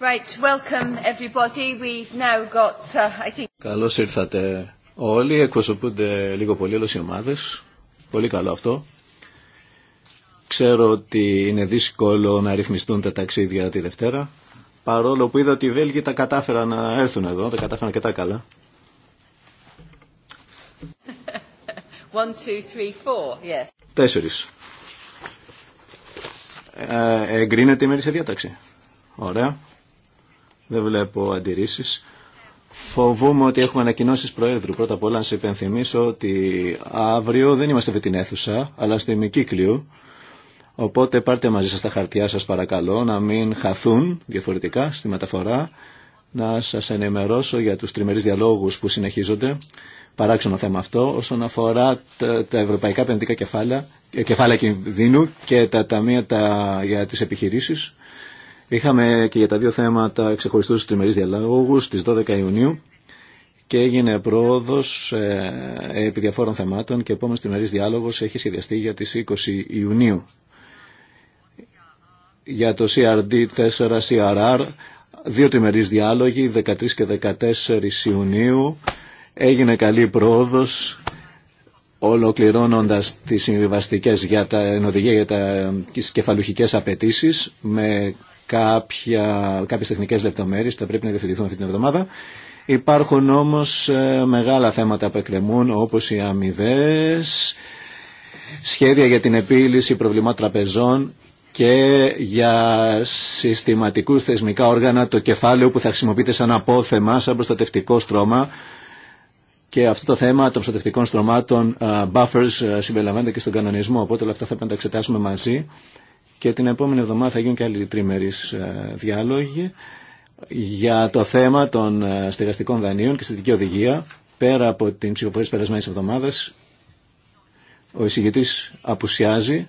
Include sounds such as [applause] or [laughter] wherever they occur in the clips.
Right, welcome everybody. We've now got, uh, I think... Καλώς ήρθατε όλοι, εκπροσωπούνται λίγο πολύ όλες οι ομάδες. Πολύ καλό αυτό. Ξέρω ότι είναι δύσκολο να ρυθμιστούν τα ταξίδια τη Δευτέρα, παρόλο που είδα ότι οι Βέλγοι τα κατάφεραν να έρθουν εδώ, τα κατάφεραν και τα καλά. Τέσσερι. [laughs] Yes. Ε, εγκρίνεται η μέρη σε διάταξη. Ωραία. Δεν βλέπω αντιρρήσεις. Φοβούμαι ότι έχουμε ανακοινώσει Προέδρου. Πρώτα απ' όλα να σα υπενθυμίσω ότι αύριο δεν είμαστε με την αίθουσα, αλλά στη Μικύκλιο. Οπότε πάρτε μαζί σας τα χαρτιά σας παρακαλώ να μην χαθούν διαφορετικά στη μεταφορά. Να σας ενημερώσω για τους τριμερείς διαλόγους που συνεχίζονται. Παράξενο θέμα αυτό όσον αφορά τα, ευρωπαϊκά επενδυτικά κεφάλαια, κεφάλαια κινδύνου και τα ταμεία τα, για τις επιχειρήσεις. Είχαμε και για τα δύο θέματα ξεχωριστούς τριμερείς διαλόγους στις 12 Ιουνίου και έγινε πρόοδος ε, επί διαφόρων θεμάτων και επόμενος τριμερείς διάλογος έχει σχεδιαστεί για τις 20 Ιουνίου. Για το CRD4 CRR, δύο τριμερείς διάλογοι, 13 και 14 Ιουνίου, έγινε καλή πρόοδος ολοκληρώνοντας τις συμβιβαστικές για τα για τα κεφαλουχικές απαιτήσει με κάποια, κάποιες τεχνικές λεπτομέρειες θα πρέπει να διευθυνθούν αυτή την εβδομάδα. Υπάρχουν όμως ε, μεγάλα θέματα που εκκρεμούν όπως οι αμοιβέ, σχέδια για την επίλυση προβλημάτων τραπεζών και για συστηματικούς θεσμικά όργανα το κεφάλαιο που θα χρησιμοποιείται σαν απόθεμα, σαν προστατευτικό στρώμα και αυτό το θέμα των προστατευτικών στρωμάτων uh, buffers ε, συμπεριλαμβάνεται και στον κανονισμό οπότε όλα αυτά θα πρέπει να τα εξετάσουμε μαζί και την επόμενη εβδομάδα θα γίνουν και άλλοι τριμερείς ε, διάλογοι για το θέμα των ε, στεγαστικών δανείων και στη οδηγία πέρα από την ψηφοφορία της περασμένης εβδομάδας ο εισηγητής απουσιάζει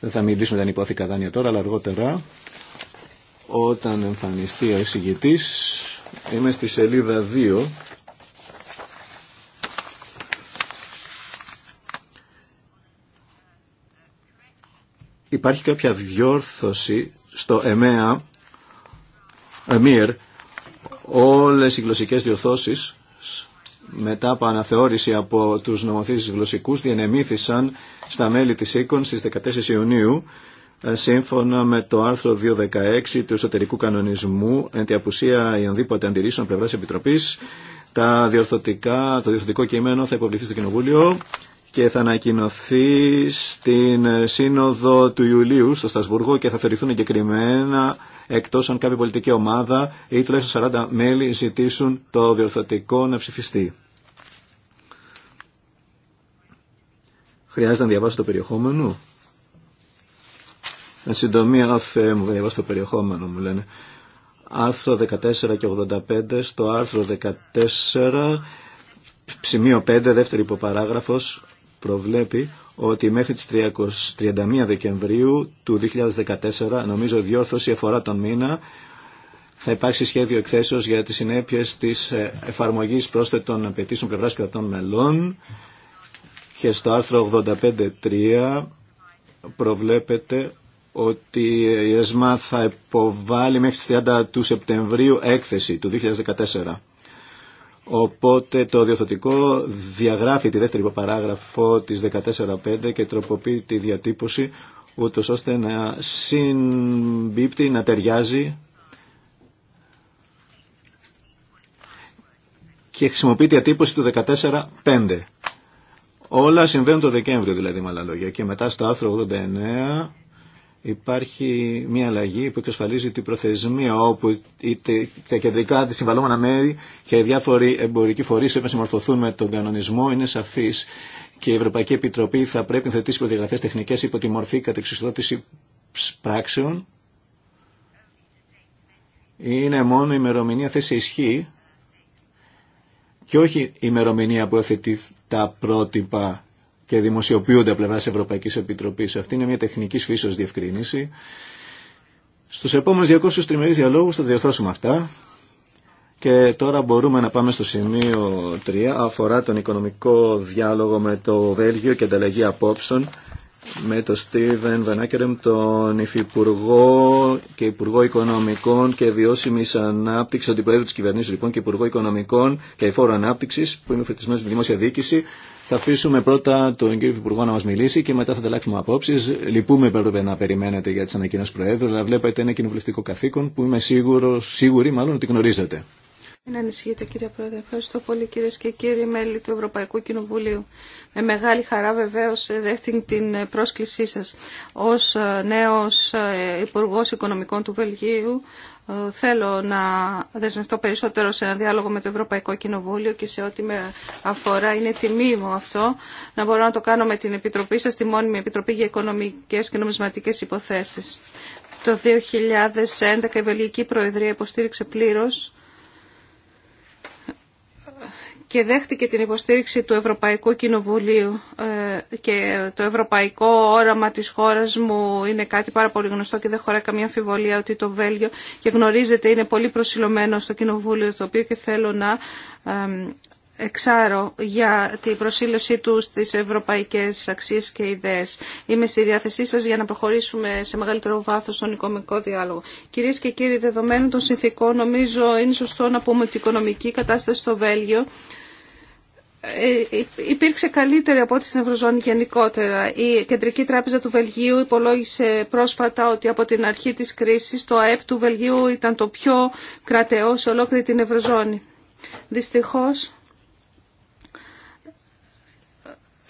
δεν θα μιλήσουμε για την υπόθηκα δάνεια τώρα αλλά αργότερα όταν εμφανιστεί ο εισηγητής είμαι στη σελίδα 2 υπάρχει κάποια διόρθωση στο ΕΜΕΑ, ΕΜΙΡ, όλες οι γλωσσικές διορθώσεις μετά από αναθεώρηση από τους νομοθήσεις γλωσσικούς διενεμήθησαν στα μέλη της ΕΚΟΝ στις 14 Ιουνίου ε, σύμφωνα με το άρθρο 216 του εσωτερικού κανονισμού εν τη απουσία ιονδήποτε αντιρρήσεων πλευράς Επιτροπής τα διορθωτικά, το διορθωτικό κείμενο θα υποβληθεί στο Κοινοβούλιο και θα ανακοινωθεί στην σύνοδο του Ιουλίου στο Στασβούργο και θα θεωρηθούν εγκεκριμένα εκτός αν κάποια πολιτική ομάδα ή τουλάχιστον 40 μέλη ζητήσουν το διορθωτικό να ψηφιστεί. Χρειάζεται να διαβάσω το περιεχόμενο. Εν συντομία, αφε μου, διαβάσω το περιεχόμενο, μου λένε. Άρθρο 14 και 85, στο άρθρο 14, σημείο 5, δεύτερη υποπαράγραφος, προβλέπει ότι μέχρι τις 31 Δεκεμβρίου του 2014, νομίζω διόρθωση αφορά τον μήνα, θα υπάρξει σχέδιο εκθέσεως για τις συνέπειες της ε, εφαρμογής πρόσθετων απαιτήσεων πλευράς κρατών μελών και στο άρθρο 85.3 προβλέπεται ότι η ΕΣΜΑ θα υποβάλει μέχρι τις 30 του Σεπτεμβρίου έκθεση του 2014. Οπότε το διορθωτικό διαγράφει τη δεύτερη παράγραφο της 14.5 και τροποποιεί τη διατύπωση ούτως ώστε να συμπίπτει, να ταιριάζει και χρησιμοποιεί τη διατύπωση του 14.5. Όλα συμβαίνουν το Δεκέμβριο δηλαδή με άλλα λόγια. Και μετά στο άρθρο 89 υπάρχει μια αλλαγή που εξασφαλίζει την προθεσμία όπου είτε τα κεντρικά τη συμβαλόμενα μέρη και οι διάφοροι εμπορικοί φορεί πρέπει να συμμορφωθούν με τον κανονισμό είναι σαφή και η Ευρωπαϊκή Επιτροπή θα πρέπει να θετήσει ή τη μορφή τεχνικές υπό τη μορφή κατεξιστότηση πράξεων είναι μόνο η ημερομηνία θέση ισχύ και όχι η ημερομηνία που έθετη τα πρότυπα και δημοσιοποιούνται από πλευρά Ευρωπαϊκή Επιτροπή. Αυτή είναι μια τεχνική φύσεω διευκρίνηση. Στου επόμενου 200 τριμερεί διαλόγου θα διορθώσουμε αυτά. Και τώρα μπορούμε να πάμε στο σημείο 3, αφορά τον οικονομικό διάλογο με το Βέλγιο και ανταλλαγή απόψεων με τον Στίβεν Βανάκερεμ, τον Υφυπουργό και Υπουργό Οικονομικών και Βιώσιμη Ανάπτυξη, τον Αντιπρόεδρο τη Κυβερνήσεω λοιπόν και Υπουργό Οικονομικών και Εφόρου Ανάπτυξη, που είναι φετισμένο με δημόσια διοίκηση, θα αφήσουμε πρώτα τον κύριο Υπουργό να μα μιλήσει και μετά θα ανταλλάξουμε απόψει. Λυπούμε έπρεπε να περιμένετε για τι ανακοινώσει Προέδρου, αλλά βλέπετε ένα κοινοβουλευτικό καθήκον που είμαι σίγουρο, σίγουροι μάλλον ότι γνωρίζετε. Μην ανησυχείτε κύριε Πρόεδρε. Ευχαριστώ πολύ κυρίε και κύριοι μέλη του Ευρωπαϊκού Κοινοβουλίου. Με μεγάλη χαρά βεβαίω δέχτην την πρόσκλησή σα. Ω ε, νέο ε, Υπουργό Οικονομικών του Βελγίου, ε, θέλω να δεσμευτώ περισσότερο σε ένα διάλογο με το Ευρωπαϊκό Κοινοβούλιο και σε ό,τι με αφορά είναι τιμή μου αυτό να μπορώ να το κάνω με την Επιτροπή σας, τη μόνιμη Επιτροπή για Οικονομικές και Νομισματικές Υποθέσεις. Το 2011 η Βελγική Προεδρία υποστήριξε πλήρως και δέχτηκε την υποστήριξη του Ευρωπαϊκού Κοινοβουλίου ε, και το ευρωπαϊκό όραμα της χώρας μου είναι κάτι πάρα πολύ γνωστό και δεν χωράει καμία αμφιβολία ότι το Βέλγιο και γνωρίζετε είναι πολύ προσιλωμένο στο Κοινοβούλιο το οποίο και θέλω να ε, εξάρω για την προσήλωσή του στις ευρωπαϊκές αξίες και ιδέες. Είμαι στη διάθεσή σας για να προχωρήσουμε σε μεγαλύτερο βάθος στον οικονομικό διάλογο. Κυρίες και κύριοι, δεδομένου των συνθήκων, νομίζω είναι σωστό να πούμε ότι η οικονομική κατάσταση στο Βέλγιο ε, υπήρξε καλύτερη από ό,τι στην Ευρωζώνη γενικότερα. Η Κεντρική Τράπεζα του Βελγίου υπολόγισε πρόσφατα ότι από την αρχή της κρίσης το ΑΕΠ του Βελγίου ήταν το πιο κρατεό σε ολόκληρη την Ευρωζώνη. Δυστυχώς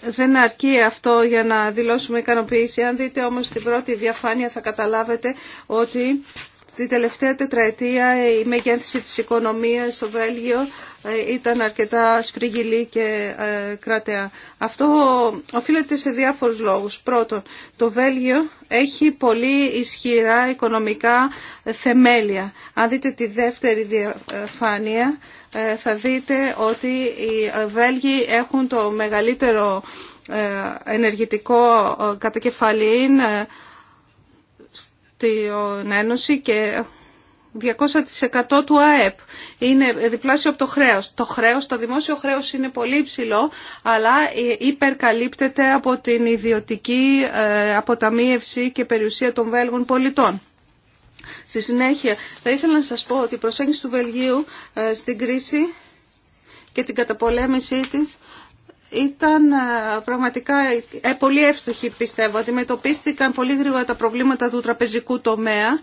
Δεν αρκεί αυτό για να δηλώσουμε ικανοποίηση. Αν δείτε όμως την πρώτη διαφάνεια θα καταλάβετε ότι την τελευταία τετραετία η μεγέθυνση της οικονομίας στο Βέλγιο ε, ήταν αρκετά σφριγγυλή και ε, κρατεά. Αυτό οφείλεται σε διάφορους λόγους. Πρώτον, το Βέλγιο έχει πολύ ισχυρά οικονομικά ε, θεμέλια. Αν δείτε τη δεύτερη διαφάνεια θα δείτε ότι οι Βέλγοι έχουν το μεγαλύτερο ενεργητικό κατακεφαλήν την Ένωση και 200% του ΑΕΠ. Είναι διπλάσιο από το χρέος. Το χρέος, το δημόσιο χρέος είναι πολύ υψηλό, αλλά ε, υπερκαλύπτεται από την ιδιωτική ε, αποταμίευση και περιουσία των Βέλγων πολιτών. Στη συνέχεια, θα ήθελα να σας πω ότι η προσέγγιση του Βελγίου ε, στην κρίση και την καταπολέμησή της ήταν ε, πραγματικά ε, πολύ εύστοχη πιστεύω. Αντιμετωπίστηκαν πολύ γρήγορα τα προβλήματα του τραπεζικού τομέα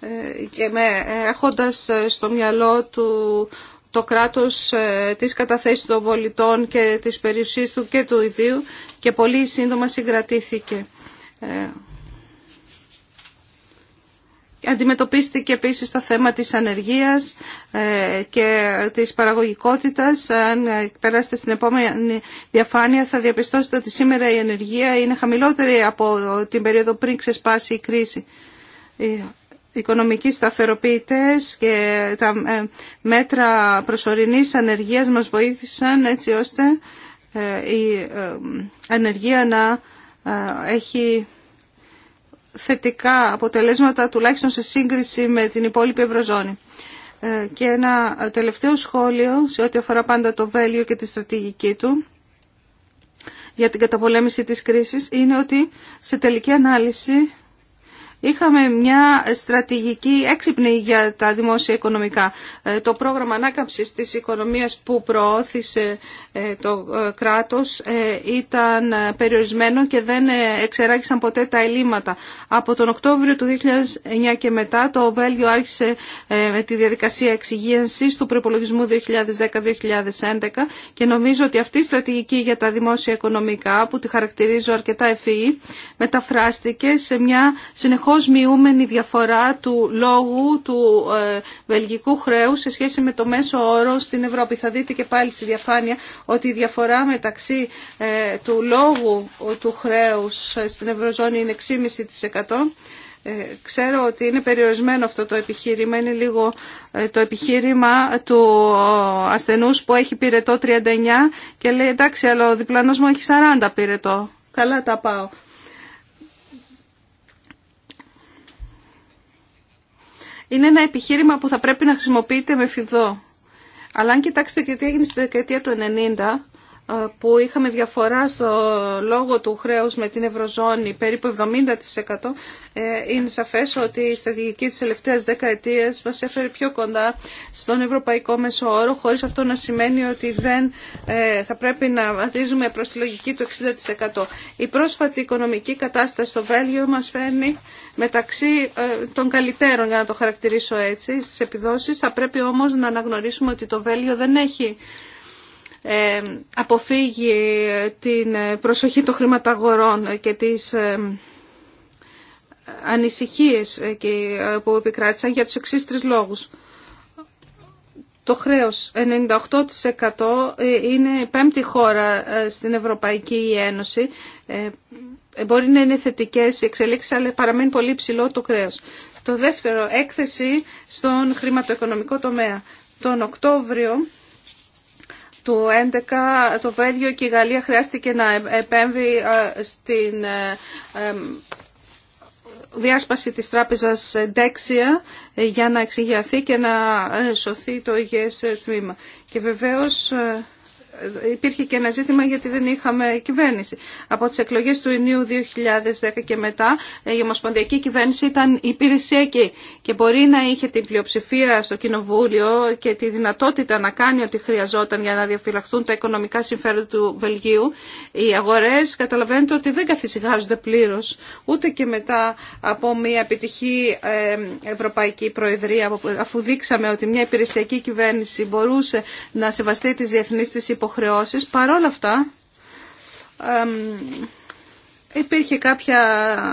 ε, και με, έχοντας στο μυαλό του το κράτος της καταθέσης των πολιτών και της περιουσίας του και του ιδίου και πολύ σύντομα συγκρατήθηκε. Αντιμετωπίστηκε επίσης το θέμα της ανεργίας ε, και της παραγωγικότητας. Αν περάσετε στην επόμενη διαφάνεια θα διαπιστώσετε ότι σήμερα η ανεργία είναι χαμηλότερη από την περίοδο πριν ξεσπάσει η κρίση. Οι οικονομικοί σταθεροποιητές και τα ε, μέτρα προσωρινής ανεργίας μας βοήθησαν έτσι ώστε ε, η ανεργία να έχει θετικά αποτελέσματα τουλάχιστον σε σύγκριση με την υπόλοιπη Ευρωζώνη. Ε, και ένα τελευταίο σχόλιο σε ό,τι αφορά πάντα το βέλιο και τη στρατηγική του για την καταπολέμηση της κρίσης είναι ότι σε τελική ανάλυση είχαμε μια στρατηγική έξυπνη για τα δημόσια οικονομικά. Ε, το πρόγραμμα ανάκαμψης της οικονομίας που προώθησε ε, το ε, κράτος ε, ήταν περιορισμένο και δεν εξεράγησαν ποτέ τα ελλείμματα. Από τον Οκτώβριο του 2009 και μετά το Βέλγιο άρχισε με τη διαδικασία εξυγίανσης του προπολογισμού 2010-2011 και νομίζω ότι αυτή η στρατηγική για τα δημόσια οικονομικά που τη χαρακτηρίζω αρκετά ευφυή μεταφράστηκε σε μια συνεχώς μειούμενη διαφορά του λόγου του βελγικού χρέους σε σχέση με το μέσο όρο στην Ευρώπη. Θα δείτε και πάλι στη διαφάνεια ότι η διαφορά μεταξύ ε, του λόγου του χρέους ε, στην Ευρωζώνη είναι 6,5%. Ε, ξέρω ότι είναι περιορισμένο αυτό το επιχείρημα, είναι λίγο το επιχείρημα του ασθενούς που έχει πυρετό 39 και λέει εντάξει αλλά ο διπλανός μου έχει 40 πυρετό, καλά τα πάω. Είναι ένα επιχείρημα που θα πρέπει να χρησιμοποιείται με φιδό. Αλλά αν κοιτάξετε και τι έγινε στη δεκαετία του 90, που είχαμε διαφορά στο λόγο του χρέους με την Ευρωζώνη περίπου 70% ε, είναι σαφές ότι η στρατηγική της τελευταίας δεκαετίας μας έφερε πιο κοντά στον ευρωπαϊκό μεσοόρο χωρίς αυτό να σημαίνει ότι δεν ε, θα πρέπει να βαθίζουμε προς τη λογική του 60%. Η πρόσφατη οικονομική κατάσταση στο Βέλγιο μας φέρνει μεταξύ ε, των καλυτέρων για να το χαρακτηρίσω έτσι στις επιδόσεις. Θα πρέπει όμως να αναγνωρίσουμε ότι το Βέλγιο δεν έχει ε, αποφύγει την προσοχή των χρηματαγορών και τις ε, ανησυχίες ε, που επικράτησαν για τους εξής τρεις λόγους. Το χρέος 98% είναι η πέμπτη χώρα στην Ευρωπαϊκή Ένωση. Μπορεί να είναι θετικές οι εξελίξεις, αλλά παραμένει πολύ ψηλό το χρέος. Το δεύτερο, έκθεση στον χρηματοοικονομικό τομέα. Τον Οκτώβριο το 2011 το Βέλγιο και η Γαλλία χρειάστηκε να επέμβει ε, στην ε, διάσπαση της τράπεζας Δέξια ε, για να εξηγιαθεί και να σωθεί το υγιές τμήμα. Και βεβαίως υπήρχε και ένα ζήτημα γιατί δεν είχαμε κυβέρνηση. Από τις εκλογές του Ινίου 2010 και μετά η Ομοσπονδιακή Κυβέρνηση ήταν υπηρεσιακή και μπορεί να είχε την πλειοψηφία στο Κοινοβούλιο και τη δυνατότητα να κάνει ό,τι χρειαζόταν για να διαφυλαχθούν τα οικονομικά συμφέροντα του Βελγίου. Οι αγορές καταλαβαίνετε ότι δεν καθησυχάζονται πλήρως ούτε και μετά από μια επιτυχή ε, Ευρωπαϊκή Προεδρία αφού δείξαμε ότι μια υπηρεσιακή κυβέρνηση μπορούσε να σεβαστεί τι διεθνείς τη υποχρεώσεις υποχρεώσεις. Παρόλα αυτά υπήρχε κάποια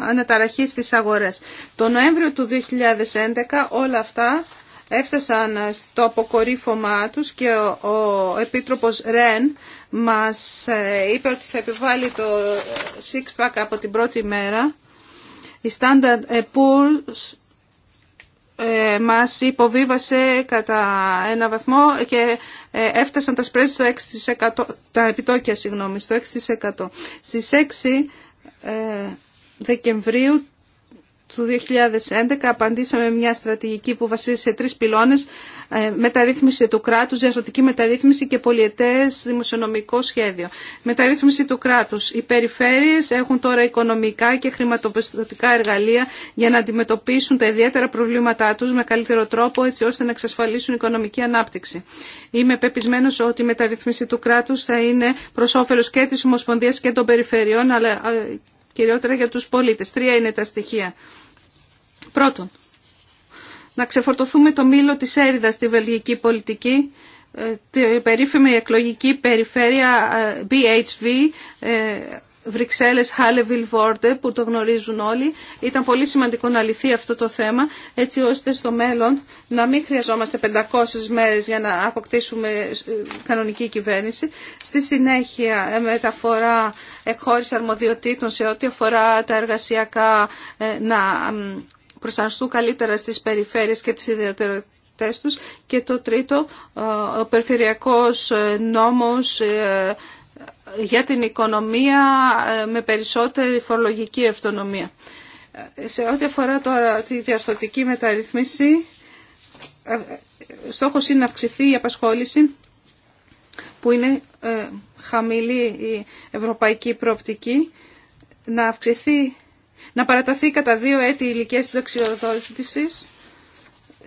αναταραχή στις αγορές. Το Νοέμβριο του 2011 όλα αυτά έφτασαν στο αποκορύφωμά τους και ο Επίτροπος Ρεν μας ε, είπε ότι θα επιβάλλει το six pack από την πρώτη μέρα. Η Standard Poor's ε, μας υποβίβασε κατά ένα βαθμό και ε, έφτασαν τα σπρέτς στο 6%, τα επιτόκια συγγνώμη, στο 6%. Στις 6 ε, Δεκεμβρίου του 2011 απαντήσαμε μια στρατηγική που βασίζεται σε τρεις πυλώνες, ε, μεταρρύθμιση του κράτους, διαστατική μεταρρύθμιση και πολιετές δημοσιονομικό σχέδιο. Μεταρρύθμιση του κράτους. Οι περιφέρειες έχουν τώρα οικονομικά και χρηματοπιστωτικά εργαλεία για να αντιμετωπίσουν τα ιδιαίτερα προβλήματά τους με καλύτερο τρόπο έτσι ώστε να εξασφαλίσουν οικονομική ανάπτυξη. Είμαι πεπισμένος ότι η μεταρρύθμιση του κράτους θα είναι προς όφελος και της Ομοσπονδίας και των περιφερειών αλλά ε, κυριότερα για τους πολίτες. Τρία είναι τα στοιχεία. Πρώτον, να ξεφορτωθούμε το μήλο της έριδας στη βελγική πολιτική, ε, την περίφημη εκλογική περιφέρεια ε, BHV, ε, Βρυξέλλες, Χάλεβιλ, Βόρτε, που το γνωρίζουν όλοι. Ήταν πολύ σημαντικό να λυθεί αυτό το θέμα, έτσι ώστε στο μέλλον να μην χρειαζόμαστε 500 μέρες για να αποκτήσουμε κανονική κυβέρνηση. Στη συνέχεια, μεταφορά εκχώρηση αρμοδιοτήτων σε ό,τι αφορά τα εργασιακά να προσαρστούν καλύτερα στις περιφέρειες και τις ιδιαιτερότητες τους. Και το τρίτο, ε, ο περιφερειακός ε, νόμος ε, για την οικονομία με περισσότερη φορολογική αυτονομία. Σε ό,τι αφορά τώρα τη διαρθωτική μεταρρυθμίση, στόχος είναι να αυξηθεί η απασχόληση που είναι χαμηλή η ευρωπαϊκή προοπτική, να αυξηθεί να παραταθεί κατά δύο έτη η ηλικία συνταξιοδότησης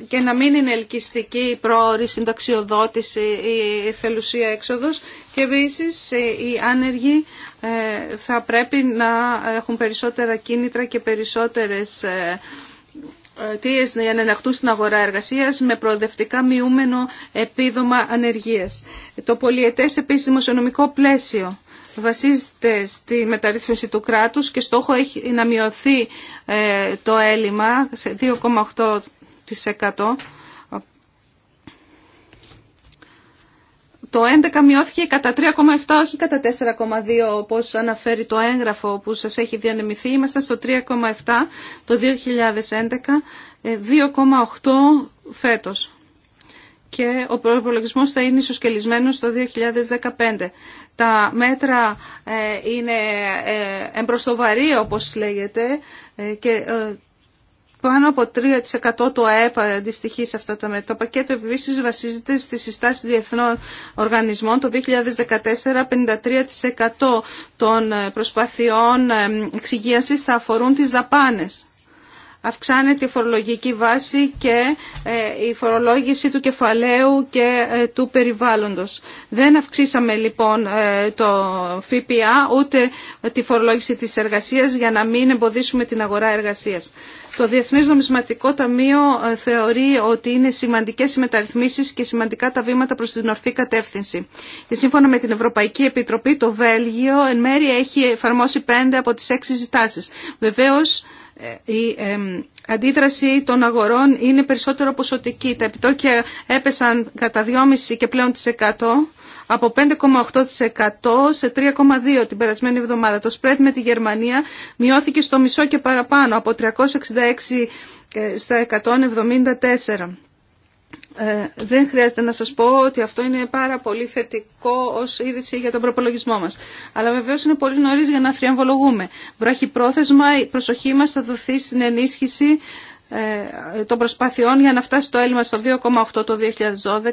και να μην είναι ελκυστική η πρόορη συνταξιοδότηση ή η θελουσία έξοδος και επίση οι άνεργοι ε, θα πρέπει να έχουν περισσότερα κίνητρα και περισσότερες ε, ε, αιτίε για να ενταχθούν στην αγορά εργασία με προοδευτικά μειούμενο επίδομα ανεργίας. Το πολιετές επίσης δημοσιονομικό πλαίσιο βασίζεται στη μεταρρύθμιση του κράτους και στόχο έχει να μειωθεί ε, το έλλειμμα σε 2,8%. Το 11 μειώθηκε κατά 3,7 όχι κατά 4,2 όπως αναφέρει το έγγραφο που σας έχει διανεμηθεί. Είμαστε στο 3,7 το 2011, 2,8 ε, φέτος και ο προπολογισμός θα είναι ισοσκελισμένος το 2015. Τα μέτρα ε, είναι ε, εμπροστοβαρή όπως λέγεται ε, και πάνω από 3% του ΑΕΠ αντιστοιχεί σε αυτά τα μέτρα. Το πακέτο επίση βασίζεται στις συστάσεις διεθνών οργανισμών. Το 2014, 53% των προσπαθειών εξυγίαση θα αφορούν τις δαπάνες αυξάνεται η φορολογική βάση και ε, η φορολόγηση του κεφαλαίου και ε, του περιβάλλοντος. Δεν αυξήσαμε λοιπόν ε, το ΦΠΑ ούτε τη φορολόγηση της εργασίας για να μην εμποδίσουμε την αγορά εργασίας. Το Διεθνές Νομισματικό Ταμείο θεωρεί ότι είναι σημαντικές οι μεταρρυθμίσεις και σημαντικά τα βήματα προς την ορθή κατεύθυνση. Και σύμφωνα με την Ευρωπαϊκή Επιτροπή, το Βέλγιο εν μέρει έχει εφαρμόσει πέντε από τις έξι συστάσεις. Βεβαίως, ε, η αντίδραση των αγορών είναι περισσότερο ποσοτική. Τα επιτόκια έπεσαν κατά 2,5% και πλέον τις 100% από 5,8% σε 3,2% την περασμένη εβδομάδα. Το spread με τη Γερμανία μειώθηκε στο μισό και παραπάνω από 366% ε, στα 174%. Ε, δεν χρειάζεται να σας πω ότι αυτό είναι πάρα πολύ θετικό ως είδηση για τον προπολογισμό μας. Αλλά βεβαίως είναι πολύ νωρίς για να θριαμβολογούμε. Βράχει πρόθεσμα, η προσοχή μας θα δοθεί στην ενίσχυση ε, των προσπαθειών για να φτάσει το έλλειμμα στο 2,8 το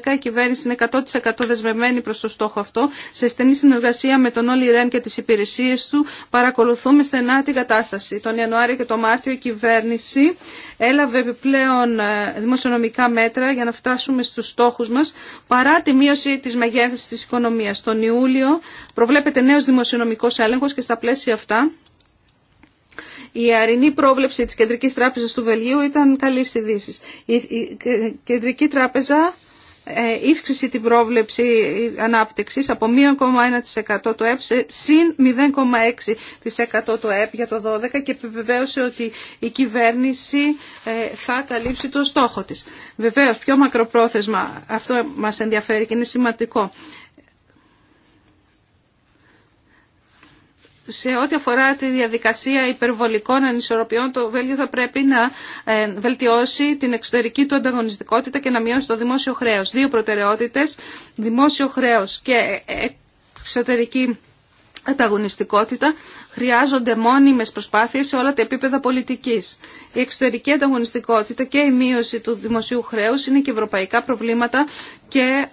2012. Η κυβέρνηση είναι 100% δεσμευμένη προς το στόχο αυτό. Σε στενή συνεργασία με τον Όλη Ρεν και τις υπηρεσίες του παρακολουθούμε στενά την κατάσταση. Τον Ιανουάριο και τον Μάρτιο η κυβέρνηση έλαβε επιπλέον ε, δημοσιονομικά μέτρα για να φτάσουμε στους στόχους μας παρά τη μείωση της μεγέθυνσης της οικονομίας. Τον Ιούλιο προβλέπεται νέος δημοσιονομικός έλεγχος και στα πλαίσια αυτά η αρινή πρόβλεψη της Κεντρικής Τράπεζας του Βελγίου ήταν καλή ειδήσει. Η Κεντρική Τράπεζα ε, ύφξησε την πρόβλεψη ανάπτυξης από 1,1% το ΕΠ συν 0,6% το ΕΠ για το 12 και επιβεβαίωσε ότι η κυβέρνηση ε, θα καλύψει το στόχο της. Βεβαίως, πιο μακροπρόθεσμα, αυτό μας ενδιαφέρει και είναι σημαντικό. σε ό,τι αφορά τη διαδικασία υπερβολικών ανισορροπιών, το Βέλγιο θα πρέπει να ε, βελτιώσει την εξωτερική του ανταγωνιστικότητα και να μειώσει το δημόσιο χρέος. Δύο προτεραιότητες, δημόσιο χρέος και ε, ε, εξωτερική ανταγωνιστικότητα χρειάζονται μόνιμες προσπάθειες σε όλα τα επίπεδα πολιτικής. Η εξωτερική ανταγωνιστικότητα και η μείωση του δημοσίου χρέους είναι και ευρωπαϊκά προβλήματα και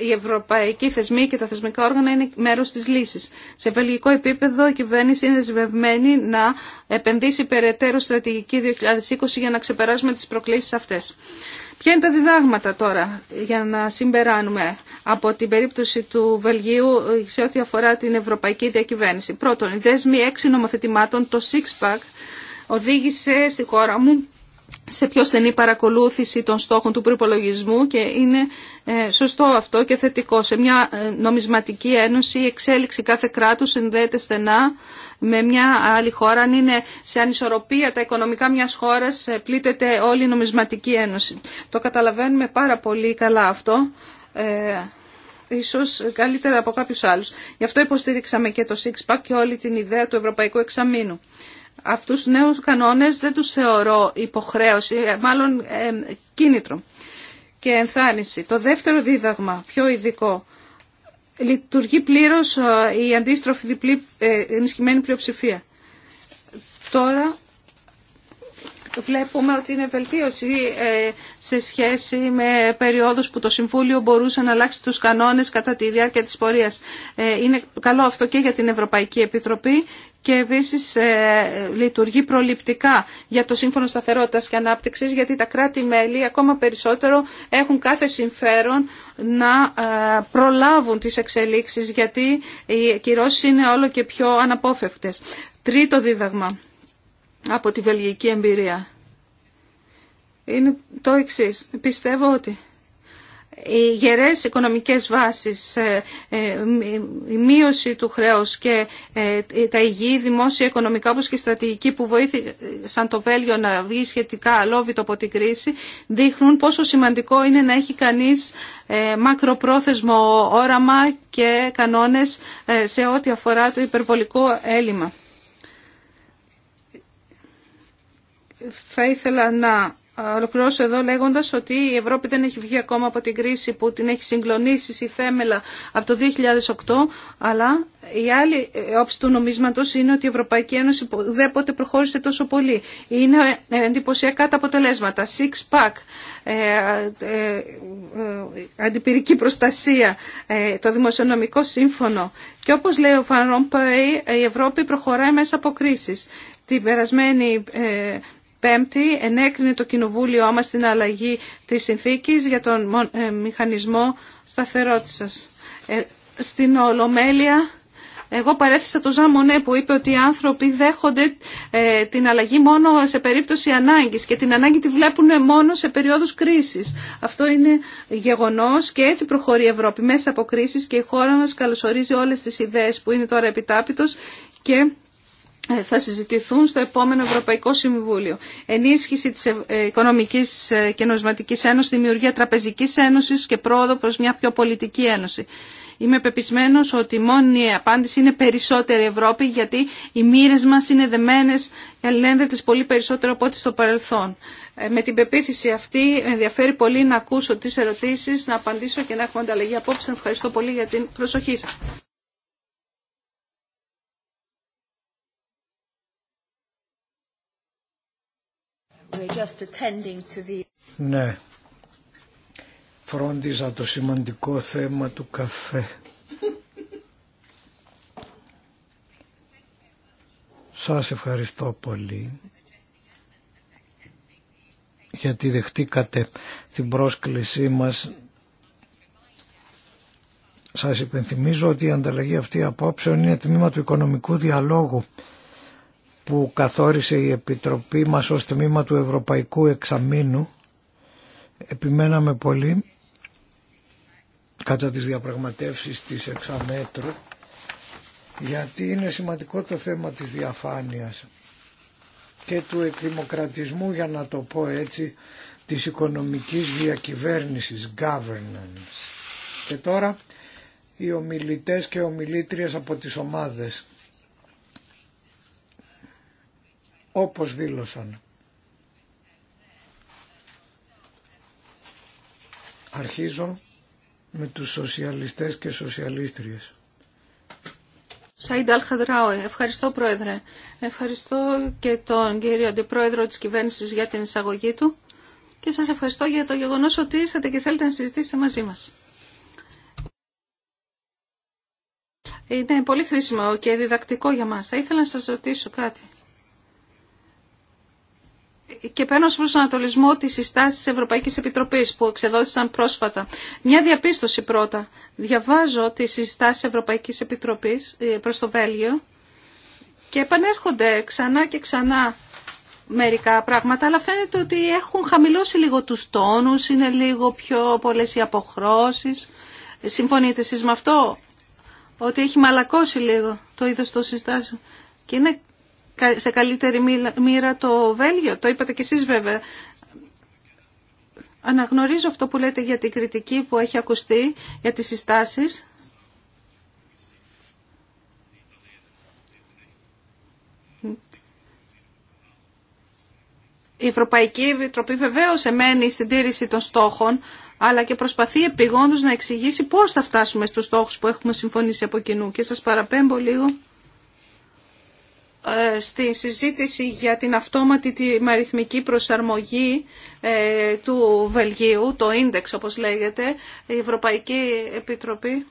η ε, ευρωπαϊκή θεσμοί και τα θεσμικά όργανα είναι μέρος της λύσης. Σε βελγικό επίπεδο η κυβέρνηση είναι δεσμευμένη να επενδύσει περαιτέρω στρατηγική 2020 για να ξεπεράσουμε τις προκλήσεις αυτές. Ποια είναι τα διδάγματα τώρα για να συμπεράνουμε από την περίπτωση του Βελγίου σε ό,τι αφορά την ευρωπαϊκή διακυβέρνηση. Πρώτον, η δέσμη έξι νομοθετημάτων, το six-pack, οδήγησε στη χώρα μου σε πιο στενή παρακολούθηση των στόχων του προπολογισμού και είναι ε, σωστό αυτό και θετικό. Σε μια ε, νομισματική ένωση η εξέλιξη κάθε κράτους συνδέεται στενά με μια άλλη χώρα. Αν είναι σε ανισορροπία τα οικονομικά μιας χώρας ε, πλήττεται όλη η νομισματική ένωση. Το καταλαβαίνουμε πάρα πολύ καλά αυτό. Ε, ίσως καλύτερα από κάποιους άλλους. Γι' αυτό υποστήριξαμε και το ΣΥΚΣΠΑΚ και όλη την ιδέα του Ευρωπαϊκού Εξαμήνου. Αυτούς τους νέους κανόνες δεν τους θεωρώ υποχρέωση, μάλλον κίνητρο και ενθάρρυνση. Το δεύτερο δίδαγμα, πιο ειδικό, λειτουργεί πλήρως ε, η αντίστροφη διπλή ε, ενισχυμένη πλειοψηφία. Τώρα βλέπουμε ότι είναι βελτίωση ε, σε σχέση με περιόδους που το Συμβούλιο μπορούσε να αλλάξει τους κανόνες κατά τη διάρκεια της πορείας. Είναι καλό αυτό και για την Ευρωπαϊκή Επιτροπή και επίσης ε, λειτουργεί προληπτικά για το Σύμφωνο Σταθερότητας και Ανάπτυξης γιατί τα κράτη-μέλη ακόμα περισσότερο έχουν κάθε συμφέρον να ε, προλάβουν τις εξελίξεις γιατί οι κυρώσεις είναι όλο και πιο αναπόφευκτες. Τρίτο δίδαγμα από τη βελγική εμπειρία είναι το εξής. Πιστεύω ότι οι γερές οικονομικές βάσεις, ε, ε, η μείωση του χρέους και ε, τα υγιή δημόσια οικονομικά όπως και στρατηγική που βοήθησαν το Βέλγιο να βγει σχετικά αλόβητο από την κρίση δείχνουν πόσο σημαντικό είναι να έχει κανείς μακροπρόθεσμο όραμα και κανόνες σε ό,τι αφορά το υπερβολικό έλλειμμα. Θα ήθελα να ολοκληρώσω εδώ λέγοντας ότι η Ευρώπη δεν έχει βγει ακόμα από την κρίση που την έχει συγκλονίσει η θέμελα από το 2008, αλλά η άλλη ε, όψη του νομίσματος είναι ότι η Ευρωπαϊκή Ένωση ουδέποτε προχώρησε τόσο πολύ. Είναι ε, εντυπωσιακά τα αποτελέσματα. Six pack, ε, ε αντιπυρική προστασία, το δημοσιονομικό σύμφωνο. Και όπως λέει ο Φαν η Ευρώπη προχωράει μέσα από κρίσεις. Την περασμένη Πέμπτη, ενέκρινε το Κοινοβούλιο μας την αλλαγή της συνθήκης για τον ε, μηχανισμό σταθερότητας. Ε, στην Ολομέλεια... Εγώ παρέθεσα το Ζαν Μονέ που είπε ότι οι άνθρωποι δέχονται ε, την αλλαγή μόνο σε περίπτωση ανάγκης και την ανάγκη τη βλέπουν μόνο σε περίοδους κρίσης. Αυτό είναι γεγονός και έτσι προχωρεί η Ευρώπη μέσα από κρίσεις και η χώρα μας καλωσορίζει όλες τις ιδέες που είναι τώρα επιτάπητος και ε, θα συζητηθούν στο επόμενο Ευρωπαϊκό Συμβούλιο. Ενίσχυση της ε, Οικονομικής ε, και Νομισματικής Ένωσης, δημιουργία Τραπεζικής Ένωσης και πρόοδο προς μια πιο πολιτική ένωση. Είμαι πεπισμένος ότι η μόνη απάντηση είναι περισσότερη Ευρώπη γιατί οι μοίρε μας είναι δεμένες ελέγχετες πολύ περισσότερο από ό,τι στο παρελθόν. με την πεποίθηση αυτή ενδιαφέρει πολύ να ακούσω τις ερωτήσεις, να απαντήσω και να έχουμε ανταλλαγή απόψε. Ευχαριστώ πολύ για την προσοχή σας. Ναι, φρόντιζα το σημαντικό θέμα του καφέ. Σας ευχαριστώ πολύ γιατί δεχτήκατε την πρόσκλησή μας. Σας υπενθυμίζω ότι η ανταλλαγή αυτή απόψεων είναι τμήμα του οικονομικού διαλόγου που καθόρισε η Επιτροπή μας ως τμήμα του Ευρωπαϊκού Εξαμήνου επιμέναμε πολύ κατά τις διαπραγματεύσεις της εξαμέτρου γιατί είναι σημαντικό το θέμα της διαφάνειας και του εκδημοκρατισμού για να το πω έτσι της οικονομικής διακυβέρνησης governance και τώρα οι ομιλητές και ομιλήτριες από τις ομάδες όπως δήλωσαν. Αρχίζω με τους σοσιαλιστές και σοσιαλίστριες. Σαΐντ Χατράου, ευχαριστώ Πρόεδρε. Ευχαριστώ και τον κύριο Αντιπρόεδρο της Κυβέρνησης για την εισαγωγή του και σας ευχαριστώ για το γεγονός ότι ήρθατε και θέλετε να συζητήσετε μαζί μας. Είναι πολύ χρήσιμο και διδακτικό για μας. Θα ήθελα να σας ρωτήσω κάτι και παίρνω ως προσανατολισμό τις συστάσεις της Ευρωπαϊκής Επιτροπής που εξεδόθησαν πρόσφατα. Μια διαπίστωση πρώτα. Διαβάζω τις συστάσεις Ευρωπαϊκής Επιτροπής ε, προς το Βέλγιο και επανέρχονται ξανά και ξανά μερικά πράγματα, αλλά φαίνεται ότι έχουν χαμηλώσει λίγο τους τόνους, είναι λίγο πιο πολλές οι αποχρώσεις. Συμφωνείτε εσείς με αυτό, ότι έχει μαλακώσει λίγο το είδος των συστάσεων. Και είναι σε καλύτερη μοίρα το Βέλγιο. Το είπατε κι εσείς βέβαια. Αναγνωρίζω αυτό που λέτε για την κριτική που έχει ακουστεί, για τις συστάσεις. Η Ευρωπαϊκή Επιτροπή βεβαίω εμένει στην τήρηση των στόχων, αλλά και προσπαθεί επιγόντω να εξηγήσει πώ θα φτάσουμε στου στόχου που έχουμε συμφωνήσει από κοινού. Και σα παραπέμπω λίγο ε, στη συζήτηση για την αυτόματη τη προσαρμογή ε, του Βελγίου, το ίντεξ όπως λέγεται, η Ευρωπαϊκή Επιτροπή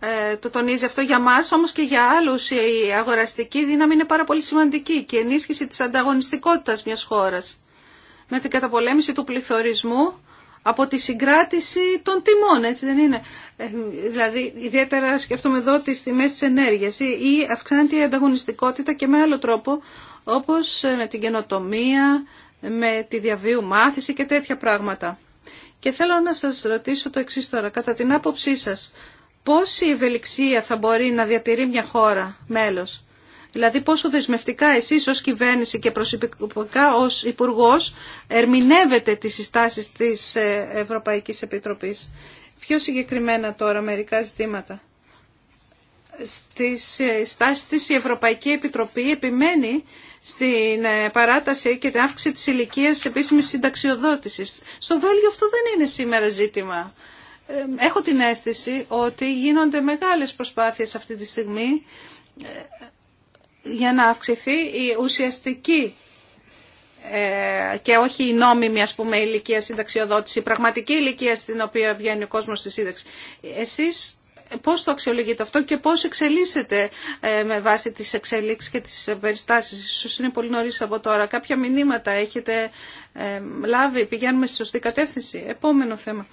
ε, το τονίζει αυτό για μας, όμως και για άλλους η αγοραστική δύναμη είναι πάρα πολύ σημαντική και ενίσχυση της ανταγωνιστικότητας μιας χώρας με την καταπολέμηση του πληθωρισμού από τη συγκράτηση των τιμών, έτσι δεν είναι. Ε, δηλαδή, ιδιαίτερα σκέφτομαι εδώ τις τιμές της ενέργειας ή αυξάνεται η ανταγωνιστικότητα και με άλλο τρόπο, όπως ε, με την καινοτομία, με τη διαβίου μάθηση και τέτοια πράγματα. Και θέλω να σας ρωτήσω το εξής τώρα, κατά την άποψή σας, πόση ευελιξία θα μπορεί να διατηρεί μια χώρα μέλος Δηλαδή πόσο δεσμευτικά εσείς ως κυβέρνηση και προσωπικά ως Υπουργός ερμηνεύετε τις συστάσεις της ε, Ευρωπαϊκής Επιτροπής. Πιο συγκεκριμένα τώρα μερικά ζητήματα. Στις συστάσεις ε, της η Ευρωπαϊκή Επιτροπή επιμένει στην ε, παράταση και την αύξηση της ηλικίας επίσημης συνταξιοδότησης. Στο Βέλγιο αυτό δεν είναι σήμερα ζήτημα. Έχω την αίσθηση ότι γίνονται μεγάλες προσπάθειες αυτή τη στιγμή για να αυξηθεί η ουσιαστική ε, και όχι η νόμιμη ας πούμε ηλικία συνταξιοδότηση, η πραγματική ηλικία στην οποία βγαίνει ο κόσμος στη σύνταξη. Εσείς πώς το αξιολογείτε αυτό και πώς εξελίσσετε με βάση τις εξελίξεις και τις περιστάσεις. Ίσως είναι πολύ νωρίς από τώρα. Κάποια μηνύματα έχετε ε, λάβει, πηγαίνουμε στη σωστή κατεύθυνση. Επόμενο θέμα.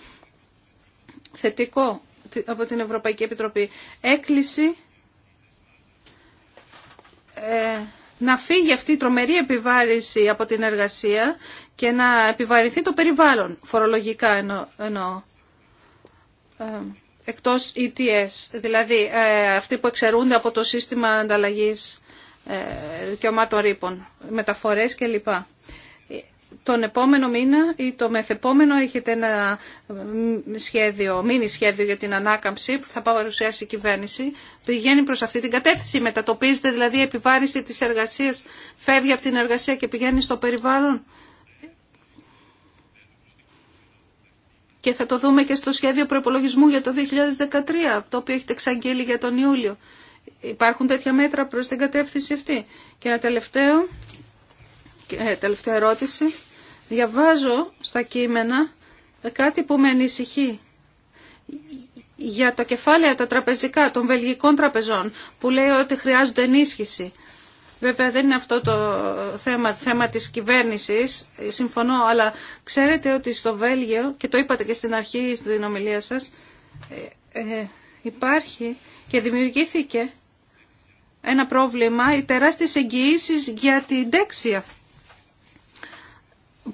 Θετικό από την Ευρωπαϊκή Επιτροπή. Έκκληση ε, να φύγει αυτή η τρομερή επιβάρηση από την εργασία και να επιβαρυνθεί το περιβάλλον, φορολογικά εννοώ, ε, εκτός ETS, δηλαδή ε, αυτοί που εξαιρούνται από το σύστημα ανταλλαγής δικαιωμάτων ρήπων, μεταφορές κλπ τον επόμενο μήνα ή το μεθεπόμενο έχετε ένα σχέδιο, σχέδιο για την ανάκαμψη που θα παρουσιάσει η κυβέρνηση. Πηγαίνει προς αυτή την κατεύθυνση, μετατοπίζεται δηλαδή η επιβάρηση της εργασίας, φεύγει από την εργασία και πηγαίνει στο περιβάλλον. Και θα το δούμε και στο σχέδιο προπολογισμού για το 2013, το οποίο έχετε εξαγγείλει για τον Ιούλιο. Υπάρχουν τέτοια μέτρα προς την κατεύθυνση αυτή. Και ένα τελευταίο, ε, τελευταία ερώτηση. Διαβάζω στα κείμενα κάτι που με ανησυχεί για τα κεφάλαια τα τραπεζικά των βελγικών τραπεζών που λέει ότι χρειάζονται ενίσχυση. Βέβαια δεν είναι αυτό το θέμα, θέμα της κυβέρνησης, συμφωνώ, αλλά ξέρετε ότι στο Βέλγιο, και το είπατε και στην αρχή στην ομιλία σας, ε, ε, υπάρχει και δημιουργήθηκε ένα πρόβλημα, οι τεράστιες εγγυήσεις για την τέξια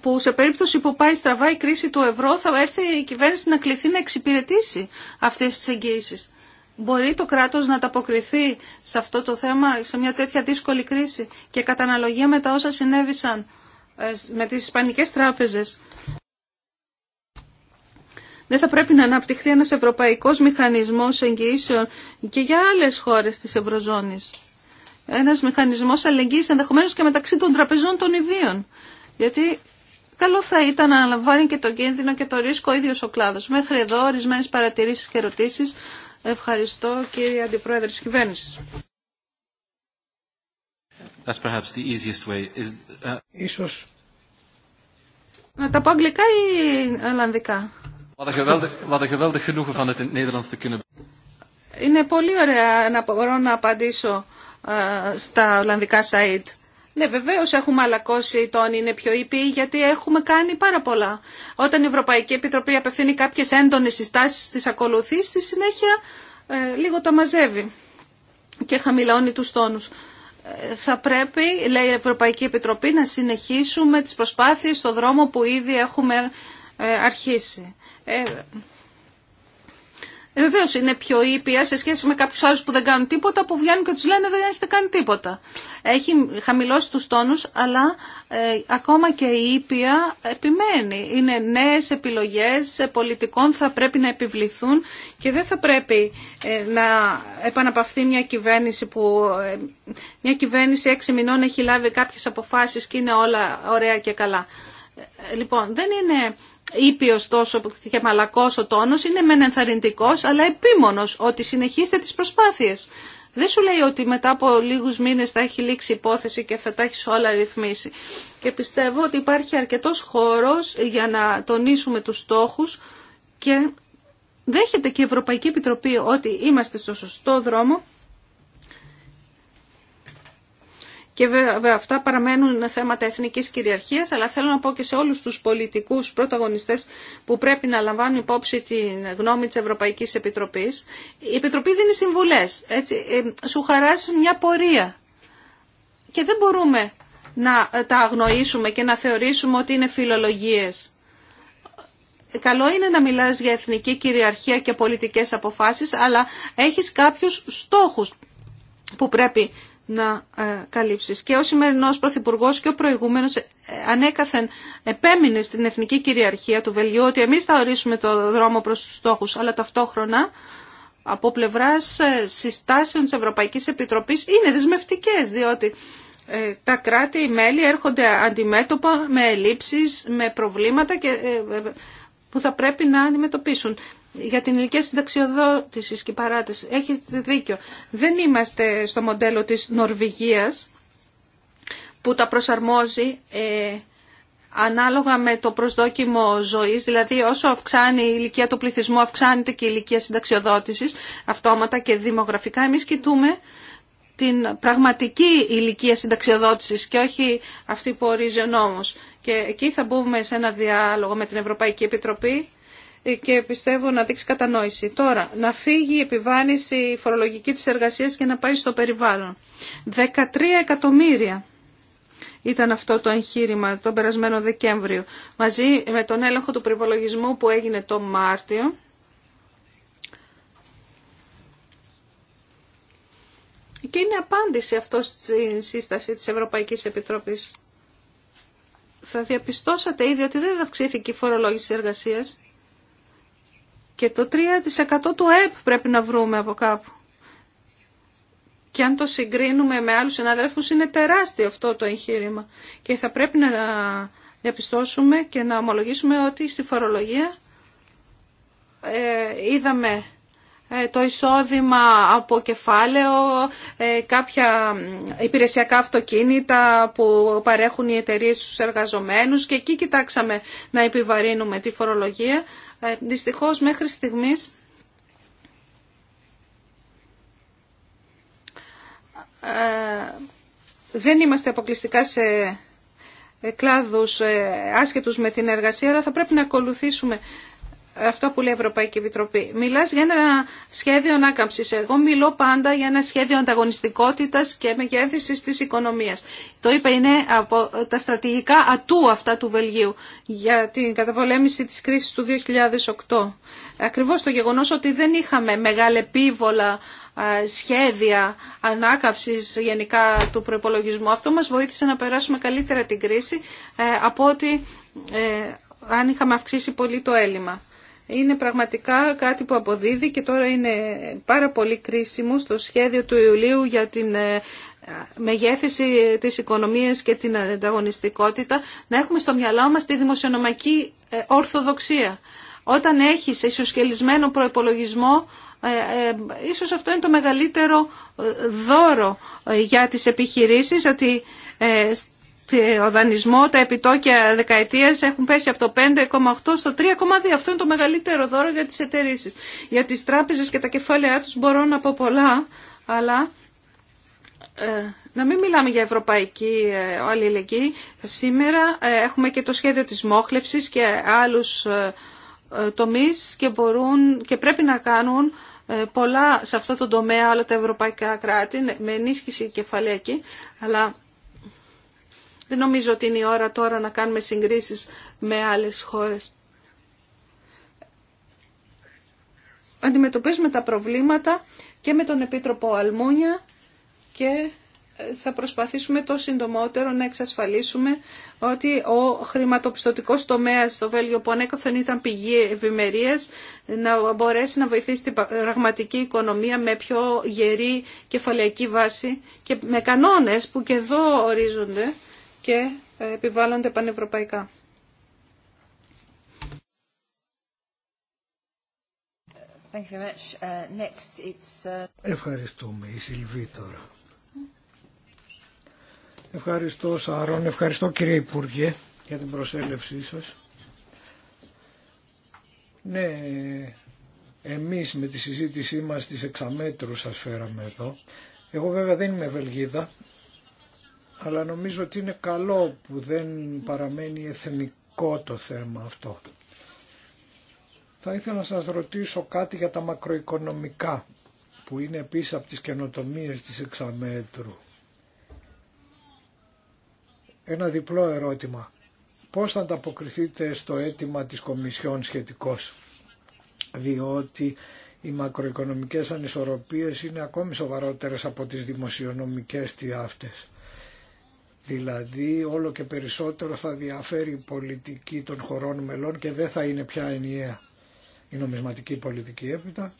που σε περίπτωση που πάει στραβά η κρίση του ευρώ θα έρθει η κυβέρνηση να κληθεί να εξυπηρετήσει αυτές τις εγγύησεις. Μπορεί το κράτος να ταποκριθεί σε αυτό το θέμα, σε μια τέτοια δύσκολη κρίση και κατά αναλογία με τα όσα συνέβησαν ε, με τις ισπανικές τράπεζες. Δεν θα πρέπει να αναπτυχθεί ένας ευρωπαϊκός μηχανισμός εγγυήσεων και για άλλες χώρες της Ευρωζώνης. Ένας μηχανισμός αλληλεγγύης ενδεχομένως και μεταξύ των τραπεζών των ιδίων. Γιατί καλό θα ήταν να αναλαμβάνει και τον κίνδυνο και το ρίσκο ο ίδιος ο κλάδος. Μέχρι εδώ ορισμένε παρατηρήσεις και ερωτήσεις. Ευχαριστώ κύριε Αντιπρόεδρε της Κυβέρνησης. Uh, Ίσως. Να τα πω αγγλικά ή ολλανδικά. Είναι πολύ ωραία να μπορώ να απαντήσω ε, στα ολλανδικά site. Ναι, βεβαίω έχουμε αλακώσει τον είναι πιο ήπιοι, γιατί έχουμε κάνει πάρα πολλά. Όταν η Ευρωπαϊκή Επιτροπή απευθύνει κάποιε έντονε συστάσει, τι ακολουθεί, στη συνέχεια ε, λίγο τα μαζεύει και χαμηλώνει του τόνου. Ε, θα πρέπει, λέει η Ευρωπαϊκή Επιτροπή, να συνεχίσουμε τις προσπάθειες στον δρόμο που ήδη έχουμε ε, αρχίσει. Ε, Βεβαίω είναι πιο ήπια σε σχέση με κάποιου άλλου που δεν κάνουν τίποτα, που βγαίνουν και του λένε δεν έχετε κάνει τίποτα. Έχει χαμηλώσει του τόνου, αλλά ε, ακόμα και η ήπια επιμένει. Είναι νέε επιλογέ πολιτικών θα πρέπει να επιβληθούν και δεν θα πρέπει ε, να επαναπαυθεί μια κυβέρνηση που μια κυβέρνηση έξι μηνών έχει λάβει κάποιε αποφάσει και είναι όλα ωραία και καλά. λοιπόν, δεν είναι ήπιος τόσο και μαλακός ο τόνος, είναι μεν ενθαρρυντικός, αλλά επίμονος ότι συνεχίστε τις προσπάθειες. Δεν σου λέει ότι μετά από λίγους μήνες θα έχει λήξει η υπόθεση και θα τα έχει όλα ρυθμίσει. Και πιστεύω ότι υπάρχει αρκετός χώρος για να τονίσουμε τους στόχους και δέχεται και η Ευρωπαϊκή Επιτροπή ότι είμαστε στο σωστό δρόμο Και βέβαια αυτά παραμένουν θέματα εθνική κυριαρχία, αλλά θέλω να πω και σε όλου του πολιτικού πρωταγωνιστέ που πρέπει να λαμβάνουν υπόψη την γνώμη τη Ευρωπαϊκή Επιτροπή. Η Επιτροπή δίνει συμβουλέ. Ε, σου χαράζει μια πορεία. Και δεν μπορούμε να ε, τα αγνοήσουμε και να θεωρήσουμε ότι είναι φιλολογίες. Καλό είναι να μιλάς για εθνική κυριαρχία και πολιτικές αποφάσεις, αλλά έχεις κάποιους στόχους που πρέπει να ε, καλύψεις. Και ο σημερινός Πρωθυπουργό και ο προηγούμενος ε, ανέκαθεν επέμεινε στην εθνική κυριαρχία του Βελγίου ότι εμείς θα ορίσουμε το δρόμο προς τους στόχους, αλλά ταυτόχρονα από πλευράς ε, συστάσεων της Ευρωπαϊκής Επιτροπής είναι δεσμευτικές, διότι τα κράτη, οι μέλη έρχονται αντιμέτωπα με ελλείψεις, με προβλήματα και, που θα πρέπει να αντιμετωπίσουν για την ηλικία συνταξιοδότησης και παράτηση. Έχετε δίκιο. Δεν είμαστε στο μοντέλο της Νορβηγίας που τα προσαρμόζει ε, ανάλογα με το προσδόκιμο ζωής, δηλαδή όσο αυξάνει η ηλικία του πληθυσμού, αυξάνεται και η ηλικία συνταξιοδότησης, αυτόματα και δημογραφικά. Εμείς κοιτούμε την πραγματική ηλικία συνταξιοδότησης και όχι αυτή που ορίζει ο νόμος. Και εκεί θα μπούμε σε ένα διάλογο με την Ευρωπαϊκή Επιτροπή και πιστεύω να δείξει κατανόηση. Τώρα, να φύγει η επιβάρυνση φορολογική της εργασίας και να πάει στο περιβάλλον. 13 εκατομμύρια ήταν αυτό το εγχείρημα τον περασμένο Δεκέμβριο. Μαζί με τον έλεγχο του προπολογισμού που έγινε το Μάρτιο, Και είναι απάντηση αυτό στην σύσταση της Ευρωπαϊκής Επιτροπής. Θα διαπιστώσατε ήδη ότι δεν αυξήθηκε η φορολόγηση εργασίας και το 3% του ΕΠ πρέπει να βρούμε από κάπου. Και αν το συγκρίνουμε με άλλους συναδέλφους είναι τεράστιο αυτό το εγχείρημα. Και θα πρέπει να διαπιστώσουμε και να ομολογήσουμε ότι στη φορολογία ε, είδαμε ε, το εισόδημα από κεφάλαιο, ε, κάποια υπηρεσιακά αυτοκίνητα που παρέχουν οι εταιρείε στους εργαζομένους και εκεί κοιτάξαμε να επιβαρύνουμε τη φορολογία ε, δυστυχώς μέχρι στιγμής ε, δεν είμαστε αποκλειστικά σε ε, κλάδους άσχετους με την εργασία, αλλά θα πρέπει να ακολουθήσουμε αυτό που λέει η Ευρωπαϊκή Επιτροπή. Μιλάς για ένα σχέδιο ανάκαμψη. Εγώ μιλώ πάντα για ένα σχέδιο ανταγωνιστικότητα και μεγέθυνση τη οικονομία. Το είπε είναι από τα στρατηγικά ατού αυτά του Βελγίου για την καταπολέμηση τη κρίση του 2008. Ακριβώ το γεγονό ότι δεν είχαμε μεγάλη επίβολα σχέδια ανάκαμψης γενικά του προπολογισμού. Αυτό μας βοήθησε να περάσουμε καλύτερα την κρίση ε, από ότι ε, αν είχαμε αυξήσει πολύ το έλλειμμα είναι πραγματικά κάτι που αποδίδει και τώρα είναι πάρα πολύ κρίσιμο στο σχέδιο του Ιουλίου για την ε, μεγέθηση της οικονομίας και την ανταγωνιστικότητα να έχουμε στο μυαλό μας τη δημοσιονομική ε, ορθοδοξία. Όταν έχεις ισοσκελισμένο προϋπολογισμό, ε, ίσως αυτό είναι το μεγαλύτερο δώρο για τις επιχειρήσεις, ότι ο δανεισμό, τα επιτόκια δεκαετία έχουν πέσει από το 5,8 στο 3,2. Αυτό είναι το μεγαλύτερο δώρο για τις εταιρείε. Για τις τράπεζες και τα κεφάλαιά του μπορώ να πω πολλά, αλλά ε, να μην μιλάμε για ευρωπαϊκή ε, αλληλεγγύη. Σήμερα ε, έχουμε και το σχέδιο της μόχλευσης και άλλους τομείς και, και πρέπει να κάνουν πολλά σε αυτό το τομέα όλα τα ευρωπαϊκά κράτη με ενίσχυση κεφαλαίκη, αλλά δεν νομίζω ότι είναι η ώρα τώρα να κάνουμε συγκρίσεις με άλλες χώρες. Αντιμετωπίζουμε τα προβλήματα και με τον Επίτροπο Αλμούνια και ε, θα προσπαθήσουμε το συντομότερο να εξασφαλίσουμε ότι ο χρηματοπιστωτικός τομέας στο Βέλγιο που ανέκαθεν ήταν πηγή ευημερία να μπορέσει να βοηθήσει την πραγματική οικονομία με πιο γερή κεφαλαϊκή βάση και με κανόνες που και εδώ ορίζονται και ε, επιβάλλονται πανευρωπαϊκά. Uh, uh, Ευχαριστούμε, η Σιλβή τώρα. Ευχαριστώ Σαρών, ευχαριστώ κύριε Υπουργέ για την προσέλευσή σας. Ναι, εμείς με τη συζήτησή μας της εξαμέτρους σας φέραμε εδώ. Εγώ βέβαια δεν είμαι Βελγίδα, αλλά νομίζω ότι είναι καλό που δεν παραμένει εθνικό το θέμα αυτό. Θα ήθελα να σας ρωτήσω κάτι για τα μακροοικονομικά, που είναι επίσης από τις καινοτομίες της εξαμέτρου. Ένα διπλό ερώτημα. Πώς θα ανταποκριθείτε στο αίτημα της Κομισιόν σχετικώς, διότι οι μακροοικονομικές ανισορροπίες είναι ακόμη σοβαρότερες από τις δημοσιονομικές τι αυτές. Δηλαδή όλο και περισσότερο θα διαφέρει η πολιτική των χωρών μελών και δεν θα είναι πια ενιαία η νομισματική πολιτική έπειτα.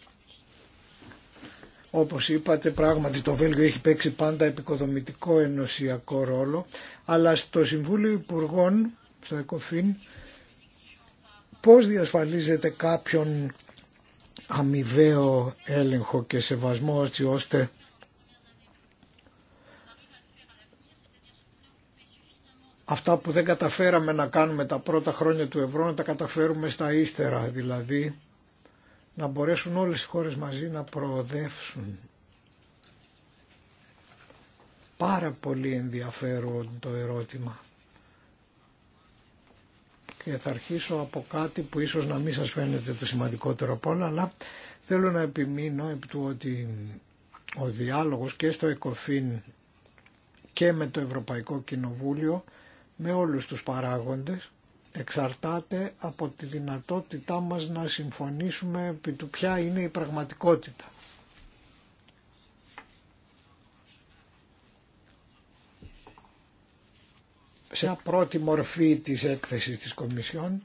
Όπως είπατε πράγματι το Βέλγιο έχει παίξει πάντα επικοδομητικό ενωσιακό ρόλο αλλά στο Συμβούλιο Υπουργών, στο ΕΚΟΦΗΝ, πώς διασφαλίζεται κάποιον αμοιβαίο έλεγχο και σεβασμό έτσι ώστε αυτά που δεν καταφέραμε να κάνουμε τα πρώτα χρόνια του ευρώ να τα καταφέρουμε στα ύστερα δηλαδή να μπορέσουν όλες οι χώρες μαζί να προοδεύσουν. Πάρα πολύ ενδιαφέρον το ερώτημα. Και θα αρχίσω από κάτι που ίσως να μην σας φαίνεται το σημαντικότερο από όλα, αλλά θέλω να επιμείνω επί του ότι ο διάλογος και στο ΕΚΟΦΗΝ και με το Ευρωπαϊκό Κοινοβούλιο με όλους τους παράγοντες εξαρτάται από τη δυνατότητά μας να συμφωνήσουμε επί του ποια είναι η πραγματικότητα. Σε πρώτη μορφή της έκθεσης της Κομισιόν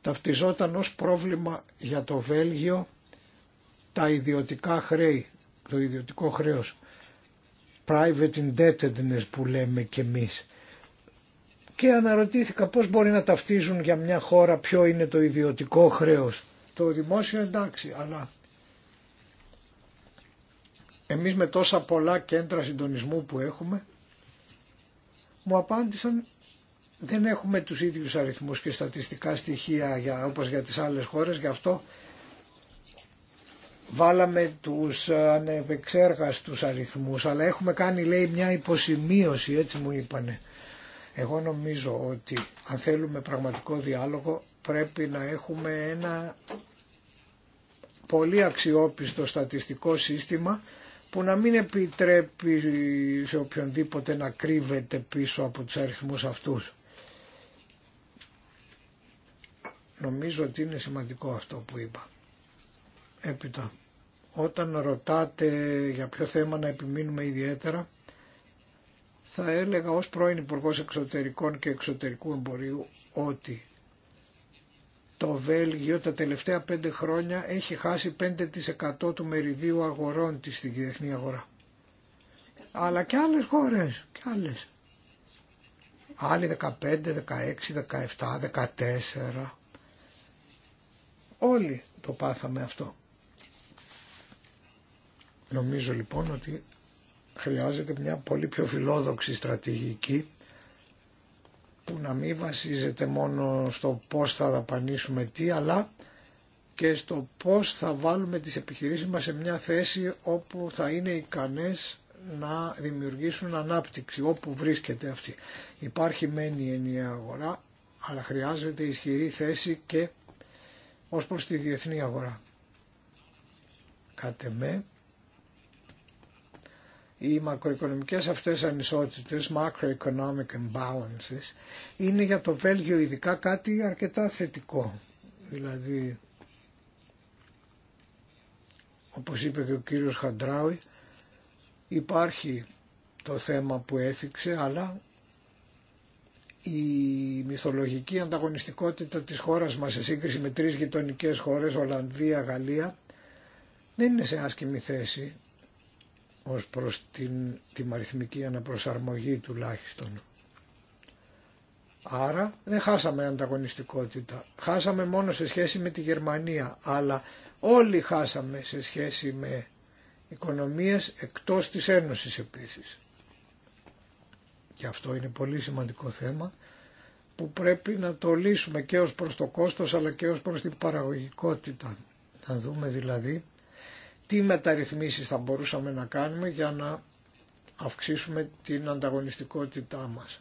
ταυτιζόταν ως πρόβλημα για το Βέλγιο τα ιδιωτικά χρέη, το ιδιωτικό χρέος private indebtedness που λέμε και εμείς και αναρωτήθηκα πώς μπορεί να ταυτίζουν για μια χώρα ποιο είναι το ιδιωτικό χρέος. Το δημόσιο εντάξει, αλλά εμείς με τόσα πολλά κέντρα συντονισμού που έχουμε, μου απάντησαν δεν έχουμε τους ίδιους αριθμούς και στατιστικά στοιχεία για, όπως για τις άλλες χώρες, γι' αυτό βάλαμε τους ανεπεξέργαστους αριθμούς, αλλά έχουμε κάνει λέει μια υποσημείωση, έτσι μου είπανε. Εγώ νομίζω ότι αν θέλουμε πραγματικό διάλογο πρέπει να έχουμε ένα πολύ αξιόπιστο στατιστικό σύστημα που να μην επιτρέπει σε οποιονδήποτε να κρύβεται πίσω από τους αριθμούς αυτούς. Νομίζω ότι είναι σημαντικό αυτό που είπα. Έπειτα, όταν ρωτάτε για ποιο θέμα να επιμείνουμε ιδιαίτερα, θα έλεγα ως πρώην υπουργό Εξωτερικών και Εξωτερικού Εμπορίου ότι το Βέλγιο τα τελευταία πέντε χρόνια έχει χάσει 5% του μεριδίου αγορών της στην διεθνή αγορά. Αλλά και άλλες χώρες, και άλλες. Άλλοι 15, 16, 17, 14. Όλοι το πάθαμε αυτό. Νομίζω λοιπόν ότι χρειάζεται μια πολύ πιο φιλόδοξη στρατηγική που να μην βασίζεται μόνο στο πώς θα δαπανίσουμε τι, αλλά και στο πώς θα βάλουμε τις επιχειρήσεις μας σε μια θέση όπου θα είναι ικανές να δημιουργήσουν ανάπτυξη, όπου βρίσκεται αυτή. Υπάρχει μένει η ενιαία αγορά, αλλά χρειάζεται ισχυρή θέση και ως προς τη διεθνή αγορά. Κατ' εμέ, οι μακροοικονομικές αυτές ανισότητες, macroeconomic imbalances, είναι για το Βέλγιο ειδικά κάτι αρκετά θετικό. Δηλαδή, όπως είπε και ο κύριος Χαντράουι, υπάρχει το θέμα που έθιξε, αλλά η μυθολογική ανταγωνιστικότητα της χώρας μας σε σύγκριση με τρεις γειτονικέ χώρες, Ολλανδία, Γαλλία, δεν είναι σε άσκημη θέση ως προς την τιμαριθμική αναπροσαρμογή τουλάχιστον. Άρα δεν χάσαμε ανταγωνιστικότητα. Χάσαμε μόνο σε σχέση με τη Γερμανία, αλλά όλοι χάσαμε σε σχέση με οικονομίες εκτός της Ένωσης επίσης. Και αυτό είναι πολύ σημαντικό θέμα που πρέπει να το λύσουμε και ως προς το κόστος αλλά και ως προς την παραγωγικότητα. Να δούμε δηλαδή τι μεταρρυθμίσεις θα μπορούσαμε να κάνουμε για να αυξήσουμε την ανταγωνιστικότητά μας.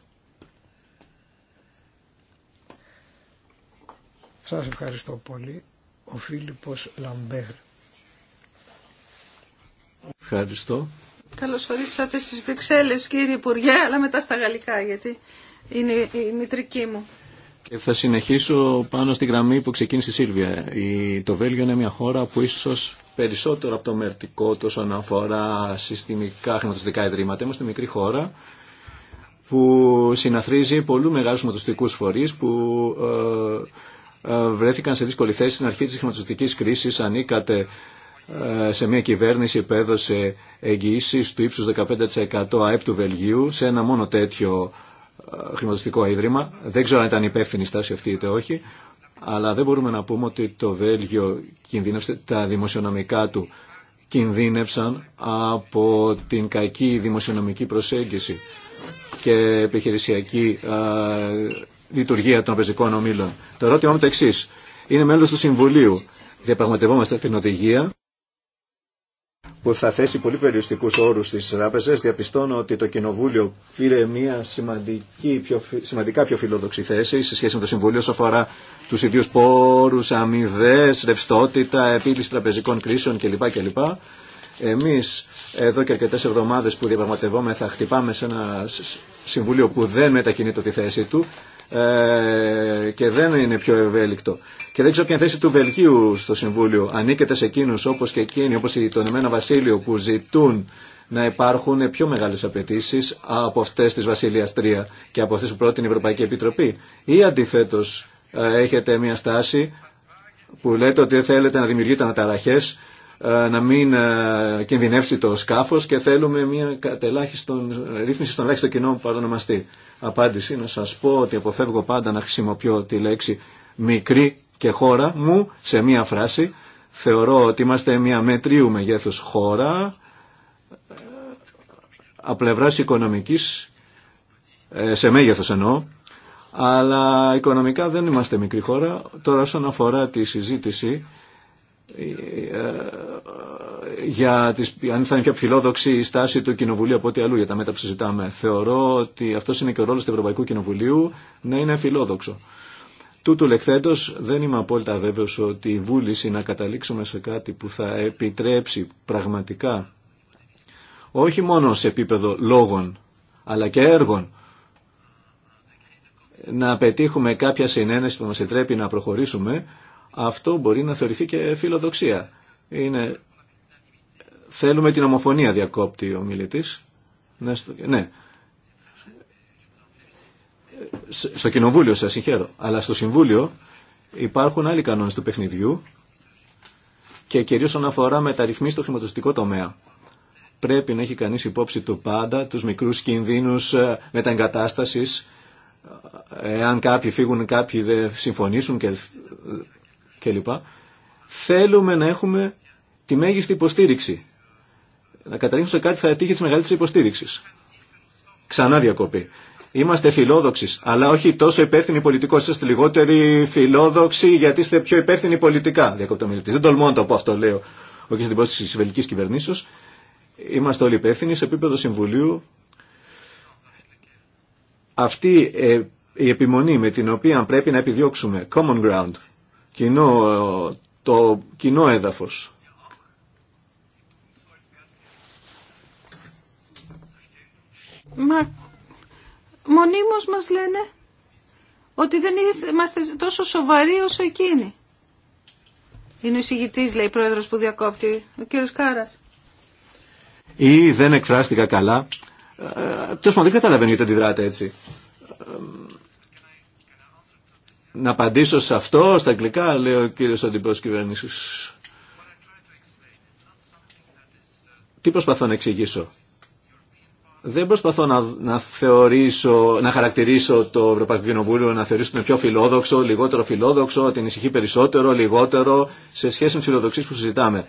Σας ευχαριστώ πολύ. Ο Φίλιππος Λαμπέρ. Ευχαριστώ. Καλώς ορίσατε στις Βρυξέλλες κύριε Υπουργέ, αλλά μετά στα γαλλικά γιατί είναι η μητρική μου. Και θα συνεχίσω πάνω στη γραμμή που ξεκίνησε η Σίλβια. το Βέλγιο είναι μια χώρα που ίσως περισσότερο από το μερτικό τόσο αφορά συστημικά χρηματιστικά ιδρύματα. Είμαστε μικρή χώρα που συναθρίζει πολλού μεγάλους χρηματιστικού φορείς που ε, ε, βρέθηκαν σε δύσκολη θέση στην αρχή της χρηματοστικής κρίσης. Ανήκατε ε, σε μια κυβέρνηση που έδωσε του ύψους 15% ΑΕΠ του Βελγίου σε ένα μόνο τέτοιο χρηματιστικό ίδρυμα. Δεν ξέρω αν ήταν υπεύθυνη στάση αυτή είτε όχι αλλά δεν μπορούμε να πούμε ότι το Βέλγιο κινδύνευσε τα δημοσιονομικά του κινδύνευσαν από την κακή δημοσιονομική προσέγγιση και επιχειρησιακή λειτουργία των πεζικών ομίλων. Το ερώτημα μου το εξή. Είναι μέλος του Συμβουλίου. Διαπραγματευόμαστε την οδηγία που θα θέσει πολύ περιοριστικούς όρους στις τράπεζες, διαπιστώνω ότι το Κοινοβούλιο πήρε μια σημαντική, πιο, σημαντικά πιο φιλόδοξη θέση σε σχέση με το Συμβούλιο όσον αφορά τους ίδιους πόρους, αμοιβέ, ρευστότητα, επίλυση τραπεζικών κρίσεων κλπ. κλπ. Εμείς εδώ και αρκετές εβδομάδες που διαπραγματευόμεθα χτυπάμε σε ένα Συμβούλιο που δεν μετακινεί τη θέση του ε, και δεν είναι πιο ευέλικτο. Και δεν ξέρω ποια θέση του Βελγίου στο Συμβούλιο. Ανήκεται σε εκείνου όπω και εκείνοι, όπω το Ηνωμένο Βασίλειο, που ζητούν να υπάρχουν πιο μεγάλε απαιτήσει από αυτέ τη Βασιλεία 3 και από αυτέ που πρότεινε η Ευρωπαϊκή Επιτροπή. Ή αντιθέτω, ε, έχετε μια στάση που λέτε ότι θέλετε να δημιουργείτε αναταραχέ, ε, να μην ε, κινδυνεύσει το σκάφο και θέλουμε μια ρύθμιση στον ελάχιστο κοινό παρονομαστή. Απάντηση να σα πω ότι αποφεύγω πάντα να χρησιμοποιώ τη λέξη μικρή και χώρα μου σε μία φράση. Θεωρώ ότι είμαστε μία μετρίου μεγέθους χώρα ε, απλευράς οικονομικής, ε, σε μέγεθος εννοώ, αλλά οικονομικά δεν είμαστε μικρή χώρα. Τώρα όσον αφορά τη συζήτηση ε, για τις, αν θα είναι πιο φιλόδοξη η στάση του Κοινοβουλίου από ό,τι αλλού για τα μέτρα που συζητάμε. Θεωρώ ότι αυτός είναι και ο ρόλος του Ευρωπαϊκού Κοινοβουλίου να είναι φιλόδοξο. Τούτου λεχθέντος δεν είμαι απόλυτα βέβαιο ότι η βούληση να καταλήξουμε σε κάτι που θα επιτρέψει πραγματικά όχι μόνο σε επίπεδο λόγων αλλά και έργων να πετύχουμε κάποια συνένεση που μας επιτρέπει να προχωρήσουμε αυτό μπορεί να θεωρηθεί και φιλοδοξία. Είναι... Θέλουμε την ομοφωνία διακόπτη ο μιλητής. Ναι, στο κοινοβούλιο σας συγχαίρω, αλλά στο συμβούλιο υπάρχουν άλλοι κανόνες του παιχνιδιού και κυρίως όσον αφορά μεταρρυθμίσεις στο χρηματοστικό τομέα. Πρέπει να έχει κανείς υπόψη του πάντα τους μικρούς κινδύνους ε, μεταγκατάστασης, ε, εάν κάποιοι φύγουν, κάποιοι δεν συμφωνήσουν ε, κλπ. Θέλουμε να έχουμε τη μέγιστη υποστήριξη. Να καταλήξουμε σε κάτι θα ατύχει τη μεγαλύτερη υποστήριξη. Ξανά διακοπή. Είμαστε φιλόδοξοι, αλλά όχι τόσο υπεύθυνοι πολιτικώ. Είστε λιγότεροι φιλόδοξοι γιατί είστε πιο υπεύθυνοι πολιτικά. Διακόπτω Δεν τολμώ να το πω αυτό, λέω. Ο κ. Δημόσιο τη Βελική Κυβερνήσεω. Είμαστε όλοι υπεύθυνοι σε επίπεδο Συμβουλίου. Αυτή ε, η επιμονή με την οποία πρέπει να επιδιώξουμε common ground, το κοινό έδαφος, Μα μονίμως μας λένε ότι δεν είμαστε τόσο σοβαροί όσο εκείνοι. Είναι ο εισηγητής, λέει, πρόεδρος που διακόπτει, ο κύριος Κάρας. Ή δεν εκφράστηκα καλά. Ε, μου δεν καταλαβαίνει γιατί αντιδράτε έτσι. Ε, να απαντήσω σε αυτό, στα αγγλικά, λέει ο κύριος Αντιπρός Κυβέρνησης. Τι προσπαθώ να εξηγήσω δεν προσπαθώ να, να, θεωρήσω, να χαρακτηρίσω το Ευρωπαϊκό Κοινοβούλιο, να θεωρήσω πιο φιλόδοξο, λιγότερο φιλόδοξο, ότι ανησυχεί περισσότερο, λιγότερο, σε σχέση με τις φιλοδοξίες που συζητάμε.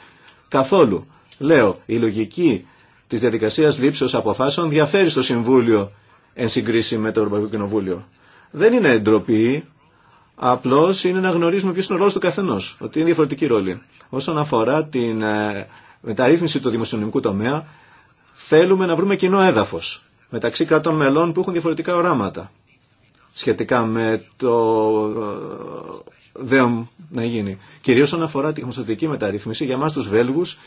Καθόλου. Λέω, η λογική της διαδικασίας λήψεως αποφάσεων διαφέρει στο Συμβούλιο εν συγκρίση με το Ευρωπαϊκό Κοινοβούλιο. Δεν είναι εντροπή, απλώς είναι να γνωρίζουμε ποιος είναι ο ρόλος του καθενός, ότι είναι διαφορετική ρόλη. Όσον αφορά την ε, μεταρρύθμιση του δημοσιονομικού τομέα, Θέλουμε να βρούμε κοινό έδαφος μεταξύ κρατών μελών που έχουν διαφορετικά οράματα σχετικά με το ε, δέον να γίνει. Κυρίως όσον αφορά τη χρηματοδοτική μεταρρύθμιση, για μας τους Βέλγους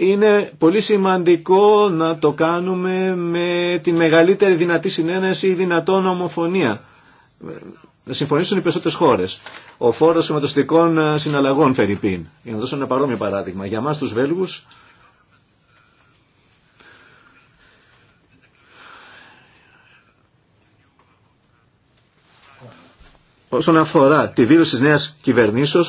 ε, είναι πολύ σημαντικό να το κάνουμε με τη μεγαλύτερη δυνατή συνένεση ή δυνατόν ομοφωνία. Να συμφωνήσουν οι περισσότερε χώρε. Ο φόρο χρηματοστικών ε, συναλλαγών, Φερρυπίν. Για να δώσω ένα παρόμοιο παράδειγμα. Για εμά του Βέλγου Όσον αφορά τη δήλωση τη νέα κυβερνήσεω,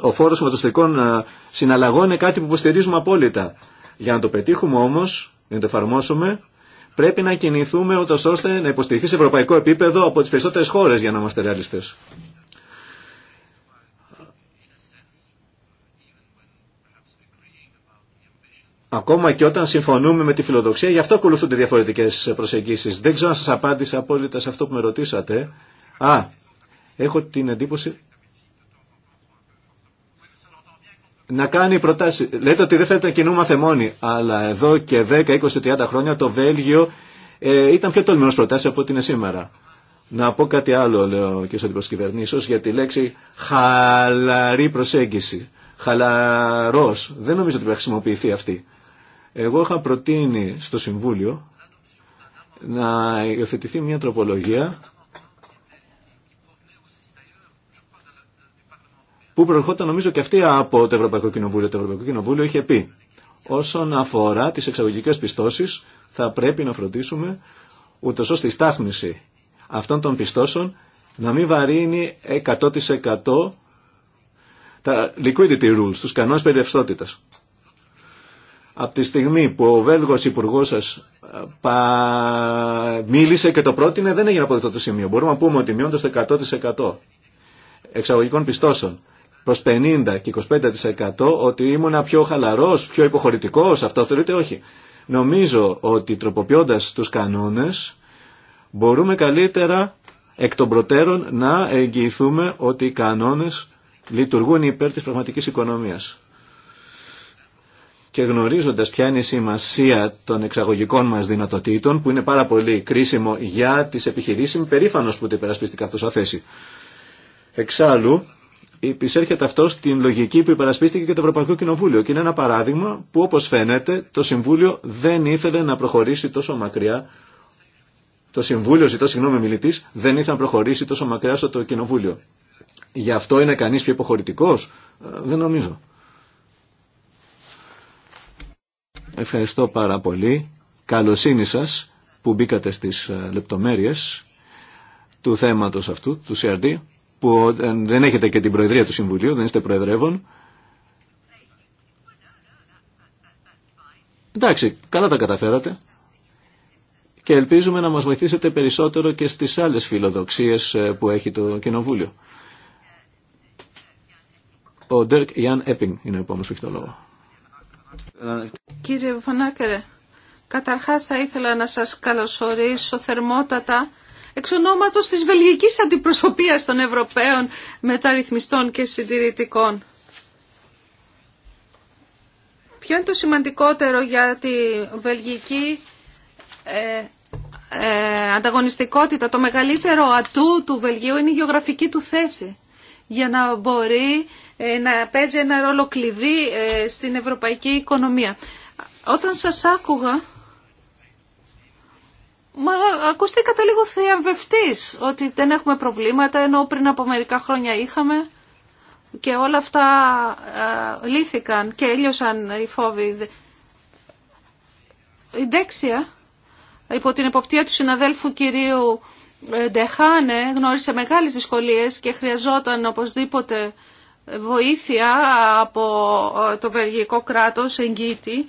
ο φόρο χρηματοστικών ε, συναλλαγών είναι κάτι που υποστηρίζουμε απόλυτα. Για να το πετύχουμε όμω, για να το εφαρμόσουμε, πρέπει να κινηθούμε ούτω ώστε να υποστηριχθεί σε ευρωπαϊκό επίπεδο από τι περισσότερε χώρε για να είμαστε ρεαλιστέ. Ακόμα και όταν συμφωνούμε με τη φιλοδοξία, γι' αυτό ακολουθούνται διαφορετικέ προσεγγίσεις. Δεν ξέρω αν σα απάντησα απόλυτα σε αυτό που με ρωτήσατε. Α, έχω την εντύπωση να κάνει προτάσει. Λέτε ότι δεν θέλετε να κινούμαστε μόνοι, αλλά εδώ και 10, 20, 30 χρόνια το Βέλγιο ε, ήταν πιο τολμηρό προτάσει από ότι είναι σήμερα. Να πω κάτι άλλο, λέω και Αντιπρό Κυβερνήσεω, για τη λέξη χαλαρή προσέγγιση. Χαλαρό. Δεν νομίζω ότι πρέπει να χρησιμοποιηθεί αυτή. Εγώ είχα προτείνει στο Συμβούλιο να υιοθετηθεί μια τροπολογία που προερχόταν νομίζω και αυτή από το Ευρωπαϊκό Κοινοβούλιο. Το Ευρωπαϊκό Κοινοβούλιο είχε πει όσον αφορά τις εξαγωγικές πιστώσεις θα πρέπει να φροντίσουμε ούτω ώστε η στάθμιση αυτών των πιστώσεων να μην βαρύνει 100% τα liquidity rules, τους κανόνες περιευστότητας. Από τη στιγμή που ο Βέλγος υπουργό σα μίλησε και το πρότεινε, δεν έγινε αποδεκτό το σημείο. Μπορούμε να πούμε ότι μειώντα το 100% εξαγωγικών πιστώσεων προς 50 και 25% ότι ήμουν πιο χαλαρός, πιο υποχωρητικός, αυτό θεωρείτε όχι. Νομίζω ότι τροποποιώντας τους κανόνες μπορούμε καλύτερα εκ των προτέρων να εγγυηθούμε ότι οι κανόνες λειτουργούν υπέρ της πραγματικής οικονομίας. Και γνωρίζοντας ποια είναι η σημασία των εξαγωγικών μας δυνατοτήτων, που είναι πάρα πολύ κρίσιμο για τις επιχειρήσεις, είμαι περήφανος που το υπερασπίστηκα αυτό σαν θέση. Εξάλλου, υπησέρχεται αυτό στην λογική που υπερασπίστηκε και το Ευρωπαϊκό Κοινοβούλιο. Και είναι ένα παράδειγμα που όπω φαίνεται το Συμβούλιο δεν ήθελε να προχωρήσει τόσο μακριά. Το Συμβούλιο, ζητώ συγγνώμη μιλητή, δεν ήθελε να προχωρήσει τόσο μακριά στο το Κοινοβούλιο. Γι' αυτό είναι κανείς πιο υποχωρητικό, ε, δεν νομίζω. Ευχαριστώ πάρα πολύ. Καλοσύνη σας που μπήκατε στις ε, λεπτομέρειες του θέματος αυτού, του CRD που δεν έχετε και την Προεδρία του Συμβουλίου, δεν είστε Προεδρεύων. Εντάξει, καλά τα καταφέρατε και ελπίζουμε να μας βοηθήσετε περισσότερο και στις άλλες φιλοδοξίες ε, που έχει το Κοινοβούλιο. Ο Ντέρκ Ιαν Έπινγκ είναι ο επόμενος που λόγο. Κύριε Βανάκερε, καταρχάς θα ήθελα να σας καλωσορίσω θερμότατα εξ ονόματος της βελγικής αντιπροσωπείας των Ευρωπαίων μεταρρυθμιστών και συντηρητικών. Ποιο είναι το σημαντικότερο για τη βελγική ε, ε, ανταγωνιστικότητα. Το μεγαλύτερο ατού του Βελγίου είναι η γεωγραφική του θέση για να μπορεί ε, να παίζει ένα ρόλο κλειδί ε, στην ευρωπαϊκή οικονομία. Όταν σας άκουγα Μα ακουστήκατε λίγο θριαμβευτής ότι δεν έχουμε προβλήματα ενώ πριν από μερικά χρόνια είχαμε και όλα αυτά ε, λύθηκαν και έλειωσαν οι φόβοι. Η Ντέξια υπό την εποπτεία του συναδέλφου κυρίου ε, Ντεχάνε γνώρισε μεγάλες δυσκολίες και χρειαζόταν οπωσδήποτε βοήθεια από ε, το βελγικό κράτος εγγύτη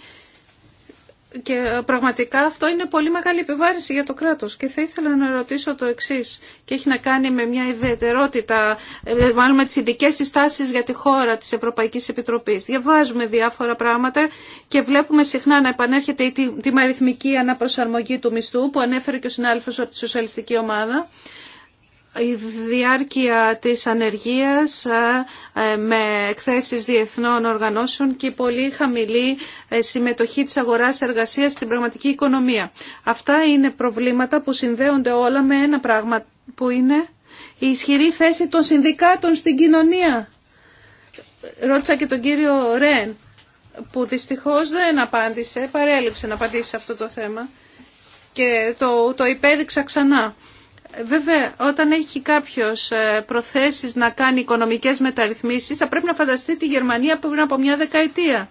και ε, πραγματικά αυτό είναι πολύ μεγάλη επιβάρηση για το κράτος. Και θα ήθελα να ρωτήσω το εξής και έχει να κάνει με μια ιδιαιτερότητα, ε, μάλλον με τις ειδικές συστάσεις για τη χώρα της Ευρωπαϊκής Επιτροπής. Διαβάζουμε διάφορα πράγματα και βλέπουμε συχνά να επανέρχεται η τιμαριθμική αναπροσαρμογή του μισθού που ανέφερε και ο συνάδελφος από τη Σοσιαλιστική Ομάδα η διάρκεια της ανεργίας ε, με εκθέσεις διεθνών οργανώσεων και η πολύ χαμηλή ε, συμμετοχή της αγοράς εργασίας στην πραγματική οικονομία. Αυτά είναι προβλήματα που συνδέονται όλα με ένα πράγμα που είναι η ισχυρή θέση των συνδικάτων στην κοινωνία. Ρώτησα και τον κύριο Ρεν που δυστυχώς δεν απάντησε, παρέλειψε να απαντήσει σε αυτό το θέμα και το, το υπέδειξα ξανά. Βέβαια, όταν έχει κάποιο ε, προθέσεις να κάνει οικονομικές μεταρρυθμίσεις, θα πρέπει να φανταστεί τη Γερμανία πριν από μια δεκαετία.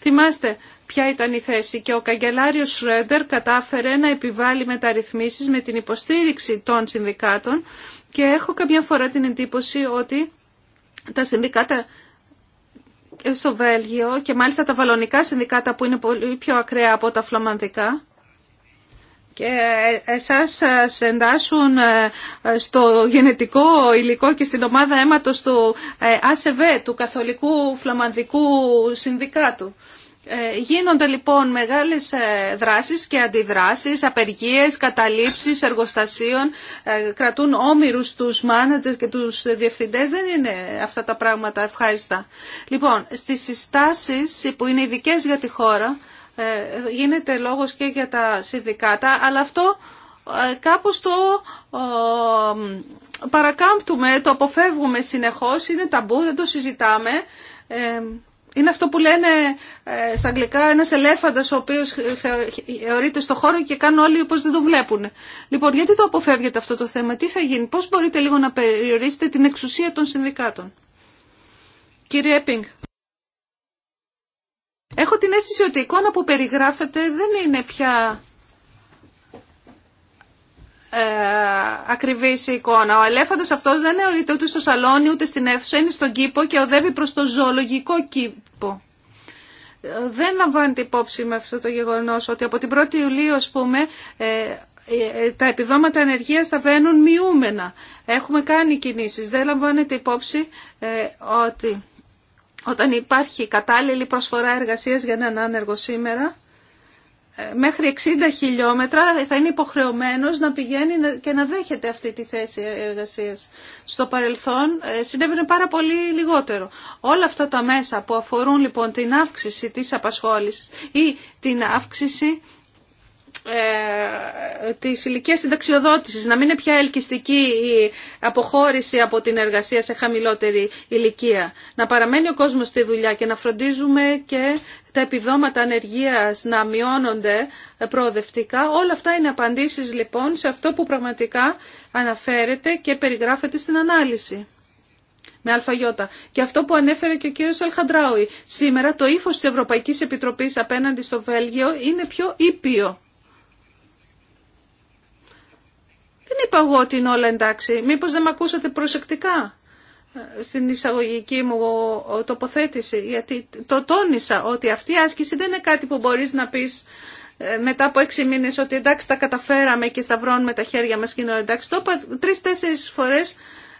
Θυμάστε ποια ήταν η θέση και ο καγκελάριο Σρέντερ κατάφερε να επιβάλλει μεταρρυθμίσεις με την υποστήριξη των συνδικάτων και έχω καμιά φορά την εντύπωση ότι τα συνδικάτα στο Βέλγιο και μάλιστα τα βαλονικά συνδικάτα που είναι πολύ πιο ακραία από τα φλαμανδικά, και ε, εσάς σας εντάσσουν ε, στο γενετικό υλικό και στην ομάδα αίματος του ΑΣΕΒΕ, του Καθολικού Φλαμανδικού Συνδικάτου. Ε, γίνονται λοιπόν μεγάλες δράσεις και αντιδράσεις, απεργίες, καταλήψεις εργοστασίων, κρατούν όμοιρους τους μάνατζερ και τους διευθυντές, δεν είναι αυτά τα πράγματα ευχάριστα. Λοιπόν, στις συστάσεις που είναι ειδικέ για τη χώρα, ε, γίνεται λόγος και για τα συνδικάτα, αλλά αυτό ε, κάπως το παρακάμπτουμε, το αποφεύγουμε συνεχώς, είναι ταμπού, δεν το συζητάμε. Ε, είναι αυτό που λένε στα αγγλικά ένας ελέφαντας ο οποίος θεωρείται στο χώρο και κάνουν όλοι όπως δεν το βλέπουν. Λοιπόν, γιατί το αποφεύγετε αυτό το θέμα, τι θα γίνει, πώς μπορείτε λίγο να περιορίσετε την εξουσία των συνδικάτων. Κύριε Έπινγκ. Έχω την αίσθηση ότι η εικόνα που περιγράφεται δεν είναι πια ε, ακριβή η εικόνα. Ο ελέφαντας αυτός δεν είναι ούτε στο σαλόνι ούτε στην αίθουσα, είναι στον κήπο και οδεύει προς το ζωολογικό κήπο. Δεν λαμβάνεται υπόψη με αυτό το γεγονός ότι από την 1η Ιουλίου ας πούμε ε, ε, ε, τα επιδόματα ανεργίας θα βαίνουν μειούμενα. Έχουμε κάνει κινήσεις. Δεν λαμβάνεται υπόψη ότι όταν υπάρχει κατάλληλη προσφορά εργασίας για έναν άνεργο σήμερα, ε, μέχρι 60 χιλιόμετρα θα είναι υποχρεωμένος να πηγαίνει και να δέχεται αυτή τη θέση εργασίας. Στο παρελθόν ε, συνέβαινε πάρα πολύ λιγότερο. Όλα αυτά τα μέσα που αφορούν λοιπόν την αύξηση της απασχόλησης ή την αύξηση ε, της ηλικίας συνταξιοδότησης, να μην είναι πια ελκυστική η αποχώρηση από την εργασία σε χαμηλότερη ηλικία. Να παραμένει ο κόσμος στη δουλειά και να φροντίζουμε και τα επιδόματα ανεργίας να μειώνονται προοδευτικά. Όλα αυτά είναι απαντήσεις λοιπόν σε αυτό που πραγματικά αναφέρεται και περιγράφεται στην ανάλυση. Με αλφαγιώτα. Και αυτό που ανέφερε και ο κύριος Αλχαντράουι. Σήμερα το ύφος της Ευρωπαϊκής Επιτροπής απέναντι στο Βέλγιο είναι πιο ήπιο Δεν είπα εγώ ότι είναι όλα εντάξει. Μήπως δεν με ακούσατε προσεκτικά ε, στην εισαγωγική μου τοποθέτηση. Γιατί το τόνισα ότι αυτή η άσκηση δεν είναι κάτι που μπορείς να πεις ε, μετά από έξι μήνες ότι εντάξει τα καταφέραμε και σταυρώνουμε τα χέρια μας και είναι εντάξει. Το είπα τρεις-τέσσερις φορές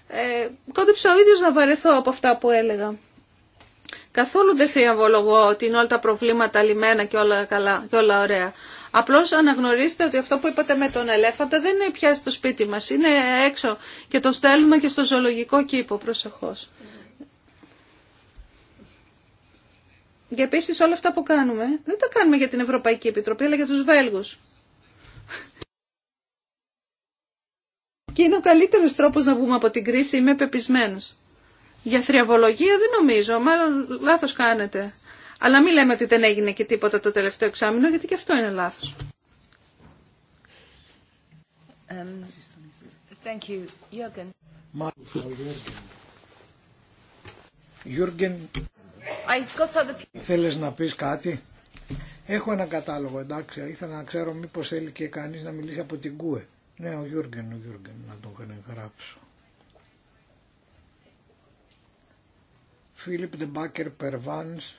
ε, κόντεψα ο ίδιος να βαρεθώ από αυτά που έλεγα. Καθόλου δεν θεαβολογώ ότι είναι όλα τα προβλήματα λιμένα και όλα καλά και όλα ωραία. Απλώς αναγνωρίστε ότι αυτό που είπατε με τον ελέφαντα δεν είναι πια στο σπίτι μας, είναι έξω και το στέλνουμε και στο ζωολογικό κήπο, προσεχώς. Και επίση όλα αυτά που κάνουμε δεν τα κάνουμε για την Ευρωπαϊκή Επιτροπή αλλά για τους Βέλγους. Και είναι ο καλύτερο τρόπο να βγούμε από την κρίση, είμαι πεπισμένο. Για θριαβολογία δεν νομίζω, μάλλον λάθο κάνετε. Αλλά μην λέμε ότι δεν έγινε και τίποτα το τελευταίο εξάμεινο, γιατί και αυτό είναι λάθος. Thank you. Θέλεις να πεις κάτι. Έχω ένα κατάλογο, εντάξει. Ήθελα να ξέρω μήπως θέλει και κανείς να μιλήσει από την ΚΟΕ. Ναι, ο Γιούργεν, ο Γιούργεν, να τον γράψω. Φίλιπ Ντεμπάκερ Περβάνς,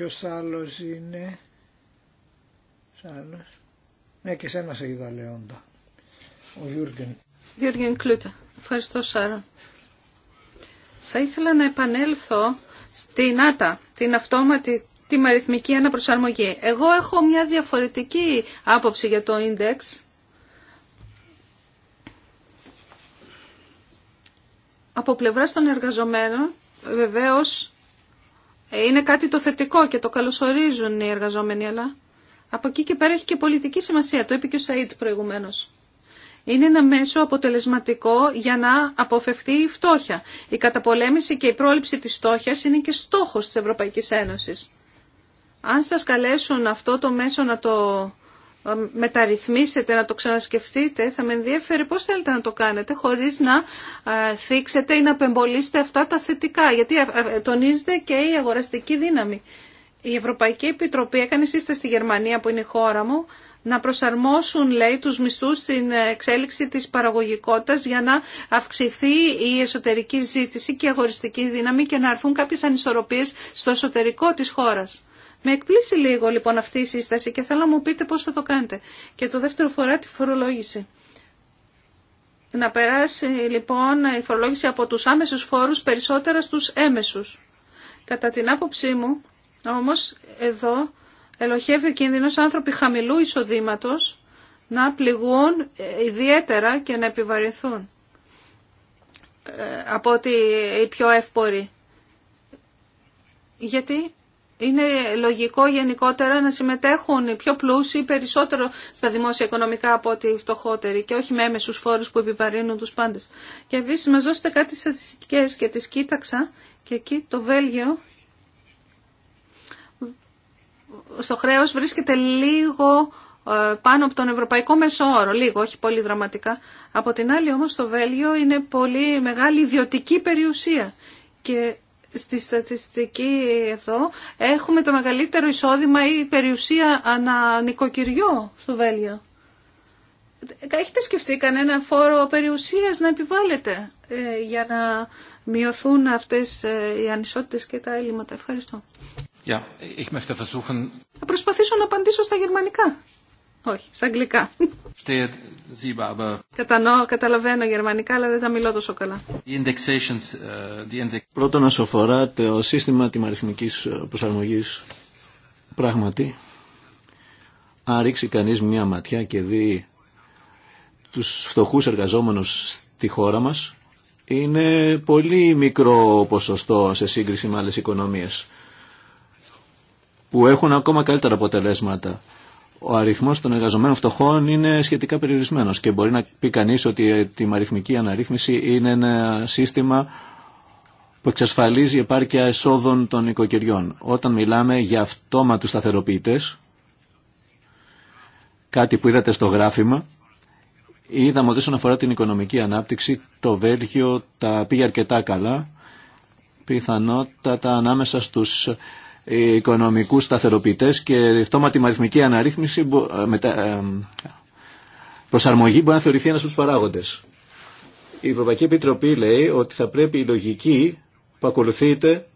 Ποιος άλλος είναι. Ναι και σένα σε είδα Λεόντα. Ο Γιούργεν. Γιούργεν Κλούτα. Ευχαριστώ Σάρα. Θα ήθελα να επανέλθω στην ΆΤΑ, την αυτόματη τη μαριθμική αναπροσαρμογή. Εγώ έχω μια διαφορετική άποψη για το ίντεξ. Από πλευράς των εργαζομένων, βεβαίως, είναι κάτι το θετικό και το καλωσορίζουν οι εργαζόμενοι, αλλά από εκεί και πέρα έχει και πολιτική σημασία. Το είπε και ο Σαΐτ προηγουμένως. Είναι ένα μέσο αποτελεσματικό για να αποφευθεί η φτώχεια. Η καταπολέμηση και η πρόληψη της φτώχειας είναι και στόχος της Ευρωπαϊκής Ένωσης. Αν σας καλέσουν αυτό το μέσο να το μεταρρυθμίσετε, να το ξανασκεφτείτε, θα με ενδιαφέρει πώς θέλετε να το κάνετε χωρίς να θίξετε ή να απεμπολίσετε αυτά τα θετικά, γιατί τονίζεται και η αγοραστική δύναμη. Η Ευρωπαϊκή Επιτροπή έκανε σύσταση στη Γερμανία που είναι η χώρα μου να προσαρμόσουν λέει τους μισθούς στην εξέλιξη της παραγωγικότητας για να αυξηθεί η εσωτερική ζήτηση και η αγοριστική δύναμη και να έρθουν κάποιες ανισορροπίες στο εσωτερικό της χώρας. Με εκπλήσει λίγο λοιπόν αυτή η σύσταση και θέλω να μου πείτε πώς θα το κάνετε. Και το δεύτερο φορά τη φορολόγηση. Να περάσει λοιπόν η φορολόγηση από τους άμεσους φόρους περισσότερα στους έμεσους. Κατά την άποψή μου όμως εδώ ελοχεύει ο κίνδυνος άνθρωποι χαμηλού εισοδήματος να πληγούν ε, ιδιαίτερα και να επιβαρυνθούν ε, από ότι οι πιο εύποροι. Γιατί είναι λογικό γενικότερα να συμμετέχουν οι πιο πλούσιοι περισσότερο στα δημόσια οικονομικά από ότι οι φτωχότεροι και όχι με έμεσους φόρους που επιβαρύνουν τους πάντες. Και επίση μας δώσετε κάτι στατιστικές και τις κοίταξα και εκεί το Βέλγιο στο χρέος βρίσκεται λίγο ε, πάνω από τον ευρωπαϊκό όρο λίγο, όχι πολύ δραματικά. Από την άλλη όμως το Βέλγιο είναι πολύ μεγάλη ιδιωτική περιουσία και στη στατιστική εδώ έχουμε το μεγαλύτερο εισόδημα ή περιουσία ανα στο Βέλγιο. Έχετε σκεφτεί κανένα φόρο περιουσίας να επιβάλλετε ε, για να μειωθούν αυτές ε, οι ανισότητες και τα έλλειμματα. Ευχαριστώ. ich möchte versuchen... Θα προσπαθήσω να απαντήσω στα γερμανικά. Όχι, στα αγγλικά. Κατανοώ, καταλαβαίνω γερμανικά, αλλά δεν τα μιλώ τόσο καλά. Äh, Πρώτον, ας αφορά το σύστημα τιμαριθμικής ε, προσαρμογή Πράγματι, αν ρίξει κανεί μια ματιά και δει τους φτωχού εργαζόμενους στη χώρα μα, είναι πολύ μικρό ποσοστό σε σύγκριση με άλλες οικονομίες που έχουν ακόμα καλύτερα αποτελέσματα ο αριθμός των εργαζομένων φτωχών είναι σχετικά περιορισμένος και μπορεί να πει κανείς ότι η αριθμική αναρρύθμιση είναι ένα σύστημα που εξασφαλίζει επάρκεια εσόδων των οικοκυριών. Όταν μιλάμε για αυτόματους σταθεροποιητές, κάτι που είδατε στο γράφημα, είδαμε ότι όσον αφορά την οικονομική ανάπτυξη, το Βέλγιο τα πήγε αρκετά καλά, πιθανότατα ανάμεσα στους ε, οικονομικούς σταθεροποιητές και αυτόματη μαριθμική αναρρύθμιση ε, ε, προσαρμογή μπορεί να θεωρηθεί ένας από τους παράγοντες. Η Ευρωπαϊκή Επιτροπή λέει ότι θα πρέπει η λογική που ακολουθείται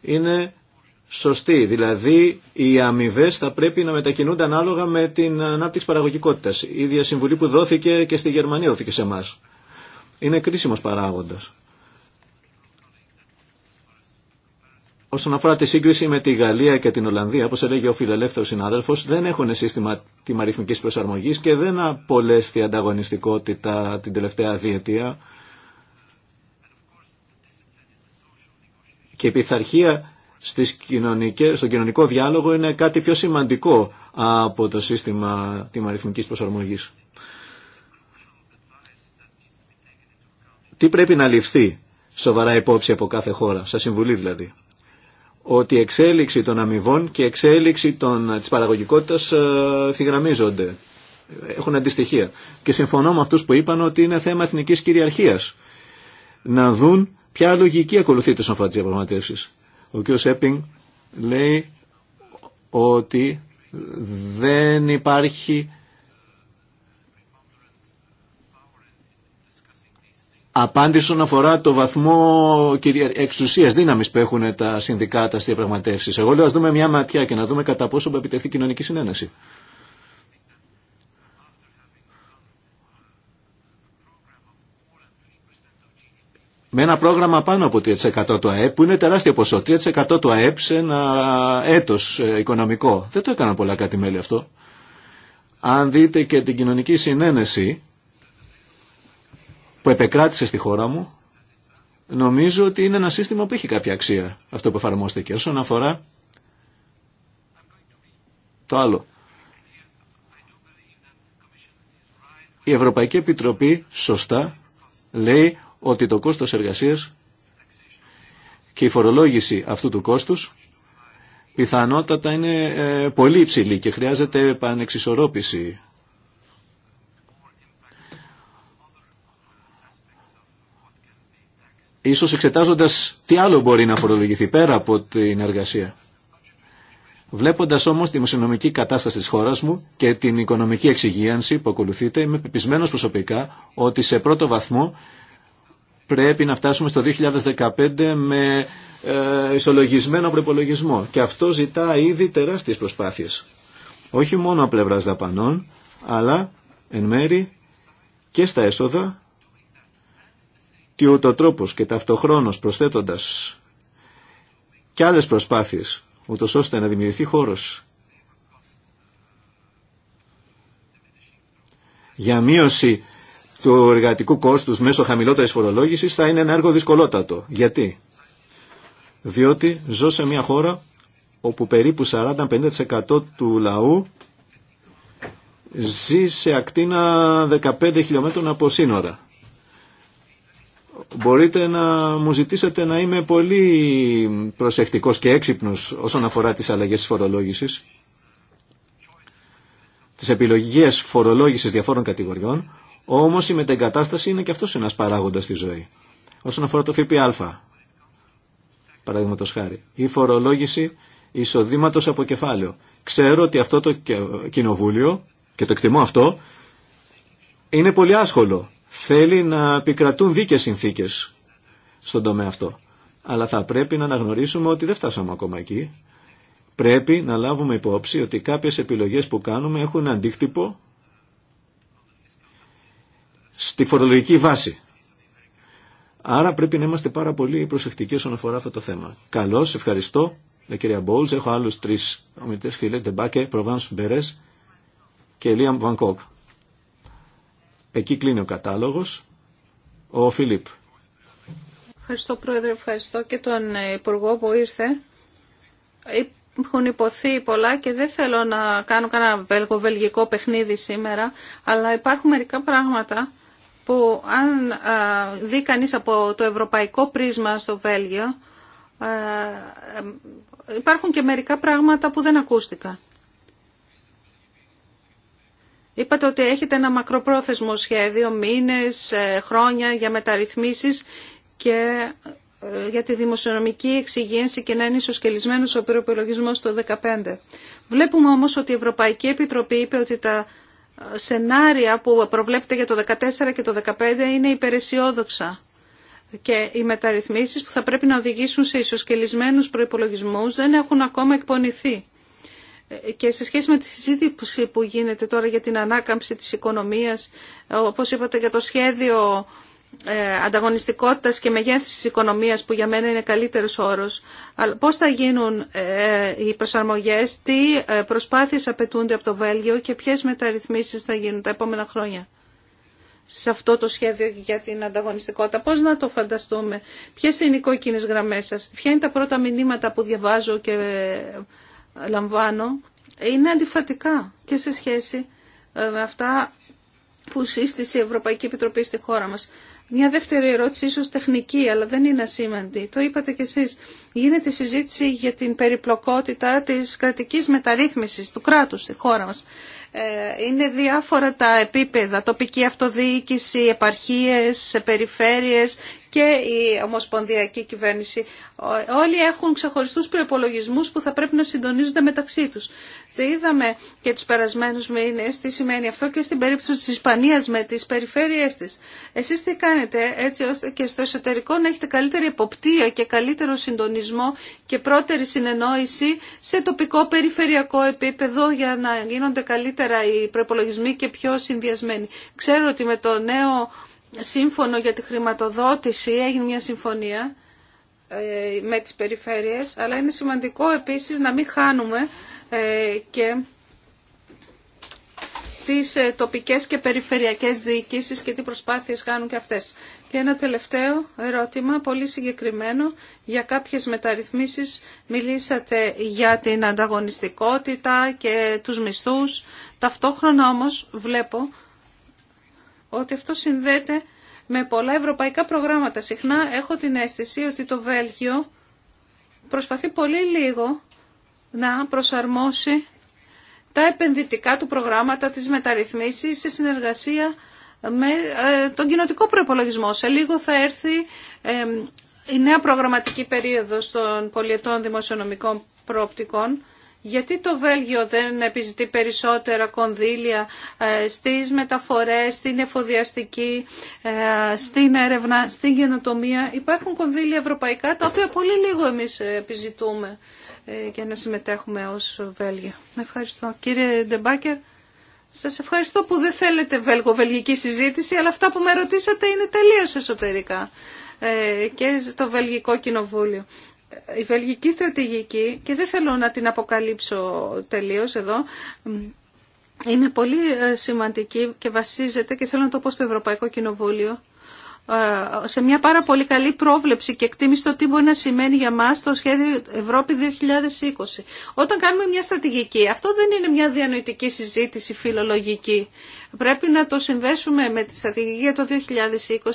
είναι σωστή. Δηλαδή οι αμοιβέ θα πρέπει να μετακινούνται ανάλογα με την ανάπτυξη παραγωγικότητας. Η ίδια συμβουλή που δόθηκε και στη Γερμανία δόθηκε σε εμά. Είναι κρίσιμος παράγοντα. Όσον αφορά τη σύγκριση με τη Γαλλία και την Ολλανδία, όπω έλεγε ο φιλελεύθερο συνάδελφο, δεν έχουν σύστημα τιμαριθμική προσαρμογή και δεν απολέσθη ανταγωνιστικότητα την τελευταία διετία. Και η πειθαρχία στις κοινωνικές, στον κοινωνικό διάλογο είναι κάτι πιο σημαντικό από το σύστημα τιμαριθμικής προσαρμογής. Τι πρέπει να ληφθεί σοβαρά υπόψη από κάθε χώρα, σαν συμβουλή δηλαδή ότι η εξέλιξη των αμοιβών και η εξέλιξη των, της παραγωγικότητας ε, θυγραμμίζονται. Έχουν αντιστοιχεία. Και συμφωνώ με αυτούς που είπαν ότι είναι θέμα εθνικής κυριαρχίας. Να δουν ποια λογική ακολουθείται στον αφορά τις διαπραγματεύσεις. Ο κ. Σέπινγκ λέει ότι δεν υπάρχει Απάντηση όσον αφορά το βαθμό εξουσία δύναμη που έχουν τα συνδικάτα στι διαπραγματεύσει. Εγώ λέω α δούμε μια ματιά και να δούμε κατά πόσο θα επιτεθεί κοινωνική συνένεση. Με ένα πρόγραμμα πάνω από 3% του ΑΕΠ που είναι τεράστιο ποσό. 3% του ΑΕΠ σε ένα έτο ε, οικονομικό. Δεν το έκαναν πολλά κάτι μέλη αυτό. Αν δείτε και την κοινωνική συνένεση που επεκράτησε στη χώρα μου, νομίζω ότι είναι ένα σύστημα που έχει κάποια αξία αυτό που εφαρμόστηκε. Όσον αφορά το άλλο. Η Ευρωπαϊκή Επιτροπή σωστά λέει ότι το κόστος εργασίας και η φορολόγηση αυτού του κόστους πιθανότατα είναι ε, πολύ υψηλή και χρειάζεται επανεξισορρόπηση ίσως εξετάζοντας τι άλλο μπορεί να φορολογηθεί πέρα από την εργασία. Βλέποντας όμως τη οικονομική κατάσταση της χώρας μου και την οικονομική εξυγίανση που ακολουθείται, είμαι πεπισμένος προσωπικά ότι σε πρώτο βαθμό πρέπει να φτάσουμε στο 2015 με ε, ισολογισμένο προπολογισμό. Και αυτό ζητά ήδη τεράστιες προσπάθειες. Όχι μόνο πλευράς δαπανών, αλλά εν μέρη και στα έσοδα τι ούτω τρόπος και ταυτοχρόνως προσθέτοντας και άλλες προσπάθειες, ούτως ώστε να δημιουργηθεί χώρος για μείωση του εργατικού κόστους μέσω χαμηλότερης φορολόγησης θα είναι ένα έργο δυσκολότατο. Γιατί? Διότι ζω σε μια χώρα όπου περίπου 40-50% του λαού ζει σε ακτίνα 15 χιλιόμετρων από σύνορα μπορείτε να μου ζητήσετε να είμαι πολύ προσεκτικός και έξυπνος όσον αφορά τις αλλαγές της φορολόγησης, τις επιλογές φορολόγησης διαφόρων κατηγοριών, όμως η μετεγκατάσταση είναι και αυτός ένας παράγοντας στη ζωή. Όσον αφορά το ΦΠΑ, παραδείγματος χάρη, η φορολόγηση εισοδήματος από κεφάλαιο. Ξέρω ότι αυτό το κοινοβούλιο, και το εκτιμώ αυτό, είναι πολύ άσχολο θέλει να επικρατούν δίκαιες συνθήκες στον τομέα αυτό. Αλλά θα πρέπει να αναγνωρίσουμε ότι δεν φτάσαμε ακόμα εκεί. Πρέπει να λάβουμε υπόψη ότι κάποιες επιλογές που κάνουμε έχουν αντίκτυπο στη φορολογική βάση. Άρα πρέπει να είμαστε πάρα πολύ προσεκτικοί όσον αφορά αυτό το θέμα. Καλώ, ευχαριστώ. λέει ναι, κυρία Μπόλτ, έχω άλλου τρει ομιλητέ φίλε, Ντεμπάκε, Προβάν Σουμπερέ και Λίαμ Βανκόκ. Εκεί κλείνει ο κατάλογος. Ο Φιλίπ. Ευχαριστώ Πρόεδρε, ευχαριστώ και τον Υπουργό που ήρθε. Έχουν υποθεί πολλά και δεν θέλω να κάνω κανένα βέλγο-βελγικό παιχνίδι σήμερα, αλλά υπάρχουν μερικά πράγματα που αν δει κανείς από το ευρωπαϊκό πρίσμα στο Βέλγιο, υπάρχουν και μερικά πράγματα που δεν ακούστηκαν. Είπατε ότι έχετε ένα μακροπρόθεσμο σχέδιο, μήνες, ε, χρόνια για μεταρρυθμίσεις και ε, για τη δημοσιονομική εξυγένση και να είναι ισοσκελισμένος ο περιοπολογισμός το 2015. Βλέπουμε όμως ότι η Ευρωπαϊκή Επιτροπή είπε ότι τα ε, σενάρια που προβλέπεται για το 2014 και το 2015 είναι υπεραισιόδοξα και οι μεταρρυθμίσεις που θα πρέπει να οδηγήσουν σε ισοσκελισμένους προϋπολογισμούς δεν έχουν ακόμα εκπονηθεί και σε σχέση με τη συζήτηση που γίνεται τώρα για την ανάκαμψη της οικονομίας, όπως είπατε για το σχέδιο ε, ανταγωνιστικότητας και μεγέθυνσης της οικονομίας που για μένα είναι καλύτερος όρος, αλλά πώς θα γίνουν ε, οι προσαρμογές, τι ε, προσπάθειες απαιτούνται από το Βέλγιο και ποιες μεταρρυθμίσεις θα γίνουν τα επόμενα χρόνια σε αυτό το σχέδιο για την ανταγωνιστικότητα. Πώς να το φανταστούμε, ποιες είναι οι κόκκινες γραμμές σας, ποια είναι τα πρώτα μηνύματα που διαβάζω και λαμβάνω είναι αντιφατικά και σε σχέση ε, με αυτά που σύστησε η Ευρωπαϊκή Επιτροπή στη χώρα μας. Μια δεύτερη ερώτηση, ίσως τεχνική, αλλά δεν είναι ασήμαντη. Το είπατε κι εσείς. Γίνεται συζήτηση για την περιπλοκότητα της κρατικής μεταρρύθμισης του κράτους στη χώρα μας. Ε, είναι διάφορα τα επίπεδα, τοπική αυτοδιοίκηση, επαρχίες, περιφέρειες και η ομοσπονδιακή κυβέρνηση. Όλοι έχουν ξεχωριστούς προπολογισμού που θα πρέπει να συντονίζονται μεταξύ τους. Είδαμε και τους περασμένους μήνες τι σημαίνει αυτό και στην περίπτωση της Ισπανίας με τις περιφέρειές της. Εσείς τι κάνετε έτσι ώστε και στο εσωτερικό να έχετε καλύτερη εποπτεία και καλύτερο συντονισμό και πρώτερη συνεννόηση σε τοπικό περιφερειακό επίπεδο για να γίνονται καλύτερα οι προπολογισμοί και πιο συνδυασμένοι. Ξέρω ότι με το νέο σύμφωνο για τη χρηματοδότηση, έγινε μια συμφωνία ε, με τις περιφέρειες, αλλά είναι σημαντικό επίσης να μην χάνουμε ε, και τις ε, τοπικές και περιφερειακές διοικήσεις και τι προσπάθειες κάνουν και αυτές. Και ένα τελευταίο ερώτημα, πολύ συγκεκριμένο, για κάποιες μεταρρυθμίσεις. Μιλήσατε για την ανταγωνιστικότητα και τους μισθούς. Ταυτόχρονα όμως βλέπω ότι αυτό συνδέεται με πολλά ευρωπαϊκά προγράμματα. Συχνά έχω την αίσθηση ότι το Βέλγιο προσπαθεί πολύ λίγο να προσαρμόσει τα επενδυτικά του προγράμματα, τις μεταρρυθμίσεις σε συνεργασία με ε, τον κοινοτικό προπολογισμό. Σε λίγο θα έρθει η νέα προγραμματική περίοδος των πολιετών δημοσιονομικών προοπτικών γιατί το Βέλγιο δεν επιζητεί περισσότερα κονδύλια ε, στις μεταφορές, στην εφοδιαστική, ε, στην έρευνα, στην καινοτομία; Υπάρχουν κονδύλια ευρωπαϊκά τα οποία πολύ λίγο εμείς επιζητούμε ε, για να συμμετέχουμε ως Βέλγιο. Ευχαριστώ. Κύριε Ντεμπάκερ, σας ευχαριστώ που δεν θελετε βελγοβελγική βέλγο-βελγική συζήτηση, αλλά αυτά που με ρωτήσατε είναι τελείως εσωτερικά και στο Βελγικό Κοινοβούλιο. Ε, η βελγική στρατηγική, και δεν θέλω να την αποκαλύψω τελείως εδώ, είναι πολύ ε, σημαντική και βασίζεται, και θέλω να το πω στο Ευρωπαϊκό Κοινοβούλιο, ε, σε μια πάρα πολύ καλή πρόβλεψη και εκτίμηση το τι μπορεί να σημαίνει για μας το σχέδιο Ευρώπη 2020. Όταν κάνουμε μια στρατηγική, αυτό δεν είναι μια διανοητική συζήτηση φιλολογική. Πρέπει να το συνδέσουμε με τη στρατηγική το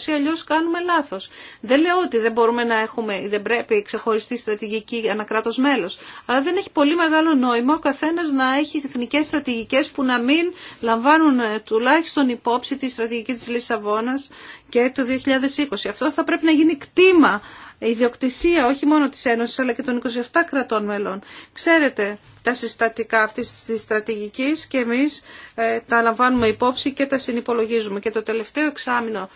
2020, αλλιώς κάνουμε λάθος. Δεν λέω ότι δεν μπορούμε να έχουμε ή δεν πρέπει ξεχωριστή στρατηγική κράτος μέλος, αλλά δεν έχει πολύ μεγάλο νόημα ο καθένας να έχει εθνικές στρατηγικές που να μην λαμβάνουν ε, τουλάχιστον υπόψη τη στρατηγική της Λισαβόνας και το 2020. Αυτό θα πρέπει να γίνει κτήμα ιδιοκτησία όχι μόνο της Ένωσης αλλά και των 27 κρατών μελών. Ξέρετε τα συστατικά αυτής της στρατηγικής και εμείς ε, τα λαμβάνουμε υπόψη και τα συνυπολογίζουμε. Και το τελευταίο εξάμεινο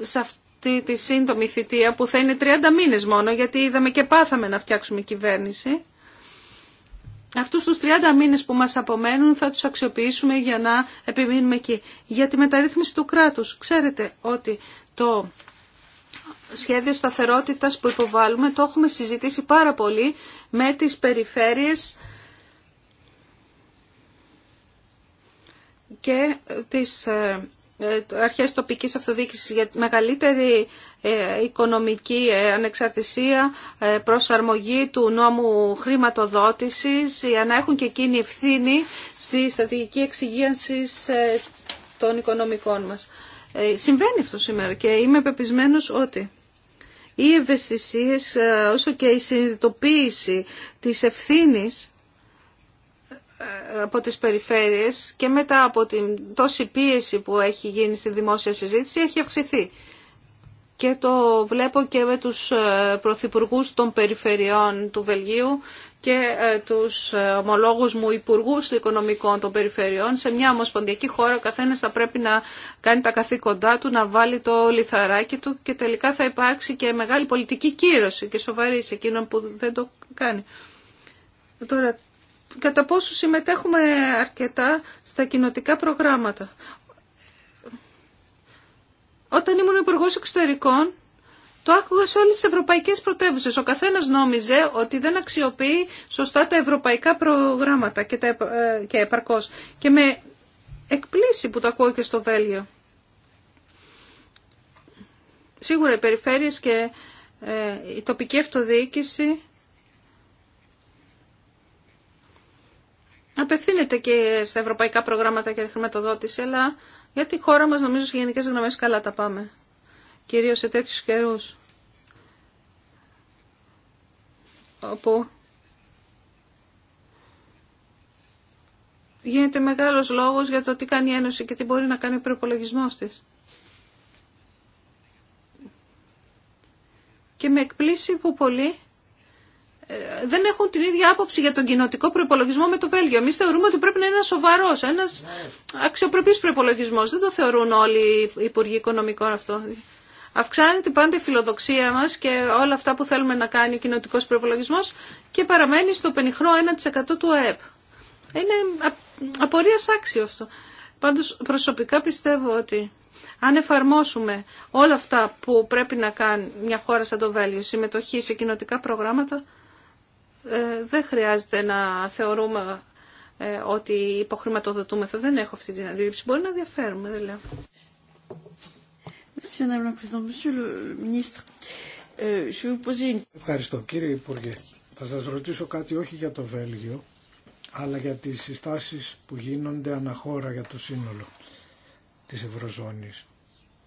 σε αυτή τη σύντομη θητεία που θα είναι 30 μήνες μόνο γιατί είδαμε και πάθαμε να φτιάξουμε κυβέρνηση Αυτούς τους 30 μήνες που μας απομένουν θα τους αξιοποιήσουμε για να επιμείνουμε εκεί. Για τη μεταρρύθμιση του κράτους. Ξέρετε ότι το σχέδιο σταθερότητας που υποβάλλουμε το έχουμε συζητήσει πάρα πολύ με τις περιφέρειες και τις ε, ε, αρχές τοπικής αυτοδιοίκησης για μεγαλύτερη ε, οικονομική ε, ανεξαρτησία, προσαρμογή του νόμου χρηματοδότησης για να έχουν και εκείνη ευθύνη στη στρατηγική εξυγίανση των οικονομικών μας. Συμβαίνει αυτό σήμερα και είμαι πεπισμένος ότι οι ευαισθησίες όσο και η συνειδητοποίηση της ευθύνης από τις περιφέρειες και μετά από την τόση πίεση που έχει γίνει στη δημόσια συζήτηση έχει αυξηθεί. Και το βλέπω και με τους ε, πρωθυπουργούς των περιφερειών του Βελγίου και ε, τους ε, ομολόγους μου υπουργούς οικονομικών των περιφερειών. Σε μια ομοσπονδιακή χώρα ο καθένας θα πρέπει να κάνει τα καθήκοντά του, να βάλει το λιθαράκι του και τελικά θα υπάρξει και μεγάλη πολιτική κύρωση και σοβαρή σε εκείνον που δεν το κάνει. Τώρα κατά πόσο συμμετέχουμε αρκετά στα κοινοτικά προγράμματα. Όταν ήμουν υπουργό εξωτερικών, το άκουγα σε όλες τις ευρωπαϊκές πρωτεύουσες. Ο καθένας νόμιζε ότι δεν αξιοποιεί σωστά τα ευρωπαϊκά προγράμματα και, τα, ε, και επαρκώς. Και με εκπλήσει που το ακούω και στο Βέλγιο. Σίγουρα οι περιφέρειες και ε, η τοπική αυτοδιοίκηση απευθύνεται και στα ευρωπαϊκά προγράμματα και τη χρηματοδότηση, αλλά γιατί η χώρα μας νομίζω σε γενικές γραμμές καλά τα πάμε. Κυρίως σε τέτοιους καιρούς. Όπου γίνεται μεγάλος λόγος για το τι κάνει η Ένωση και τι μπορεί να κάνει ο προπολογισμό της. Και με εκπλήσει που πολλοί ε, δεν έχουν την ίδια άποψη για τον κοινοτικό προπολογισμό με το Βέλγιο. Εμεί θεωρούμε ότι πρέπει να είναι ένα σοβαρό, ένα αξιοπρεπή προπολογισμό. Δεν το θεωρούν όλοι οι Υπουργοί Οικονομικών αυτό. Αυξάνεται πάντα η φιλοδοξία μα και όλα αυτά που θέλουμε να κάνει ο κοινοτικό προπολογισμό και παραμένει στο πενιχρό 1% του ΑΕΠ. Είναι απορία άξιο αυτό. Πάντως προσωπικά πιστεύω ότι αν εφαρμόσουμε όλα αυτά που πρέπει να κάνει μια χώρα σαν το Βέλγιο, συμμετοχή σε κοινοτικά προγράμματα, ε, δεν χρειάζεται να θεωρούμε ε, ότι θα Δεν έχω αυτή την αντίληψη. Μπορεί να διαφέρουμε, δεν λέω. Euh, Ευχαριστώ κύριε Υπουργέ. Θα σας ρωτήσω κάτι όχι για το Βέλγιο, αλλά για τις συστάσεις που γίνονται αναχώρα για το σύνολο της Ευρωζώνης.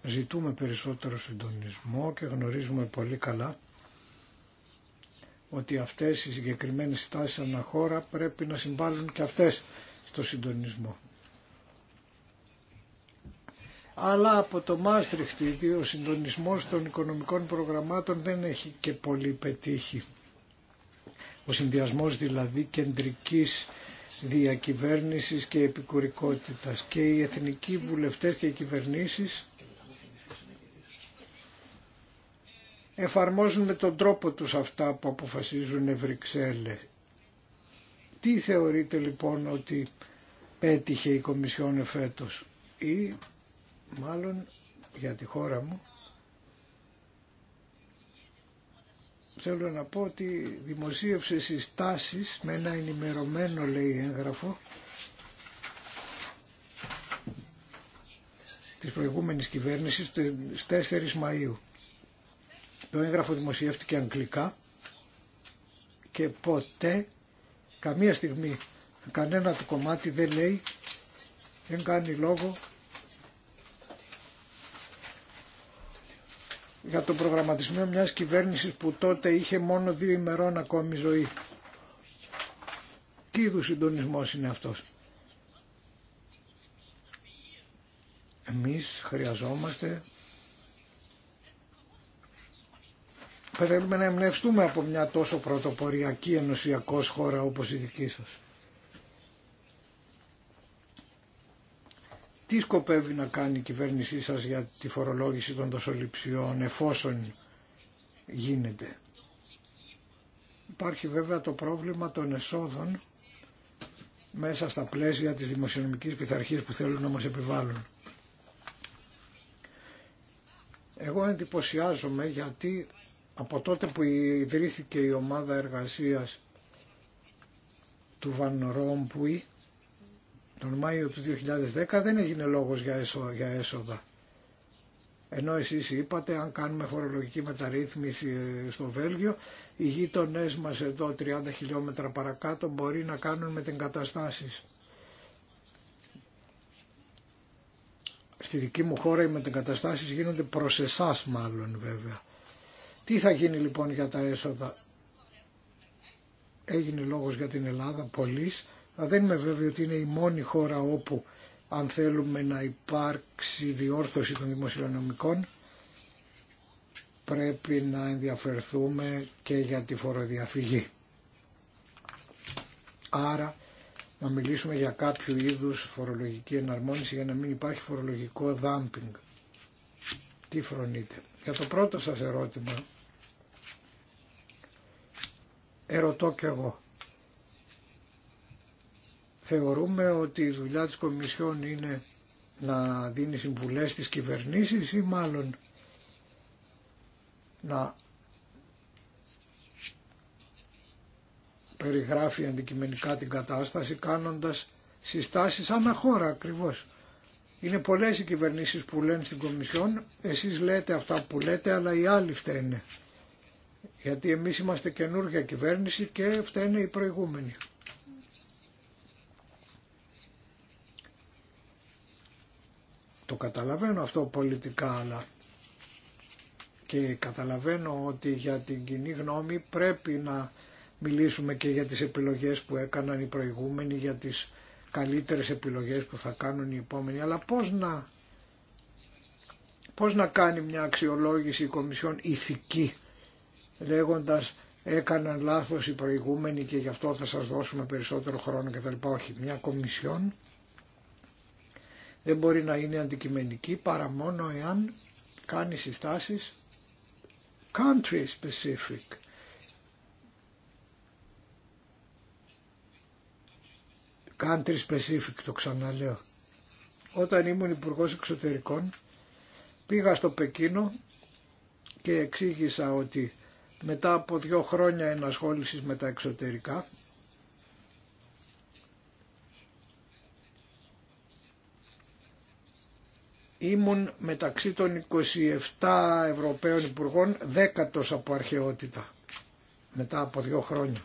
Ζητούμε περισσότερο συντονισμό και γνωρίζουμε πολύ καλά ότι αυτές οι συγκεκριμένες στάσεις χώρα πρέπει να συμβάλλουν και αυτές στο συντονισμό. Αλλά από το Μάστριχτ ο συντονισμός των οικονομικών προγραμμάτων δεν έχει και πολύ πετύχει. Ο συνδυασμός δηλαδή κεντρικής διακυβέρνησης και επικουρικότητας και οι εθνικοί βουλευτές και οι κυβερνήσεις εφαρμόζουν με τον τρόπο τους αυτά που αποφασίζουν οι Τι θεωρείτε λοιπόν ότι πέτυχε η Κομισιόν εφέτος ή μάλλον για τη χώρα μου θέλω να πω ότι δημοσίευσε συστάσεις με ένα ενημερωμένο λέει έγγραφο της προηγούμενης κυβέρνησης στις 4 Μαΐου. Το έγγραφο δημοσιεύτηκε αγγλικά και ποτέ, καμία στιγμή, κανένα του κομμάτι δεν λέει, δεν κάνει λόγο για τον προγραμματισμό μιας κυβέρνησης που τότε είχε μόνο δύο ημερών ακόμη ζωή. Τι είδου συντονισμό είναι αυτός. Εμείς χρειαζόμαστε θέλουμε να εμπνευστούμε από μια τόσο πρωτοποριακή ενωσιακός χώρα όπως η δική σας. Τι σκοπεύει να κάνει η κυβέρνησή σας για τη φορολόγηση των δοσοληψιών εφόσον γίνεται. Υπάρχει βέβαια το πρόβλημα των εσόδων μέσα στα πλαίσια της δημοσιονομικής πειθαρχίας που θέλουν να μας επιβάλλουν. Εγώ εντυπωσιάζομαι γιατί από τότε που ιδρύθηκε η ομάδα εργασίας του Βαν Ρόμπουι τον Μάιο του 2010 δεν έγινε λόγος για, έσοδα, Ενώ εσείς είπατε αν κάνουμε φορολογική μεταρρύθμιση ε, στο Βέλγιο οι γείτονέ μας εδώ 30 χιλιόμετρα παρακάτω μπορεί να κάνουν με την καταστάσει. Στη δική μου χώρα οι μετεγκαταστάσεις γίνονται προς εσάς μάλλον βέβαια. Τι θα γίνει λοιπόν για τα έσοδα. Έγινε λόγος για την Ελλάδα, Αλλά Δεν είμαι βέβαιο ότι είναι η μόνη χώρα όπου αν θέλουμε να υπάρξει διόρθωση των δημοσιονομικών πρέπει να ενδιαφερθούμε και για τη φοροδιαφυγή. Άρα να μιλήσουμε για κάποιο είδους φορολογική εναρμόνιση για να μην υπάρχει φορολογικό dumping. Τι φρονείτε. Για το πρώτο σας ερώτημα Ερωτώ και εγώ. Θεωρούμε ότι η δουλειά της Κομισιόν είναι να δίνει συμβουλές στις κυβερνήσεις ή μάλλον να περιγράφει αντικειμενικά την κατάσταση κάνοντας συστάσεις ανά χώρα ακριβώς. Είναι πολλές οι κυβερνήσεις που λένε στην Κομισιόν, εσείς λέτε αυτά που λέτε αλλά οι άλλοι φταίνε γιατί εμείς είμαστε καινούργια κυβέρνηση και φταίνε οι προηγούμενοι. Το καταλαβαίνω αυτό πολιτικά, αλλά και καταλαβαίνω ότι για την κοινή γνώμη πρέπει να μιλήσουμε και για τις επιλογές που έκαναν οι προηγούμενοι, για τις καλύτερες επιλογές που θα κάνουν οι επόμενοι, αλλά πώς να, πώς να κάνει μια αξιολόγηση η Κομισιόν ηθική λέγοντας έκαναν λάθος οι προηγούμενοι και γι' αυτό θα σας δώσουμε περισσότερο χρόνο και λοιπά. Όχι, μια κομισιόν δεν μπορεί να είναι αντικειμενική παρά μόνο εάν κάνει συστάσεις country specific. Country specific το ξαναλέω. Όταν ήμουν υπουργό εξωτερικών πήγα στο Πεκίνο και εξήγησα ότι μετά από δύο χρόνια ενασχόλησης με τα εξωτερικά ήμουν μεταξύ των 27 Ευρωπαίων Υπουργών δέκατος από αρχαιότητα μετά από δύο χρόνια.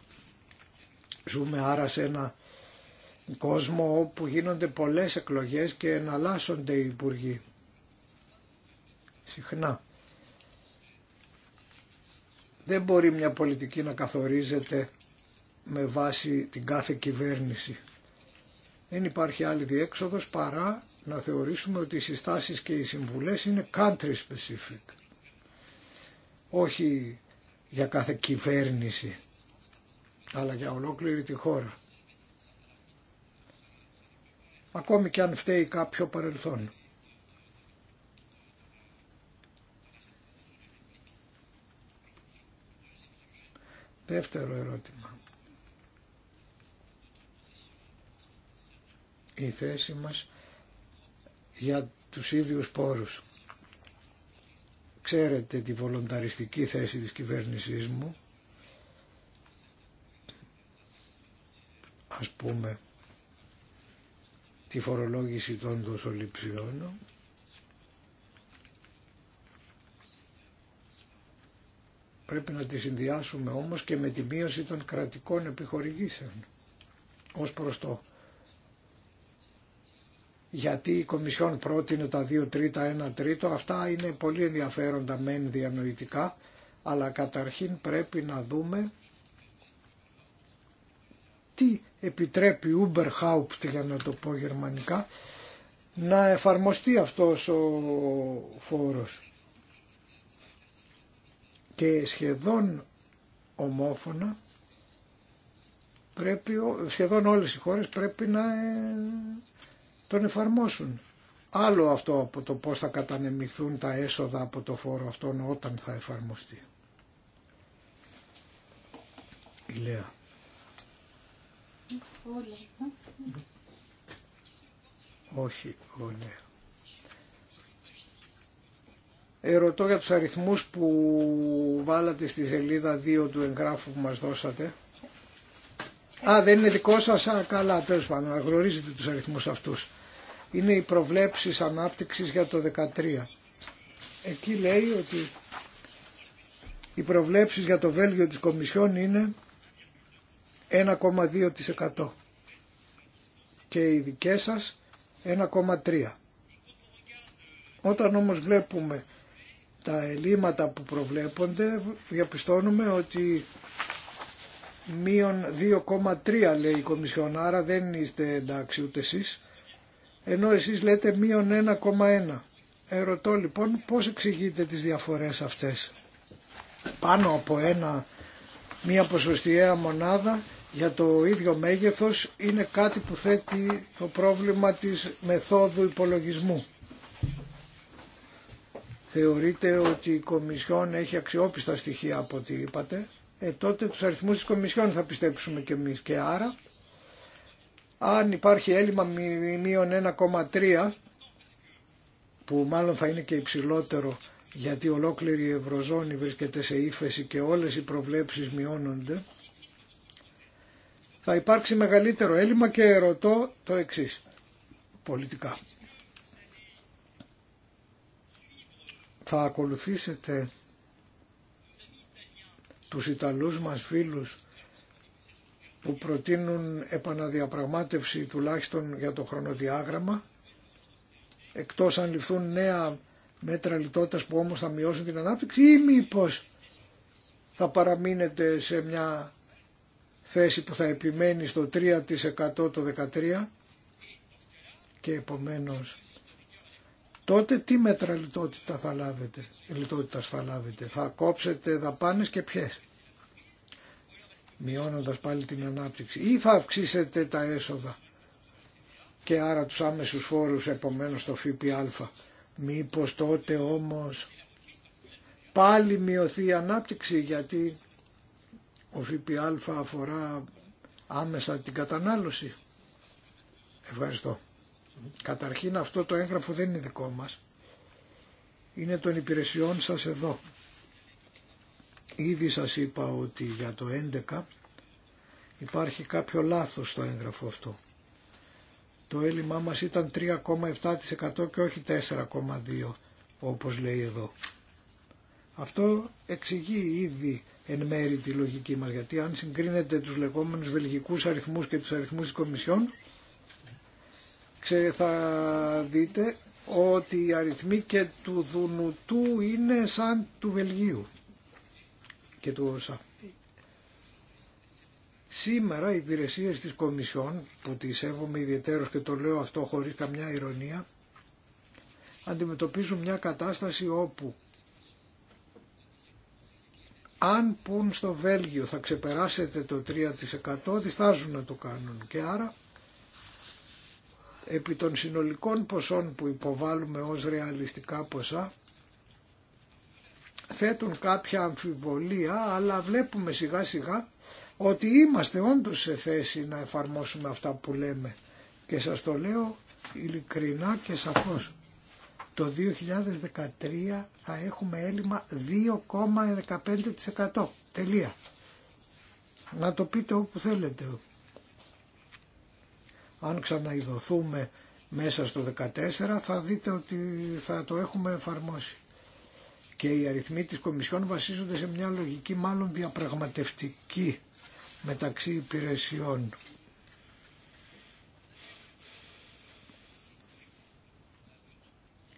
Ζούμε άρα σε ένα κόσμο όπου γίνονται πολλές εκλογές και εναλλάσσονται οι Υπουργοί. Συχνά. Δεν μπορεί μια πολιτική να καθορίζεται με βάση την κάθε κυβέρνηση. Δεν υπάρχει άλλη διέξοδος παρά να θεωρήσουμε ότι οι συστάσεις και οι συμβουλές είναι country specific. Όχι για κάθε κυβέρνηση, αλλά για ολόκληρη τη χώρα. Ακόμη και αν φταίει κάποιο παρελθόν. Δεύτερο ερώτημα. Η θέση μας για τους ίδιους πόρους. Ξέρετε τη βολονταριστική θέση της κυβέρνησής μου. Ας πούμε τη φορολόγηση των δοσοληψιών Πρέπει να τη συνδυάσουμε όμως και με τη μείωση των κρατικών επιχορηγήσεων ως προς το γιατί η Κομισιόν πρότεινε τα 2 τρίτα, 1 τρίτο, αυτά είναι πολύ ενδιαφέροντα μεν διανοητικά, αλλά καταρχήν πρέπει να δούμε τι επιτρέπει Uberhaupt, για να το πω γερμανικά, να εφαρμοστεί αυτός ο φόρος και σχεδόν ομόφωνα πρέπει, σχεδόν όλες οι χώρες πρέπει να ε, τον εφαρμόσουν. Άλλο αυτό από το πώς θα κατανεμηθούν τα έσοδα από το φόρο αυτόν όταν θα εφαρμοστεί. Η Λέα. Λοιπόν. Όχι, ο Ερωτώ για τους αριθμούς που βάλατε στη σελίδα 2 του εγγράφου που μας δώσατε. Α, δεν είναι δικό σας, α, καλά, τέλος πάντων, γνωρίζετε τους αριθμούς αυτούς. Είναι οι προβλέψεις ανάπτυξης για το 13. Εκεί λέει ότι οι προβλέψεις για το Βέλγιο της Κομισιόν είναι 1,2% και οι δικές σας 1,3%. Όταν όμως βλέπουμε τα ελλείμματα που προβλέπονται διαπιστώνουμε ότι μείον 2,3 λέει η Κομισιόν, άρα δεν είστε εντάξει ούτε εσείς, ενώ εσείς λέτε μείον 1,1. Ερωτώ λοιπόν πώς εξηγείτε τις διαφορές αυτές. Πάνω από ένα, μία ποσοστιαία μονάδα για το ίδιο μέγεθος είναι κάτι που θέτει το πρόβλημα της μεθόδου υπολογισμού θεωρείτε ότι η Κομισιόν έχει αξιόπιστα στοιχεία από ό,τι είπατε, ε, τότε τους αριθμούς της Κομισιόν θα πιστέψουμε και εμείς. Και άρα, αν υπάρχει έλλειμμα μείον 1,3, που μάλλον θα είναι και υψηλότερο, γιατί ολόκληρη η Ευρωζώνη βρίσκεται σε ύφεση και όλες οι προβλέψεις μειώνονται, θα υπάρξει μεγαλύτερο έλλειμμα και ερωτώ το εξής πολιτικά. θα ακολουθήσετε τους Ιταλούς μας φίλους που προτείνουν επαναδιαπραγμάτευση τουλάχιστον για το χρονοδιάγραμμα εκτός αν ληφθούν νέα μέτρα λιτότητας που όμως θα μειώσουν την ανάπτυξη ή μήπως θα παραμείνετε σε μια θέση που θα επιμένει στο 3% το 13% και επομένως τότε τι μέτρα λιτότητα θα λάβετε, λιτότητας θα λάβετε, θα κόψετε δαπάνες και ποιες, μειώνοντας πάλι την ανάπτυξη ή θα αυξήσετε τα έσοδα και άρα τους άμεσους φόρους επομένως το ΦΠΑ. Μήπως τότε όμως πάλι μειωθεί η ανάπτυξη γιατί ο ΦΠΑ αφορά άμεσα την κατανάλωση. Ευχαριστώ. Καταρχήν αυτό το έγγραφο δεν είναι δικό μας. Είναι των υπηρεσιών σας εδώ. Ήδη σας είπα ότι για το 11 υπάρχει κάποιο λάθος στο έγγραφο αυτό. Το έλλειμμά μας ήταν 3,7% και όχι 4,2% όπως λέει εδώ. Αυτό εξηγεί ήδη εν μέρη τη λογική μας, γιατί αν συγκρίνετε τους λεγόμενους βελγικούς αριθμούς και τους αριθμούς της Κομισιόν, Ξε, θα δείτε ότι οι αριθμοί και του Δουνουτού είναι σαν του Βελγίου και του ΩΣΑ. Σήμερα οι υπηρεσίες της Κομισιόν, που τις σέβομαι ιδιαίτερως και το λέω αυτό χωρίς καμιά ηρωνία, αντιμετωπίζουν μια κατάσταση όπου αν πούν στο Βέλγιο θα ξεπεράσετε το 3% διστάζουν να το κάνουν και άρα επί των συνολικών ποσών που υποβάλλουμε ως ρεαλιστικά ποσά θέτουν κάποια αμφιβολία αλλά βλέπουμε σιγά σιγά ότι είμαστε όντως σε θέση να εφαρμόσουμε αυτά που λέμε και σας το λέω ειλικρινά και σαφώς. Το 2013 θα έχουμε έλλειμμα 2,15%. Τελεία. Να το πείτε όπου θέλετε αν ξαναειδωθούμε μέσα στο 14 θα δείτε ότι θα το έχουμε εφαρμόσει. Και οι αριθμοί της Κομισιόν βασίζονται σε μια λογική μάλλον διαπραγματευτική μεταξύ υπηρεσιών.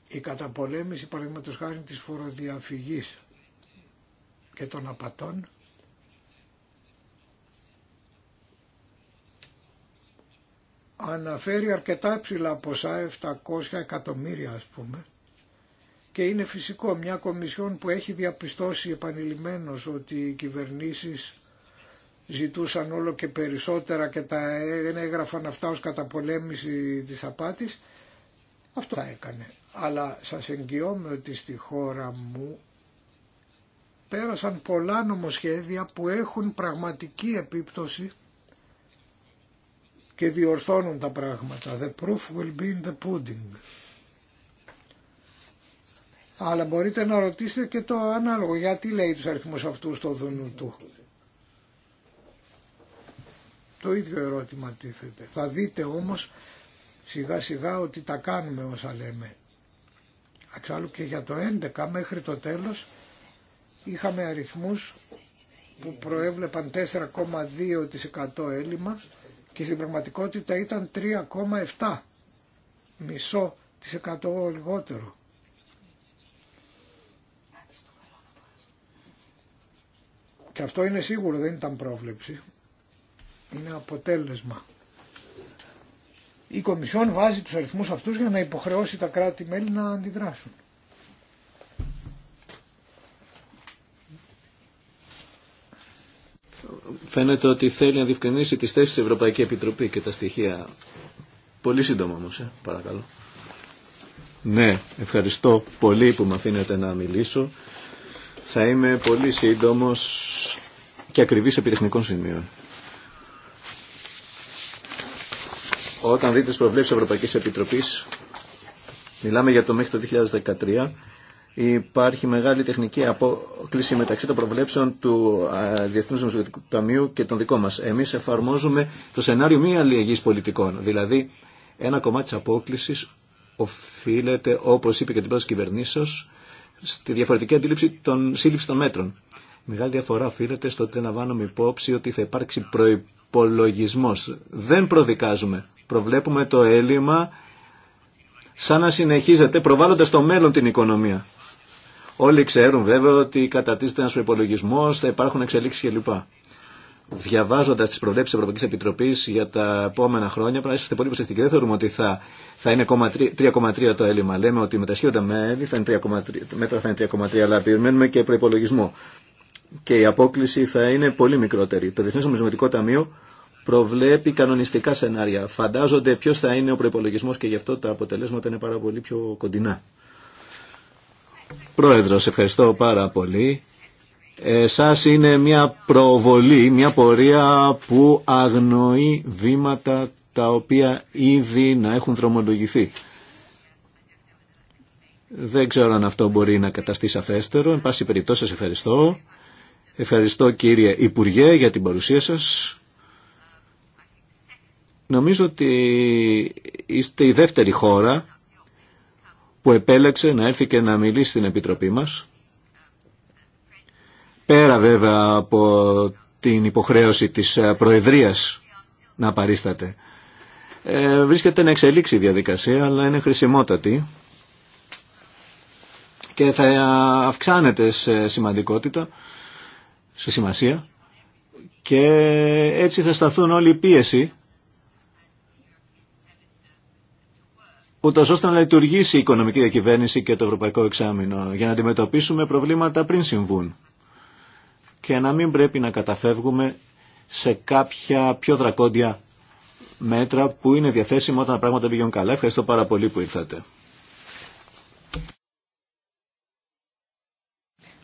Η καταπολέμηση παραδείγματος χάρη της φοροδιαφυγής και των απατών αναφέρει αρκετά ψηλά ποσά, 700 εκατομμύρια ας πούμε. Και είναι φυσικό μια κομισιόν που έχει διαπιστώσει επανειλημμένως ότι οι κυβερνήσεις ζητούσαν όλο και περισσότερα και τα έγραφαν αυτά ως καταπολέμηση της απάτης, αυτό θα έκανε. Αλλά σας εγγυώμαι ότι στη χώρα μου πέρασαν πολλά νομοσχέδια που έχουν πραγματική επίπτωση και διορθώνουν τα πράγματα. The proof will be in the pudding. Αλλά μπορείτε να ρωτήσετε και το ανάλογο. Γιατί λέει τους αριθμούς αυτούς το δουνού του. Το ίδιο ερώτημα τίθεται. Θα δείτε όμως σιγά σιγά ότι τα κάνουμε όσα λέμε. Αξάλλου και για το 11 μέχρι το τέλος είχαμε αριθμούς που προέβλεπαν 4,2% έλλειμμα και στην πραγματικότητα ήταν 3,7 μισό της εκατό λιγότερο. Και αυτό είναι σίγουρο, δεν ήταν πρόβλεψη. Είναι αποτέλεσμα. Η Κομισιόν βάζει τους αριθμούς αυτούς για να υποχρεώσει τα κράτη-μέλη να αντιδράσουν. Φαίνεται ότι θέλει να διευκρινίσει τις θέσεις της Ευρωπαϊκή Επιτροπή και τα στοιχεία. Πολύ σύντομα όμως, ε, παρακαλώ. Ναι, ευχαριστώ πολύ που με αφήνετε να μιλήσω. Θα είμαι πολύ σύντομος και ακριβής επί τεχνικών σημείων. Όταν δείτε τις προβλέψεις Ευρωπαϊκής Επιτροπής, μιλάμε για το μέχρι το 2013, Υπάρχει μεγάλη τεχνική απόκληση μεταξύ των προβλέψεων του Διεθνούς Νομισματικού Ταμείου και των δικών μας. Εμείς εφαρμόζουμε το σενάριο μη αλληλεγγύη πολιτικών. Δηλαδή, ένα κομμάτι της απόκλησης οφείλεται, όπως είπε και την πρώτη κυβερνήσεως, στη διαφορετική αντίληψη των σύλληψη των μέτρων. Μεγάλη διαφορά οφείλεται στο ότι λαμβάνουμε υπόψη ότι θα υπάρξει προπολογισμό. Δεν προδικάζουμε. Προβλέπουμε το έλλειμμα σαν να συνεχίζεται προβάλλοντας το μέλλον την οικονομία. Όλοι ξέρουν βέβαια ότι καταρτίζεται ένα προπολογισμό, θα υπάρχουν εξελίξει κλπ. Διαβάζοντα τι προβλέψει τη Ευρωπαϊκή Επιτροπή για τα επόμενα χρόνια, πρέπει να είστε πολύ προσεκτικοί. Δεν θεωρούμε ότι θα, θα είναι 3,3 το έλλειμμα. Λέμε ότι με τα σχέδια μέτρα θα είναι 3,3, αλλά περιμένουμε και προπολογισμό. Και η απόκληση θα είναι πολύ μικρότερη. Το Διεθνέ Νομισματικό Ταμείο προβλέπει κανονιστικά σενάρια. Φαντάζονται ποιο θα είναι ο προπολογισμό και γι' αυτό τα αποτελέσματα είναι πάρα πολύ πιο κοντινά. Πρόεδρος, ευχαριστώ πάρα πολύ. Εσάς είναι μια προβολή, μια πορεία που αγνοεί βήματα τα οποία ήδη να έχουν δρομολογηθεί. Δεν ξέρω αν αυτό μπορεί να καταστεί σαφέστερο. Εν πάση περιπτώσει σα ευχαριστώ. Ευχαριστώ κύριε Υπουργέ για την παρουσία σας. Νομίζω ότι είστε η δεύτερη χώρα που επέλεξε να έρθει και να μιλήσει στην Επιτροπή μας. Πέρα βέβαια από την υποχρέωση της ε, Προεδρίας να παρίσταται. Ε, βρίσκεται να εξελίξει η διαδικασία, αλλά είναι χρησιμότατη και θα ε, αυξάνεται σε σημαντικότητα, σε σημασία και έτσι θα σταθούν όλοι οι πίεση ούτω ώστε να λειτουργήσει η οικονομική διακυβέρνηση και το ευρωπαϊκό εξάμεινο για να αντιμετωπίσουμε προβλήματα πριν συμβούν και να μην πρέπει να καταφεύγουμε σε κάποια πιο δρακόντια μέτρα που είναι διαθέσιμα όταν τα πράγματα πήγαινουν καλά. Ευχαριστώ πάρα πολύ που ήρθατε.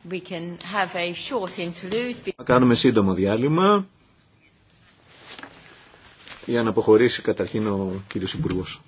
We Θα κάνουμε σύντομο διάλειμμα για να αποχωρήσει καταρχήν ο κύριος Υπουργός.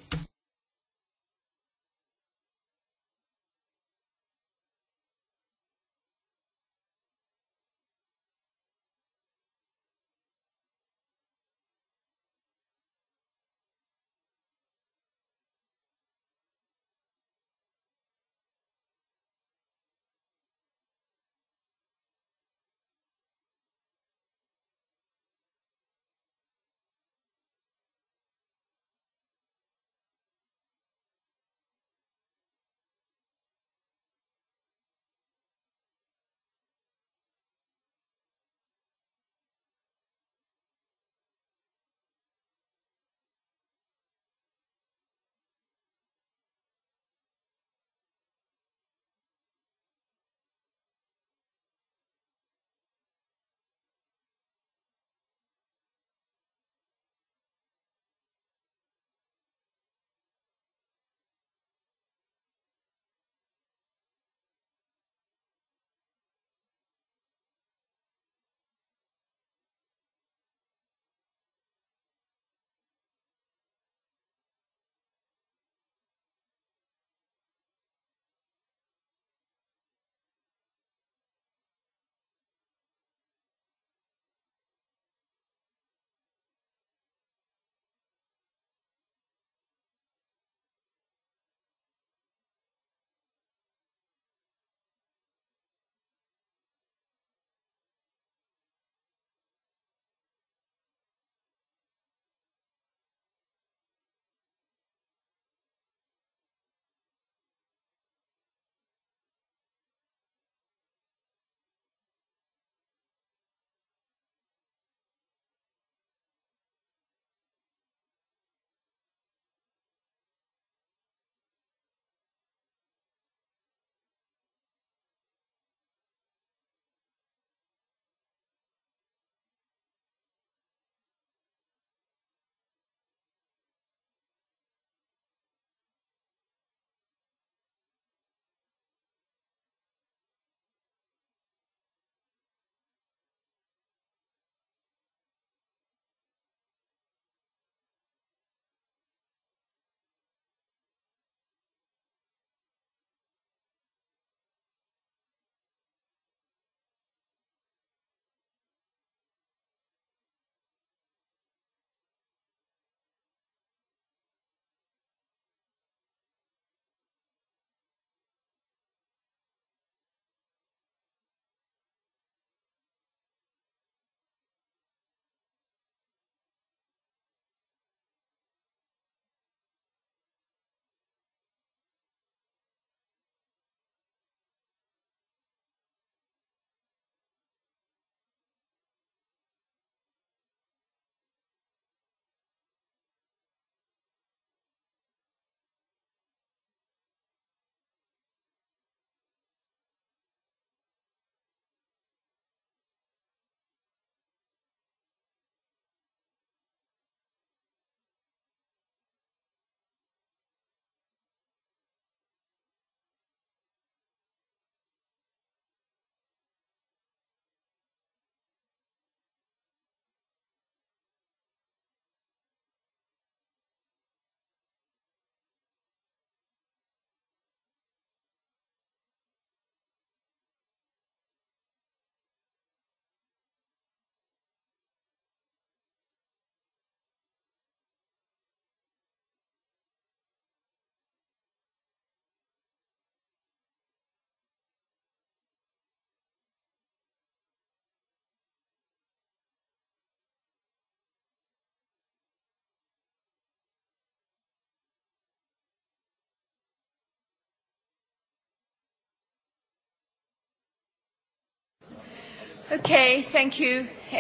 Okay, thank you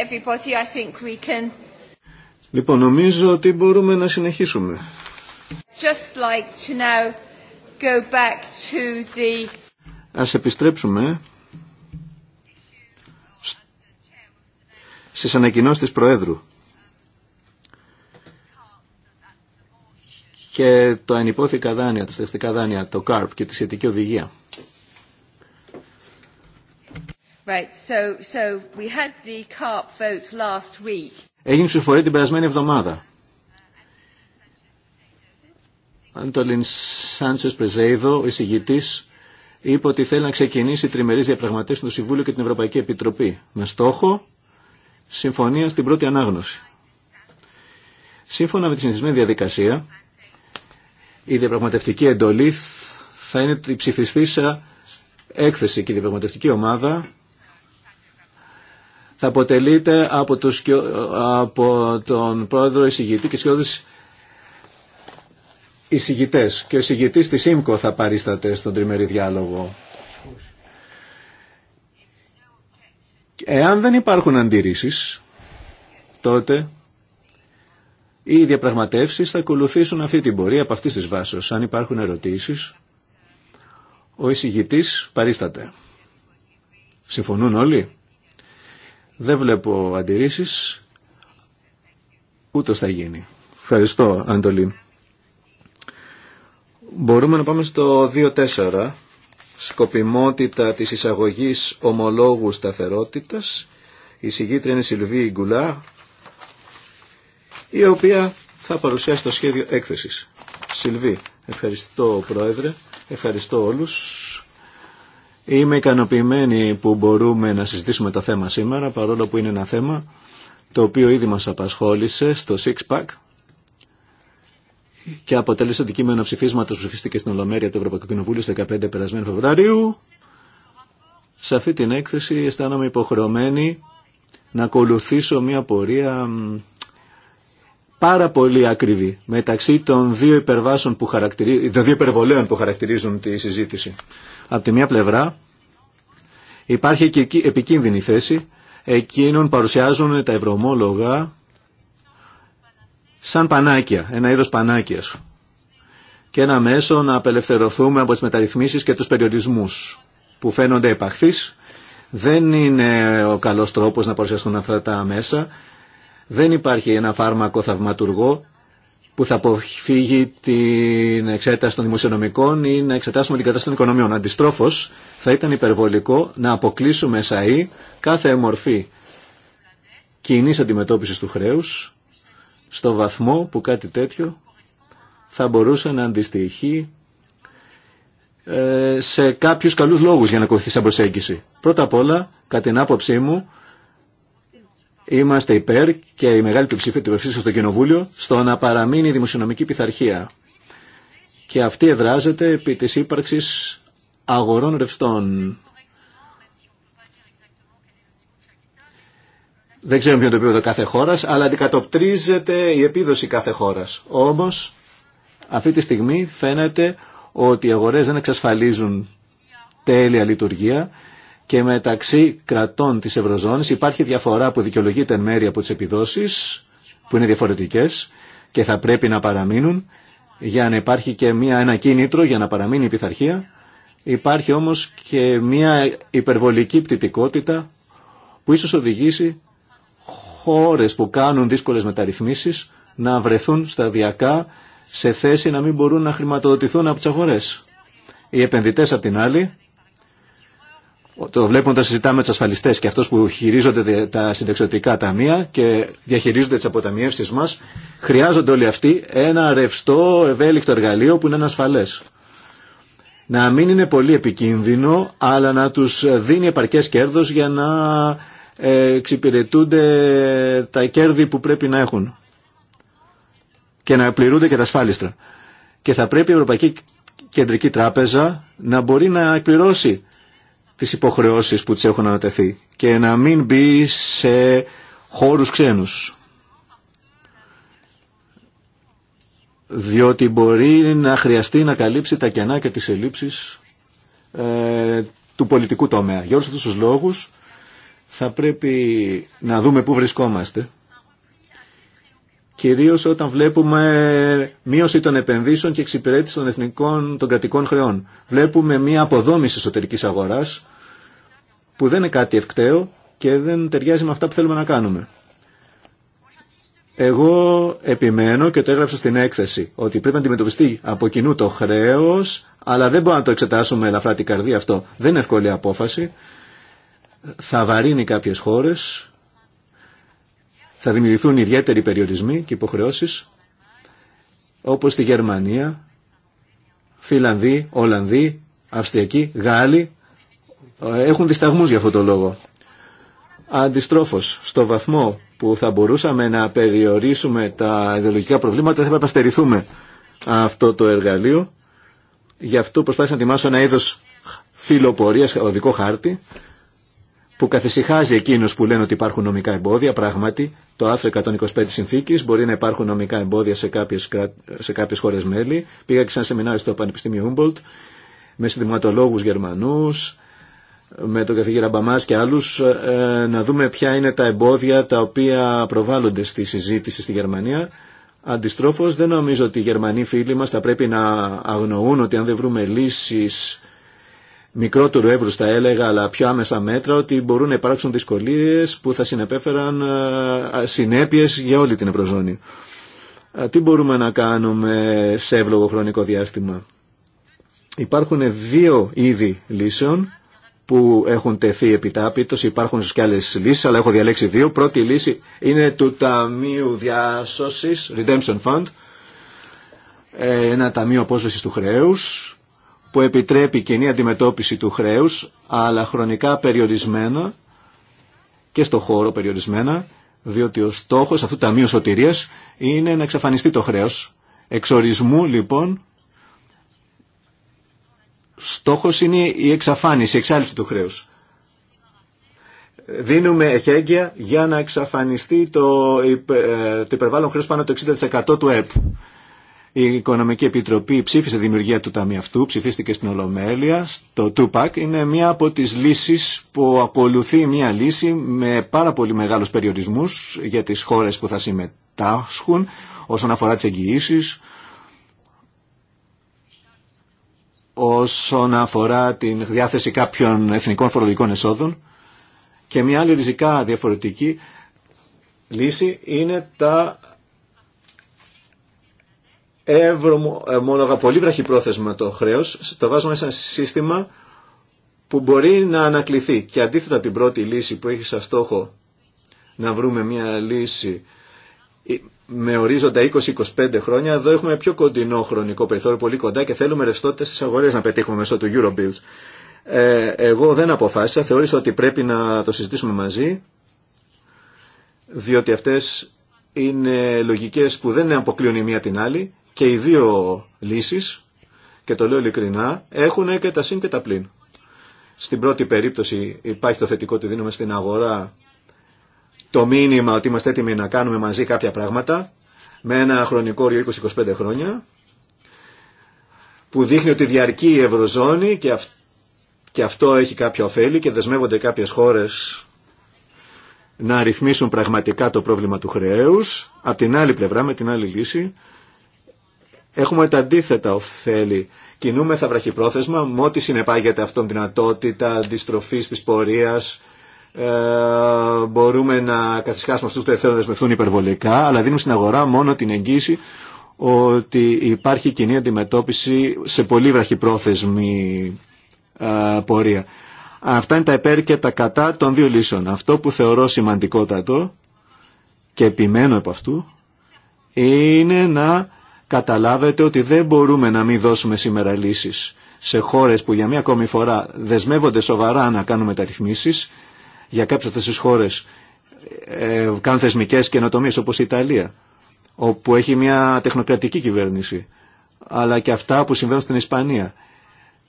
everybody. I think we can... Λοιπόν, νομίζω ότι μπορούμε να συνεχίσουμε. Just like to now go back to the... Ας επιστρέψουμε στις ανακοινώσεις της Προέδρου και το ανυπόθηκα δάνεια, τα στεστικά δάνεια, το ΚΑΡΠ και τη σχετική οδηγία. Right, so, so Έγινε ψηφορία την περασμένη εβδομάδα. Αντολίν Σάντσε Πρεζέιδο, ο εισηγητή, είπε ότι θέλει να ξεκινήσει τριμερεί διαπραγματεύσει με το Συμβούλιο και την Ευρωπαϊκή Επιτροπή με στόχο συμφωνία στην πρώτη ανάγνωση. Σύμφωνα με τη συνηθισμένη διαδικασία, η διαπραγματευτική εντολή θα είναι η ψηφιστήσα έκθεση και η διαπραγματευτική ομάδα θα αποτελείται από, τους, από τον πρόεδρο εισηγητή και σκιώδης εισηγητές. Και ο εισηγητής της ΣΥΜΚΟ θα παρίσταται στον τριμερή διάλογο. Εάν δεν υπάρχουν αντιρρήσεις, τότε οι διαπραγματεύσεις θα ακολουθήσουν αυτή την πορεία από αυτής της βάσης. Αν υπάρχουν ερωτήσεις, ο εισηγητής παρίσταται. Συμφωνούν όλοι. Δεν βλέπω αντιρρήσεις. Ούτως θα γίνει. Ευχαριστώ, Αντολή. Μπορούμε να πάμε στο 2-4. Σκοπιμότητα της εισαγωγής ομολόγου σταθερότητας. Η συγγήτρια είναι η Γκουλά, η οποία θα παρουσιάσει το σχέδιο έκθεσης. Σιλβή, ευχαριστώ Πρόεδρε, ευχαριστώ όλους. Είμαι ικανοποιημένη που μπορούμε να συζητήσουμε το θέμα σήμερα, παρόλο που είναι ένα θέμα το οποίο ήδη μας απασχόλησε στο Six Pack και αποτέλεσε αντικείμενο ψηφίσματος που ψηφίστηκε στην Ολομέρεια του Ευρωπαϊκού Κοινοβούλου στις 15 περασμένου Φεβρουαρίου. Σε αυτή την έκθεση αισθάνομαι υποχρεωμένη να ακολουθήσω μια πορεία πάρα πολύ ακριβή μεταξύ των δύο, που των δύο υπερβολέων που χαρακτηρίζουν τη συζήτηση. Από τη μία πλευρά υπάρχει και επικίνδυνη θέση εκείνων παρουσιάζουν τα ευρωομόλογα σαν πανάκια, ένα είδος πανάκιας και ένα μέσο να απελευθερωθούμε από τις μεταρρυθμίσεις και τους περιορισμούς που φαίνονται επαχθείς. Δεν είναι ο καλός τρόπος να παρουσιαστούν αυτά τα μέσα. Δεν υπάρχει ένα φάρμακο θαυματουργό που θα αποφύγει την εξέταση των δημοσιονομικών ή να εξετάσουμε την κατάσταση των οικονομιών. Αντιστρόφως, θα ήταν υπερβολικό να αποκλείσουμε σαΐ e, κάθε μορφή κοινή αντιμετώπιση του χρέους στο βαθμό που κάτι τέτοιο θα μπορούσε να αντιστοιχεί ε, σε κάποιους καλούς λόγους για να ακολουθεί σαν προσέγγιση. Πρώτα απ' όλα, κατά την άποψή μου, Είμαστε υπέρ και η μεγάλη πλειοψηφία του ψήφου στο Κοινοβούλιο στο να παραμείνει η δημοσιονομική πειθαρχία. Και αυτή εδράζεται επί της ύπαρξης αγορών ρευστών. Δεν ξέρουμε ποιο είναι το επίπεδο κάθε χώρα, αλλά αντικατοπτρίζεται η επίδοση κάθε χώρα. Όμω, αυτή τη στιγμή φαίνεται ότι οι αγορέ δεν εξασφαλίζουν τέλεια λειτουργία και μεταξύ κρατών της Ευρωζώνης υπάρχει διαφορά που δικαιολογείται εν μέρη από τις επιδόσεις που είναι διαφορετικές και θα πρέπει να παραμείνουν για να υπάρχει και μια, ένα κίνητρο για να παραμείνει η πειθαρχία. Υπάρχει όμως και μια υπερβολική πτυτικότητα που ίσως οδηγήσει χώρες που κάνουν δύσκολες μεταρρυθμίσεις να βρεθούν σταδιακά σε θέση να μην μπορούν να χρηματοδοτηθούν από τις αγορές. Οι επενδυτές απ' την άλλη το βλέπουμε όταν συζητάμε με του ασφαλιστέ και αυτού που χειρίζονται τα συνταξιωτικά ταμεία και διαχειρίζονται τι αποταμιεύσει μα, χρειάζονται όλοι αυτοί ένα ρευστό, ευέλικτο εργαλείο που είναι ασφαλέ. Να μην είναι πολύ επικίνδυνο, αλλά να του δίνει επαρκέ κέρδο για να ε, εξυπηρετούνται τα κέρδη που πρέπει να έχουν και να πληρούνται και τα ασφάλιστρα. Και θα πρέπει η Ευρωπαϊκή Κεντρική Τράπεζα να μπορεί να εκπληρώσει τις υποχρεώσεις που τις έχουν ανατεθεί και να μην μπει σε χώρους ξένους. Διότι μπορεί να χρειαστεί να καλύψει τα κενά και τις ελλείψεις ε, του πολιτικού τομέα. Για όλους αυτούς τους λόγους θα πρέπει να δούμε πού βρισκόμαστε. Κυρίως όταν βλέπουμε μείωση των επενδύσεων και εξυπηρέτηση των εθνικών των κρατικών χρεών. Βλέπουμε μία αποδόμηση εσωτερικής αγοράς που δεν είναι κάτι ευκταίο και δεν ταιριάζει με αυτά που θέλουμε να κάνουμε. Εγώ επιμένω και το έγραψα στην έκθεση ότι πρέπει να αντιμετωπιστεί από κοινού το χρέο, αλλά δεν μπορούμε να το εξετάσουμε ελαφρά την καρδία αυτό. Δεν είναι εύκολη απόφαση. Θα βαρύνει κάποιε χώρε. Θα δημιουργηθούν ιδιαίτεροι περιορισμοί και υποχρεώσει. Όπω στη Γερμανία, Φιλανδοί, Ολλανδοί, Αυστριακοί, Γάλλοι ε, έχουν δισταγμούς για αυτό το λόγο. Αντιστρόφως, στο βαθμό που θα μπορούσαμε να περιορίσουμε τα ιδεολογικά προβλήματα, θα πρέπει να στερηθούμε αυτό το εργαλείο. Γι' αυτό προσπάθησα να ετοιμάσω ένα είδος φιλοπορίας, οδικό χάρτη, που καθησυχάζει εκείνους που λένε ότι υπάρχουν νομικά εμπόδια. Πράγματι, το άρθρο 125 συνθήκη μπορεί να υπάρχουν νομικά εμπόδια σε κάποιε σε κάποιες χώρε μέλη. Πήγα και σε ένα σεμινάριο στο Πανεπιστήμιο Humboldt με συνδυματολόγου Γερμανού, με τον καθηγήρα Μπαμάς και άλλους ε, να δούμε ποια είναι τα εμπόδια τα οποία προβάλλονται στη συζήτηση στη Γερμανία. Αντιστρόφως δεν νομίζω ότι οι Γερμανοί φίλοι μας θα πρέπει να αγνοούν ότι αν δεν βρούμε λύσεις μικρότερου εύρους θα έλεγα αλλά πιο άμεσα μέτρα ότι μπορούν να υπάρξουν δυσκολίες που θα συνεπέφεραν ε, συνέπειες για όλη την Ευρωζώνη. Ε, τι μπορούμε να κάνουμε σε εύλογο χρονικό διάστημα. Υπάρχουν δύο είδη λύσεων που έχουν τεθεί επιτάπητος, υπάρχουν και άλλε λύσει, αλλά έχω διαλέξει δύο. Πρώτη λύση είναι του Ταμείου διάσωση Redemption Fund, ένα ταμείο απόσβεση του χρέους, που επιτρέπει κοινή αντιμετώπιση του χρέους, αλλά χρονικά περιορισμένα και στο χώρο περιορισμένα, διότι ο στόχος αυτού του Ταμείου Σωτηρίας είναι να εξαφανιστεί το χρέος. Εξορισμού λοιπόν Στόχος είναι η εξαφάνιση, η εξάλληψη του χρέους. Δίνουμε εχέγγυα για να εξαφανιστεί το, ε, το υπερβάλλον χρέος πάνω το 60% του ΕΠ. Η Οικονομική Επιτροπή ψήφισε δημιουργία του ταμείου αυτού, ψηφίστηκε στην Ολομέλεια, το ΤΟΥΠΑΚ. Είναι μία από τις λύσεις που ακολουθεί μία λύση με πάρα πολύ μεγάλους περιορισμούς για τις χώρες που θα συμμετάσχουν όσον αφορά τις εγγυήσεις όσον αφορά την διάθεση κάποιων εθνικών φορολογικών εσόδων και μια άλλη ριζικά διαφορετική λύση είναι τα ευρωμόλογα ε, πολύ βραχυπρόθεσμα το χρέος, το βάζουμε σε ένα σύστημα που μπορεί να ανακληθεί και αντίθετα την πρώτη λύση που έχει σαν στόχο να βρούμε μια λύση με ορίζοντα 20-25 χρόνια, εδώ έχουμε πιο κοντινό χρονικό περιθώριο, πολύ κοντά και θέλουμε ρευστότητα στις αγορές να πετύχουμε μέσω του Eurobills. Ε, εγώ δεν αποφάσισα, θεώρησα ότι πρέπει να το συζητήσουμε μαζί, διότι αυτές είναι λογικές που δεν αποκλείουν η μία την άλλη και οι δύο λύσεις, και το λέω ειλικρινά, έχουν και τα συν και τα πλήν. Στην πρώτη περίπτωση υπάρχει το θετικό ότι δίνουμε στην αγορά το μήνυμα ότι είμαστε έτοιμοι να κάνουμε μαζί κάποια πράγματα με ένα χρονικό όριο 20-25 χρόνια που δείχνει ότι διαρκεί η Ευρωζώνη και, και αυτό έχει κάποια ωφέλη και δεσμεύονται κάποιες χώρες να ρυθμίσουν πραγματικά το πρόβλημα του χρέους. Από την άλλη πλευρά, με την άλλη λύση, έχουμε τα αντίθετα ωφέλη. Κινούμε θα βραχυπρόθεσμα με ό,τι συνεπάγεται αυτόν την δυνατότητα αντιστροφής της πορείας ε, μπορούμε να καθισκάσουμε αυτού που θέλουν να δεσμευτούν υπερβολικά, αλλά δίνουμε στην αγορά μόνο την εγγύηση ότι υπάρχει κοινή αντιμετώπιση σε πολύ βραχυπρόθεσμη ε, πορεία. Αυτά είναι τα υπέρ και τα κατά των δύο λύσεων. Αυτό που θεωρώ σημαντικότατο και επιμένω από αυτού είναι να καταλάβετε ότι δεν μπορούμε να μην δώσουμε σήμερα λύσεις σε χώρες που για μία ακόμη φορά δεσμεύονται σοβαρά να κάνουν μεταρρυθμίσεις για κάποιες αυτέ τι χώρες ε, κάνουν θεσμικέ καινοτομίε όπως η Ιταλία όπου έχει μια τεχνοκρατική κυβέρνηση αλλά και αυτά που συμβαίνουν στην Ισπανία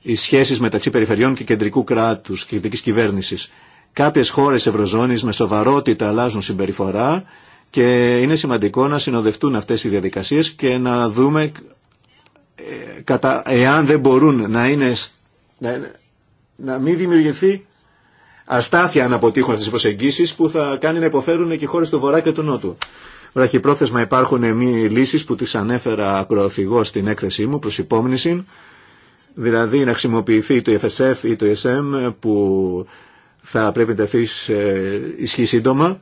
οι σχέσεις μεταξύ περιφερειών και κεντρικού κράτους και κυβέρνηση. κυβέρνησης κάποιες χώρες Ευρωζώνης με σοβαρότητα αλλάζουν συμπεριφορά και είναι σημαντικό να συνοδευτούν αυτέ οι διαδικασίε και να δούμε ε, κατά, εάν δεν μπορούν να είναι να μην δημιουργηθεί αστάθεια αν αποτύχουν αυτές τις που θα κάνει να υποφέρουν και οι χώρε του Βορρά και του Νότου. Βραχυπρόθεσμα υπάρχουν εμεί λύσεις που τι ανέφερα ακροαθυγώς στην έκθεσή μου προ υπόμνηση, δηλαδή να χρησιμοποιηθεί το FSF ή το SM που θα πρέπει να τεθεί ισχύ σύντομα.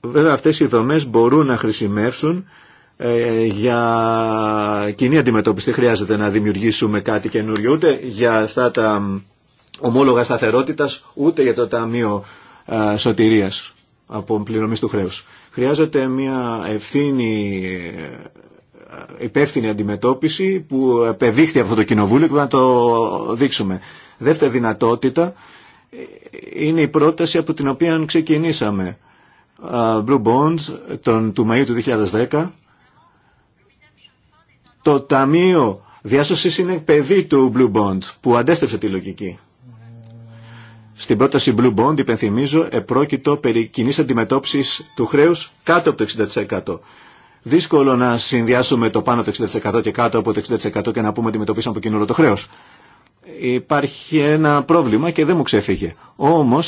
Βέβαια αυτές οι δομές μπορούν να χρησιμεύσουν ε, για κοινή αντιμετώπιση. Δεν χρειάζεται να δημιουργήσουμε κάτι καινούριο ούτε για αυτά τα ομόλογα σταθερότητα ούτε για το Ταμείο Σωτηρίας από πληρωμή του χρέους. Χρειάζεται μια ευθύνη ε, υπεύθυνη αντιμετώπιση που επεδείχθη από το Κοινοβούλιο και να το δείξουμε. Δεύτερη δυνατότητα ε, είναι η πρόταση από την οποία ξεκινήσαμε. Blue Bond τον, του Μαΐου του 2010. Το Ταμείο Διάσωσης είναι παιδί του Blue Bond που αντέστρεψε τη λογική. Στην πρόταση Blue Bond, υπενθυμίζω, επρόκειτο περί κοινής αντιμετώπισης του χρέους κάτω από το 60%. Δύσκολο να συνδυάσουμε το πάνω από το 60% και κάτω από το 60% και να πούμε ότι αντιμετωπίσαμε από κοινό το χρέο. Υπάρχει ένα πρόβλημα και δεν μου ξέφυγε. Όμω,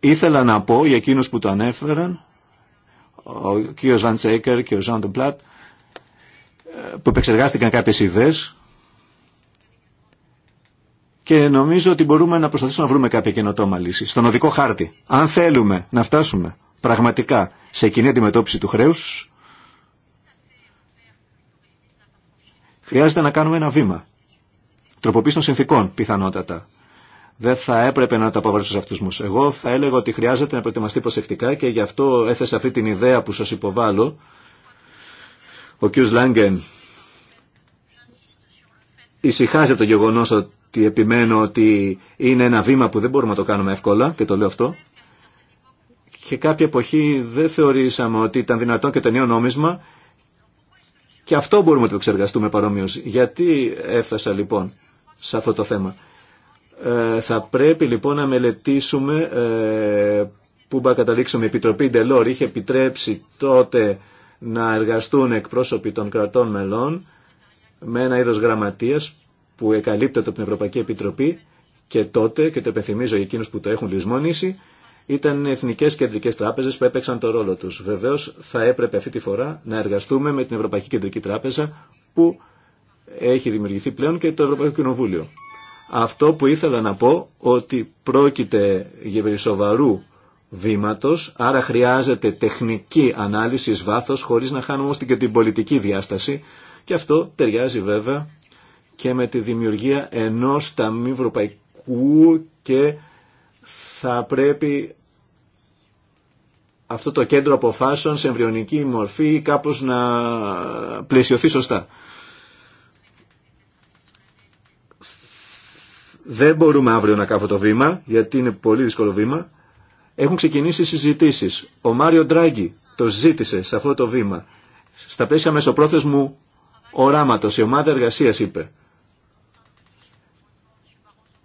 ήθελα να πω για εκείνου που το ανέφεραν, ο κ. Βαντσέικερ και ο Ζαν Πλάτ, ε, που επεξεργάστηκαν κάποιε ιδέε και νομίζω ότι μπορούμε να προσπαθήσουμε να βρούμε κάποια καινοτόμα λύση στον οδικό χάρτη. Αν θέλουμε να φτάσουμε πραγματικά σε κοινή αντιμετώπιση του χρέου. χρειάζεται να κάνουμε ένα βήμα. Τροποποίηση των συνθήκων, πιθανότατα. Δεν θα έπρεπε να το απαγορεύσω σε αυτού μου. Εγώ θα έλεγα ότι χρειάζεται να προετοιμαστεί προσεκτικά και γι' αυτό έθεσα αυτή την ιδέα που σα υποβάλλω. Ο κ. Λάγκεν ησυχάζει το γεγονό ότι ότι επιμένω ότι είναι ένα βήμα που δεν μπορούμε να το κάνουμε εύκολα και το λέω αυτό. Και κάποια εποχή δεν θεωρήσαμε ότι ήταν δυνατόν και το νέο νόμισμα και αυτό μπορούμε να το εξεργαστούμε παρόμοιως. Γιατί έφτασα λοιπόν σε αυτό το θέμα. Ε, θα πρέπει λοιπόν να μελετήσουμε ε, που μπα καταλήξουμε. Η Επιτροπή Ντελόρ είχε επιτρέψει τότε να εργαστούν εκπρόσωποι των κρατών μελών με ένα είδος γραμματείας που εκαλύπτεται από την Ευρωπαϊκή Επιτροπή και τότε, και το επενθυμίζω για εκείνους που το έχουν λησμονήσει, ήταν οι εθνικέ κεντρικέ τράπεζε που έπαιξαν το ρόλο του. Βεβαίω, θα έπρεπε αυτή τη φορά να εργαστούμε με την Ευρωπαϊκή Κεντρική Τράπεζα που έχει δημιουργηθεί πλέον και το Ευρωπαϊκό Κοινοβούλιο. Αυτό που ήθελα να πω ότι πρόκειται για περισσοβαρού βήματος, άρα χρειάζεται τεχνική ανάλυση βάθο χωρίς να χάνουμε όμως και την πολιτική διάσταση και αυτό ταιριάζει βέβαια και με τη δημιουργία ενός ταμείου ευρωπαϊκού και θα πρέπει αυτό το κέντρο αποφάσεων σε εμβριονική μορφή κάπως να πλαισιωθεί σωστά. Δεν μπορούμε αύριο να κάνουμε το βήμα, γιατί είναι πολύ δύσκολο βήμα. Έχουν ξεκινήσει συζητήσεις. Ο Μάριο Ντράγκη το ζήτησε σε αυτό το βήμα. Στα πλαίσια μεσοπρόθεσμου οράματος, η ομάδα εργασίας είπε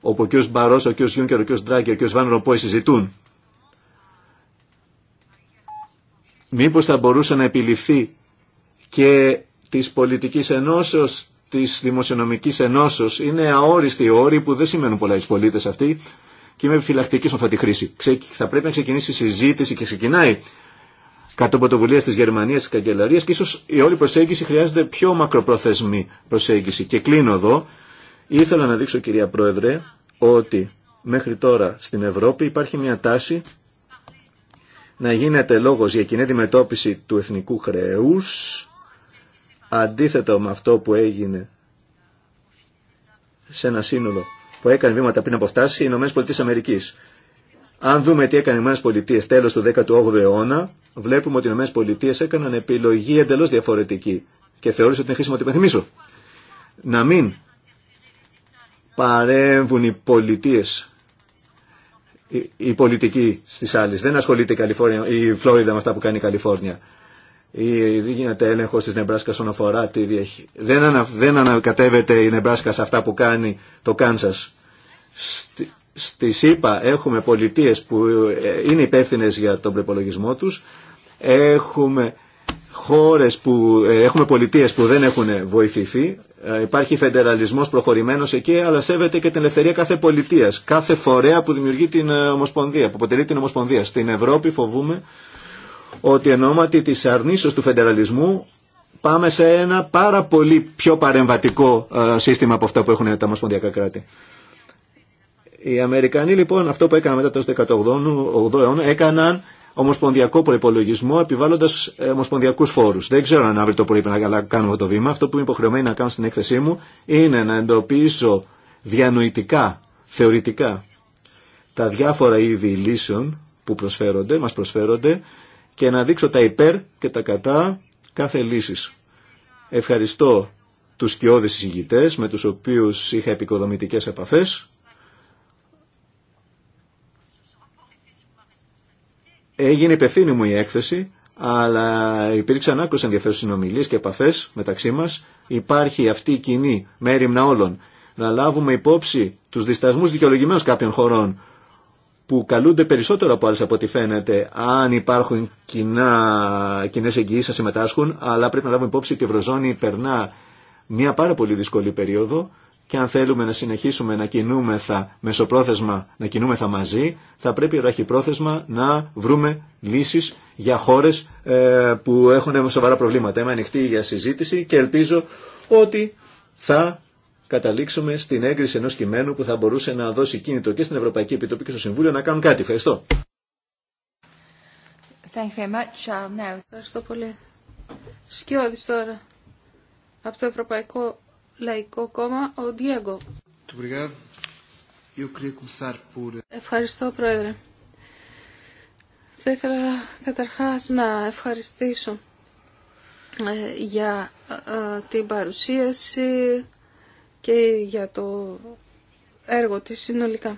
όπου ο κ. Μπαρός, ο κ. Γιούνκερ, ο κ. Ντράκη, ο κ. Βαν Ροπόη συζητούν. Μήπως θα μπορούσε να επιληφθεί και τη πολιτική ενώσεω, τη δημοσιονομική ενώσεω. Είναι αόριστοι όροι που δεν σημαίνουν πολλά οι πολίτες αυτοί και είμαι επιφυλακτική σε αυτή τη χρήση. Θα πρέπει να ξεκινήσει η συζήτηση και ξεκινάει κατά πρωτοβουλία τη Γερμανία τη Καγκελαρία και ίσω η όλη προσέγγιση χρειάζεται πιο μακροπρόθεσμη προσέγγιση. Και κλείνω εδώ Ήθελα να δείξω κυρία Πρόεδρε ότι μέχρι τώρα στην Ευρώπη υπάρχει μια τάση να γίνεται λόγος για κοινή αντιμετώπιση του εθνικού χρέους αντίθετο με αυτό που έγινε σε ένα σύνολο που έκανε βήματα πριν από φτάσει οι Αμερικής. Αν δούμε τι έκανε οι Πολιτείες τέλος του 18ου αιώνα, βλέπουμε ότι οι Πολιτείες έκαναν επιλογή εντελώς διαφορετική και θεώρησε ότι είναι χρήσιμο να υπενθυμίσω. Να μην παρέμβουν οι πολιτείες, η, πολιτική στις άλλες. Δεν ασχολείται η, Καλιφόρνια, η Φλόριδα με αυτά που κάνει η Καλιφόρνια. Η, δεν γίνεται έλεγχο τη Νεμπράσκα όσον αφορά τη διαχείριση. Δεν, ανα, δεν ανακατεύεται η Νεμπράσκα σε αυτά που κάνει το Κάνσα. Στη, ΣΥΠΑ έχουμε πολιτείε που ε, είναι υπεύθυνε για τον προπολογισμό του. Έχουμε χώρες που ε, έχουμε πολιτείες που δεν έχουν βοηθηθεί, ε, υπάρχει φεντεραλισμός προχωρημένος εκεί, αλλά σέβεται και την ελευθερία κάθε πολιτείας, κάθε φορέα που δημιουργεί την ε, Ομοσπονδία, που αποτελεί την Ομοσπονδία. Στην Ευρώπη φοβούμε ότι ενώματι ονόματι της αρνήσεως του φεντεραλισμού πάμε σε ένα πάρα πολύ πιο παρεμβατικό σύστημα από αυτά που έχουν τα ομοσπονδιακά κράτη. Οι Αμερικανοί λοιπόν αυτό που έκαναν μετά το 18ο αιώνα έκαναν ομοσπονδιακό προπολογισμό επιβάλλοντα ε, ομοσπονδιακού φόρου. Δεν ξέρω αν αύριο το πρωί πρέπει να κάνουμε το βήμα. Αυτό που είμαι υποχρεωμένη να κάνω στην έκθεσή μου είναι να εντοπίσω διανοητικά, θεωρητικά, τα διάφορα είδη λύσεων που προσφέρονται, μας προσφέρονται και να δείξω τα υπέρ και τα κατά κάθε λύσης. Ευχαριστώ τους σκιώδες συζητητές με τους οποίους είχα επικοδομητικές επαφές Έγινε υπευθύνη μου η έκθεση, αλλά υπήρξαν άκρως ενδιαφέρουσες συνομιλίες και επαφές μεταξύ μας. Υπάρχει αυτή η κοινή μέρημνα όλων. Να λάβουμε υπόψη τους δισταγμούς δικαιολογημένου κάποιων χωρών που καλούνται περισσότερο από άλλε από ό,τι φαίνεται, αν υπάρχουν κοινέ εγγυήσει να συμμετάσχουν, αλλά πρέπει να λάβουμε υπόψη ότι η Ευρωζώνη περνά μια πάρα πολύ δύσκολη περίοδο και αν θέλουμε να συνεχίσουμε να κινούμεθα μεσοπρόθεσμα, να κινούμεθα μαζί, θα πρέπει ραχυπρόθεσμα να βρούμε λύσεις για χώρες ε, που έχουν σοβαρά προβλήματα. Είμαι ανοιχτή για συζήτηση και ελπίζω ότι θα καταλήξουμε στην έγκριση ενός κειμένου που θα μπορούσε να δώσει κίνητο και στην Ευρωπαϊκή Επιτροπή και στο Συμβούλιο να κάνουν κάτι. Ευχαριστώ. Now... Ευχαριστώ πολύ. Σκιώδης τώρα από το Ευρωπαϊκό Λαϊκό Κόμμα, ο Διέγκο. Eh, Ευχαριστώ, Πρόεδρε. Θα ήθελα καταρχάς να ευχαριστήσω ε, για ε, την παρουσίαση και για το έργο της συνολικά.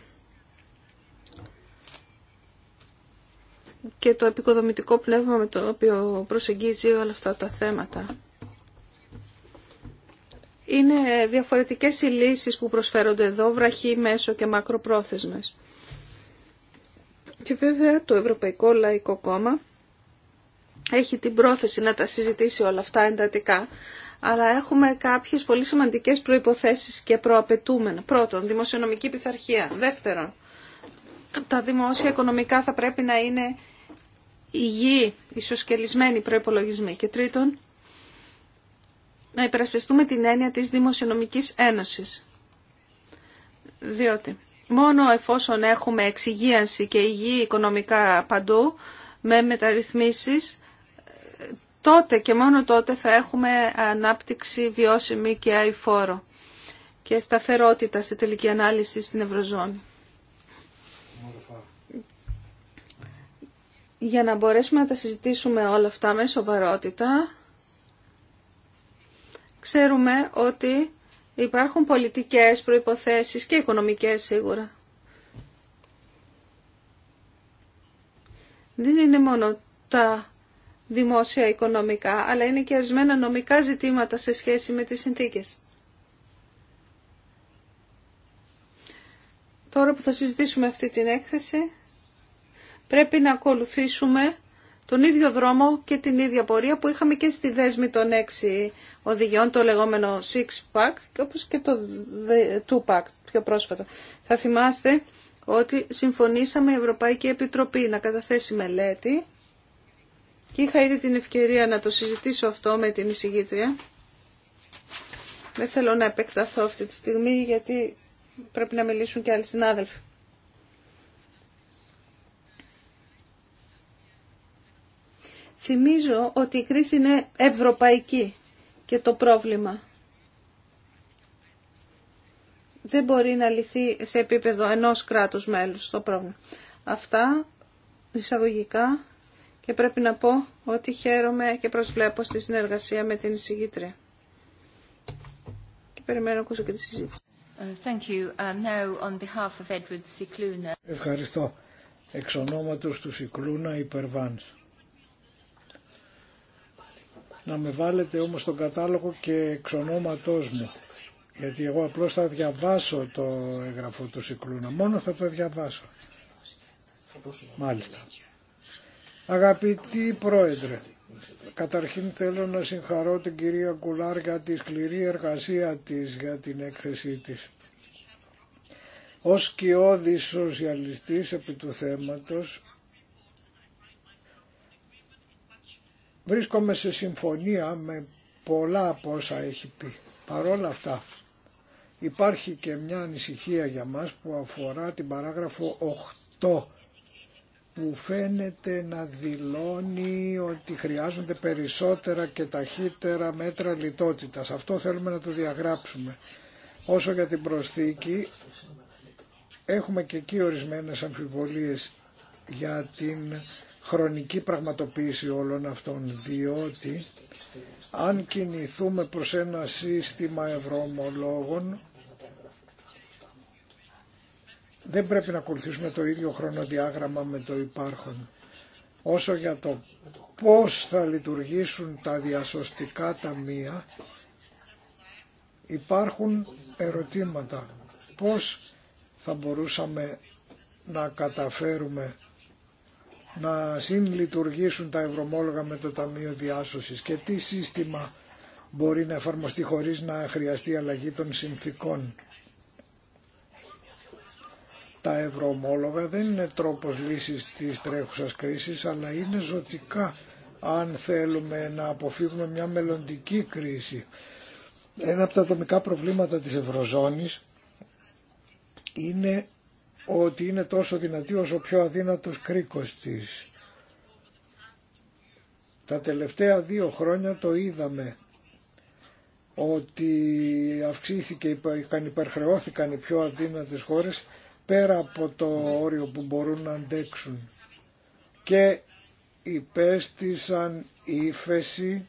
Και το επικοδομητικό πνεύμα με το οποίο προσεγγίζει όλα αυτά τα θέματα είναι διαφορετικές οι λύσεις που προσφέρονται εδώ, βραχή, μέσο και μακροπρόθεσμες. Και βέβαια το Ευρωπαϊκό Λαϊκό Κόμμα έχει την πρόθεση να τα συζητήσει όλα αυτά εντατικά, αλλά έχουμε κάποιες πολύ σημαντικές προϋποθέσεις και προαπαιτούμενα. Πρώτον, δημοσιονομική πειθαρχία. Δεύτερον, τα δημόσια οικονομικά θα πρέπει να είναι υγιή, ισοσκελισμένοι προϋπολογισμοί. Και τρίτον, να υπερασπιστούμε την έννοια της Δημοσιονομικής Ένωσης. Διότι μόνο εφόσον έχουμε εξυγίανση και υγιή οικονομικά παντού, με μεταρρυθμίσεις, τότε και μόνο τότε θα έχουμε ανάπτυξη βιώσιμη και αηφόρο και σταθερότητα σε τελική ανάλυση στην Ευρωζώνη. Για να μπορέσουμε να τα συζητήσουμε όλα αυτά με σοβαρότητα, ξέρουμε ότι υπάρχουν πολιτικές προϋποθέσεις και οικονομικές σίγουρα. Δεν είναι μόνο τα δημόσια οικονομικά, αλλά είναι και ορισμένα νομικά ζητήματα σε σχέση με τις συνθήκες. Τώρα που θα συζητήσουμε αυτή την έκθεση, πρέπει να ακολουθήσουμε τον ίδιο δρόμο και την ίδια πορεία που είχαμε και στη δέσμη των έξι οδηγιών, το λεγόμενο six-pack, όπως και το two-pack πιο πρόσφατα. Θα θυμάστε ότι συμφωνήσαμε η Ευρωπαϊκή Επιτροπή να καταθέσει μελέτη και είχα ήδη την ευκαιρία να το συζητήσω αυτό με την εισηγήτρια. Δεν θέλω να επεκταθώ αυτή τη στιγμή γιατί πρέπει να μιλήσουν και άλλοι συνάδελφοι. Θυμίζω ότι η κρίση είναι ευρωπαϊκή και το πρόβλημα. Δεν μπορεί να λυθεί σε επίπεδο ενός κράτους μέλους το πρόβλημα. Αυτά εισαγωγικά και πρέπει να πω ότι χαίρομαι και προσβλέπω στη συνεργασία με την εισηγήτρια. Και περιμένω να ακούσω και τη συζήτηση. Ε, ε, Ευχαριστώ. Εξ ονόματος του Σικλούνα Υπερβάνς να με βάλετε όμως στον κατάλογο και εξ ονόματός μου. Γιατί εγώ απλώς θα διαβάσω το έγγραφο του Σικλούνα. Μόνο θα το διαβάσω. Μάλιστα. Αγαπητοί Πρόεδρε, καταρχήν θέλω να συγχαρώ την κυρία Κουλάρ για τη σκληρή εργασία της για την έκθεσή της. Ως κοιόδης σοσιαλιστής επί του θέματος Βρίσκομαι σε συμφωνία με πολλά από όσα έχει πει. Παρόλα αυτά υπάρχει και μια ανησυχία για μας που αφορά την παράγραφο 8 που φαίνεται να δηλώνει ότι χρειάζονται περισσότερα και ταχύτερα μέτρα λιτότητας. Αυτό θέλουμε να το διαγράψουμε. Όσο για την προσθήκη, έχουμε και εκεί ορισμένες αμφιβολίες για την χρονική πραγματοποίηση όλων αυτών, διότι αν κινηθούμε προς ένα σύστημα ευρωομολόγων, δεν πρέπει να ακολουθήσουμε το ίδιο χρονοδιάγραμμα με το υπάρχον. Όσο για το πώς θα λειτουργήσουν τα διασωστικά ταμεία, υπάρχουν ερωτήματα. Πώς θα μπορούσαμε να καταφέρουμε να συλλειτουργήσουν τα ευρωμόλογα με το Ταμείο Διάσωσης και τι σύστημα μπορεί να εφαρμοστεί χωρίς να χρειαστεί αλλαγή των συνθήκων. Τα ευρωμόλογα δεν είναι τρόπος λύσης της τρέχουσας κρίσης, αλλά είναι ζωτικά αν θέλουμε να αποφύγουμε μια μελλοντική κρίση. Ένα από τα δομικά προβλήματα της Ευρωζώνης είναι ότι είναι τόσο δυνατή όσο πιο αδύνατος κρίκος της. Τα τελευταία δύο χρόνια το είδαμε ότι αυξήθηκε, υπερχρεώθηκαν οι πιο αδύνατες χώρες πέρα από το όριο που μπορούν να αντέξουν και υπέστησαν ύφεση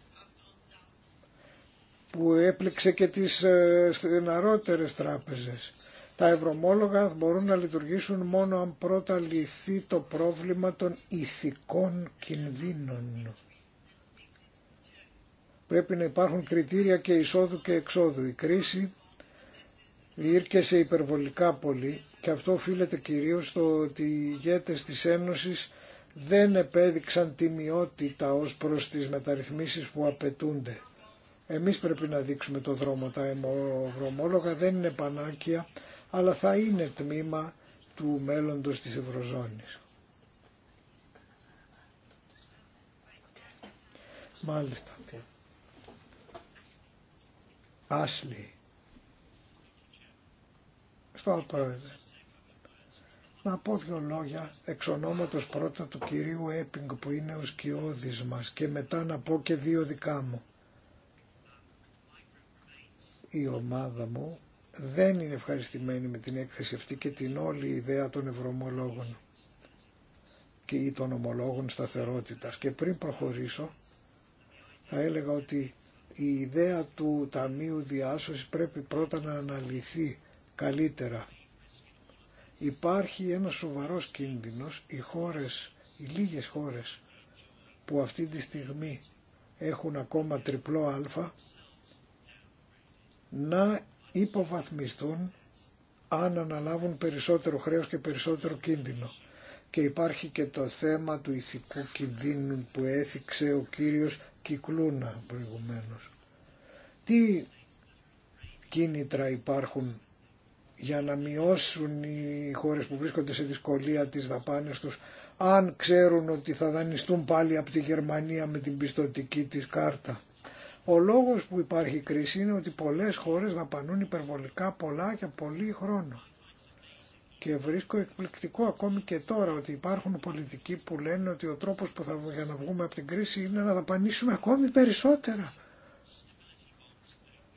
που έπληξε και τις ε, στεναρότερες τράπεζες. Τα ευρωμόλογα μπορούν να λειτουργήσουν μόνο αν πρώτα λυθεί το πρόβλημα των ηθικών κινδύνων. Πρέπει να υπάρχουν κριτήρια και εισόδου και εξόδου. Η κρίση σε υπερβολικά πολύ και αυτό οφείλεται κυρίως στο ότι οι ηγέτες της Ένωσης δεν επέδειξαν τιμιότητα ως προς τις μεταρρυθμίσεις που απαιτούνται. Εμείς πρέπει να δείξουμε το δρόμο. Τα ευρωμόλογα δεν είναι πανάκια αλλά θα είναι τμήμα του μέλλοντος της Ευρωζώνης. Μάλιστα. Άσλι. Στο πρόεδρε. Να πω δύο λόγια εξ ονόματος πρώτα του κυρίου Έπιγκ που είναι ο σκιώδης μας και μετά να πω και δύο δικά μου. Η ομάδα μου δεν είναι ευχαριστημένη με την έκθεση αυτή και την όλη ιδέα των ευρωομολόγων και ή των ομολόγων σταθερότητας. Και πριν προχωρήσω θα έλεγα ότι η ιδέα του Ταμείου Διάσωσης πρέπει πρώτα να αναλυθεί καλύτερα. Υπάρχει ένας σοβαρός κίνδυνος, οι χώρες, οι λίγες χώρες που αυτή τη στιγμή έχουν ακόμα τριπλό αλφα να υποβαθμιστούν αν αναλάβουν περισσότερο χρέος και περισσότερο κίνδυνο. Και υπάρχει και το θέμα του ηθικού κινδύνου που έθιξε ο κύριος Κυκλούνα προηγουμένως. Τι κίνητρα υπάρχουν για να μειώσουν οι χώρες που βρίσκονται σε δυσκολία τις δαπάνες τους αν ξέρουν ότι θα δανειστούν πάλι από τη Γερμανία με την πιστοτική της κάρτα. Ο λόγος που υπάρχει κρίση είναι ότι πολλές χώρες δαπανούν υπερβολικά πολλά για πολύ χρόνο. Και βρίσκω εκπληκτικό ακόμη και τώρα ότι υπάρχουν πολιτικοί που λένε ότι ο τρόπος που θα, για να βγούμε από την κρίση είναι να δαπανίσουμε ακόμη περισσότερα.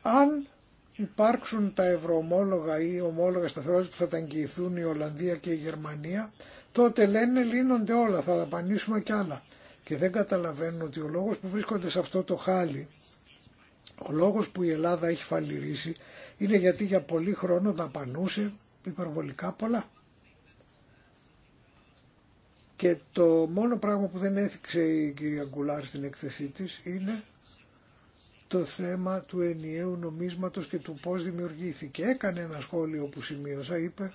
Αν υπάρξουν τα ευρωομόλογα ή ομόλογα σταθερότητα που θα τα εγγυηθούν η Ολλανδία και η Γερμανία, τότε λένε λύνονται όλα, θα δαπανίσουμε κι άλλα. Και δεν καταλαβαίνουν ότι ο λόγος που βρίσκονται σε αυτό το χάλι ο λόγος που η Ελλάδα έχει φαλυρίσει είναι γιατί για πολύ χρόνο δαπανούσε υπερβολικά πολλά. Και το μόνο πράγμα που δεν έθιξε η κυρία Γκουλάρ στην έκθεσή της είναι το θέμα του ενιαίου νομίσματος και του πώς δημιουργήθηκε. Έκανε ένα σχόλιο που σημείωσα, είπε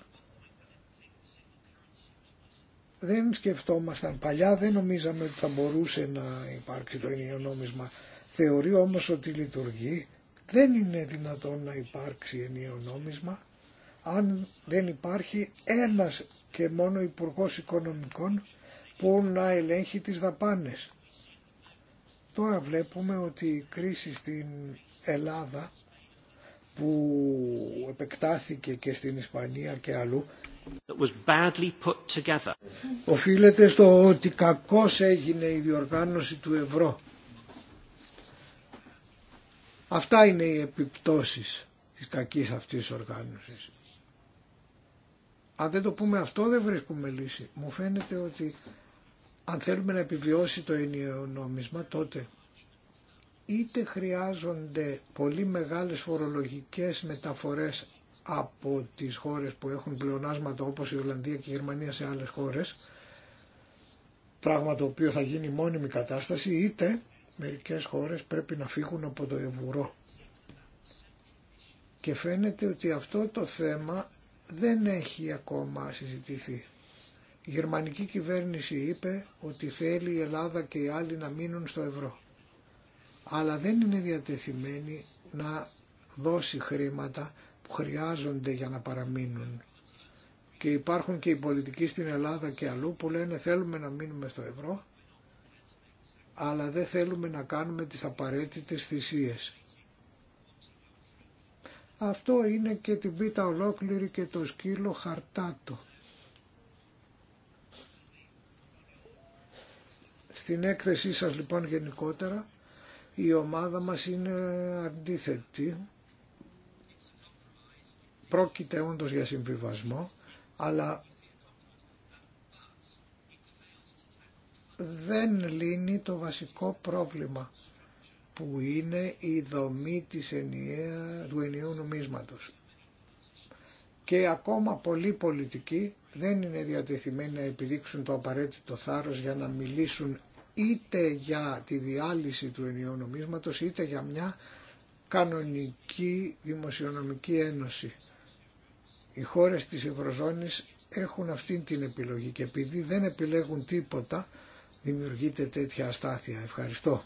δεν σκεφτόμασταν, παλιά δεν νομίζαμε ότι θα μπορούσε να υπάρξει το ενιαίο νόμισμα Θεωρεί όμως ότι λειτουργεί. Δεν είναι δυνατόν να υπάρξει ενιαίο νόμισμα αν δεν υπάρχει ένας και μόνο υπουργό Οικονομικών που να ελέγχει τις δαπάνες. Τώρα βλέπουμε ότι η κρίση στην Ελλάδα που επεκτάθηκε και στην Ισπανία και αλλού was badly put together. οφείλεται στο ότι κακώς έγινε η διοργάνωση του ευρώ. Αυτά είναι οι επιπτώσεις της κακής αυτής της οργάνωσης. Αν δεν το πούμε αυτό δεν βρίσκουμε λύση. Μου φαίνεται ότι αν θέλουμε να επιβιώσει το ενιαίο νόμισμα τότε είτε χρειάζονται πολύ μεγάλες φορολογικές μεταφορές από τις χώρες που έχουν πλεονάσματα όπως η Ολλανδία και η Γερμανία σε άλλες χώρες, πράγμα το οποίο θα γίνει μόνιμη κατάσταση, είτε Μερικές χώρες πρέπει να φύγουν από το Ευουρό. Και φαίνεται ότι αυτό το θέμα δεν έχει ακόμα συζητηθεί. Η γερμανική κυβέρνηση είπε ότι θέλει η Ελλάδα και οι άλλοι να μείνουν στο ευρώ. Αλλά δεν είναι διατεθειμένη να δώσει χρήματα που χρειάζονται για να παραμείνουν. Και υπάρχουν και οι πολιτικοί στην Ελλάδα και αλλού που λένε θέλουμε να μείνουμε στο ευρώ αλλά δεν θέλουμε να κάνουμε τις απαραίτητες θυσίες. Αυτό είναι και την πίτα ολόκληρη και το σκύλο χαρτάτο. Στην έκθεσή σας λοιπόν γενικότερα η ομάδα μας είναι αντίθετη. Πρόκειται όντως για συμβιβασμό, αλλά δεν λύνει το βασικό πρόβλημα που είναι η δομή της ενιαία, του ενιαίου νομίσματος. Και ακόμα πολλοί πολιτικοί δεν είναι διατεθειμένοι να επιδείξουν το απαραίτητο θάρρος για να μιλήσουν είτε για τη διάλυση του ενιαίου νομίσματος είτε για μια κανονική δημοσιονομική ένωση. Οι χώρες της Ευρωζώνης έχουν αυτή την επιλογή και επειδή δεν επιλέγουν τίποτα δημιουργείται τέτοια αστάθεια. Ευχαριστώ,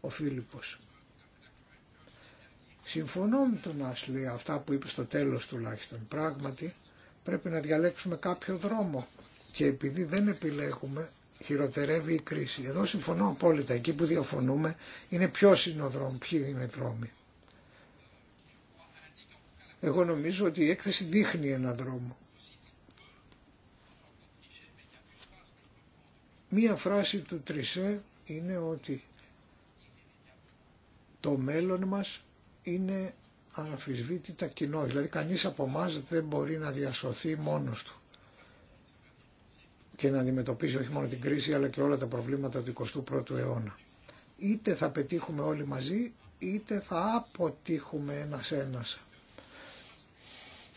Ο Φίλιππος. Συμφωνώ με τον Άσλη αυτά που είπε στο τέλος τουλάχιστον. Πράγματι πρέπει να διαλέξουμε κάποιο δρόμο και επειδή δεν επιλέγουμε χειροτερεύει η κρίση. Εδώ συμφωνώ απόλυτα. Εκεί που διαφωνούμε είναι ποιο είναι ο δρόμο, ποιοι είναι οι δρόμοι. Εγώ νομίζω ότι η έκθεση δείχνει ένα δρόμο. Μία φράση του Τρισέ είναι ότι το μέλλον μας είναι αναφυσβήτητα κοινό. Δηλαδή κανείς από εμά δεν μπορεί να διασωθεί μόνος του και να αντιμετωπίσει όχι μόνο την κρίση αλλά και όλα τα προβλήματα του 21ου αιώνα. Είτε θα πετύχουμε όλοι μαζί είτε θα αποτύχουμε ένας ένας.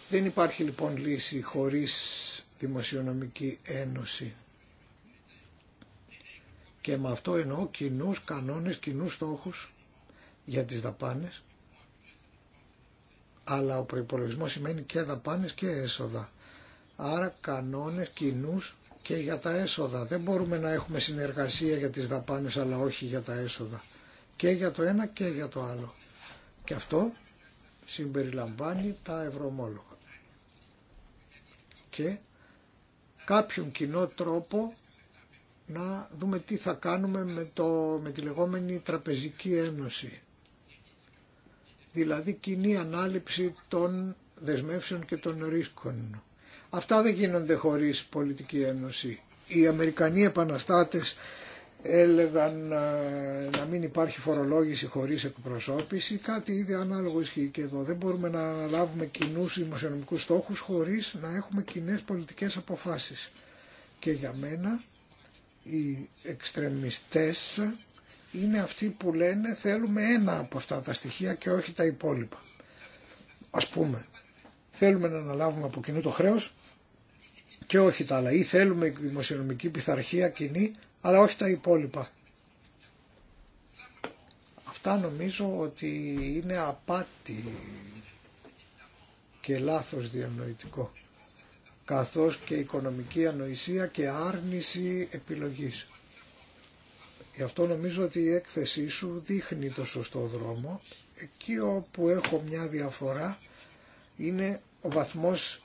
Δεν υπάρχει λοιπόν λύση χωρίς δημοσιονομική ένωση. Και με αυτό εννοώ κοινού κανόνες, κοινού στόχους για τις δαπάνες. Αλλά ο προϋπολογισμός σημαίνει και δαπάνες και έσοδα. Άρα κανόνες κοινού και για τα έσοδα. Δεν μπορούμε να έχουμε συνεργασία για τις δαπάνες αλλά όχι για τα έσοδα. Και για το ένα και για το άλλο. Και αυτό συμπεριλαμβάνει τα ευρωμόλογα. Και κάποιον κοινό τρόπο να δούμε τι θα κάνουμε με, το, με τη λεγόμενη τραπεζική ένωση. Δηλαδή κοινή ανάληψη των δεσμεύσεων και των ρίσκων. Αυτά δεν γίνονται χωρίς πολιτική ένωση. Οι Αμερικανοί επαναστάτες έλεγαν ε, να μην υπάρχει φορολόγηση χωρίς εκπροσώπηση. Κάτι ήδη ανάλογο ισχύει και εδώ. Δεν μπορούμε να λάβουμε κοινούς δημοσιονομικούς στόχους χωρίς να έχουμε κοινέ πολιτικές αποφάσεις. Και για μένα οι εξτρεμιστές είναι αυτοί που λένε θέλουμε ένα από αυτά τα στοιχεία και όχι τα υπόλοιπα. Ας πούμε, θέλουμε να αναλάβουμε από κοινού το χρέος και όχι τα άλλα. Ή θέλουμε δημοσιονομική πειθαρχία κοινή, αλλά όχι τα υπόλοιπα. Αυτά νομίζω ότι είναι απάτη και λάθος διανοητικό καθώς και οικονομική ανοησία και άρνηση επιλογής. Γι' αυτό νομίζω ότι η έκθεσή σου δείχνει το σωστό δρόμο. Εκεί όπου έχω μια διαφορά είναι ο βαθμός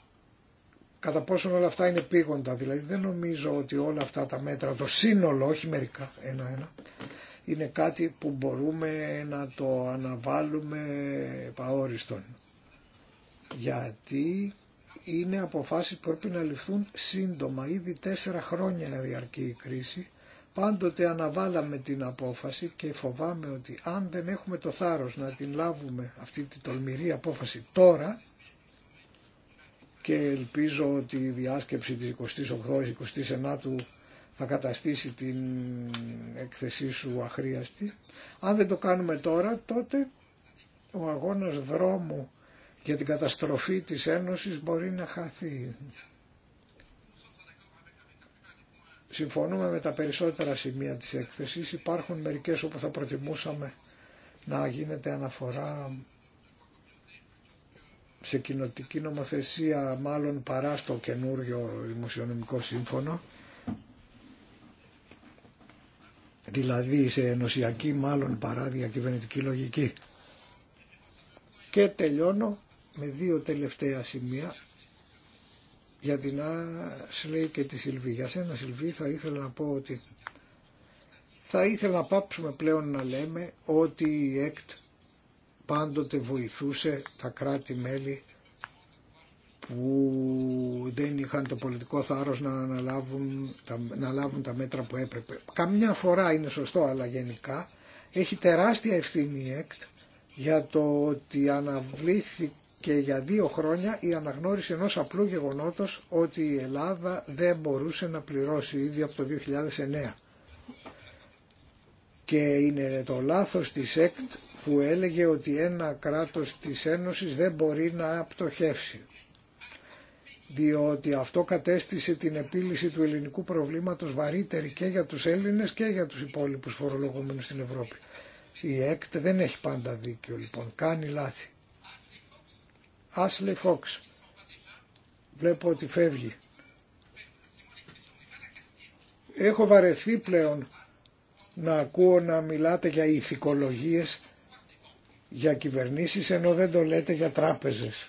κατά πόσον όλα αυτά είναι πήγοντα. Δηλαδή δεν νομίζω ότι όλα αυτά τα μέτρα, το σύνολο, όχι μερικά, ένα-ένα, είναι κάτι που μπορούμε να το αναβάλουμε παόριστον. Γιατί είναι αποφάσεις που πρέπει να ληφθούν σύντομα. Ήδη τέσσερα χρόνια διαρκεί η κρίση. Πάντοτε αναβάλαμε την απόφαση και φοβάμαι ότι αν δεν έχουμε το θάρρος να την λάβουμε αυτή τη τολμηρή απόφαση τώρα και ελπίζω ότι η διάσκεψη της 28ης-29ου θα καταστήσει την εκθεσή σου αχρίαστη. Αν δεν το κάνουμε τώρα τότε ο αγώνας δρόμου για την καταστροφή της Ένωσης μπορεί να χαθεί. Συμφωνούμε με τα περισσότερα σημεία της έκθεσης. Υπάρχουν μερικές όπου θα προτιμούσαμε να γίνεται αναφορά σε κοινοτική νομοθεσία μάλλον παρά στο καινούριο δημοσιονομικό σύμφωνο δηλαδή σε ενωσιακή μάλλον παρά διακυβερνητική λογική. Και τελειώνω με δύο τελευταία σημεία για την ΑΣΛΕΙ και τη Σιλβή. Για σένα Σιλβή θα ήθελα να πω ότι θα ήθελα να πάψουμε πλέον να λέμε ότι η ΕΚΤ πάντοτε βοηθούσε τα κράτη-μέλη που δεν είχαν το πολιτικό θάρρος να, αναλάβουν, να λάβουν τα μέτρα που έπρεπε. Καμιά φορά είναι σωστό, αλλά γενικά έχει τεράστια ευθύνη η ΕΚΤ για το ότι αναβλήθηκε και για δύο χρόνια η αναγνώριση ενός απλού γεγονότος ότι η Ελλάδα δεν μπορούσε να πληρώσει ήδη από το 2009. Και είναι το λάθος της ΕΚΤ που έλεγε ότι ένα κράτος της Ένωσης δεν μπορεί να απτοχεύσει. Διότι αυτό κατέστησε την επίλυση του ελληνικού προβλήματος βαρύτερη και για τους Έλληνες και για τους υπόλοιπους φορολογούμενους στην Ευρώπη. Η ΕΚΤ δεν έχει πάντα δίκιο λοιπόν, κάνει λάθη. Άσλι Φόξ. Βλέπω ότι φεύγει. Έχω βαρεθεί πλέον να ακούω να μιλάτε για ηθικολογίες για κυβερνήσεις ενώ δεν το λέτε για τράπεζες.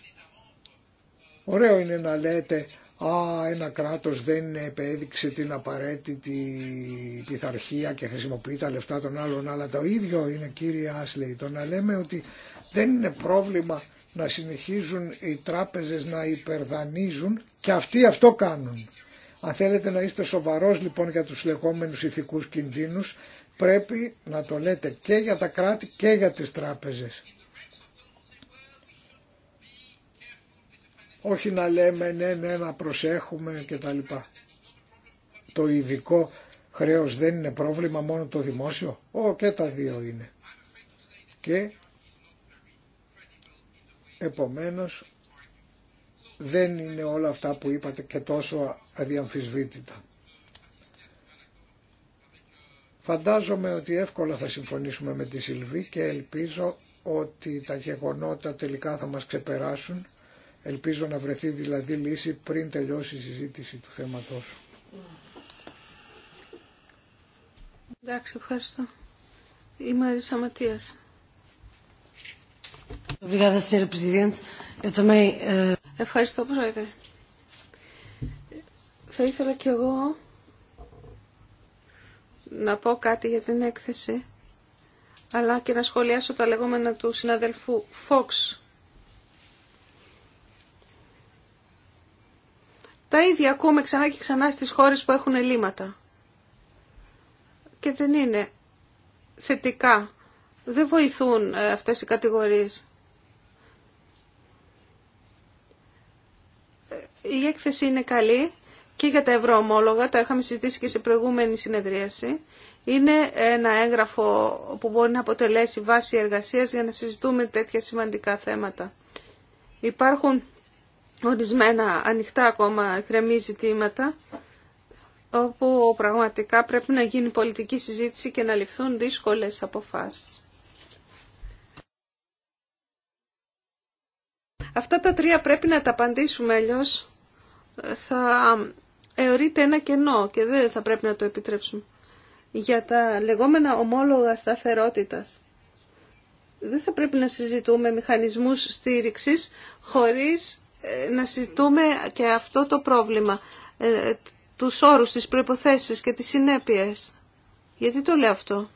Ωραίο είναι να λέτε «Α, ένα κράτος δεν επέδειξε την απαραίτητη πειθαρχία και χρησιμοποιεί τα λεφτά των άλλων», αλλά το ίδιο είναι κύριε Άσλεϊ, το να λέμε ότι δεν είναι πρόβλημα να συνεχίζουν οι τράπεζες να υπερδανίζουν και αυτοί αυτό κάνουν. Αν θέλετε να είστε σοβαρός λοιπόν για τους λεγόμενους ηθικούς κινδύνους πρέπει να το λέτε και για τα κράτη και για τις τράπεζες. Όχι να λέμε ναι ναι να προσέχουμε και τα λοιπά. Το ειδικό χρέος δεν είναι πρόβλημα μόνο το δημόσιο. Ω και τα δύο είναι. Και Επομένως δεν είναι όλα αυτά που είπατε και τόσο αδιαμφισβήτητα. Φαντάζομαι ότι εύκολα θα συμφωνήσουμε με τη Σιλβή και ελπίζω ότι τα γεγονότα τελικά θα μας ξεπεράσουν. Ελπίζω να βρεθεί δηλαδή λύση πριν τελειώσει η συζήτηση του θέματος. Εντάξει, ευχαριστώ. Η Αρίσα Ευχαριστώ, Πρόεδρε. Θα ήθελα κι εγώ να πω κάτι για την έκθεση, αλλά και να σχολιάσω τα λεγόμενα του συναδελφού Φόξ. Τα ίδια ακούμε ξανά και ξανά στις χώρες που έχουν ελλείμματα. Και δεν είναι θετικά. Δεν βοηθούν ε, αυτές οι κατηγορίες. Η έκθεση είναι καλή και για τα ευρωομόλογα, τα είχαμε συζητήσει και σε προηγούμενη συνεδρίαση. Είναι ένα έγγραφο που μπορεί να αποτελέσει βάση εργασίας για να συζητούμε τέτοια σημαντικά θέματα. Υπάρχουν ορισμένα ανοιχτά ακόμα κρεμή ζητήματα, όπου πραγματικά πρέπει να γίνει πολιτική συζήτηση και να ληφθούν δύσκολες αποφάσεις. Αυτά τα τρία πρέπει να τα απαντήσουμε αλλιώς θα εωρείται ένα κενό και δεν θα πρέπει να το επιτρέψουμε. Για τα λεγόμενα ομόλογα σταθερότητας. Δεν θα πρέπει να συζητούμε μηχανισμούς στήριξης χωρίς ε, να συζητούμε και αυτό το πρόβλημα, ε, τους όρους, τις προϋποθέσεις και τις συνέπειες. Γιατί το λέω αυτό.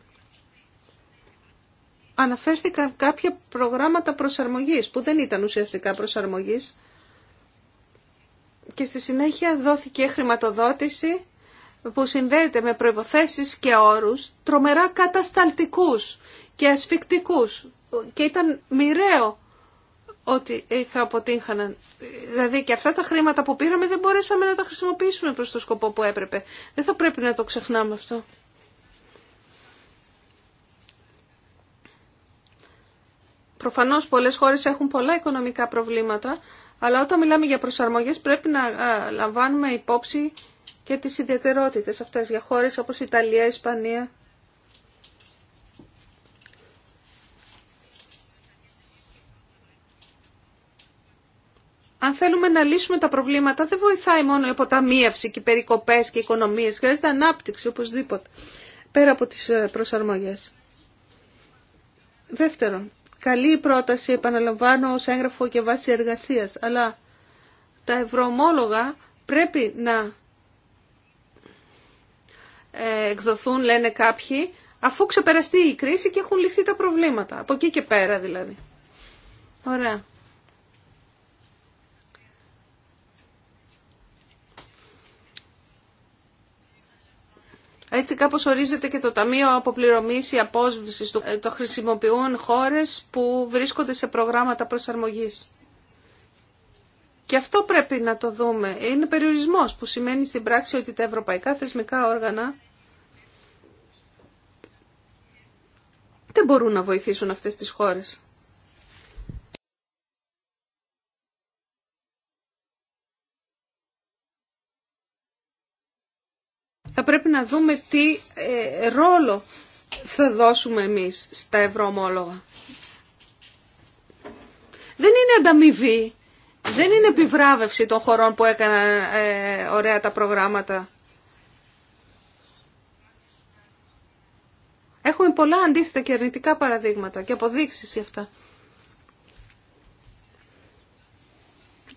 Αναφέρθηκαν κάποια προγράμματα προσαρμογής που δεν ήταν ουσιαστικά προσαρμογής και στη συνέχεια δόθηκε χρηματοδότηση που συνδέεται με προϋποθέσεις και όρους τρομερά κατασταλτικούς και ασφικτικούς και ήταν μοιραίο ότι ε, θα αποτύχαναν. Δηλαδή και αυτά τα χρήματα που πήραμε δεν μπορέσαμε να τα χρησιμοποιήσουμε προς το σκοπό που έπρεπε. Δεν θα πρέπει να το ξεχνάμε αυτό. Προφανώς πολλές χώρες έχουν πολλά οικονομικά προβλήματα, αλλά όταν μιλάμε για προσαρμογές πρέπει να λαμβάνουμε υπόψη και τις ιδιαιτερότητες αυτές για χώρες όπως Ιταλία, Ισπανία. Αν θέλουμε να λύσουμε τα προβλήματα δεν βοηθάει μόνο η αποταμίευση και οι περικοπές και οι οικονομίες. Χρειάζεται ανάπτυξη οπωσδήποτε πέρα από τις ε, προσαρμογές. Δεύτερον, Καλή πρόταση, επαναλαμβάνω, ως έγγραφο και βάση εργασίας, αλλά τα ευρωομόλογα πρέπει να ε, εκδοθούν, λένε κάποιοι, αφού ξεπεραστεί η κρίση και έχουν λυθεί τα προβλήματα. Από εκεί και πέρα δηλαδή. Ωραία. Έτσι κάπως ορίζεται και το Ταμείο Αποπληρωμής ή Απόσβησης. Ε, το χρησιμοποιούν χώρες που βρίσκονται σε προγράμματα προσαρμογής. Και αυτό πρέπει να το δούμε. Είναι περιορισμός που σημαίνει στην πράξη ότι τα ευρωπαϊκά θεσμικά όργανα δεν μπορούν να βοηθήσουν αυτές τις χώρες. πρέπει να δούμε τι ε, ρόλο θα δώσουμε εμείς στα ευρωομόλογα. Δεν είναι ανταμοιβή, δεν είναι επιβράβευση των χωρών που έκαναν ε, ωραία τα προγράμματα. Έχουμε πολλά αντίθετα και αρνητικά παραδείγματα και αποδείξεις για αυτά.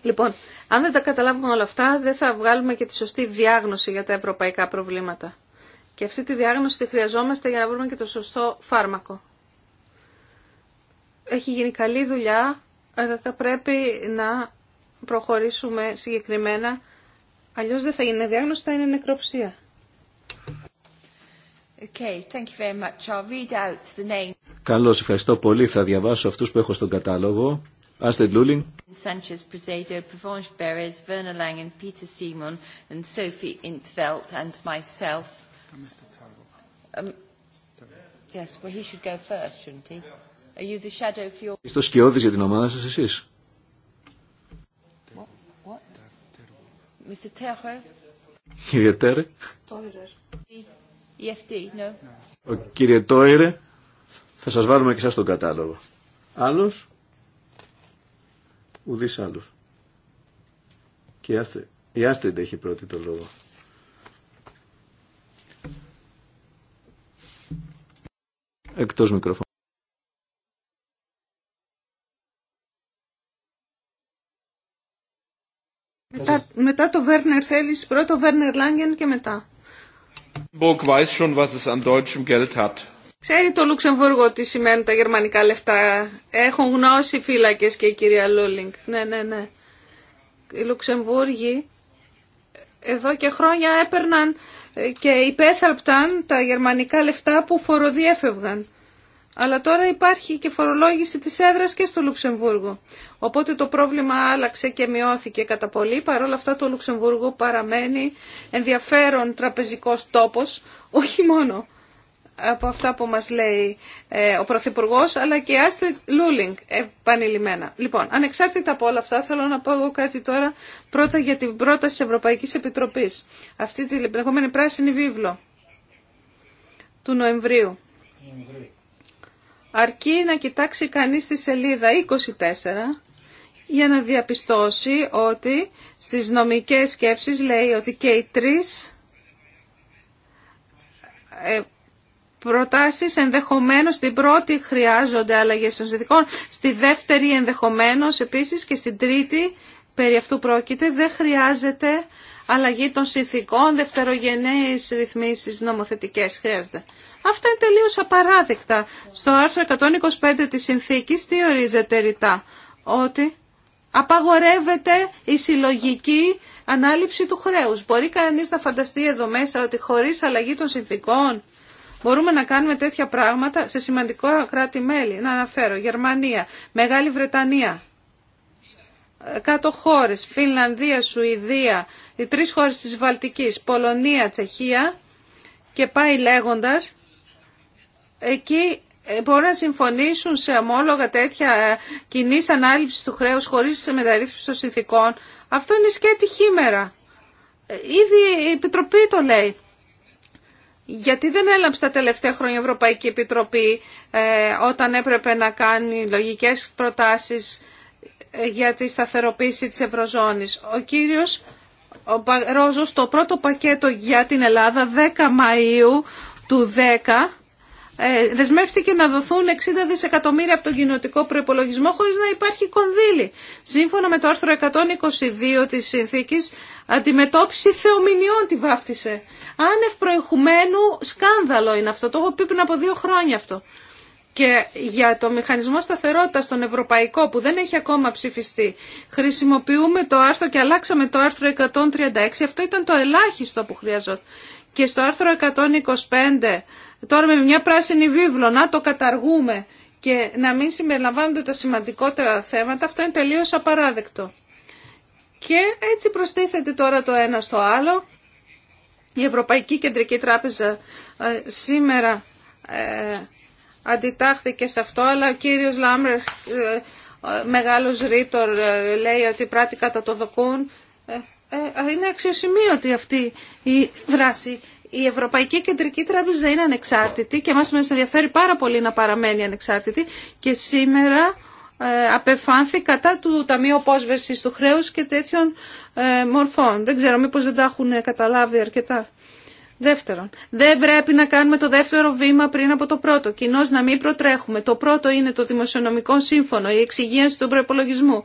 Λοιπόν, αν δεν τα καταλάβουμε όλα αυτά, δεν θα βγάλουμε και τη σωστή διάγνωση για τα ευρωπαϊκά προβλήματα. Και αυτή τη διάγνωση τη χρειαζόμαστε για να βρούμε και το σωστό φάρμακο. Έχει γίνει καλή δουλειά, αλλά θα πρέπει να προχωρήσουμε συγκεκριμένα, αλλιώς δεν θα γίνει διάγνωση, θα είναι νεκροψία. Okay, thank you very much. the name. Καλώς, ευχαριστώ πολύ. Θα διαβάσω αυτούς που έχω στον κατάλογο. Astrid Lulling. Sanchez Prezedo, Provence Beres, Werner Langen, Peter Simon, and Sophie Intveld, and myself. Um, yes, well, he should go first, shouldn't he? Are you the shadow for your... Είστε ο σκιώδης για την ομάδα σας εσείς. What? Mr. Terre. Κύριε Τέρε. EFT, no. Ο κύριε Τόιρε. Θα σας βάλουμε και σας τον κατάλογο. Άλλος ουδή άλλου. Και η Άστριντ, έχει πρώτη το λόγο. Εκτό μικροφώνου. Μετά, μετά το Werner θέλεις πρώτο Werner Langen και μετά. Burg Weiß schon, was es an deutschem Geld hat. Ξέρει το Λουξεμβούργο τι σημαίνουν τα γερμανικά λεφτά. Έχουν γνώση φύλακε και η κυρία Λούλινγκ. Ναι, ναι, ναι. Οι Λουξεμβούργοι εδώ και χρόνια έπαιρναν ε, και υπέθαλπταν τα γερμανικά λεφτά που φοροδιέφευγαν. Αλλά τώρα υπάρχει και φορολόγηση της έδρας και στο Λουξεμβούργο. Οπότε το πρόβλημα άλλαξε και μειώθηκε κατά πολύ. Παρ' όλα αυτά το Λουξεμβούργο παραμένει ενδιαφέρον τραπεζικός τόπος, όχι μόνο από αυτά που μας λέει ε, ο Πρωθυπουργό, αλλά και η Άστρικ Λούλινγκ ε, επανειλημμένα. Λοιπόν, ανεξάρτητα από όλα αυτά, θέλω να πω εγώ κάτι τώρα πρώτα για την πρόταση της Ευρωπαϊκής Επιτροπής. Αυτή τη λεγόμενη πράσινη βίβλο του Νοεμβρίου. Αρκεί να κοιτάξει κανείς τη σελίδα 24 για να διαπιστώσει ότι στις νομικές σκέψεις λέει ότι και οι τρεις ε, Προτάσει ενδεχομένω, στην πρώτη χρειάζονται αλλαγέ των συνθηκών, στη δεύτερη ενδεχομένω, επίση και στην τρίτη περί αυτού πρόκειται δεν χρειάζεται αλλαγή των συνθηκών, δεύτερογενέ ρυθμίσει νομοθετικέ. χρειάζονται. Αυτά είναι τελείω απαράδεκτα. Στο άρθρο 125 τη συνθήκη τι ορίζεται ρητά, ότι απαγορεύεται η συλλογική ανάληψη του χρέους. Μπορεί κανείς να φανταστεί εδώ μέσα ότι χωρίς αλλαγή των συνθήκων Μπορούμε να κάνουμε τέτοια πράγματα σε σημαντικό κράτη-μέλη. Να αναφέρω Γερμανία, Μεγάλη Βρετανία, ε, κάτω χώρες, Φινλανδία, Σουηδία, οι τρεις χώρες της Βαλτικής, Πολωνία, Τσεχία και πάει λέγοντας, εκεί ε, μπορούν να συμφωνήσουν σε ομόλογα τέτοια ε, κοινή ανάληψη του χρέους χωρίς μεταρρύθμιση των συνθήκων. Αυτό είναι σκέτη χήμερα. Ήδη η Επιτροπή το λέει. Γιατί δεν έλαμψε τα τελευταία χρόνια η Ευρωπαϊκή Επιτροπή ε, όταν έπρεπε να κάνει λογικές προτάσεις ε, για τη σταθεροποίηση της Ευρωζώνης. Ο κύριος ο Ρόζος το πρώτο πακέτο για την Ελλάδα 10 Μαΐου του 10 ε, δεσμεύτηκε να δοθούν 60 δισεκατομμύρια από τον κοινοτικό προπολογισμό χωρίς να υπάρχει κονδύλι. Σύμφωνα με το άρθρο 122 της συνθήκης, αντιμετώπιση θεομηνιών τη βάφτισε. Άνευ προηγουμένου σκάνδαλο είναι αυτό. Το έχω πει πριν από δύο χρόνια αυτό. Και για το μηχανισμό σταθερότητας στον ευρωπαϊκό που δεν έχει ακόμα ψηφιστεί χρησιμοποιούμε το άρθρο και αλλάξαμε το άρθρο 136. Αυτό ήταν το ελάχιστο που χρειαζόταν. Και στο άρθρο 125 τώρα με μια πράσινη βίβλο να το καταργούμε και να μην συμπεριλαμβάνονται τα σημαντικότερα θέματα, αυτό είναι τελείως απαράδεκτο. Και έτσι προστίθεται τώρα το ένα στο άλλο. Η Ευρωπαϊκή Κεντρική Τράπεζα ε, σήμερα ε, αντιτάχθηκε σε αυτό, αλλά ο κύριος Λάμπρες, ε, μεγάλος ρήτορ, λέει ότι πράττει κατά το δοκούν. Είναι αξιοσημείωτη αυτή η δράση η Ευρωπαϊκή Κεντρική Τράπεζα είναι ανεξάρτητη και μας μας ενδιαφέρει πάρα πολύ να παραμένει ανεξάρτητη και σήμερα ε, απεφάνθη κατά του Ταμείου Απόσβεσης του Χρέους και τέτοιων ε, μορφών. Δεν ξέρω μήπως δεν τα έχουν καταλάβει αρκετά. Δεύτερον, δεν πρέπει να κάνουμε το δεύτερο βήμα πριν από το πρώτο. Κοινώς να μην προτρέχουμε. Το πρώτο είναι το δημοσιονομικό σύμφωνο, η εξυγίανση του προπολογισμού.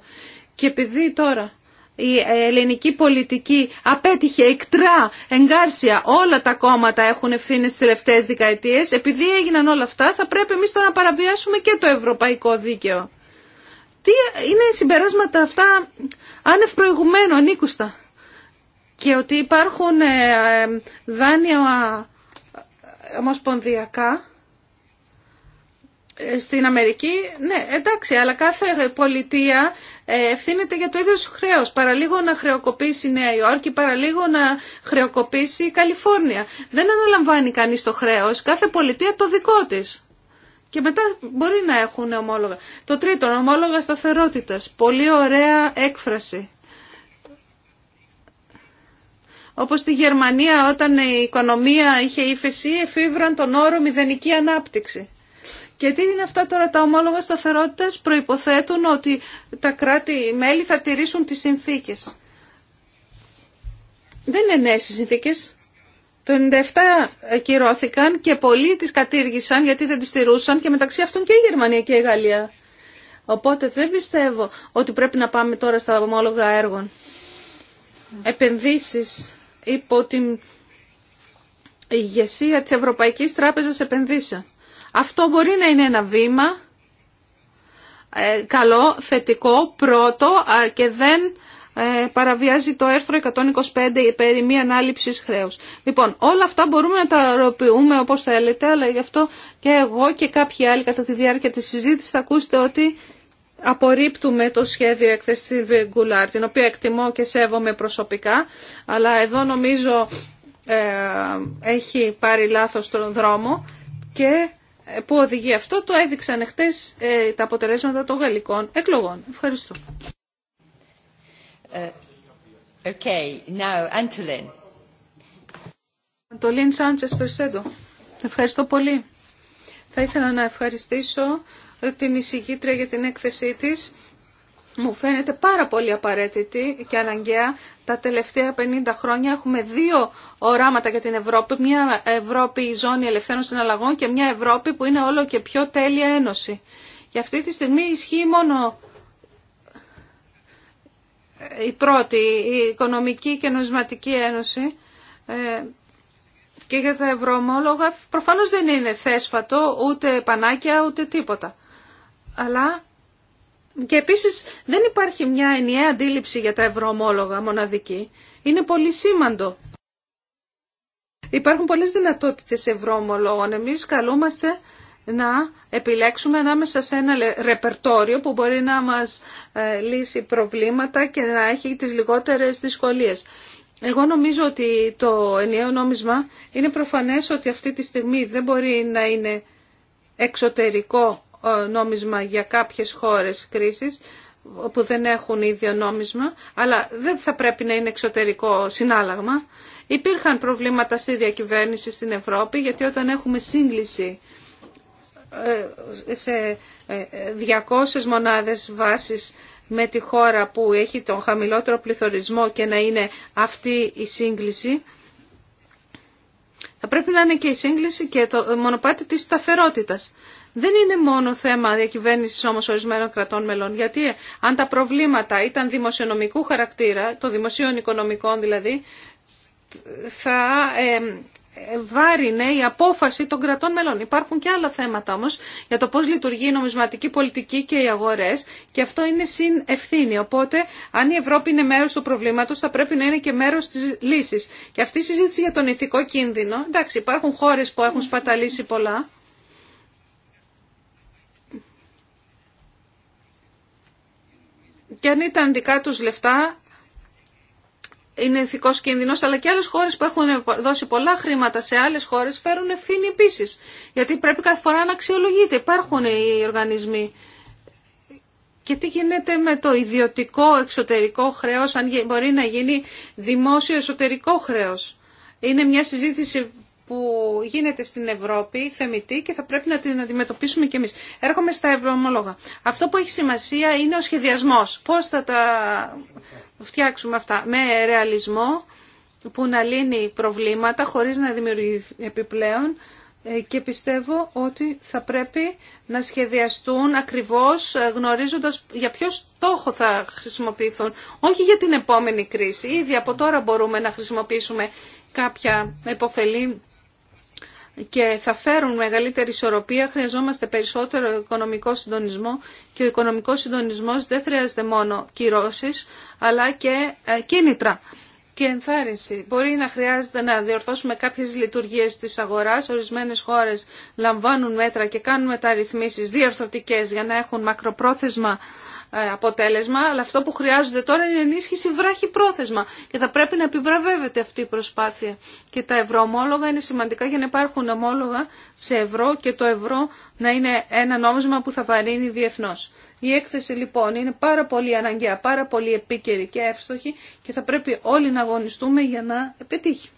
Και επειδή τώρα η ελληνική πολιτική απέτυχε εκτρά, εγκάρσια. Όλα τα κόμματα έχουν ευθύνε τι τελευταίε δεκαετίε. Επειδή έγιναν όλα αυτά, θα πρέπει εμεί τώρα να παραβιάσουμε και το ευρωπαϊκό δίκαιο. Τι είναι οι συμπεράσματα αυτά άνευ προηγουμένου, ανήκουστα. Και ότι υπάρχουν ε, ε, δάνεια ε, ομοσπονδιακά στην Αμερική, ναι, εντάξει, αλλά κάθε πολιτεία ε, ευθύνεται για το ίδιο σου χρέος. Παραλίγο να χρεοκοπήσει η Νέα Υόρκη, παραλίγο να χρεοκοπήσει η Καλιφόρνια. Δεν αναλαμβάνει κανεί το χρέος, κάθε πολιτεία το δικό της. Και μετά μπορεί να έχουν ομόλογα. Το τρίτο, ομόλογα σταθερότητα. Πολύ ωραία έκφραση. Όπως στη Γερμανία όταν η οικονομία είχε ύφεση εφήβραν τον όρο μηδενική ανάπτυξη. Και τι είναι αυτά τώρα τα ομόλογα σταθερότητα προϋποθέτουν ότι τα κράτη-μέλη θα τηρήσουν τις συνθήκες. Δεν είναι νέες οι συνθήκες. Το 97 κυρώθηκαν και πολλοί τις κατήργησαν γιατί δεν τις τηρούσαν και μεταξύ αυτών και η Γερμανία και η Γαλλία. Οπότε δεν πιστεύω ότι πρέπει να πάμε τώρα στα ομόλογα έργων. Επενδύσεις υπό την ηγεσία της Ευρωπαϊκής Τράπεζας Επενδύσεων. Αυτό μπορεί να είναι ένα βήμα ε, καλό, θετικό, πρώτο και δεν ε, παραβιάζει το έρθρο 125 περί μη ανάληψη χρέους. Λοιπόν, όλα αυτά μπορούμε να τα αεροποιούμε όπως θέλετε, αλλά γι' αυτό και εγώ και κάποιοι άλλοι κατά τη διάρκεια τη συζήτηση, θα ακούσετε ότι απορρίπτουμε το σχέδιο έκθεση Γκουλάρ, την οποία εκτιμώ και σέβομαι προσωπικά, αλλά εδώ νομίζω ε, έχει πάρει λάθος τον δρόμο και που οδηγεί αυτό το έδειξαν χτες ε, τα αποτελέσματα των γαλλικών εκλογών. Ευχαριστώ. Ε, okay, now, Antolin. Sanchez Ευχαριστώ πολύ. Θα ήθελα να ευχαριστήσω ε, την εισηγήτρια για την έκθεσή της μου φαίνεται πάρα πολύ απαραίτητη και αναγκαία. Τα τελευταία 50 χρόνια έχουμε δύο οράματα για την Ευρώπη. Μια Ευρώπη η ζώνη ελευθέρων συναλλαγών και μια Ευρώπη που είναι όλο και πιο τέλεια ένωση. Και αυτή τη στιγμή ισχύει μόνο η πρώτη, η Οικονομική και Νομισματική Ένωση. Ε, και για τα ευρωομόλογα προφανώς δεν είναι θέσφατο ούτε πανάκια ούτε τίποτα. Αλλά και επίσης δεν υπάρχει μια ενιαία αντίληψη για τα ευρωομόλογα μοναδική. Είναι πολύ σήμαντο. Υπάρχουν πολλές δυνατότητες ευρωομολόγων. Εμείς καλούμαστε να επιλέξουμε ανάμεσα σε ένα ρεπερτόριο που μπορεί να μας ε, λύσει προβλήματα και να έχει τις λιγότερες δυσκολίες. Εγώ νομίζω ότι το ενιαίο νόμισμα είναι προφανές ότι αυτή τη στιγμή δεν μπορεί να είναι εξωτερικό ε, νόμισμα για κάποιες χώρες κρίσης που δεν έχουν ίδιο νόμισμα, αλλά δεν θα πρέπει να είναι εξωτερικό συνάλλαγμα. Υπήρχαν προβλήματα στη διακυβέρνηση στην Ευρώπη, γιατί όταν έχουμε σύγκληση ε, σε 200 ε, μονάδες βάσης με τη χώρα που έχει τον χαμηλότερο πληθωρισμό και να είναι αυτή η σύγκληση, θα πρέπει να είναι και η σύγκληση και το μονοπάτι της σταθερότητας. Δεν είναι μόνο θέμα διακυβέρνηση όμω ορισμένων κρατών μελών. Γιατί αν τα προβλήματα ήταν δημοσιονομικού χαρακτήρα, των δημοσίων οικονομικών δηλαδή, θα βάρινε η απόφαση των κρατών μελών. Υπάρχουν και άλλα θέματα όμως για το πώς λειτουργεί η νομισματική πολιτική και οι αγορές και αυτό είναι συν ευθύνη. Οπότε αν η Ευρώπη είναι μέρος του προβλήματος θα πρέπει να είναι και μέρος της λύσης. Και αυτή η συζήτηση για τον ηθικό κίνδυνο, εντάξει υπάρχουν χώρες που έχουν σπαταλήσει πολλά, και αν ήταν δικά τους λεφτά είναι ηθικό κίνδυνο, αλλά και άλλες χώρες που έχουν δώσει πολλά χρήματα σε άλλες χώρες φέρουν ευθύνη επίση. Γιατί πρέπει κάθε φορά να αξιολογείται. Υπάρχουν οι οργανισμοί. Και τι γίνεται με το ιδιωτικό εξωτερικό χρέος, αν μπορεί να γίνει δημόσιο εσωτερικό χρέος. Είναι μια συζήτηση που γίνεται στην Ευρώπη θεμητή και θα πρέπει να την αντιμετωπίσουμε κι εμείς. Έρχομαι στα ευρωομόλογα. Αυτό που έχει σημασία είναι ο σχεδιασμός. Πώς θα τα φτιάξουμε αυτά. Με ρεαλισμό που να λύνει προβλήματα χωρίς να δημιουργεί επιπλέον ε, και πιστεύω ότι θα πρέπει να σχεδιαστούν ακριβώς ε, γνωρίζοντας για ποιο στόχο θα χρησιμοποιηθούν. Όχι για την επόμενη κρίση. Ήδη από τώρα μπορούμε να χρησιμοποιήσουμε κάποια υποφελή και θα φέρουν μεγαλύτερη ισορροπία, χρειαζόμαστε περισσότερο οικονομικό συντονισμό και ο οικονομικός συντονισμός δεν χρειάζεται μόνο κυρώσεις αλλά και ε, κίνητρα και ενθάρρυνση. Μπορεί να χρειάζεται να διορθώσουμε κάποιες λειτουργίες της αγοράς. Ορισμένες χώρες λαμβάνουν μέτρα και κάνουν μεταρρυθμίσεις διορθωτικές για να έχουν μακροπρόθεσμα ε, αποτέλεσμα, αλλά αυτό που χρειάζονται τώρα είναι ενίσχυση βράχη πρόθεσμα και θα πρέπει να επιβραβεύεται αυτή η προσπάθεια. Και τα ευρωομόλογα είναι σημαντικά για να υπάρχουν ομόλογα σε ευρώ και το ευρώ να είναι ένα νόμισμα που θα βαρύνει διεθνώ. Η έκθεση λοιπόν είναι πάρα πολύ αναγκαία, πάρα πολύ επίκαιρη και εύστοχη και θα πρέπει όλοι να αγωνιστούμε για να επιτύχει.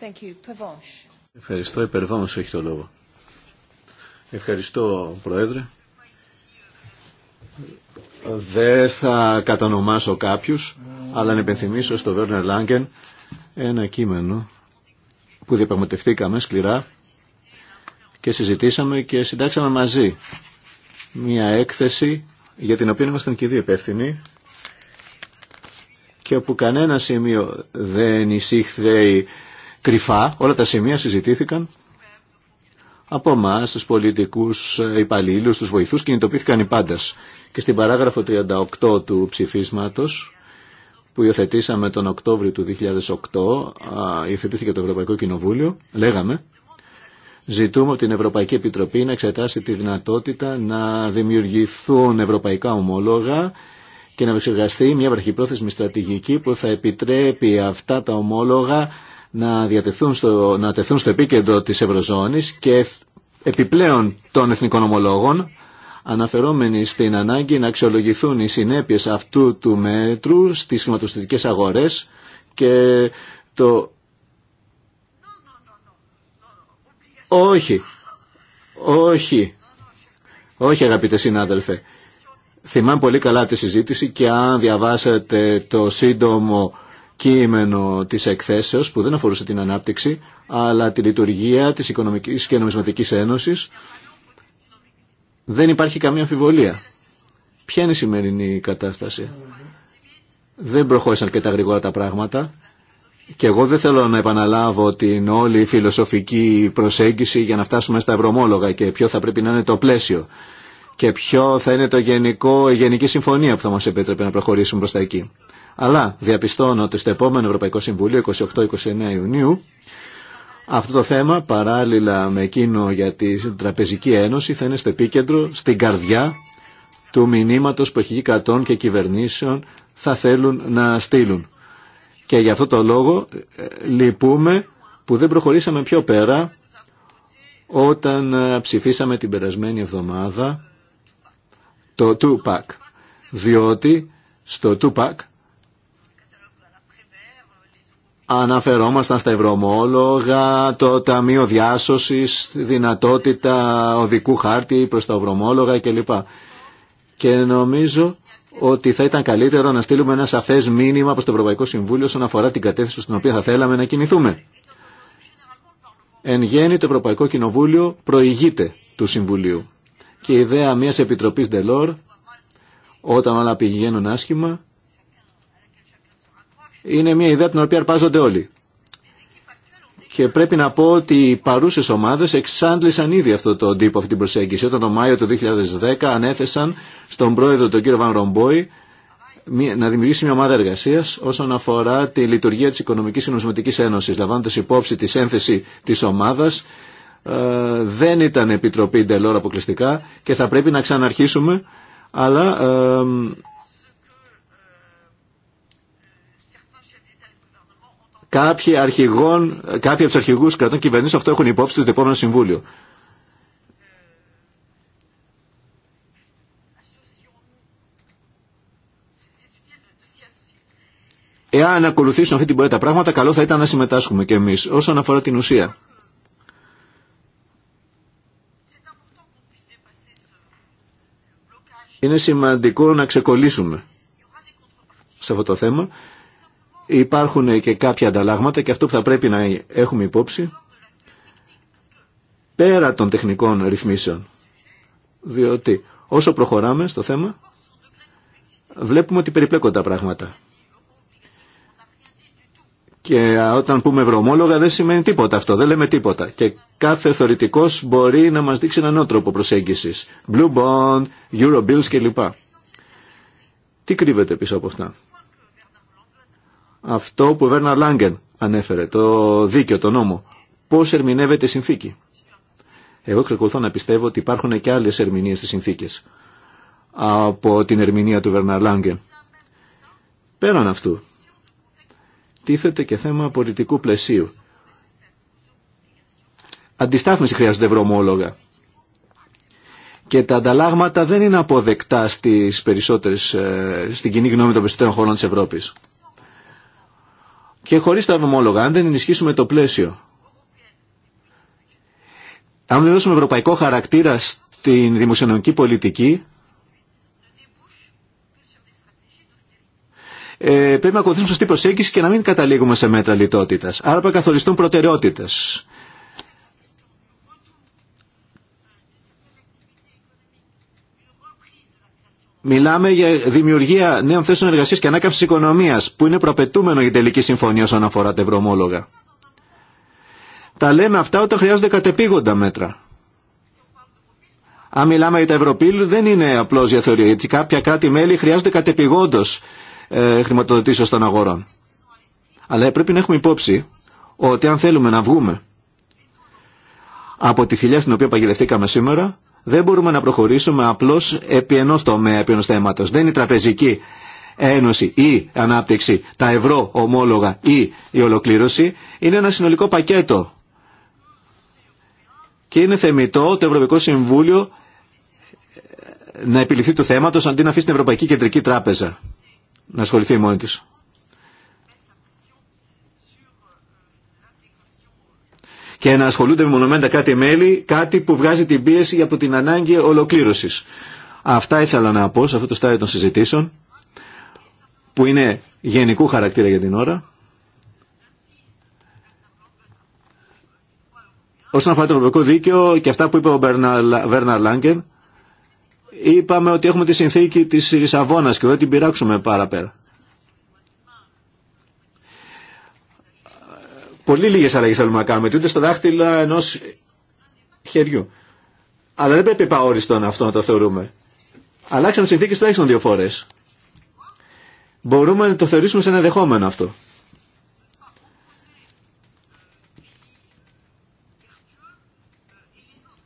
Thank you. Ευχαριστώ, υπερβάμωση έχει το λόγο. Ευχαριστώ, Πρόεδρε. Δεν θα κατανομάσω κάποιους, αλλά να υπενθυμίσω στο Βέρνερ Λάγκεν ένα κείμενο που διαπραγματευτήκαμε σκληρά και συζητήσαμε και συντάξαμε μαζί μια έκθεση για την οποία ήμασταν και δύο υπεύθυνοι και όπου κανένα σημείο δεν εισήχθη κρυφά, όλα τα σημεία συζητήθηκαν από εμά, του πολιτικού ε, υπαλλήλου, του βοηθού, κινητοποιήθηκαν οι πάντε. Και στην παράγραφο 38 του ψηφίσματο, που υιοθετήσαμε τον Οκτώβριο του 2008, υιοθετήθηκε το Ευρωπαϊκό Κοινοβούλιο, λέγαμε, ζητούμε την Ευρωπαϊκή Επιτροπή να εξετάσει τη δυνατότητα να δημιουργηθούν ευρωπαϊκά ομόλογα και να επεξεργαστεί μια βραχυπρόθεσμη στρατηγική που θα επιτρέπει αυτά τα ομόλογα να, διατεθούν στο, να τεθούν στο επίκεντρο της Ευρωζώνης και επιπλέον των εθνικών ομολόγων αναφερόμενοι στην ανάγκη να αξιολογηθούν οι συνέπειες αυτού του μέτρου στις χρηματοστητικές αγορές και το... Όχι, όχι, όχι αγαπητέ συνάδελφε. Θυμάμαι πολύ καλά τη συζήτηση και αν διαβάσετε το σύντομο κείμενο της εκθέσεως που δεν αφορούσε την ανάπτυξη αλλά τη λειτουργία της Οικονομικής και Νομισματικής Ένωσης δεν υπάρχει καμία αμφιβολία. Ποια είναι η σημερινή κατάσταση. Δεν προχώρησαν τα γρήγορα τα πράγματα και εγώ δεν θέλω να επαναλάβω την όλη φιλοσοφική προσέγγιση για να φτάσουμε στα ευρωμόλογα και ποιο θα πρέπει να είναι το πλαίσιο και ποιο θα είναι το γενικό, η γενική συμφωνία που θα μας επέτρεπε να προχωρήσουμε προς τα εκεί. Αλλά διαπιστώνω ότι στο επόμενο Ευρωπαϊκό Συμβούλιο, 28-29 Ιουνίου, αυτό το θέμα, παράλληλα με εκείνο για την Τραπεζική Ένωση, θα είναι στο επίκεντρο, στην καρδιά του μηνύματος που έχει κρατών και κυβερνήσεων θα θέλουν να στείλουν. Και για αυτό το λόγο ε, λυπούμε που δεν προχωρήσαμε πιο πέρα όταν ε, ψηφίσαμε την περασμένη εβδομάδα το 2 Διότι στο 2 Αναφερόμασταν στα ευρωμόλογα, το Ταμείο Διάσωσης, δυνατότητα οδικού χάρτη προς τα ευρωμόλογα κλπ. Και νομίζω ότι θα ήταν καλύτερο να στείλουμε ένα σαφές μήνυμα προς το Ευρωπαϊκό Συμβούλιο όσον αφορά την κατεύθυνση στην οποία θα θέλαμε να κινηθούμε. Εν γέννη το Ευρωπαϊκό Κοινοβούλιο προηγείται του Συμβουλίου. Και η ιδέα μιας Επιτροπής Δελόρ, όταν όλα πηγαίνουν άσχημα, είναι μια ιδέα την οποία αρπάζονται όλοι. Και πρέπει να πω ότι οι παρούσε ομάδε εξάντλησαν ήδη αυτό το τύπο, αυτή την προσέγγιση. Όταν το Μάιο του 2010 ανέθεσαν στον πρόεδρο τον κύριο Βαν Ρομπόη να δημιουργήσει μια ομάδα εργασία όσον αφορά τη λειτουργία τη Οικονομική και Νομισματική Ένωση. Λαμβάνοντα υπόψη τη ένθεση τη ομάδα, ε, δεν ήταν επιτροπή εντελώ αποκλειστικά και θα πρέπει να ξαναρχίσουμε, αλλά ε, Κάποιοι, αρχηγών, κάποιοι από του αρχηγού κρατών κυβερνήσεων αυτό έχουν υπόψη του το επόμενο συμβούλιο. Εάν ακολουθήσουν αυτή την πορεία τα πράγματα, καλό θα ήταν να συμμετάσχουμε κι εμείς όσον αφορά την ουσία. Είναι σημαντικό να ξεκολλήσουμε σε αυτό το θέμα. Υπάρχουν και κάποια ανταλλάγματα και αυτό που θα πρέπει να έχουμε υπόψη πέρα των τεχνικών ρυθμίσεων. Διότι όσο προχωράμε στο θέμα βλέπουμε ότι περιπλέκονται τα πράγματα. Και όταν πούμε ευρωομόλογα δεν σημαίνει τίποτα αυτό, δεν λέμε τίποτα. Και κάθε θεωρητικός μπορεί να μας δείξει έναν νέο τρόπο προσέγγισης. Blue Bond, Euro Bills κλπ. Τι κρύβεται πίσω από αυτά αυτό που Βέρνα Λάγκεν ανέφερε, το δίκαιο, το νόμο. Πώς ερμηνεύεται η συνθήκη. Εγώ εξακολουθώ να πιστεύω ότι υπάρχουν και άλλες ερμηνείες στις συνθήκε. από την ερμηνεία του Βέρνα Λάγκεν. Πέραν αυτού, τίθεται και θέμα πολιτικού πλαισίου. Αντιστάθμιση χρειάζονται ευρωομόλογα. Και τα ανταλλάγματα δεν είναι αποδεκτά στις περισσότερες, ε, στην κοινή γνώμη των περισσότερων χωρών της Ευρώπης και χωρίς τα ευρωμόλογα, αν δεν ενισχύσουμε το πλαίσιο, αν δεν δώσουμε ευρωπαϊκό χαρακτήρα στην δημοσιονομική πολιτική, ε, πρέπει να ακολουθήσουμε σωστή προσέγγιση και να μην καταλήγουμε σε μέτρα λιτότητας. Άρα πρέπει να καθοριστούν προτεραιότητες Μιλάμε για δημιουργία νέων θέσεων εργασία και ανάκαμψη οικονομία, που είναι προπετούμενο για τελική συμφωνία όσον αφορά τα ευρωομόλογα. Τα λέμε αυτά όταν χρειάζονται κατεπήγοντα μέτρα. Αν μιλάμε για τα Ευρωπήλ, δεν είναι απλώ για θεωρία, γιατί κάποια κράτη-μέλη χρειάζονται κατεπηγόντω ε, χρηματοδοτήσεω των αγορών. Αλλά πρέπει να έχουμε υπόψη ότι αν θέλουμε να βγούμε από τη θηλιά στην οποία παγιδευτήκαμε σήμερα, δεν μπορούμε να προχωρήσουμε απλώς επί ενός τομέα, επί ενός θέματος. Δεν είναι η τραπεζική ένωση ή ανάπτυξη, τα ευρώ ομόλογα ή η ολοκλήρωση, είναι ένα συνολικό πακέτο. Και είναι θεμητό το Ευρωπαϊκό Συμβούλιο να επιληθεί του θέματος αντί να αφήσει την Ευρωπαϊκή Κεντρική Τράπεζα να ασχοληθεί μόνη της. και να ασχολούνται με μονομένα κάτι μελη κάτι που βγάζει την πίεση από την ανάγκη ολοκλήρωσης. Αυτά ήθελα να πω σε αυτό το στάδιο των συζητήσεων, που είναι γενικού χαρακτήρα για την ώρα. Όσον αφορά το Ευρωπαϊκό Δίκαιο και αυτά που είπε ο Βέρναρ Λάγκεν, είπαμε ότι έχουμε τη συνθήκη της Λισαβόνας και δεν την πειράξουμε παραπέρα. Πολύ λίγες αλλαγές θέλουμε να κάνουμε, ούτε στο δάχτυλο ενός χεριού. Αλλά δεν πρέπει να αυτό να το θεωρούμε. Αλλάξαν Αλλάξαμε συνθήκε τουλάχιστον δύο φορέ. Μπορούμε να το θεωρήσουμε σε ενδεχόμενο αυτό.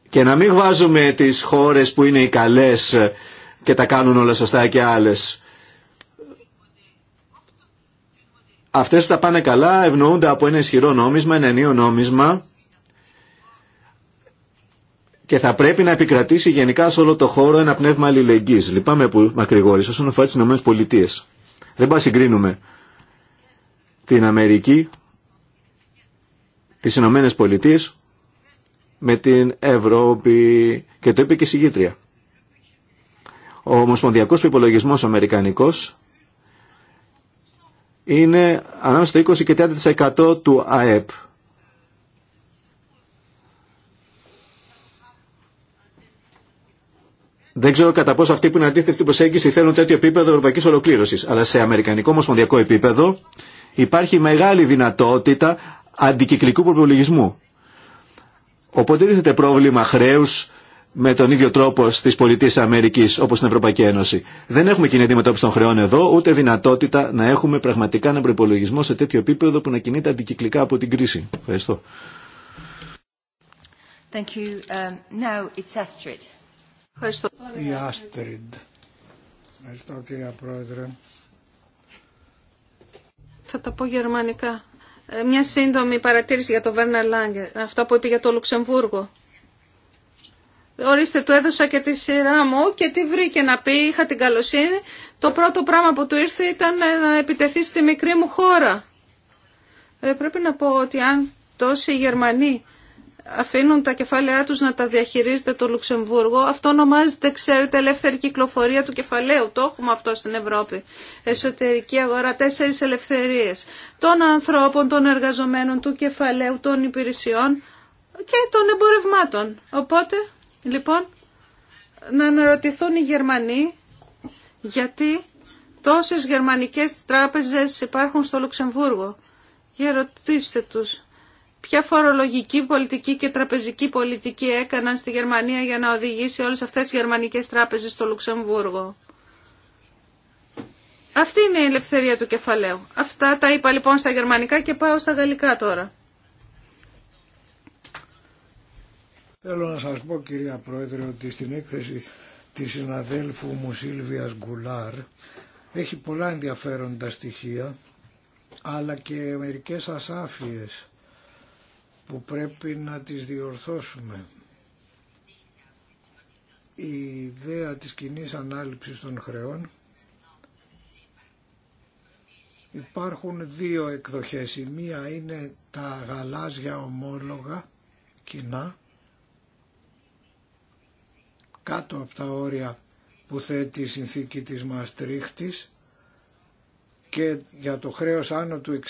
Και να μην βάζουμε τις χώρες που είναι οι καλές και τα κάνουν όλα σωστά και άλλες. Αυτές τα πάνε καλά ευνοούνται από ένα ισχυρό νόμισμα, ένα νέο νόμισμα και θα πρέπει να επικρατήσει γενικά σε όλο το χώρο ένα πνεύμα αλληλεγγύης. Λυπάμαι που μακρηγόρησα όσον αφορά τις Ηνωμένες Δεν να συγκρίνουμε την Αμερική, τις Ηνωμένε Πολιτείε με την Ευρώπη και το είπε και η συγγήτρια. Ο Ομοσπονδιακός Υπολογισμός Αμερικανικός είναι ανάμεσα στο 20 και 30% του ΑΕΠ. Δεν ξέρω κατά πόσο αυτοί που είναι αντίθετοι στην προσέγγιση θέλουν τέτοιο επίπεδο ευρωπαϊκή ολοκλήρωση. Αλλά σε αμερικανικό ομοσπονδιακό επίπεδο υπάρχει μεγάλη δυνατότητα αντικυκλικού προπολογισμού. Οπότε δίθεται πρόβλημα χρέου με τον ίδιο τρόπο στι πολιτείε Αμερική όπω στην Ευρωπαϊκή Ένωση. Δεν έχουμε κοινή αντιμετώπιση των χρεών εδώ, ούτε δυνατότητα να έχουμε πραγματικά έναν προπολογισμό σε τέτοιο επίπεδο που να κινείται αντικυκλικά από την κρίση. Ευχαριστώ. Thank you. Um, now it's Astrid. Ευχαριστώ. Η Άστριντ. Ευχαριστώ κύριε Πρόεδρε. Θα τα πω γερμανικά. Ε, μια σύντομη παρατήρηση για τον Βέρνερ Λάγκερ, αυτό που είπε για το Λουξεμβούργο ορίστε του έδωσα και τη σειρά μου και τι βρήκε να πει, είχα την καλοσύνη. Το πρώτο πράγμα που του ήρθε ήταν να επιτεθεί στη μικρή μου χώρα. Ε, πρέπει να πω ότι αν τόσοι Γερμανοί αφήνουν τα κεφάλαιά τους να τα διαχειρίζεται το Λουξεμβούργο, αυτό ονομάζεται, ξέρετε, ελεύθερη κυκλοφορία του κεφαλαίου. Το έχουμε αυτό στην Ευρώπη. Εσωτερική αγορά, τέσσερις ελευθερίες. Των ανθρώπων, των εργαζομένων, του κεφαλαίου, των υπηρεσιών και των εμπορευμάτων. Οπότε Λοιπόν, να αναρωτηθούν οι Γερμανοί γιατί τόσες γερμανικές τράπεζες υπάρχουν στο Λουξεμβούργο. Για ρωτήστε τους ποια φορολογική πολιτική και τραπεζική πολιτική έκαναν στη Γερμανία για να οδηγήσει όλες αυτές τις γερμανικές τράπεζες στο Λουξεμβούργο. Αυτή είναι η ελευθερία του κεφαλαίου. Αυτά τα είπα λοιπόν στα γερμανικά και πάω στα γαλλικά τώρα. Θέλω να σας πω κυρία Πρόεδρε ότι στην έκθεση της συναδέλφου μου Σίλβιας Γκουλάρ έχει πολλά ενδιαφέροντα στοιχεία αλλά και μερικές ασάφειες που πρέπει να τις διορθώσουμε. Η ιδέα της κοινή ανάληψης των χρεών υπάρχουν δύο εκδοχές. Η μία είναι τα γαλάζια ομόλογα κοινά κάτω από τα όρια που θέτει η συνθήκη της Μαστρίχτης και για το χρέος άνω του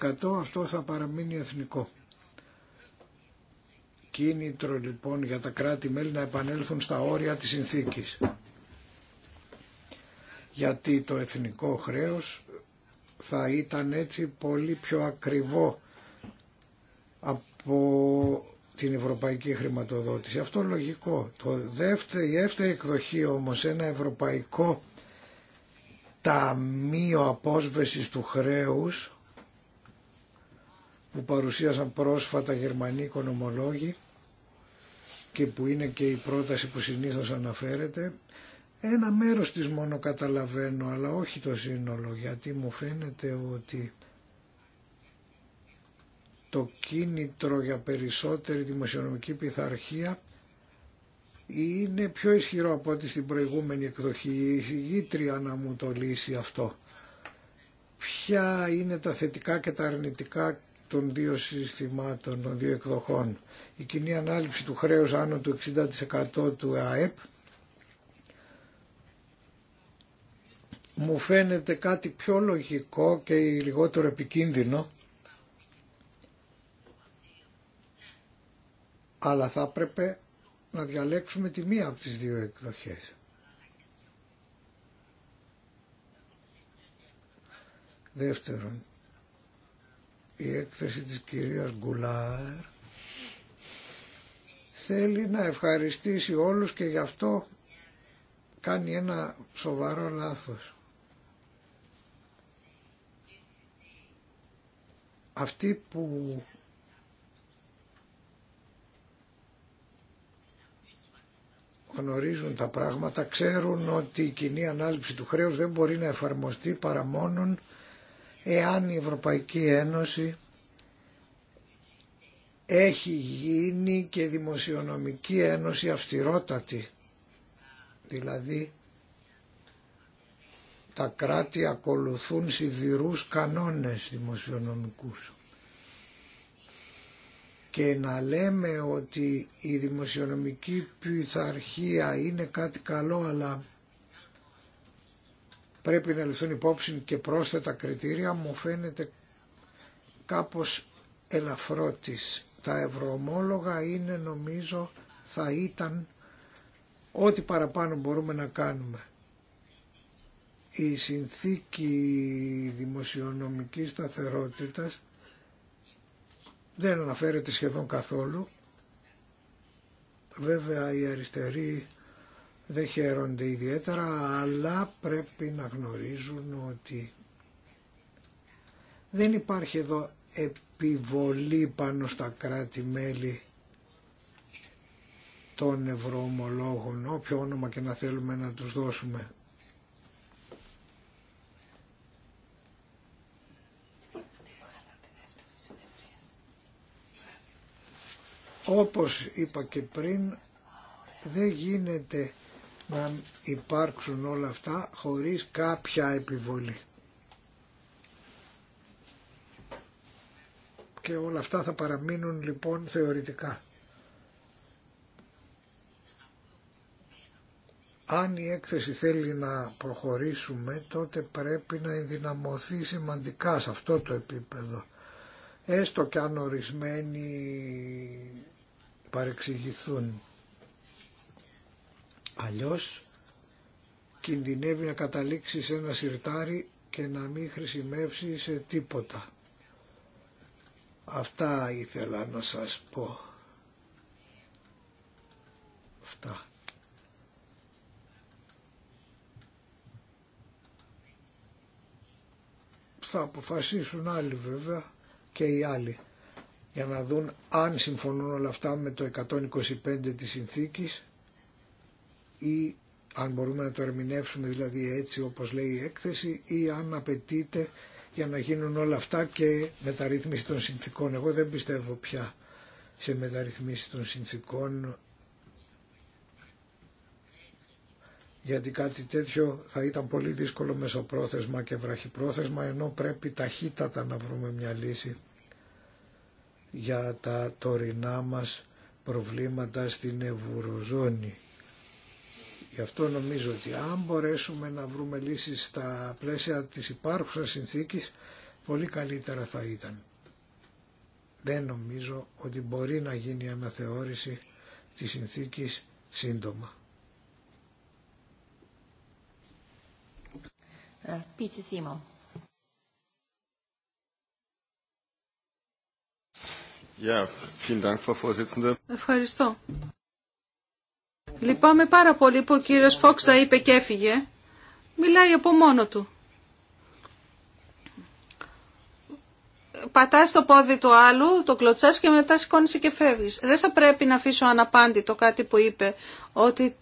60% αυτό θα παραμείνει εθνικό. Κίνητρο λοιπόν για τα κράτη-μέλη να επανέλθουν στα όρια της συνθήκης. Γιατί το εθνικό χρέος θα ήταν έτσι πολύ πιο ακριβό από την ευρωπαϊκή χρηματοδότηση. Αυτό λογικό. Το δεύτερο, η δεύτερη εκδοχή όμως ένα ευρωπαϊκό ταμείο απόσβεσης του χρέους που παρουσίασαν πρόσφατα γερμανοί οικονομολόγοι και που είναι και η πρόταση που συνήθως αναφέρεται ένα μέρος της μόνο καταλαβαίνω αλλά όχι το σύνολο γιατί μου φαίνεται ότι το κίνητρο για περισσότερη δημοσιονομική πειθαρχία είναι πιο ισχυρό από ό,τι στην προηγούμενη εκδοχή. Η να μου το λύσει αυτό. Ποια είναι τα θετικά και τα αρνητικά των δύο συστημάτων, των δύο εκδοχών. Η κοινή ανάληψη του χρέους άνω του 60% του ΑΕΠ μου φαίνεται κάτι πιο λογικό και λιγότερο επικίνδυνο αλλά θα έπρεπε να διαλέξουμε τη μία από τις δύο εκδοχές. Δεύτερον, η έκθεση της κυρίας Γκουλάρ θέλει να ευχαριστήσει όλους και γι' αυτό κάνει ένα σοβαρό λάθος. Αυτοί που γνωρίζουν τα πράγματα ξέρουν ότι η κοινή ανάληψη του χρέους δεν μπορεί να εφαρμοστεί παρά μόνον εάν η Ευρωπαϊκή Ένωση έχει γίνει και δημοσιονομική ένωση αυστηρότατη. Δηλαδή τα κράτη ακολουθούν σιδηρούς κανόνες δημοσιονομικούς και να λέμε ότι η δημοσιονομική πειθαρχία είναι κάτι καλό αλλά πρέπει να ληφθούν υπόψη και πρόσθετα κριτήρια μου φαίνεται κάπως ελαφρότης. Τα ευρωομόλογα είναι νομίζω θα ήταν ό,τι παραπάνω μπορούμε να κάνουμε. Η συνθήκη δημοσιονομικής σταθερότητας δεν αναφέρεται σχεδόν καθόλου. Βέβαια οι αριστεροί δεν χαίρονται ιδιαίτερα, αλλά πρέπει να γνωρίζουν ότι δεν υπάρχει εδώ επιβολή πάνω στα κράτη-μέλη των ευρωομολόγων, όποιο όνομα και να θέλουμε να τους δώσουμε. Όπως είπα και πριν, δεν γίνεται να υπάρξουν όλα αυτά χωρίς κάποια επιβολή. Και όλα αυτά θα παραμείνουν λοιπόν θεωρητικά. Αν η έκθεση θέλει να προχωρήσουμε τότε πρέπει να ενδυναμωθεί σημαντικά σε αυτό το επίπεδο έστω και αν ορισμένοι παρεξηγηθούν. Αλλιώς κινδυνεύει να καταλήξει ένα σιρτάρι και να μην χρησιμεύσει σε τίποτα. Αυτά ήθελα να σας πω. Αυτά. Θα αποφασίσουν άλλοι βέβαια και οι άλλοι για να δουν αν συμφωνούν όλα αυτά με το 125 της συνθήκης ή αν μπορούμε να το ερμηνεύσουμε δηλαδή έτσι όπως λέει η έκθεση ή αν απαιτείται για να γίνουν όλα αυτά και μεταρρύθμιση των συνθήκων. Εγώ δεν πιστεύω πια σε μεταρρυθμίσεις των συνθήκων γιατί κάτι τέτοιο θα ήταν πολύ δύσκολο μεσοπρόθεσμα και βραχυπρόθεσμα ενώ πρέπει ταχύτατα να βρούμε μια λύση για τα τωρινά μας προβλήματα στην Ευρωζώνη. Γι' αυτό νομίζω ότι αν μπορέσουμε να βρούμε λύσεις στα πλαίσια της υπάρχουσας συνθήκης, πολύ καλύτερα θα ήταν. Δεν νομίζω ότι μπορεί να γίνει αναθεώρηση της συνθήκης σύντομα. Ε, Ευχαριστώ. Λυπάμαι πάρα πολύ που ο κύριος Φόξ τα είπε και έφυγε. Μιλάει από μόνο του. πατάς το πόδι του άλλου, το κλωτσάς και μετά σηκώνεσαι και φεύγεις. Δεν θα πρέπει να αφήσω αναπάντητο κάτι που είπε, ότι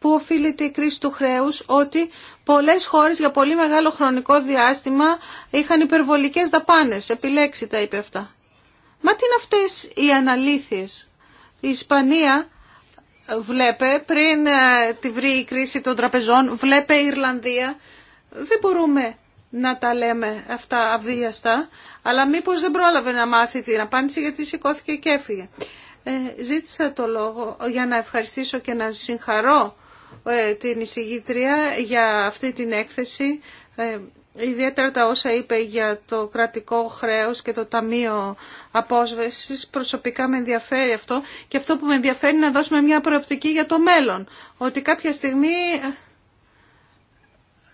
που οφείλεται η κρίση του χρέους ότι πολλές χώρες για πολύ μεγάλο χρονικό διάστημα είχαν υπερβολικές δαπάνες. Επιλέξει τα είπε αυτά. Μα τι είναι αυτές οι αναλήθειες. Η Ισπανία ε, βλέπε πριν ε, τη βρει η κρίση των τραπεζών, βλέπε η Ιρλανδία. Δεν μπορούμε να τα λέμε αυτά αβίαστα, αλλά μήπως δεν πρόλαβε να μάθει την απάντηση γιατί σηκώθηκε και έφυγε. Ε, ζήτησα το λόγο για να ευχαριστήσω και να συγχαρώ ε, την εισηγήτρια για αυτή την έκθεση, ε, ιδιαίτερα τα όσα είπε για το κρατικό χρέος και το Ταμείο Απόσβεσης. Προσωπικά με ενδιαφέρει αυτό και αυτό που με ενδιαφέρει είναι να δώσουμε μια προοπτική για το μέλλον. Ότι κάποια στιγμή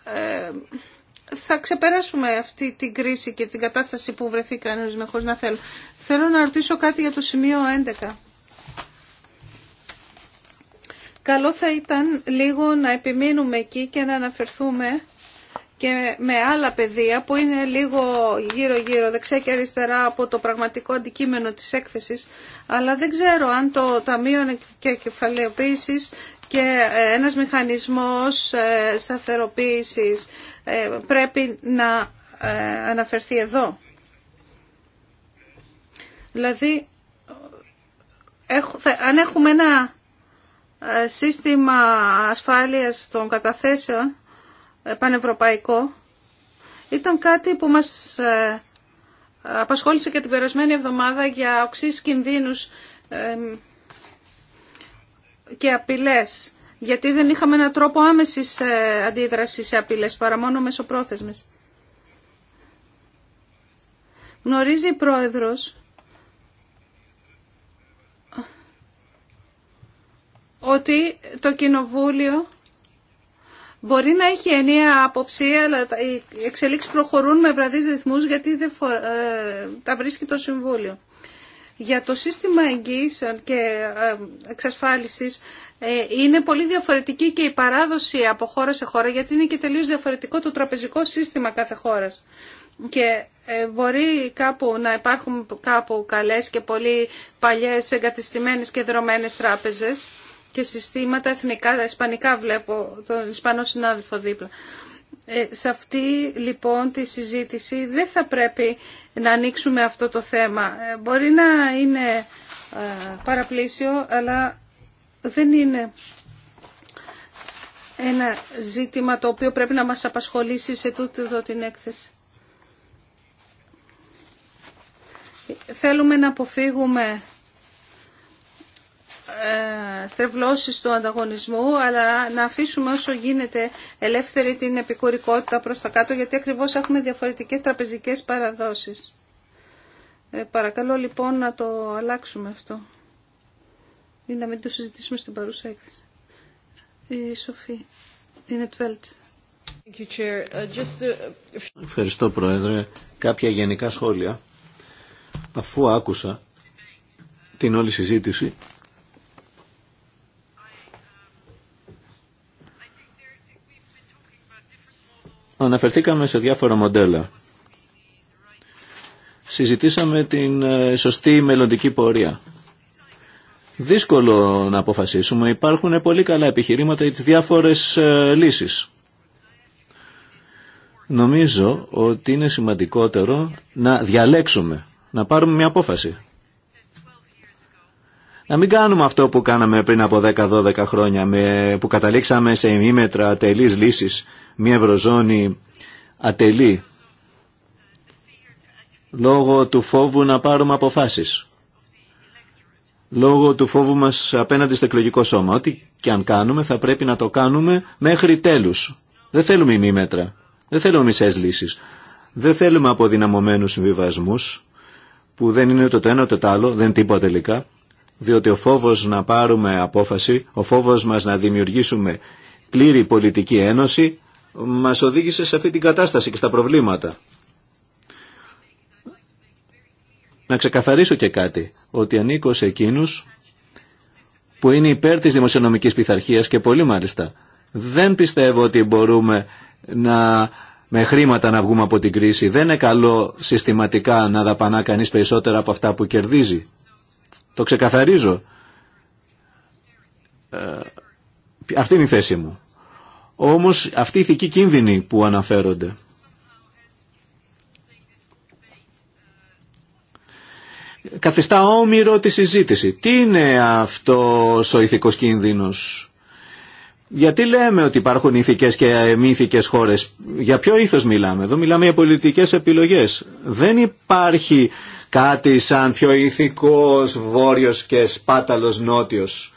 ε, θα ξεπεράσουμε αυτή την κρίση και την κατάσταση που βρεθήκαν με χωρίς να θέλω. Θέλω να ρωτήσω κάτι για το σημείο 11. Καλό θα ήταν λίγο να επιμείνουμε εκεί και να αναφερθούμε και με άλλα πεδία που είναι λίγο γύρω-γύρω, δεξιά και αριστερά από το πραγματικό αντικείμενο της έκθεσης, αλλά δεν ξέρω αν το Ταμείο και Κεφαλαιοποίησης και ένας μηχανισμός ε, σταθεροποίησης ε, πρέπει να ε, αναφερθεί εδώ. Δηλαδή, αν έχουμε ένα ε, σύστημα ασφάλειας των καταθέσεων ε, πανευρωπαϊκό ήταν κάτι που μας ε, απασχόλησε και την περασμένη εβδομάδα για οξύς κινδύνους και απειλές. Γιατί δεν είχαμε έναν τρόπο άμεσης αντίδρασης σε απειλές, παρά μόνο μεσοπρόθεσμες. Γνωρίζει η Πρόεδρος ότι το Κοινοβούλιο μπορεί να έχει ενιαία άποψη, αλλά οι εξελίξεις προχωρούν με βραδείς ρυθμούς γιατί δεν ε, τα βρίσκει το Συμβούλιο. Για το σύστημα εγγύησεων και ε, εξασφάλισης ε, είναι πολύ διαφορετική και η παράδοση από χώρα σε χώρα γιατί είναι και τελείως διαφορετικό το τραπεζικό σύστημα κάθε χώρας. Και μπορεί κάπου να υπάρχουν κάπου καλές και πολύ παλιές εγκατεστημένες και δρομένες τράπεζες και συστήματα εθνικά, ισπανικά βλέπω τον Ισπανό συνάδελφο δίπλα. Ε, σε αυτή λοιπόν τη συζήτηση δεν θα πρέπει να ανοίξουμε αυτό το θέμα. Ε, μπορεί να είναι ε, παραπλήσιο, αλλά δεν είναι ένα ζήτημα το οποίο πρέπει να μας απασχολήσει σε τούτη εδώ την έκθεση. Θέλουμε να αποφύγουμε ε, στρεβλώσεις του ανταγωνισμού, αλλά να αφήσουμε όσο γίνεται ελεύθερη την επικουρικότητα προς τα κάτω, γιατί ακριβώς έχουμε διαφορετικές τραπεζικές παραδόσεις. Ε, παρακαλώ λοιπόν να το αλλάξουμε αυτό ή να μην το συζητήσουμε στην παρούσα έκθεση. Η Σοφή, είναι τβέλτς. Uh, Ευχαριστώ Πρόεδρε. Κάποια γενικά σχόλια. Αφού άκουσα την όλη συζήτηση αναφερθήκαμε σε διάφορα μοντέλα. Συζητήσαμε την ε, σωστή μελλοντική πορεία. Δύσκολο να αποφασίσουμε. Υπάρχουν πολύ καλά επιχειρήματα για τις διάφορες ε, λύσεις. Νομίζω ότι είναι σημαντικότερο να διαλέξουμε, να πάρουμε μια απόφαση να μην κάνουμε αυτό που κάναμε πριν από 10-12 χρόνια με, που καταλήξαμε σε ημίμετρα ατελείς λύσεις μια ευρωζώνη ατελή λόγω του φόβου να πάρουμε αποφάσεις λόγω του φόβου μας απέναντι στο εκλογικό σώμα ό,τι και αν κάνουμε θα πρέπει να το κάνουμε μέχρι τέλους δεν θέλουμε ημίμετρα δεν θέλουμε μισές λύσεις δεν θέλουμε αποδυναμωμένους συμβιβασμούς που δεν είναι ούτε το ένα ούτε το άλλο, δεν τίποτα τελικά διότι ο φόβος να πάρουμε απόφαση, ο φόβος μας να δημιουργήσουμε πλήρη πολιτική ένωση, μας οδήγησε σε αυτή την κατάσταση και στα προβλήματα. Να ξεκαθαρίσω και κάτι, ότι ανήκω σε εκείνους που είναι υπέρ της δημοσιονομικής πειθαρχία και πολύ μάλιστα. Δεν πιστεύω ότι μπορούμε να με χρήματα να βγούμε από την κρίση. Δεν είναι καλό συστηματικά να δαπανά κανείς περισσότερα από αυτά που κερδίζει. Το ξεκαθαρίζω. Ε, αυτή είναι η θέση μου. Όμως αυτοί οι ηθικοί κίνδυνοι που αναφέρονται καθιστά όμοιρο τη συζήτηση. Τι είναι αυτό ο ηθικός κίνδυνος. Γιατί λέμε ότι υπάρχουν ηθικές και μη ηθικές χώρες. Για ποιο ήθος μιλάμε. Εδώ μιλάμε για πολιτικές επιλογές. Δεν υπάρχει κάτι σαν πιο ηθικός βόρειος και σπάταλος νότιος.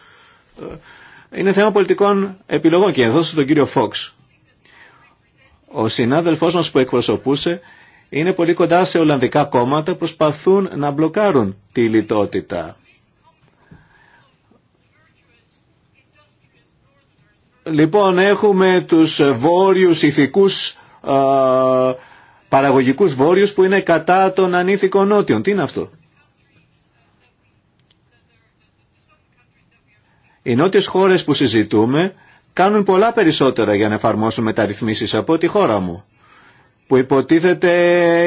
Είναι θέμα πολιτικών επιλογών και εδώ στον κύριο Φόξ. Ο συνάδελφός μας που εκπροσωπούσε είναι πολύ κοντά σε Ολλανδικά κόμματα που προσπαθούν να μπλοκάρουν τη λιτότητα. Λοιπόν, έχουμε τους βόρειους ηθικούς παραγωγικούς βόρειους που είναι κατά των ανήθικων νότιων. Τι είναι αυτό. Οι νότιες χώρες που συζητούμε κάνουν πολλά περισσότερα για να εφαρμόσουν μεταρρυθμίσεις από τη χώρα μου που υποτίθεται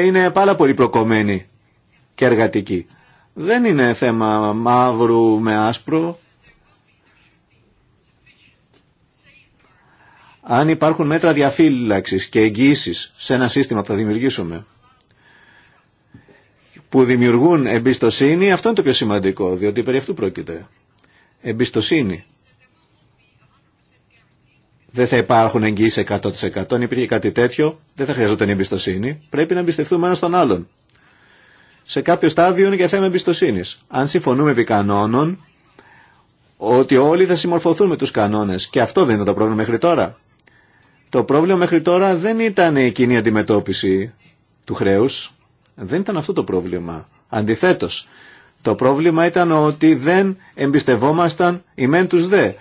είναι πάρα πολύ προκομμένη και εργατική. Δεν είναι θέμα μαύρου με άσπρο, αν υπάρχουν μέτρα διαφύλαξης και εγγύησης σε ένα σύστημα που θα δημιουργήσουμε που δημιουργούν εμπιστοσύνη, αυτό είναι το πιο σημαντικό, διότι περί αυτού πρόκειται. Εμπιστοσύνη. Δεν θα υπάρχουν εγγύησει 100%. Αν υπήρχε κάτι τέτοιο, δεν θα χρειαζόταν εμπιστοσύνη. Πρέπει να εμπιστευτούμε ένα τον άλλον. Σε κάποιο στάδιο είναι και θέμα εμπιστοσύνη. Αν συμφωνούμε επί κανόνων, ότι όλοι θα συμμορφωθούν με του κανόνε. Και αυτό δεν είναι το πρόβλημα μέχρι τώρα. Το πρόβλημα μέχρι τώρα δεν ήταν η κοινή αντιμετώπιση του χρέους. Δεν ήταν αυτό το πρόβλημα. Αντιθέτως, το πρόβλημα ήταν ότι δεν εμπιστευόμασταν οι μεν τους δε.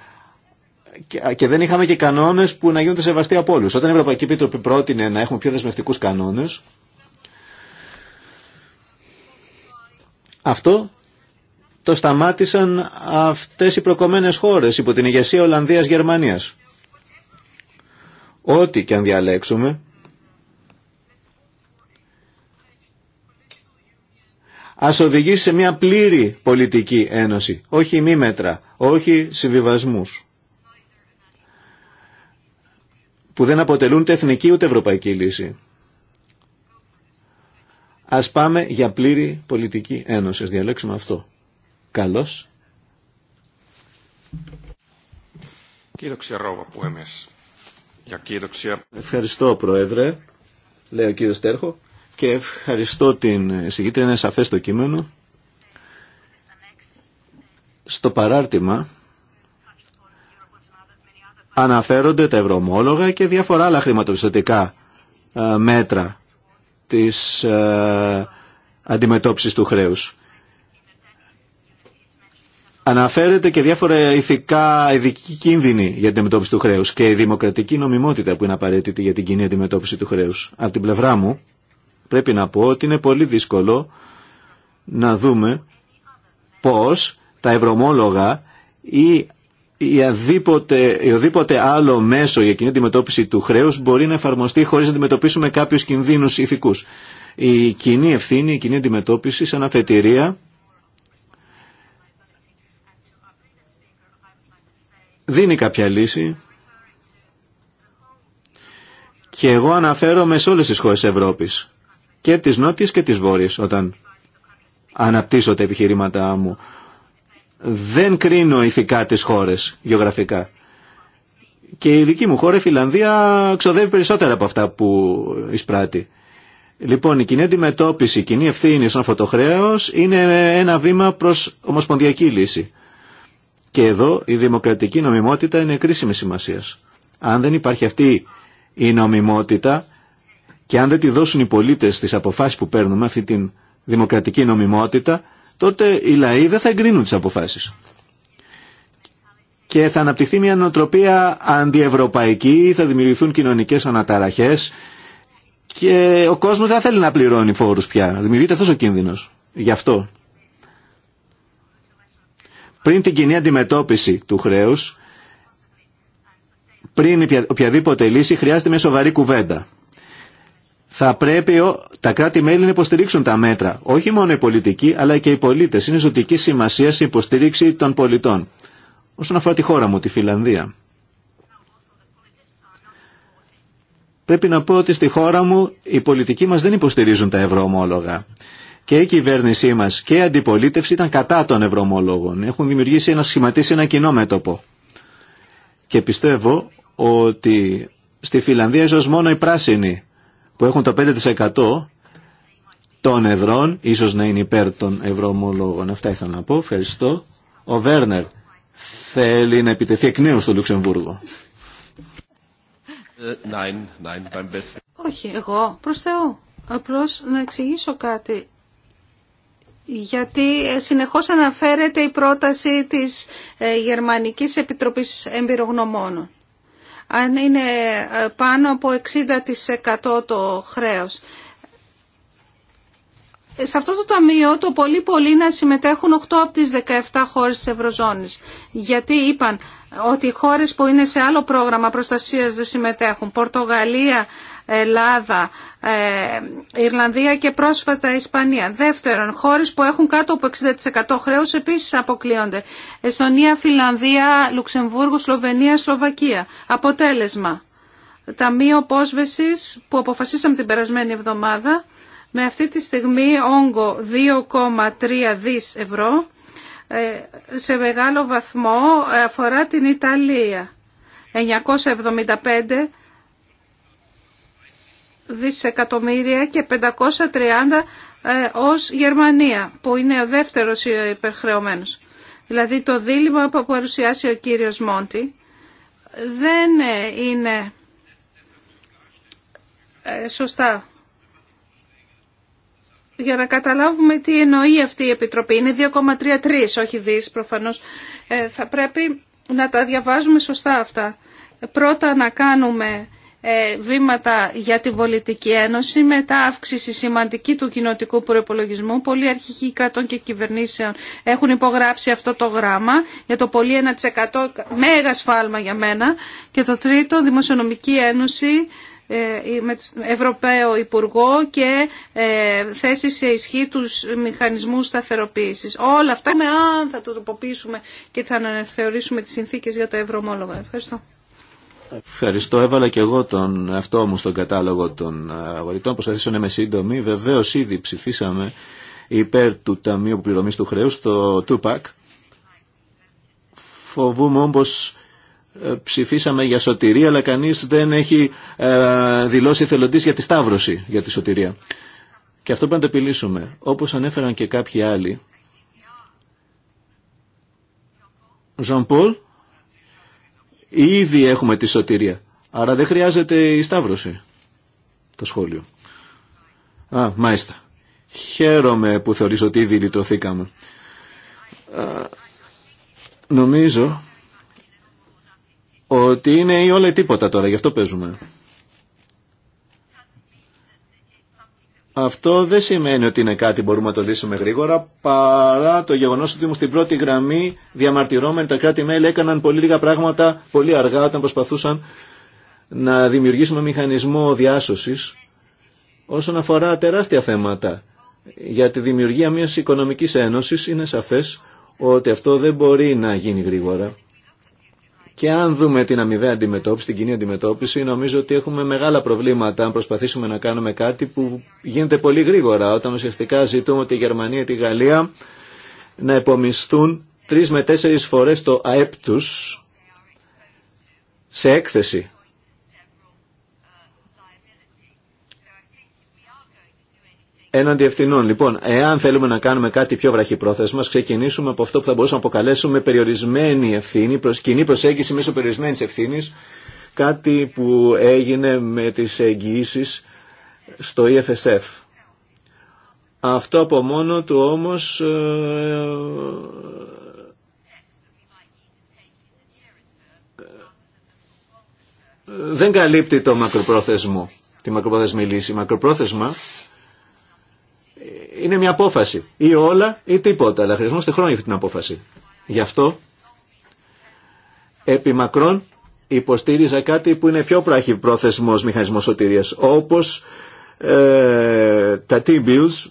Και δεν είχαμε και κανόνες που να γίνονται σεβαστοί από όλους. Όταν η Ευρωπαϊκή Επίτροπη πρότεινε να έχουμε πιο δεσμευτικούς κανόνες, αυτό το σταμάτησαν αυτές οι προκομμένες χώρες υπό την ηγεσία Ολλανδίας-Γερμανίας ό,τι και αν διαλέξουμε, ας οδηγήσει σε μια πλήρη πολιτική ένωση, όχι μη μέτρα, όχι συμβιβασμούς, που δεν αποτελούν ούτε εθνική ούτε ευρωπαϊκή λύση. Ας πάμε για πλήρη πολιτική ένωση, ας διαλέξουμε αυτό. Καλώς. Ξερόβα, που είμαι Ευχαριστώ, Πρόεδρε, λέει ο κύριος Τέρχο, και ευχαριστώ την συγκήτρια, είναι σαφές το κείμενο. Στο παράρτημα αναφέρονται τα ευρωομόλογα και διάφορα άλλα χρηματοπιστωτικά ε, μέτρα της ε, αντιμετώπισης του χρέους. Αναφέρεται και διάφορα ηθικά ειδική κίνδυνη για την αντιμετώπιση του χρέους και η δημοκρατική νομιμότητα που είναι απαραίτητη για την κοινή αντιμετώπιση του χρέους. Από την πλευρά μου πρέπει να πω ότι είναι πολύ δύσκολο να δούμε πώς τα ευρωμόλογα ή η αδίποτε, κοινή ευθύνη, η κοινή αντιμετώπιση σαν αφετηρία δίνει κάποια λύση και εγώ αναφέρομαι σε όλες τις χώρες Ευρώπης και τις νότιες και τις βόρειες όταν αναπτύσσω τα επιχειρήματά μου. Δεν κρίνω ηθικά τις χώρες γεωγραφικά. Και η δική μου χώρα, η Φιλανδία, ξοδεύει περισσότερα από αυτά που εισπράττει. Λοιπόν, η κοινή αντιμετώπιση, η κοινή ευθύνη στον φωτοχρέος είναι ένα βήμα προς ομοσπονδιακή λύση. Και εδώ η δημοκρατική νομιμότητα είναι κρίσιμη σημασία. Αν δεν υπάρχει αυτή η νομιμότητα και αν δεν τη δώσουν οι πολίτες τις αποφάσεις που παίρνουμε, αυτή την δημοκρατική νομιμότητα, τότε οι λαοί δεν θα εγκρίνουν τις αποφάσεις. Και θα αναπτυχθεί μια νοοτροπία αντιευρωπαϊκή, θα δημιουργηθούν κοινωνικέ αναταραχές και ο κόσμο δεν θέλει να πληρώνει φόρου πια. Δημιουργείται αυτός ο κίνδυνο Γι' αυτό πριν την κοινή αντιμετώπιση του χρέου, πριν οποιαδήποτε λύση χρειάζεται μια σοβαρή κουβέντα. Θα πρέπει τα κράτη-μέλη να υποστηρίξουν τα μέτρα. Όχι μόνο οι πολιτικοί, αλλά και οι πολίτε. Είναι ζωτική σημασία η υποστήριξη των πολιτών. Όσον αφορά τη χώρα μου, τη Φιλανδία. Πρέπει να πω ότι στη χώρα μου οι πολιτικοί μας δεν υποστηρίζουν τα ευρωομόλογα και η κυβέρνησή μα και η αντιπολίτευση ήταν κατά των ευρωομολόγων. Έχουν δημιουργήσει ένα σχηματίσει ένα κοινό μέτωπο. Και πιστεύω ότι στη Φιλανδία ίσω μόνο οι πράσινοι που έχουν το 5% των εδρών ίσω να είναι υπέρ των ευρωομολόγων. Αυτά ήθελα να πω. Ευχαριστώ. Ο Βέρνερ θέλει να επιτεθεί εκ νέου στο Λουξεμβούργο. Ε, Όχι, εγώ προ Θεού. Απλώ να εξηγήσω κάτι γιατί ε, συνεχώς αναφέρεται η πρόταση της ε, Γερμανικής Επιτροπής Εμπειρογνωμόνων. Αν είναι ε, πάνω από 60% το χρέος. Σε αυτό το ταμείο το πολύ πολύ να συμμετέχουν 8 από τις 17 χώρες της Ευρωζώνης. Γιατί είπαν ότι οι χώρες που είναι σε άλλο πρόγραμμα προστασίας δεν συμμετέχουν. Πορτογαλία, Ελλάδα, ε, Ιρλανδία και πρόσφατα Ισπανία. Δεύτερον, χώρες που έχουν κάτω από 60% χρέους επίσης αποκλείονται. Εστονία, Φιλανδία, Λουξεμβούργο, Σλοβενία, Σλοβακία. Αποτέλεσμα. Ταμείο Πόσβεσης που αποφασίσαμε την περασμένη εβδομάδα με αυτή τη στιγμή όγκο 2,3 δις ευρώ ε, σε μεγάλο βαθμό ε, αφορά την Ιταλία. 975 δισεκατομμύρια και 530 ε, ως Γερμανία, που είναι ο δεύτερος υπερχρεωμένος. Δηλαδή το δίλημα που παρουσιάσει ο κύριος Μόντι δεν ε, είναι ε, σωστά. Για να καταλάβουμε τι εννοεί αυτή η Επιτροπή. Είναι 2,33, όχι δις προφανώς. θα πρέπει να τα διαβάζουμε σωστά αυτά. Πρώτα να κάνουμε ε, βήματα για την πολιτική ένωση, μετά αύξηση σημαντική του κοινοτικού προπολογισμού. Πολλοί αρχηγοί κρατών και κυβερνήσεων έχουν υπογράψει αυτό το γράμμα για το πολύ 1% μέγα σφάλμα για μένα. Και το τρίτο, δημοσιονομική ένωση ε, με Ευρωπαίο Υπουργό και ε, θέση σε ισχύ τους μηχανισμούς σταθεροποίησης. Όλα αυτά με αν θα το τροποποιήσουμε και θα αναθεωρήσουμε τις συνθήκες για τα ευρωμόλογα. Ευχαριστώ. Ευχαριστώ. Έβαλα και εγώ τον αυτό μου στον κατάλογο των ε, αγορητών. Προσπαθήσω να είμαι σύντομη. Βεβαίω ήδη ψηφίσαμε υπέρ του Ταμείου πληρωμή του χρέου, το ΤΟΥΠΑΚ. Φοβούμαι όμω ε, ψηφίσαμε για σωτηρία, αλλά κανείς δεν έχει ε, δηλώσει θελοντής για τη σταύρωση, για τη σωτηρία. Και αυτό πρέπει να το επιλύσουμε. Όπως ανέφεραν και κάποιοι άλλοι, Ζαν Πολ, Ήδη έχουμε τη σωτηρία. Άρα δεν χρειάζεται η σταύρωση. Το σχόλιο. Α, μάλιστα. Χαίρομαι που θεωρείς ότι ήδη λυτρωθήκαμε. νομίζω ότι είναι ή όλα τίποτα τώρα, γι' αυτό παίζουμε. Αυτό δεν σημαίνει ότι είναι κάτι που μπορούμε να το λύσουμε γρήγορα, παρά το γεγονό ότι μου στην πρώτη γραμμή διαμαρτυρώμενοι τα κράτη-μέλη έκαναν πολύ λίγα πράγματα πολύ αργά όταν προσπαθούσαν να δημιουργήσουμε μηχανισμό διάσωση όσον αφορά τεράστια θέματα. Για τη δημιουργία μια οικονομική ένωση είναι σαφέ ότι αυτό δεν μπορεί να γίνει γρήγορα. Και αν δούμε την αμοιβαία αντιμετώπιση, την κοινή αντιμετώπιση, νομίζω ότι έχουμε μεγάλα προβλήματα αν προσπαθήσουμε να κάνουμε κάτι που γίνεται πολύ γρήγορα, όταν ουσιαστικά ζητούμε τη Γερμανία και τη Γαλλία να επομισθούν τρεις με τέσσερις φορές το ΑΕΠ τους σε έκθεση έναν ευθυνών. Λοιπόν, εάν θέλουμε να κάνουμε κάτι πιο βραχυπρόθεσμα, ξεκινήσουμε από αυτό που θα μπορούσαμε να αποκαλέσουμε περιορισμένη ευθύνη, κοινή προσέγγιση μέσω περιορισμένη ευθύνη, κάτι που έγινε με τι εγγυήσει στο EFSF. Αυτό από μόνο του όμως ε, ε, δεν καλύπτει το μακροπρόθεσμο, τη μακροπρόθεσμη λύση. Μακροπρόθεσμα είναι μια απόφαση. Ή όλα ή τίποτα. Αλλά χρειαζόμαστε χρόνο για αυτή την απόφαση. Γι' αυτό επί μακρόν υποστήριζα κάτι που είναι πιο πράχη πρόθεσμος μηχανισμός σωτηρίας. Όπως ε, τα T-bills,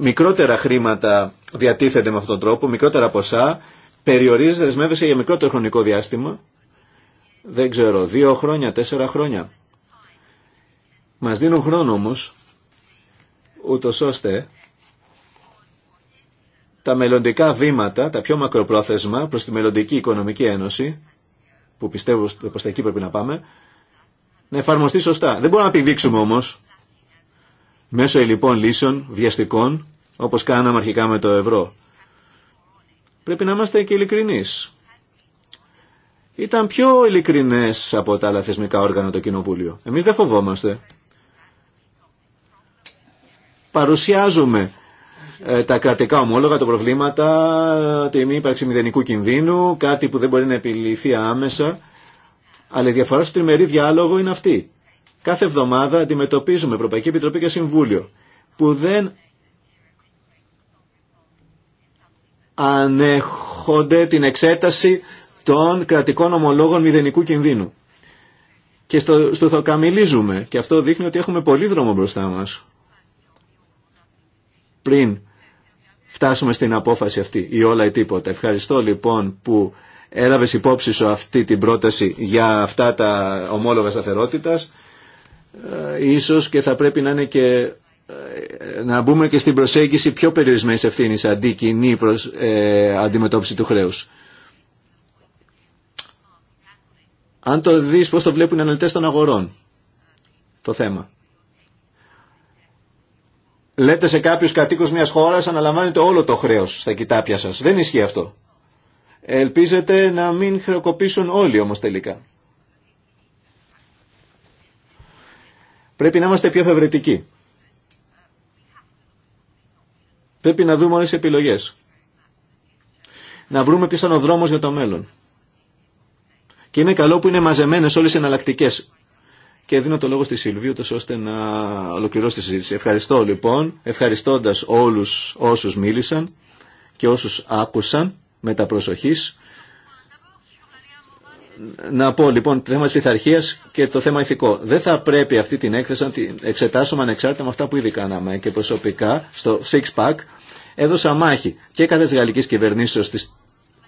μικρότερα χρήματα διατίθεται με αυτόν τον τρόπο, μικρότερα ποσά, περιορίζεται, δεσμεύεσαι για μικρότερο χρονικό διάστημα, δεν ξέρω, δύο χρόνια, τέσσερα χρόνια. Μας δίνουν χρόνο όμως, ούτω ώστε τα μελλοντικά βήματα, τα πιο μακροπρόθεσμα προς τη μελλοντική οικονομική ένωση, που πιστεύω πως εκεί πρέπει να πάμε, να εφαρμοστεί σωστά. Δεν μπορούμε να επιδείξουμε όμως μέσω λοιπόν λύσεων βιαστικών, όπως κάναμε αρχικά με το ευρώ. Πρέπει να είμαστε και ειλικρινεί. Ήταν πιο ειλικρινέ από τα άλλα θεσμικά όργανα το Κοινοβούλιο. Εμείς δεν φοβόμαστε. Παρουσιάζουμε ε, τα κρατικά ομόλογα, τα προβλήματα, τη μη ύπαρξη μηδενικού κινδύνου, κάτι που δεν μπορεί να επιληθεί άμεσα. Αλλά η διαφορά στο τριμερή διάλογο είναι αυτή. Κάθε εβδομάδα αντιμετωπίζουμε Ευρωπαϊκή Επιτροπή και Συμβούλιο που δεν ανέχονται την εξέταση των κρατικών ομολόγων μηδενικού κινδύνου. Και στο, στο θα Και αυτό δείχνει ότι έχουμε πολύ δρόμο μπροστά μας. Πριν φτάσουμε στην απόφαση αυτή ή όλα ή τίποτα. Ευχαριστώ λοιπόν που έλαβες υπόψη σου αυτή την πρόταση για αυτά τα ομόλογα σταθερότητα. Ε, ίσως και θα πρέπει να είναι και ε, να μπούμε και στην προσέγγιση πιο περιορισμένης ευθύνη αντί κοινή προς, ε, αντιμετώπιση του χρέους. Αν το δεις πώς το βλέπουν οι αναλυτές των αγορών, το θέμα λέτε σε κάποιους κατοίκους μιας χώρας αναλαμβάνετε όλο το χρέος στα κοιτάπια σας. Δεν ισχύει αυτό. Ελπίζετε να μην χρεοκοπήσουν όλοι όμως τελικά. Πρέπει να είμαστε πιο φευρετικοί. Πρέπει να δούμε όλες τις επιλογές. Να βρούμε ποιος ήταν ο δρόμος για το μέλλον. Και είναι καλό που είναι μαζεμένες όλες οι εναλλακτικές και δίνω το λόγο στη Σιλβίου ώστε να ολοκληρώσει τη συζήτηση. Ευχαριστώ λοιπόν, ευχαριστώντας όλους όσους μίλησαν και όσους άκουσαν με τα προσοχής. Να πω λοιπόν το θέμα της πειθαρχίας και το θέμα ηθικό. Δεν θα πρέπει αυτή την έκθεση να την εξετάσουμε ανεξάρτητα με αυτά που ήδη κάναμε και προσωπικά στο Six Pack έδωσα μάχη και κατά της γαλλικής κυβερνήσεως της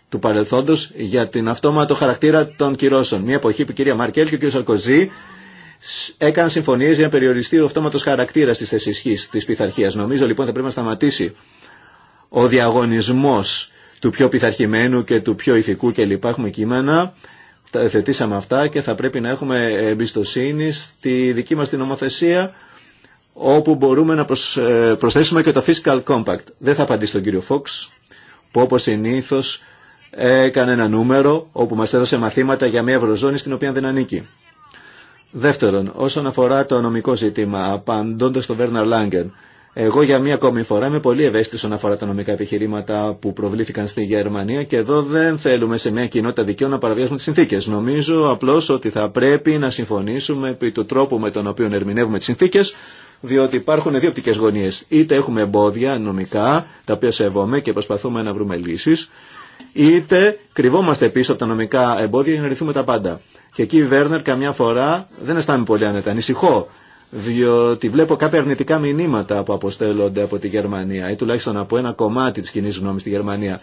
του παρελθόντος για την αυτόματο χαρακτήρα των κυρώσεων. Μια εποχή που η κυρία Μαρκέλ και ο κ. Σαρκοζή έκαναν συμφωνίε για να περιοριστεί ο αυτόματο χαρακτήρα τη θεσισχή τη πειθαρχία. Νομίζω λοιπόν θα πρέπει να σταματήσει ο διαγωνισμό του πιο πειθαρχημένου και του πιο ηθικού κλπ. Έχουμε κείμενα, τα θετήσαμε αυτά και θα πρέπει να έχουμε εμπιστοσύνη στη δική μα την νομοθεσία όπου μπορούμε να ε, προσθέσουμε και το Fiscal Compact. Δεν θα απαντήσει τον κύριο Φόξ, που όπως συνήθω έκανε ένα νούμερο όπου μας έδωσε μαθήματα για μια ευρωζώνη στην οποία δεν ανήκει. Δεύτερον, όσον αφορά το νομικό ζήτημα, απαντώντας στον Βέρναρ Λάγκεν, εγώ για μία ακόμη φορά είμαι πολύ ευαίσθητο όσον αφορά τα νομικά επιχειρήματα που προβλήθηκαν στη Γερμανία και εδώ δεν θέλουμε σε μια κοινότητα δικαίων να παραβιάσουμε τι συνθήκε. Νομίζω απλώ ότι θα πρέπει να συμφωνήσουμε επί του τρόπου με τον οποίο ερμηνεύουμε τι συνθήκε, διότι υπάρχουν δύο οπτικέ γωνίε. Είτε έχουμε εμπόδια νομικά, τα οποία σεβόμαι και προσπαθούμε να βρούμε λύσει, είτε κρυβόμαστε πίσω από τα νομικά εμπόδια για να ρυθούμε τα πάντα. Και εκεί, Βέρνερ, καμιά φορά δεν αισθάνομαι πολύ άνετα. Ανησυχώ. Διότι βλέπω κάποια αρνητικά μηνύματα που αποστέλλονται από τη Γερμανία ή τουλάχιστον από ένα κομμάτι τη κοινή γνώμη στη Γερμανία.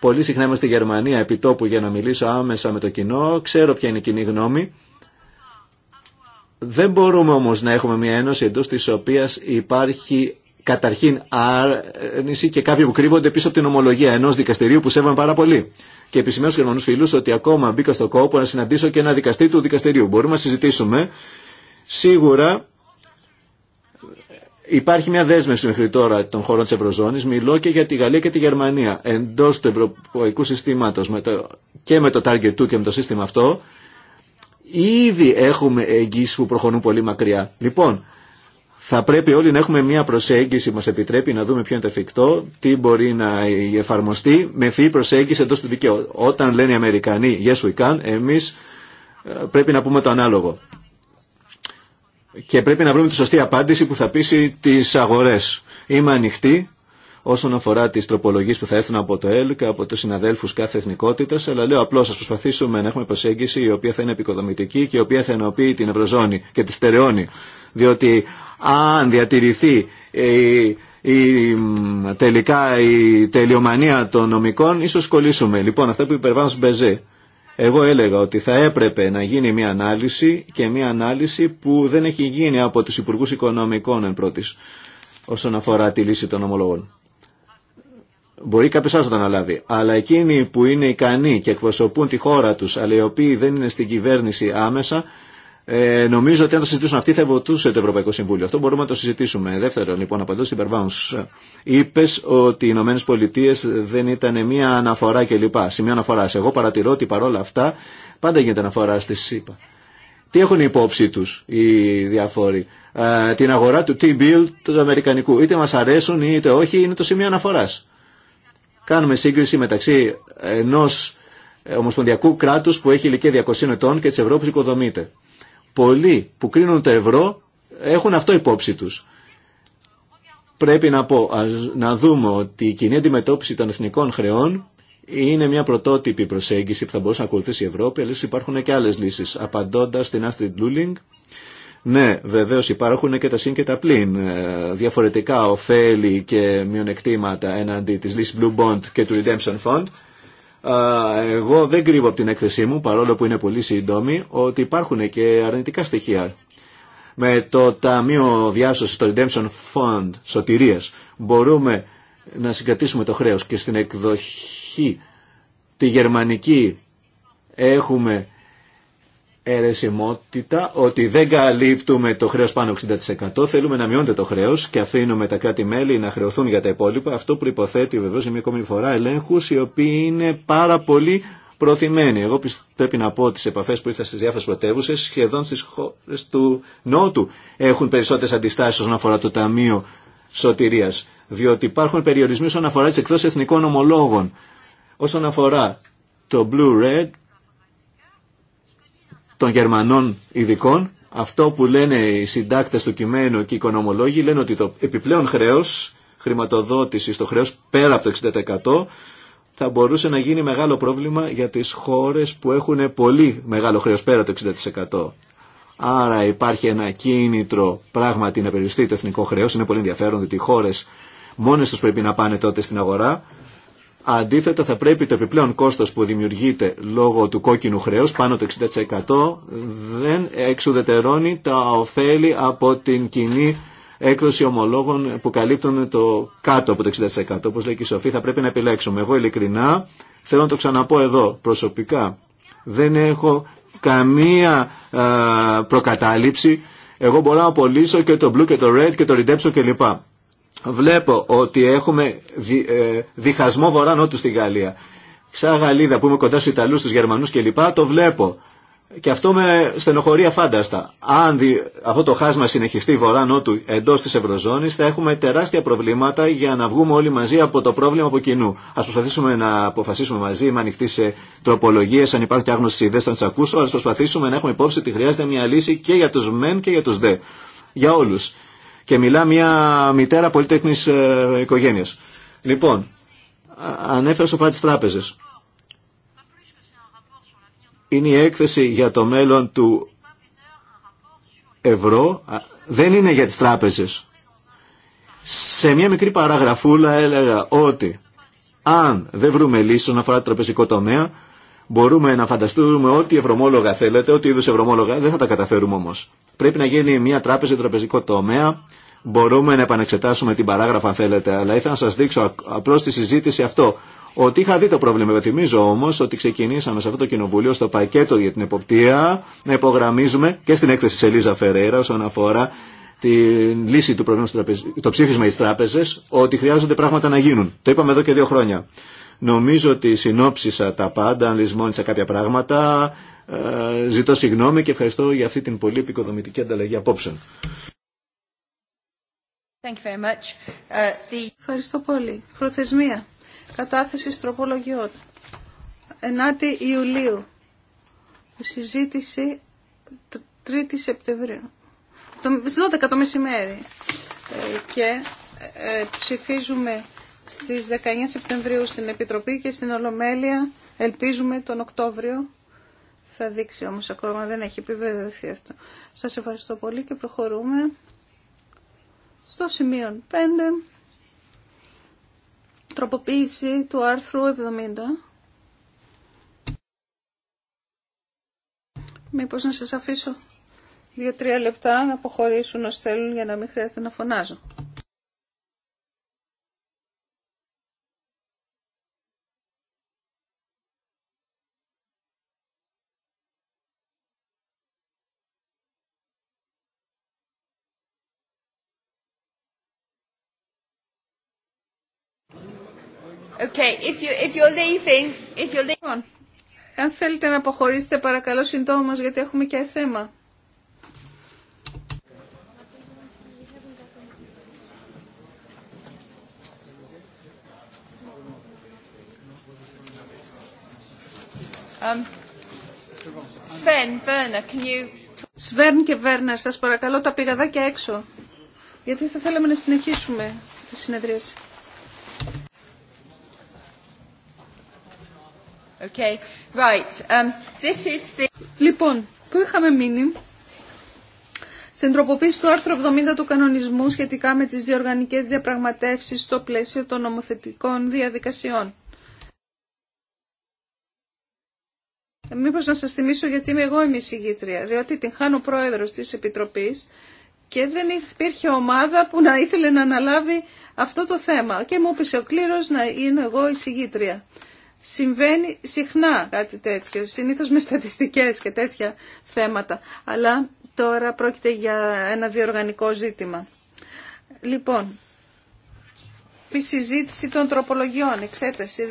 Πολύ συχνά είμαι στη Γερμανία επί τόπου για να μιλήσω άμεσα με το κοινό. Ξέρω ποια είναι η κοινή γνώμη. Δεν μπορούμε όμως να έχουμε μια ένωση εντός της οποίας υπάρχει καταρχήν άρνηση και κάποιοι που κρύβονται πίσω από την ομολογία ενό δικαστηρίου που σέβομαι πάρα πολύ. Και επισημαίνω στου Γερμανού φίλου ότι ακόμα μπήκα στο κόπο να συναντήσω και ένα δικαστή του δικαστηρίου. Μπορούμε να συζητήσουμε. Σίγουρα υπάρχει μια δέσμευση μέχρι τώρα των χωρών τη Ευρωζώνη. Μιλώ και για τη Γαλλία και τη Γερμανία. Εντό του ευρωπαϊκού συστήματο και με το Target 2 και με το σύστημα αυτό, ήδη έχουμε εγγύσει που προχωρούν πολύ μακριά. Λοιπόν, θα πρέπει όλοι να έχουμε μια προσέγγιση που μας επιτρέπει να δούμε ποιο είναι το εφικτό, τι μπορεί να εφαρμοστεί με φύη προσέγγιση εντός του δικαίου. Όταν λένε οι Αμερικανοί yes we can, εμείς ε, πρέπει να πούμε το ανάλογο. Και πρέπει να βρούμε τη σωστή απάντηση που θα πείσει τις αγορές. Είμαι ανοιχτή όσον αφορά τις τροπολογίες που θα έρθουν από το ΕΛ και από τους συναδέλφους κάθε εθνικότητας, αλλά λέω απλώς α προσπαθήσουμε να έχουμε προσέγγιση η οποία θα είναι επικοδομητική και η οποία θα ενοποιεί την Ευρωζώνη και τη στερεώνει. Διότι αν διατηρηθεί η, η, τελικά η τελειομανία των νομικών, ίσως κολλήσουμε. Λοιπόν, αυτά που στον Μπεζέ. Εγώ έλεγα ότι θα έπρεπε να γίνει μια ανάλυση και μια ανάλυση που δεν έχει γίνει από τους Υπουργούς Οικονομικών εν πρώτης όσον αφορά τη λύση των ομολογών. Μπορεί κάποιο άλλο να το αναλάβει. Αλλά εκείνοι που είναι ικανοί και εκπροσωπούν τη χώρα του, αλλά οι οποίοι δεν είναι στην κυβέρνηση άμεσα, ε, νομίζω ότι αν το συζητήσουν αυτοί θα βοηθούσε το Ευρωπαϊκό Συμβούλιο. Αυτό μπορούμε να το συζητήσουμε. Δεύτερον, λοιπόν, απαντώ στην Περβάουνς. Είπε ότι οι Ηνωμένε Πολιτείε δεν ήταν μια αναφορά κλπ. Σημείο αναφορά. Εγώ παρατηρώ ότι παρόλα αυτά πάντα γίνεται αναφορά στη ΣΥΠΑ. Τι έχουν υπόψη του οι διάφοροι. Ε, την αγορά του T-bill του Αμερικανικού. Είτε μα αρέσουν είτε όχι, είναι το σημείο αναφορά. Κάνουμε σύγκριση μεταξύ ενό ομοσπονδιακού κράτου που έχει ηλικία 200 ετών και τη Ευρώπη οικοδομείται πολλοί που κρίνουν το ευρώ έχουν αυτό υπόψη τους. Πρέπει να να δούμε ότι η κοινή αντιμετώπιση των εθνικών χρεών είναι μια πρωτότυπη προσέγγιση που θα μπορούσε να ακολουθήσει η Ευρώπη, αλλά υπάρχουν και άλλες λύσεις. Απαντώντας στην Astrid Luling, ναι, βεβαίως υπάρχουν και τα συν και τα πλήν, ε, διαφορετικά ωφέλη και μειονεκτήματα εναντί της λύσης Blue Bond και του Redemption Fund, εγώ δεν κρύβω από την έκθεσή μου, παρόλο που είναι πολύ σύντομη, ότι υπάρχουν και αρνητικά στοιχεία. Με το Ταμείο Διάσωσης, το Redemption Fund Σωτηρίας, μπορούμε να συγκρατήσουμε το χρέος και στην εκδοχή τη γερμανική έχουμε αιρεσιμότητα ότι δεν καλύπτουμε το χρέος πάνω 60%, θέλουμε να μειώνεται το χρέος και αφήνουμε τα κράτη-μέλη να χρεωθούν για τα υπόλοιπα. Αυτό προϋποθέτει βεβαίως για μια ακόμη φορά ελέγχους οι οποίοι είναι πάρα πολύ προθυμένοι. Εγώ πρέπει να πω ότι σε επαφές που ήρθα στις διάφορες πρωτεύουσες σχεδόν στις χώρες του Νότου έχουν περισσότερες αντιστάσεις όσον αφορά το Ταμείο Σωτηρίας. Διότι υπάρχουν περιορισμοί όσον αφορά τις εκδόσεις εθνικών ομολόγων. Όσον αφορά το Blue Red των Γερμανών ειδικών, αυτό που λένε οι συντάκτες του κειμένου και οι οικονομολόγοι λένε ότι το επιπλέον χρέος, χρηματοδότηση στο χρέος πέρα από το 60% θα μπορούσε να γίνει μεγάλο πρόβλημα για τις χώρες που έχουν πολύ μεγάλο χρέος πέρα από το 60%. Άρα υπάρχει ένα κίνητρο πράγματι να περιοριστεί το εθνικό χρέος. Είναι πολύ ενδιαφέρον ότι οι χώρες μόνες τους πρέπει να πάνε τότε στην αγορά Αντίθετα θα πρέπει το επιπλέον κόστος που δημιουργείται λόγω του κόκκινου χρέους πάνω το 60% δεν εξουδετερώνει τα ωφέλη από την κοινή έκδοση ομολόγων που καλύπτουν το κάτω από το 60%. Όπως λέει και η Σοφή θα πρέπει να επιλέξουμε. Εγώ ειλικρινά θέλω να το ξαναπώ εδώ προσωπικά. Δεν έχω καμία ε, προκατάληψη. Εγώ μπορώ να απολύσω και το blue και το red και το redemption κλπ βλέπω ότι έχουμε δι, ε, διχασμό βορρά-νότου στη Γαλλία. Σαν Γαλλίδα που είμαι κοντά στους Ιταλούς, στους Γερμανούς κλπ. Το βλέπω. Και αυτό με στενοχωρεί φάνταστα. Αν δι, αυτό το χάσμα συνεχιστεί βορρά-νότου εντός της Ευρωζώνης θα έχουμε τεράστια προβλήματα για να βγούμε όλοι μαζί από το πρόβλημα από κοινού. Ας προσπαθήσουμε να αποφασίσουμε μαζί, είμαι ανοιχτή σε τροπολογίες, αν υπάρχουν και δεν θα τις ακούσω, αλλά προσπαθήσουμε να έχουμε υπόψη ότι χρειάζεται μια λύση και για τους μεν και για τους δε. Για όλους και μιλά μια μητέρα πολυτέχνης ε, οικογένειας. Λοιπόν, ανέφερα στο πράγμα της τράπεζες. Είναι η έκθεση για το μέλλον του ευρώ, δεν είναι για τις τράπεζες. Σε μια μικρή παραγραφούλα έλεγα ότι αν δεν βρούμε λύση όσον αφορά το τραπεζικό τομέα, Μπορούμε να φανταστούμε ό,τι ευρωμόλογα θέλετε, ό,τι είδου ευρωμόλογα, δεν θα τα καταφέρουμε όμω. Πρέπει να γίνει μια τράπεζα τραπεζικό τομέα. Μπορούμε να επανεξετάσουμε την παράγραφα αν θέλετε, αλλά ήθελα να σα δείξω απλώ τη συζήτηση αυτό. Ότι είχα δει το πρόβλημα. Θυμίζω όμω ότι ξεκινήσαμε σε αυτό το κοινοβούλιο, στο πακέτο για την εποπτεία, να υπογραμμίζουμε και στην έκθεση τη Ελίζα Φεραίρα όσον αφορά τη λύση του προβλήματο, το ψήφισμα τη τράπεζε, ότι χρειάζονται πράγματα να γίνουν. Το είπαμε εδώ και δύο χρόνια. Νομίζω ότι συνόψισα τα πάντα, αν κάποια πράγματα. Ε, ζητώ συγγνώμη και ευχαριστώ για αυτή την πολύ επικοδομητική ανταλλαγή απόψεων. Ε, ευχαριστώ πολύ. Προθεσμία. Κατάθεση τροπολογιών. 9η Ιουλίου. Συζήτηση 3η Σεπτεμβρίου. Στι 12 το μεσημέρι. Ε, και ψηφίζουμε στις 19 Σεπτεμβρίου στην Επιτροπή και στην Ολομέλεια ελπίζουμε τον Οκτώβριο. Θα δείξει όμως ακόμα, δεν έχει επιβεβαιωθεί αυτό. Σας ευχαριστώ πολύ και προχωρούμε στο σημείο 5, τροποποίηση του άρθρου 70. Μήπως να σας αφήσω δύο-τρία λεπτά να αποχωρήσουν ως θέλουν για να μην χρειάζεται να φωνάζω. Okay, λοιπόν, Αν θέλετε να αποχωρήσετε παρακαλώ συντόμως γιατί έχουμε και θέμα. Σβέρν um, και Βέρνα, σας παρακαλώ τα πηγαδάκια έξω, γιατί θα θέλαμε να συνεχίσουμε τη συνεδρίαση. Okay. Right. Um, this is the... Λοιπόν, που είχαμε μείνει στην τροποποίηση του άρθρου 70 του κανονισμού σχετικά με τις διοργανικές διαπραγματεύσεις στο πλαίσιο των νομοθετικών διαδικασιών. Μήπως να σας θυμίσω γιατί είμαι εγώ η συγγήτρια, διότι την χάνω πρόεδρος της Επιτροπής και δεν υπήρχε ομάδα που να ήθελε να αναλάβει αυτό το θέμα. Και μου είπε ο κλήρος να είναι εγώ η συγγήτρια. Συμβαίνει συχνά κάτι τέτοιο, συνήθως με στατιστικές και τέτοια θέματα, αλλά τώρα πρόκειται για ένα διοργανικό ζήτημα. Λοιπόν, η συζήτηση των τροπολογιών, εξέταση,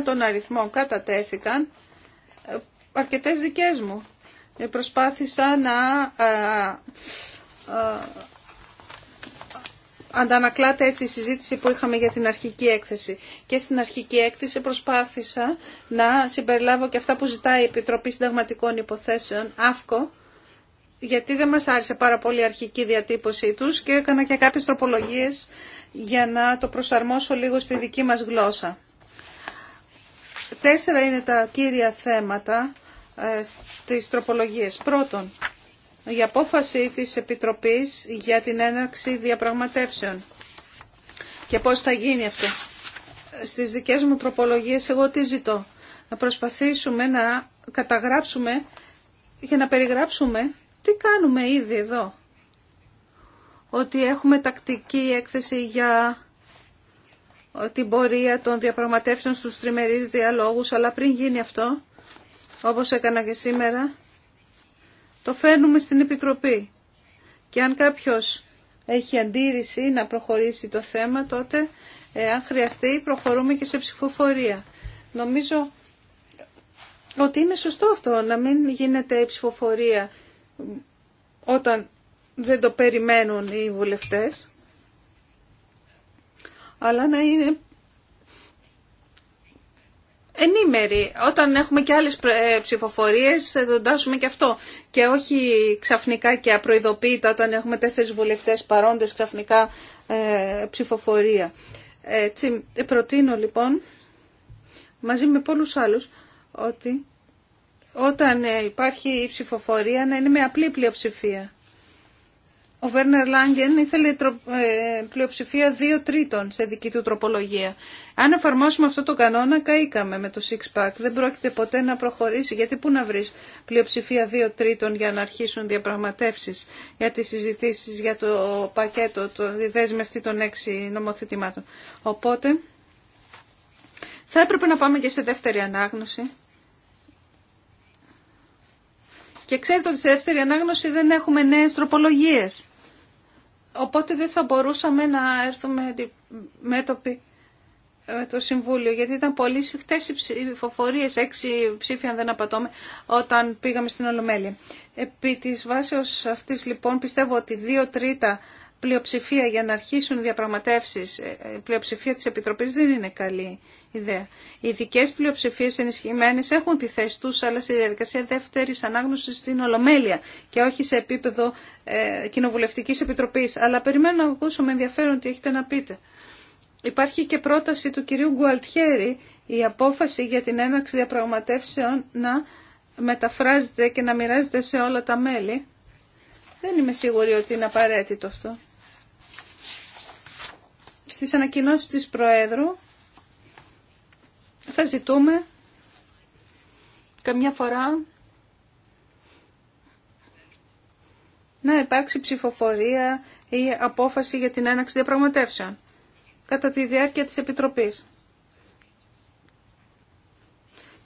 19 των αριθμών κατατέθηκαν, αρκετές δικές μου. Ε, προσπάθησα να ε, ε, αντανακλάται έτσι η συζήτηση που είχαμε για την αρχική έκθεση. Και στην αρχική έκθεση προσπάθησα να συμπεριλάβω και αυτά που ζητάει η Επιτροπή Συνταγματικών Υποθέσεων, ΑΦΚΟ, γιατί δεν μας άρεσε πάρα πολύ η αρχική διατύπωσή τους και έκανα και κάποιες τροπολογίες για να το προσαρμόσω λίγο στη δική μας γλώσσα. Τέσσερα είναι τα κύρια θέματα ε, στις τροπολογίες. Πρώτον, για απόφαση της Επιτροπής για την έναρξη διαπραγματεύσεων. Και πώς θα γίνει αυτό. Στις δικές μου τροπολογίες εγώ τι ζητώ. Να προσπαθήσουμε να καταγράψουμε και να περιγράψουμε τι κάνουμε ήδη εδώ. Ότι έχουμε τακτική έκθεση για την πορεία των διαπραγματεύσεων στους τριμερείς διαλόγους, αλλά πριν γίνει αυτό, όπως έκανα και σήμερα, το φέρνουμε στην Επιτροπή. Και αν κάποιος έχει αντίρρηση να προχωρήσει το θέμα, τότε ε, αν χρειαστεί προχωρούμε και σε ψηφοφορία. Νομίζω ότι είναι σωστό αυτό να μην γίνεται ψηφοφορία όταν δεν το περιμένουν οι βουλευτές αλλά να είναι ενήμερη, Όταν έχουμε και άλλες ε, ψηφοφορίες δοντάσουμε ε, και αυτό. Και όχι ξαφνικά και απροειδοποίητα όταν έχουμε τέσσερις βουλευτές παρόντες ξαφνικά ε, ψηφοφορία. Έτσι, προτείνω λοιπόν μαζί με πολλούς άλλους ότι όταν ε, υπάρχει η ψηφοφορία να είναι με απλή πλειοψηφία. Ο Βέρνερ Λάγκεν ήθελε πλειοψηφία δύο τρίτων σε δική του τροπολογία. Αν εφαρμόσουμε αυτό το κανόνα, καήκαμε με το six pack. Δεν πρόκειται ποτέ να προχωρήσει. Γιατί πού να βρει πλειοψηφία δύο τρίτων για να αρχίσουν διαπραγματεύσει για τι συζητήσει για το πακέτο, το δέσμευτη των έξι νομοθετημάτων. Οπότε, θα έπρεπε να πάμε και σε δεύτερη ανάγνωση. Και ξέρετε ότι στη δεύτερη ανάγνωση δεν έχουμε νέε τροπολογίε. Οπότε δεν θα μπορούσαμε να έρθουμε μέτωποι ε, το Συμβούλιο, γιατί ήταν πολύ σφιχτέ οι ψηφοφορίε, έξι ψήφοι αν δεν απατώμε, όταν πήγαμε στην Ολομέλεια. Επί τη βάσεως αυτή, λοιπόν πιστεύω ότι δύο τρίτα πλειοψηφία για να αρχίσουν οι διαπραγματεύσεις, ε, ε, πλειοψηφία τη Επιτροπής δεν είναι καλή ιδέα. Οι ειδικέ πλειοψηφίε ενισχυμένε έχουν τη θέση του, αλλά στη διαδικασία δεύτερη ανάγνωση στην Ολομέλεια και όχι σε επίπεδο ε, κοινοβουλευτική Αλλά περιμένω να ακούσω με ενδιαφέρον τι έχετε να πείτε. Υπάρχει και πρόταση του κυρίου Γκουαλτιέρη η απόφαση για την έναρξη διαπραγματεύσεων να μεταφράζεται και να μοιράζεται σε όλα τα μέλη. Δεν είμαι σίγουρη ότι είναι απαραίτητο αυτό. Στις ανακοινώσεις της Προέδρου θα ζητούμε καμιά φορά να υπάρξει ψηφοφορία ή απόφαση για την έναξη διαπραγματεύσεων κατά τη διάρκεια της Επιτροπής.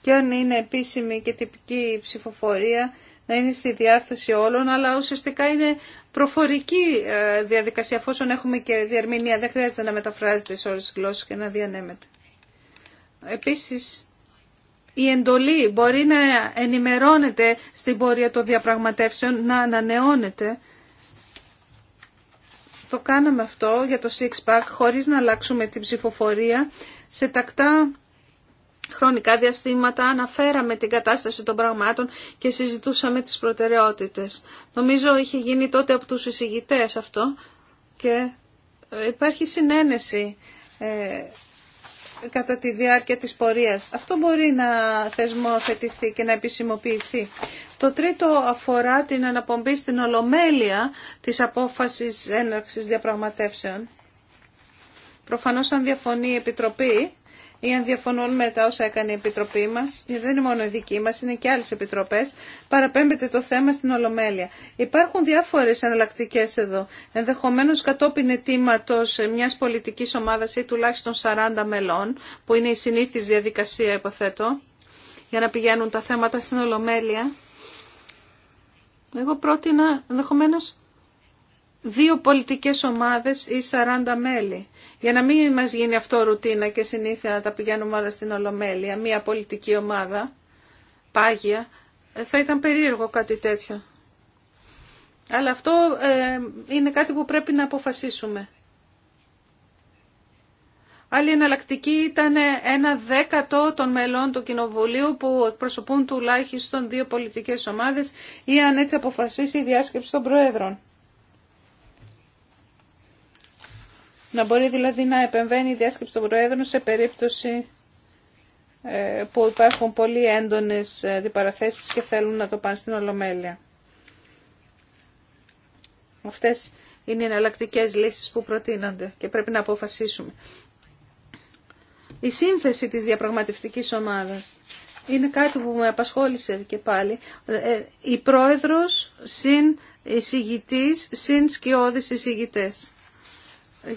Και αν είναι επίσημη και τυπική ψηφοφορία, να είναι στη διάθεση όλων, αλλά ουσιαστικά είναι προφορική ε, διαδικασία, αφόσον έχουμε και διαρμηνία, δεν χρειάζεται να μεταφράζεται σε όλες τις γλώσσες και να διανέμεται. Επίσης, η εντολή μπορεί να ενημερώνεται στην πορεία των διαπραγματεύσεων, να ανανεώνεται το κάναμε αυτό για το six pack χωρίς να αλλάξουμε την ψηφοφορία. Σε τακτά χρονικά διαστήματα αναφέραμε την κατάσταση των πραγμάτων και συζητούσαμε τις προτεραιότητες. Νομίζω είχε γίνει τότε από τους εισηγητές αυτό και ε, υπάρχει συνένεση ε, κατά τη διάρκεια της πορείας. Αυτό μπορεί να θεσμοθετηθεί και να επισημοποιηθεί. Το τρίτο αφορά την αναπομπή στην ολομέλεια της απόφασης έναρξης διαπραγματεύσεων. Προφανώς αν διαφωνεί η Επιτροπή ή αν διαφωνούν με τα όσα έκανε η Επιτροπή μας, γιατί δεν είναι μόνο η δική μας, είναι και άλλες επιτροπές, παραπέμπεται το θέμα στην Ολομέλεια. Υπάρχουν διάφορες εναλλακτικέ εδώ, ενδεχομένως κατόπιν αιτήματο μιας πολιτικής ομάδας ή τουλάχιστον 40 μελών, που είναι η συνήθις διαδικασία υποθέτω, για να πηγαίνουν τα θέματα στην Ολομέλεια. Εγώ πρότεινα ενδεχομένω δύο πολιτικές ομάδες ή 40 μέλη. Για να μην μας γίνει αυτό ρουτίνα και συνήθεια να τα πηγαίνουμε όλα στην Ολομέλεια, μία πολιτική ομάδα, πάγια, ε, θα ήταν περίεργο κάτι τέτοιο. Αλλά αυτό ε, είναι κάτι που πρέπει να αποφασίσουμε. Άλλη εναλλακτική ήταν ένα δέκατο των μελών του Κοινοβουλίου που εκπροσωπούν τουλάχιστον δύο πολιτικές ομάδες ή αν έτσι αποφασίσει η διάσκεψη των Προέδρων. Να μπορεί δηλαδή να επεμβαίνει η διάσκεψη των Προέδρων σε περίπτωση ε, που υπάρχουν πολύ έντονες ε, διπαραθέσεις και θέλουν να το πάνε στην Ολομέλεια. Αυτές είναι οι εναλλακτικέ λύσεις που προτείνονται και πρέπει να αποφασίσουμε η σύνθεση της διαπραγματευτικής ομάδας. Είναι κάτι που με απασχόλησε και πάλι. Ε, ε, η πρόεδρος συν εισηγητής, συν σκιώδης εισηγητές.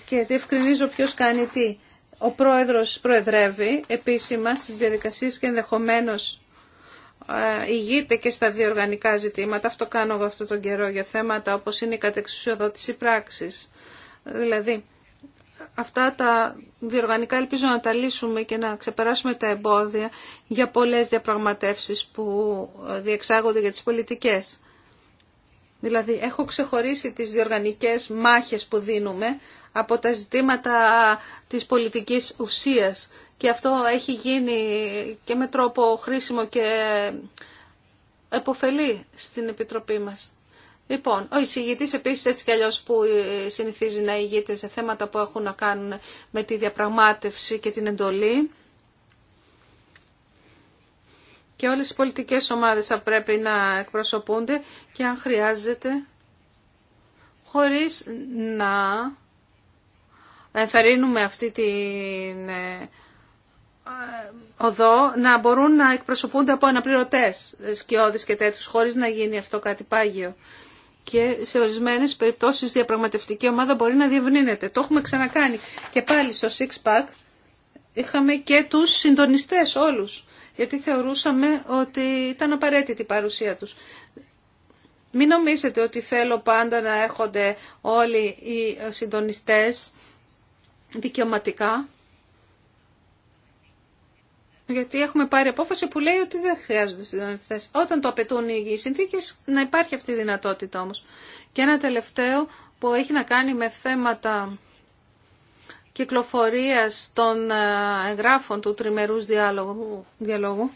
Και διευκρινίζω ποιος κάνει τι. Ο πρόεδρος προεδρεύει επίσημα στις διαδικασίες και ενδεχομένως ε, ηγείται και στα διοργανικά ζητήματα. Αυτό κάνω εγώ αυτόν τον καιρό για θέματα όπως είναι η κατεξουσιοδότηση πράξης. Δηλαδή, αυτά τα διοργανικά ελπίζω να τα λύσουμε και να ξεπεράσουμε τα εμπόδια για πολλές διαπραγματεύσεις που ε, διεξάγονται για τις πολιτικές. Δηλαδή, έχω ξεχωρίσει τις διοργανικές μάχες που δίνουμε από τα ζητήματα της πολιτικής ουσίας και αυτό έχει γίνει και με τρόπο χρήσιμο και εποφελή στην Επιτροπή μας. Λοιπόν, ο εισηγητή επίση έτσι κι αλλιώ που ε, συνηθίζει να ηγείται σε θέματα που έχουν να κάνουν με τη διαπραγμάτευση και την εντολή. Και όλες οι πολιτικές ομάδες θα πρέπει να εκπροσωπούνται και αν χρειάζεται χωρίς να ενθαρρύνουμε αυτή την ε, ε, οδό να μπορούν να εκπροσωπούνται από αναπληρωτές σκιώδεις και τέτοιους χωρίς να γίνει αυτό κάτι πάγιο και σε ορισμένες περιπτώσεις διαπραγματευτική ομάδα μπορεί να διευρύνεται. Το έχουμε ξανακάνει και πάλι στο Six Pack είχαμε και τους συντονιστές όλους γιατί θεωρούσαμε ότι ήταν απαραίτητη η παρουσία τους. Μην νομίζετε ότι θέλω πάντα να έρχονται όλοι οι συντονιστές δικαιωματικά. Γιατί έχουμε πάρει απόφαση που λέει ότι δεν χρειάζονται συντονιστέ. Όταν το απαιτούν οι συνθήκε, να υπάρχει αυτή η δυνατότητα όμω. Και ένα τελευταίο που έχει να κάνει με θέματα κυκλοφορίας των ε, εγγράφων του τριμερούς διάλογου, διαλόγου.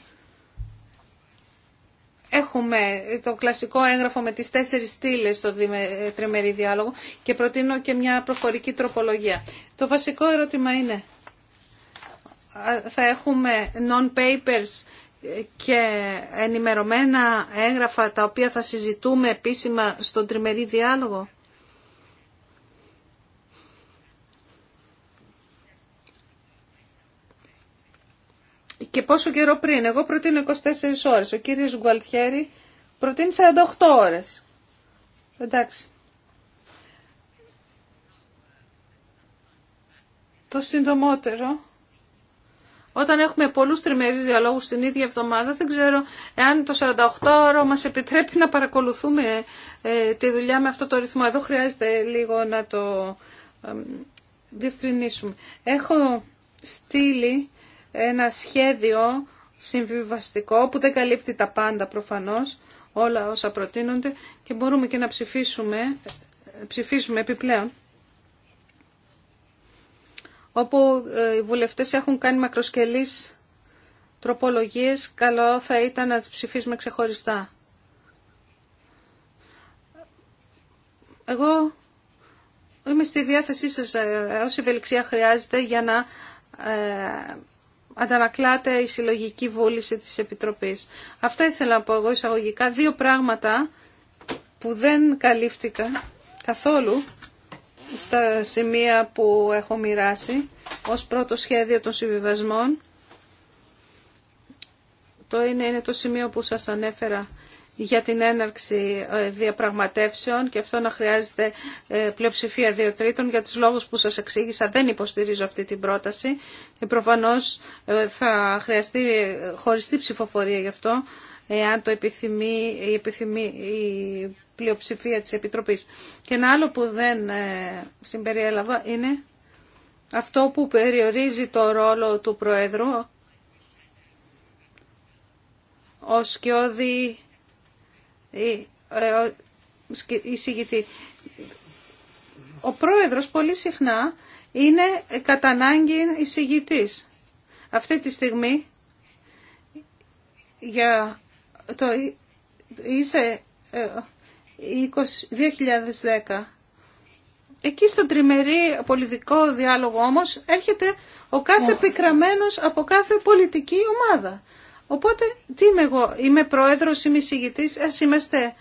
Έχουμε το κλασικό έγγραφο με τις τέσσερις στήλες στο ε, τριμερή διάλογο και προτείνω και μια προφορική τροπολογία. Το βασικό ερώτημα είναι θα έχουμε non-papers και ενημερωμένα έγγραφα τα οποία θα συζητούμε επίσημα στον τριμερή διάλογο. Και πόσο καιρό πριν. Εγώ προτείνω 24 ώρες. Ο κύριος Γκουαλτιέρη προτείνει 48 ώρες. Εντάξει. Το συντομότερο όταν έχουμε πολλούς τριμερεί διαλόγους την ίδια εβδομάδα, δεν ξέρω εάν το 48ωρο μας επιτρέπει να παρακολουθούμε ε, τη δουλειά με αυτό το ρυθμό. Εδώ χρειάζεται λίγο να το διευκρινίσουμε. Έχω στείλει ένα σχέδιο συμβιβαστικό που δεν καλύπτει τα πάντα προφανώς, όλα όσα προτείνονται και μπορούμε και να ψηφίσουμε, ψηφίσουμε επιπλέον όπου ε, οι βουλευτές έχουν κάνει μακροσκελείς τροπολογίες, καλό θα ήταν να τις ψηφίσουμε ξεχωριστά. Εγώ είμαι στη διάθεσή σας ε, όση ευελιξία χρειάζεται για να ε, η συλλογική βούληση της Επιτροπής. Αυτά ήθελα να πω εγώ εισαγωγικά. Δύο πράγματα που δεν καλύφθηκαν καθόλου στα σημεία που έχω μοιράσει ως πρώτο σχέδιο των συμβιβασμών. Το είναι, είναι το σημείο που σας ανέφερα για την έναρξη ε, διαπραγματεύσεων και αυτό να χρειάζεται ε, πλειοψηφία δύο τρίτων. Για τους λόγους που σας εξήγησα δεν υποστηρίζω αυτή την πρόταση. Ε, προφανώς θα χρειαστεί χωριστή ψηφοφορία γι' αυτό εάν το επιθυμεί, η, επιθυμεί, η πλειοψηφία της Επιτροπής. Και ένα άλλο που δεν ε, συμπεριέλαβα είναι αυτό που περιορίζει το ρόλο του Προέδρου ε, ο σκιώδη εισηγητή. Ο Πρόεδρος πολύ συχνά είναι κατά ανάγκη εισηγητής. Αυτή τη στιγμή για το είσαι ε, 2010. Εκεί στον τριμερή πολιτικό διάλογο όμως έρχεται ο κάθε ναι. πικραμένος από κάθε πολιτική ομάδα. Οπότε τι είμαι εγώ, είμαι πρόεδρος, είμαι εισηγητής, ας είμαστε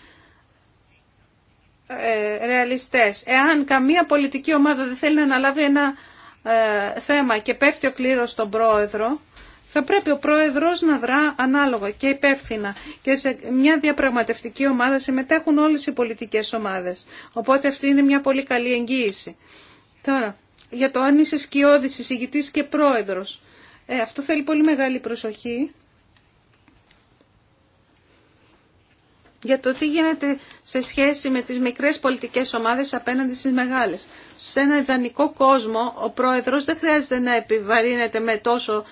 ε, ρεαλιστές. Εάν καμία πολιτική ομάδα δεν θέλει να αναλάβει ένα ε, θέμα και πέφτει ο κλήρος στον πρόεδρο, θα πρέπει ο πρόεδρος να δρά ανάλογα και υπεύθυνα και σε μια διαπραγματευτική ομάδα συμμετέχουν όλες οι πολιτικές ομάδες. Οπότε αυτή είναι μια πολύ καλή εγγύηση. Τώρα, για το αν είσαι σκιώδης, εισηγητής και πρόεδρος. Ε, αυτό θέλει πολύ μεγάλη προσοχή. για το τι γίνεται σε σχέση με τις μικρές πολιτικές ομάδες απέναντι στις μεγάλες. Σε ένα ιδανικό κόσμο ο πρόεδρος δεν χρειάζεται να επιβαρύνεται με τόσο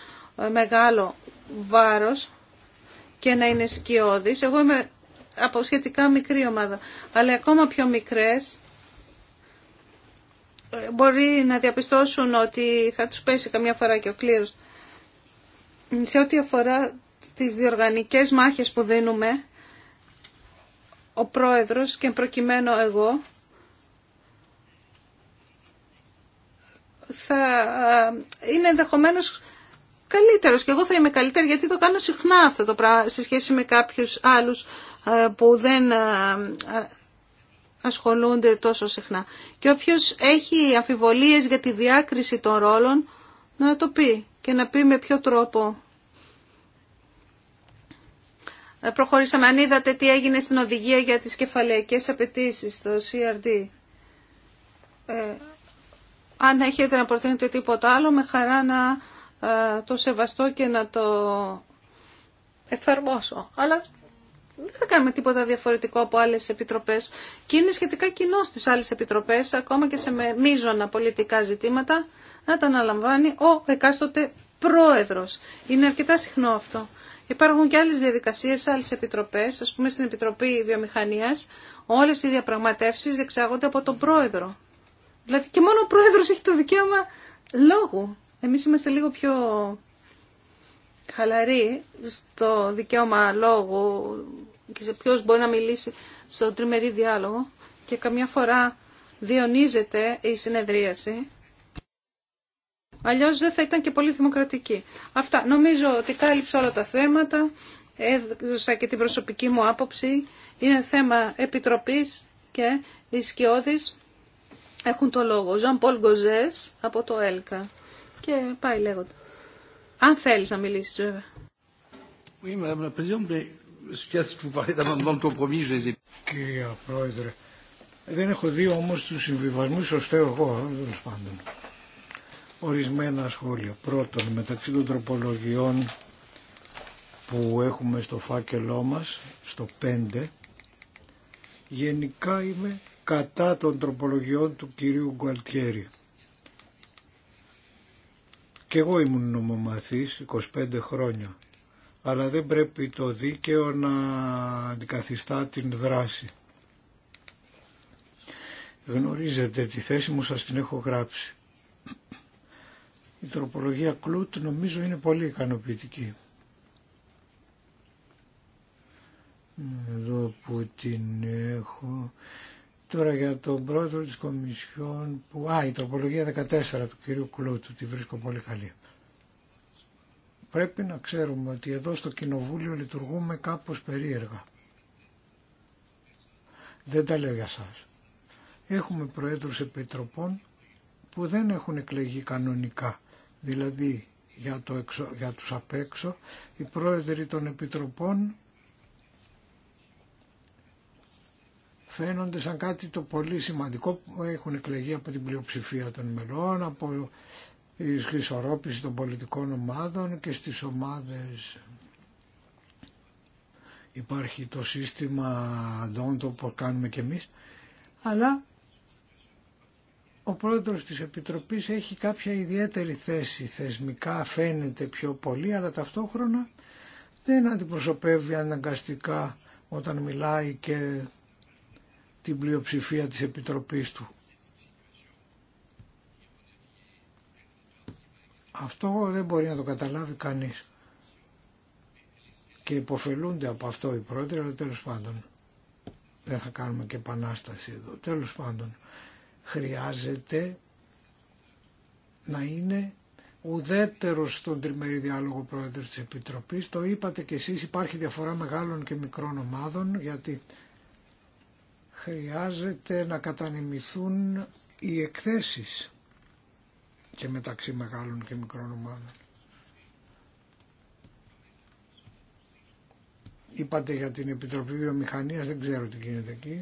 μεγάλο βάρος και να είναι σκιώδης. Εγώ είμαι από σχετικά μικρή ομάδα, αλλά ακόμα πιο μικρές ε, μπορεί να διαπιστώσουν ότι θα τους πέσει καμιά φορά και ο κλήρος. Σε ό,τι αφορά τις διοργανικές μάχες που δίνουμε, ο πρόεδρος και προκειμένου εγώ, θα ε, είναι ενδεχομένως καλύτερος και εγώ θα είμαι καλύτερη γιατί το κάνω συχνά αυτό το πράγμα σε σχέση με κάποιους άλλους ε, που δεν ε, ε, ασχολούνται τόσο συχνά. Και όποιος έχει αμφιβολίες για τη διάκριση των ρόλων να το πει και να πει με ποιο τρόπο προχωρήσαμε. Αν είδατε τι έγινε στην οδηγία για τις κεφαλαϊκές απαιτήσεις στο CRD. Ε, αν έχετε να προτείνετε τίποτα άλλο, με χαρά να ε, το σεβαστώ και να το εφαρμόσω. Αλλά δεν θα κάνουμε τίποτα διαφορετικό από άλλες επιτροπές και είναι σχετικά κοινό στις άλλες επιτροπές, ακόμα και σε μείζωνα πολιτικά ζητήματα, να τα αναλαμβάνει ο εκάστοτε πρόεδρος. Είναι αρκετά συχνό αυτό. Υπάρχουν και άλλες διαδικασίες, άλλες επιτροπές, ας πούμε στην Επιτροπή Βιομηχανίας, όλες οι διαπραγματεύσεις διεξάγονται από τον πρόεδρο. Δηλαδή και μόνο ο πρόεδρος έχει το δικαίωμα λόγου. Εμείς είμαστε λίγο πιο χαλαροί στο δικαίωμα λόγου και σε ποιος μπορεί να μιλήσει στο τριμερή διάλογο και καμιά φορά διονύζεται η συνεδρίαση. Αλλιώς δεν θα ήταν και πολύ δημοκρατική. Αυτά. Νομίζω ότι κάλυψα όλα τα θέματα. Έδωσα και την προσωπική μου άποψη. Είναι θέμα επιτροπής και οι σκιώδεις έχουν το λόγο. Ζαν Πολ Γκοζές από το ΕΛΚΑ. Και πάει λέγοντα. Αν θέλει να μιλήσει, βέβαια. Κύριε Πρόεδρε, δεν έχω δει όμως τους συμβιβασμούς ως θέω εγώ, ε, τέλος πάντων. Ορισμένα σχόλια. Πρώτον, μεταξύ των τροπολογιών που έχουμε στο φάκελό μας, στο 5, γενικά είμαι κατά των τροπολογιών του κυρίου Γκουαλτιέρη. Και εγώ ήμουν νομομαθής 25 χρόνια, αλλά δεν πρέπει το δίκαιο να αντικαθιστά την δράση. Γνωρίζετε τη θέση μου, σας την έχω γράψει. Η τροπολογία κλούτ νομίζω είναι πολύ ικανοποιητική. Εδώ που την έχω Τώρα για τον πρόεδρο της Κομισιόν που... Α, η τροπολογία 14 του κυρίου Κλούτου, τη βρίσκω πολύ καλή. Πρέπει να ξέρουμε ότι εδώ στο Κοινοβούλιο λειτουργούμε κάπως περίεργα. Δεν τα λέω για σας. Έχουμε προέδρους επιτροπών που δεν έχουν εκλεγεί κανονικά. Δηλαδή για, το για τους απ' έξω, οι πρόεδροι των επιτροπών φαίνονται σαν κάτι το πολύ σημαντικό που έχουν εκλεγεί από την πλειοψηφία των μελών, από η χρυσορόπηση των πολιτικών ομάδων και στις ομάδες υπάρχει το σύστημα αντών το όπως κάνουμε και εμείς αλλά ο πρόεδρος της Επιτροπής έχει κάποια ιδιαίτερη θέση θεσμικά φαίνεται πιο πολύ αλλά ταυτόχρονα δεν αντιπροσωπεύει αναγκαστικά όταν μιλάει και την πλειοψηφία της Επιτροπής του. Αυτό δεν μπορεί να το καταλάβει κανείς. Και υποφελούνται από αυτό οι πρόεδροι, αλλά τέλος πάντων. Δεν θα κάνουμε και επανάσταση εδώ. Τέλος πάντων, χρειάζεται να είναι ουδέτερος στον τριμερή διάλογο πρόεδρος της Επιτροπής. Το είπατε και εσείς, υπάρχει διαφορά μεγάλων και μικρών ομάδων, γιατί χρειάζεται να κατανεμηθούν οι εκθέσεις και μεταξύ μεγάλων και μικρών ομάδων. Είπατε για την Επιτροπή Βιομηχανίας, δεν ξέρω τι γίνεται εκεί.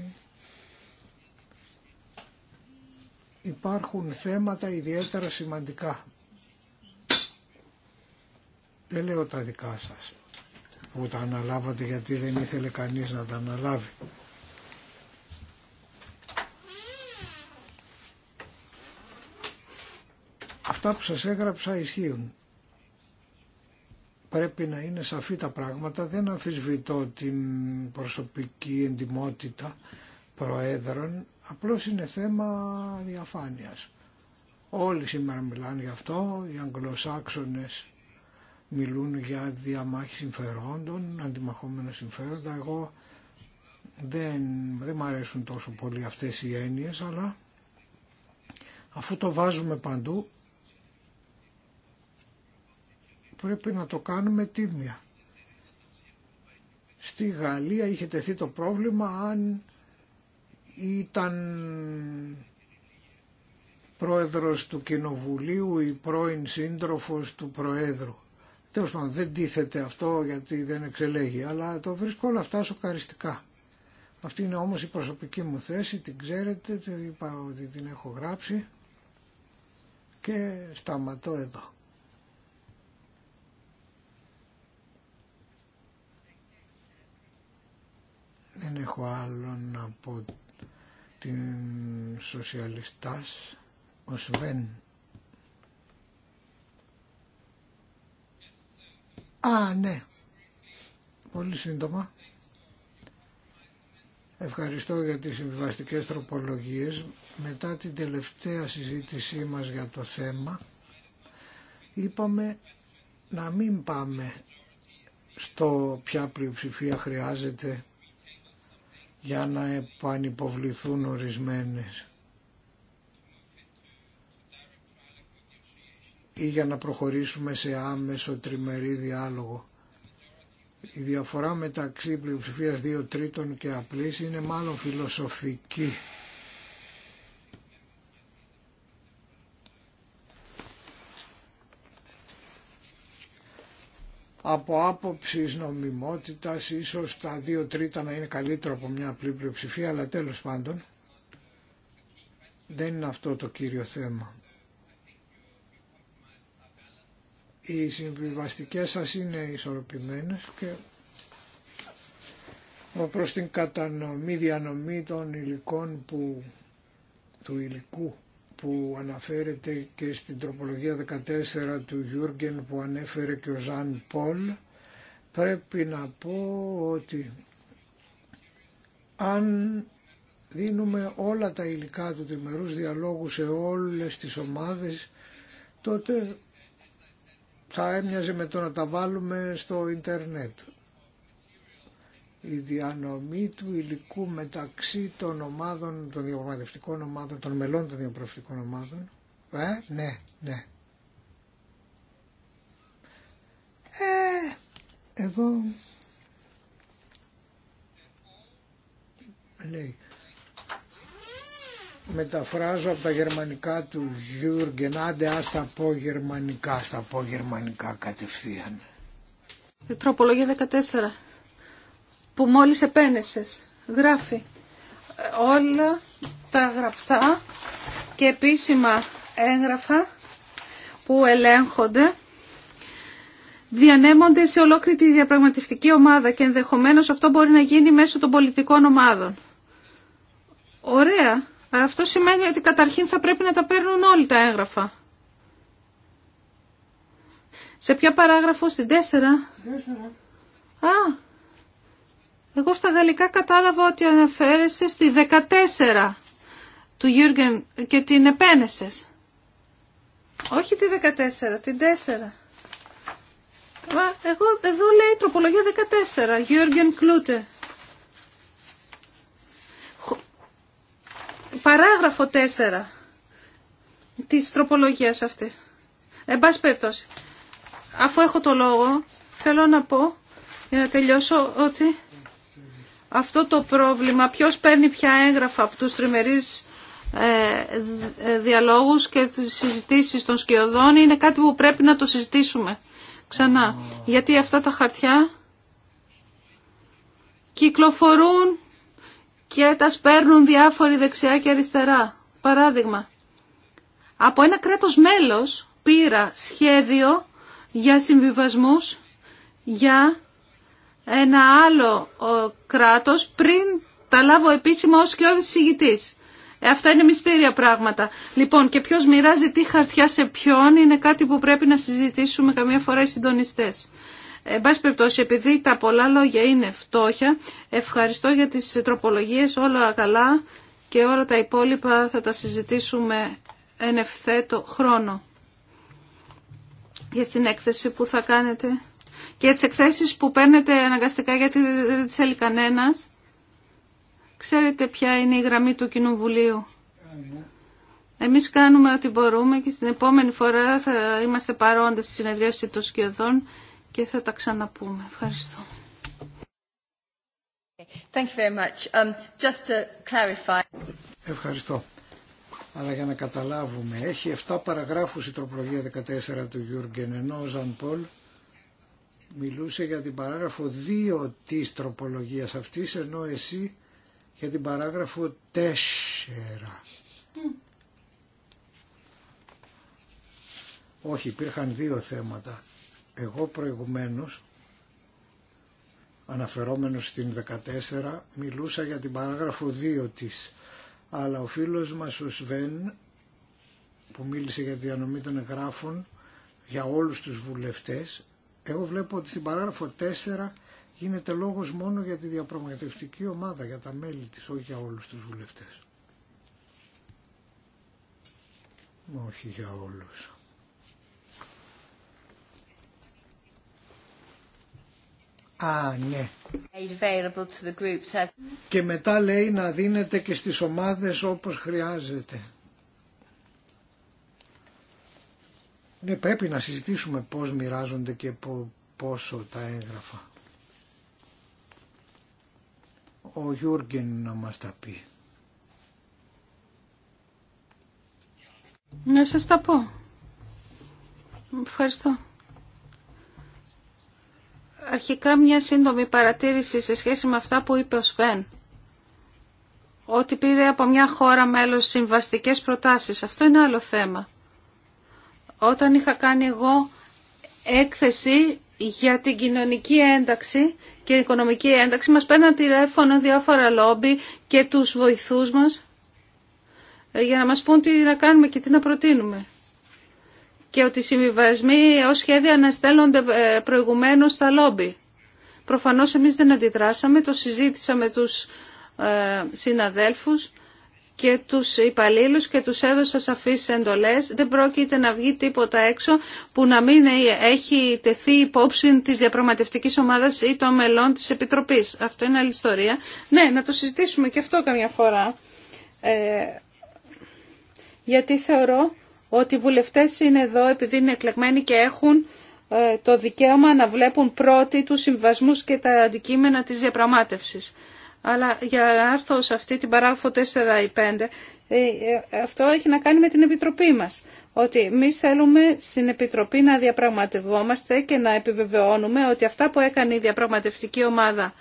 Υπάρχουν θέματα ιδιαίτερα σημαντικά. Δεν λέω τα δικά σας που τα αναλάβατε γιατί δεν ήθελε κανείς να τα αναλάβει. αυτά που σας έγραψα ισχύουν. Πρέπει να είναι σαφή τα πράγματα, δεν αμφισβητώ την προσωπική εντιμότητα προέδρων, απλώς είναι θέμα διαφάνειας. Όλοι σήμερα μιλάνε γι' αυτό, οι Αγγλοσάξονες μιλούν για διαμάχη συμφερόντων, αντιμαχόμενα συμφέροντα. Εγώ δεν, δεν μου αρέσουν τόσο πολύ αυτές οι έννοιες, αλλά αφού το βάζουμε παντού πρέπει να το κάνουμε τίμια. Στη Γαλλία είχε τεθεί το πρόβλημα αν ήταν πρόεδρος του Κοινοβουλίου ή πρώην σύντροφος του Προέδρου. Τέλος πάντων δεν τίθεται αυτό γιατί δεν εξελέγει, αλλά το βρίσκω όλα αυτά σοκαριστικά. Αυτή είναι όμως η προσωπική μου θέση, την ξέρετε, την είπα ότι την έχω γράψει και σταματώ εδώ. Δεν έχω άλλον από την σοσιαλιστάς, ο Σβέν. Α, ναι. Πολύ σύντομα. Ευχαριστώ για τις συμβιβαστικές τροπολογίες. Μετά την τελευταία συζήτησή μας για το θέμα, είπαμε να μην πάμε στο ποια πλειοψηφία χρειάζεται για να επανυποβληθούν ορισμένες ή για να προχωρήσουμε σε άμεσο τριμερή διάλογο. Η διαφορά μεταξύ πλειοψηφίας δύο τρίτων και απλής είναι μάλλον φιλοσοφική από άποψη νομιμότητα ίσω τα δύο τρίτα να είναι καλύτερα από μια απλή πλειοψηφία αλλά τέλος πάντων δεν είναι αυτό το κύριο θέμα. Οι συμβιβαστικέ σα είναι ισορροπημένε και προ την κατανομή, διανομή των υλικών που, του υλικού που αναφέρεται και στην τροπολογία 14 του Γιούργεν που ανέφερε και ο Ζαν Πολ πρέπει να πω ότι αν δίνουμε όλα τα υλικά του τριμερούς διαλόγου σε όλες τις ομάδες τότε θα έμοιαζε με το να τα βάλουμε στο ίντερνετ η διανομή του υλικού μεταξύ των ομάδων, των διαπραγματευτικών ομάδων, των μελών των διαπραγματευτικών ομάδων. Ε, ναι, ναι. Ε, εδώ λέει μεταφράζω από τα γερμανικά του Γιούργεν, άντε ας τα πω γερμανικά, ας τα πω γερμανικά κατευθείαν. Η ε, τροπολογία 14 που μόλις επένεσες. Γράφει όλα τα γραπτά και επίσημα έγγραφα που ελέγχονται διανέμονται σε ολόκληρη διαπραγματευτική ομάδα και ενδεχομένως αυτό μπορεί να γίνει μέσω των πολιτικών ομάδων. Ωραία. Αυτό σημαίνει ότι καταρχήν θα πρέπει να τα παίρνουν όλοι τα έγγραφα. Σε ποια παράγραφο, στην 4. 4. Α, εγώ στα γαλλικά κατάλαβα ότι αναφέρεσαι στη 14 του Γιούργεν και την επένεσες. Όχι τη 14, την 4. Μα εγώ εδώ λέει τροπολογία 14, Γιούργεν Κλούτε. Παράγραφο 4 της τροπολογίας αυτή. Εν περιπτώσει, αφού έχω το λόγο, θέλω να πω, για να τελειώσω, ότι αυτό το πρόβλημα, ποιος παίρνει ποια έγγραφα από τους τριμερείς ε, διαλόγους και τις συζητήσεις των σκιωδών είναι κάτι που πρέπει να το συζητήσουμε ξανά. Γιατί αυτά τα χαρτιά κυκλοφορούν και τα σπέρνουν διάφοροι δεξιά και αριστερά. Παράδειγμα, από ένα κράτος μέλος πήρα σχέδιο για συμβιβασμούς για ένα άλλο κράτος πριν τα λάβω επίσημα ως και ηγητής. Ε, αυτά είναι μυστήρια πράγματα. Λοιπόν, και ποιος μοιράζει τι χαρτιά σε ποιον είναι κάτι που πρέπει να συζητήσουμε καμία φορά οι συντονιστές. Εν πάση περιπτώσει, επειδή τα πολλά λόγια είναι φτώχεια, ευχαριστώ για τις τροπολογίες, όλα καλά και όλα τα υπόλοιπα θα τα συζητήσουμε εν ευθέτω χρόνο για την έκθεση που θα κάνετε και τις εκθέσεις που παίρνετε αναγκαστικά γιατί δεν τις θέλει κανένας. Ξέρετε ποια είναι η γραμμή του Κοινοβουλίου. Εμείς κάνουμε ό,τι μπορούμε και στην επόμενη φορά θα είμαστε παρόντες στη συνεδρίαση των σκιωδών και θα τα ξαναπούμε. Ευχαριστώ. Thank you very much. Um, just to clarify... Ευχαριστώ. Αλλά για να καταλάβουμε, έχει 7 παραγράφους η τροπολογία 14 του Γιούργεν, ενώ ο Ζαν Πολ μιλούσε για την παράγραφο 2 της τροπολογίας αυτής, ενώ εσύ για την παράγραφο 4. Όχι, υπήρχαν δύο θέματα. Εγώ προηγουμένως, αναφερόμενος στην 14, μιλούσα για την παράγραφο 2 της. Αλλά ο φίλος μας ο Σβέν, που μίλησε για τη διανομή των εγγράφων, για όλους τους βουλευτές, εγώ βλέπω ότι στην παράγραφο 4 γίνεται λόγος μόνο για τη διαπραγματευτική ομάδα, για τα μέλη της, όχι για όλους τους βουλευτές. Όχι για όλους. Α, ναι. Και μετά λέει να δίνεται και στις ομάδες όπως χρειάζεται. Ναι, πρέπει να συζητήσουμε πώς μοιράζονται και πόσο τα έγγραφα. Ο Γιούργεν να μας τα πει. Να σας τα πω. Ευχαριστώ. Αρχικά μια σύντομη παρατήρηση σε σχέση με αυτά που είπε ο Σφέν. Ότι πήρε από μια χώρα μέλος συμβαστικές προτάσεις. Αυτό είναι άλλο θέμα. Όταν είχα κάνει εγώ έκθεση για την κοινωνική ένταξη και την οικονομική ένταξη, μας παίρναν τηλέφωνο διάφορα λόμπι και τους βοηθούς μας ε, για να μας πούν τι να κάνουμε και τι να προτείνουμε. Και ότι οι συμβιβασμοί ως σχέδια να στέλνονται ε, προηγουμένως στα λόμπι. Προφανώς εμείς δεν αντιδράσαμε, το συζήτησα με τους ε, συναδέλφους και τους υπαλλήλου και τους έδωσα σαφείς εντολές. Δεν πρόκειται να βγει τίποτα έξω που να μην έχει τεθεί υπόψη της διαπραγματευτικής ομάδας ή των μελών της Επιτροπής. Αυτό είναι άλλη ιστορία. Ναι, να το συζητήσουμε και αυτό καμιά φορά. Ε, γιατί θεωρώ ότι οι βουλευτές είναι εδώ επειδή είναι εκλεγμένοι και έχουν ε, το δικαίωμα να βλέπουν πρώτοι τους συμβασμούς και τα αντικείμενα της διαπραγμάτευσης. Αλλά για να έρθω σε αυτή την παράγραφο 4 ή 5, ε, ε, αυτό έχει να κάνει με την Επιτροπή μας. Ότι εμεί θέλουμε στην Επιτροπή να διαπραγματευόμαστε και να επιβεβαιώνουμε ότι αυτά που έκανε η διαπραγματευτική ομάδα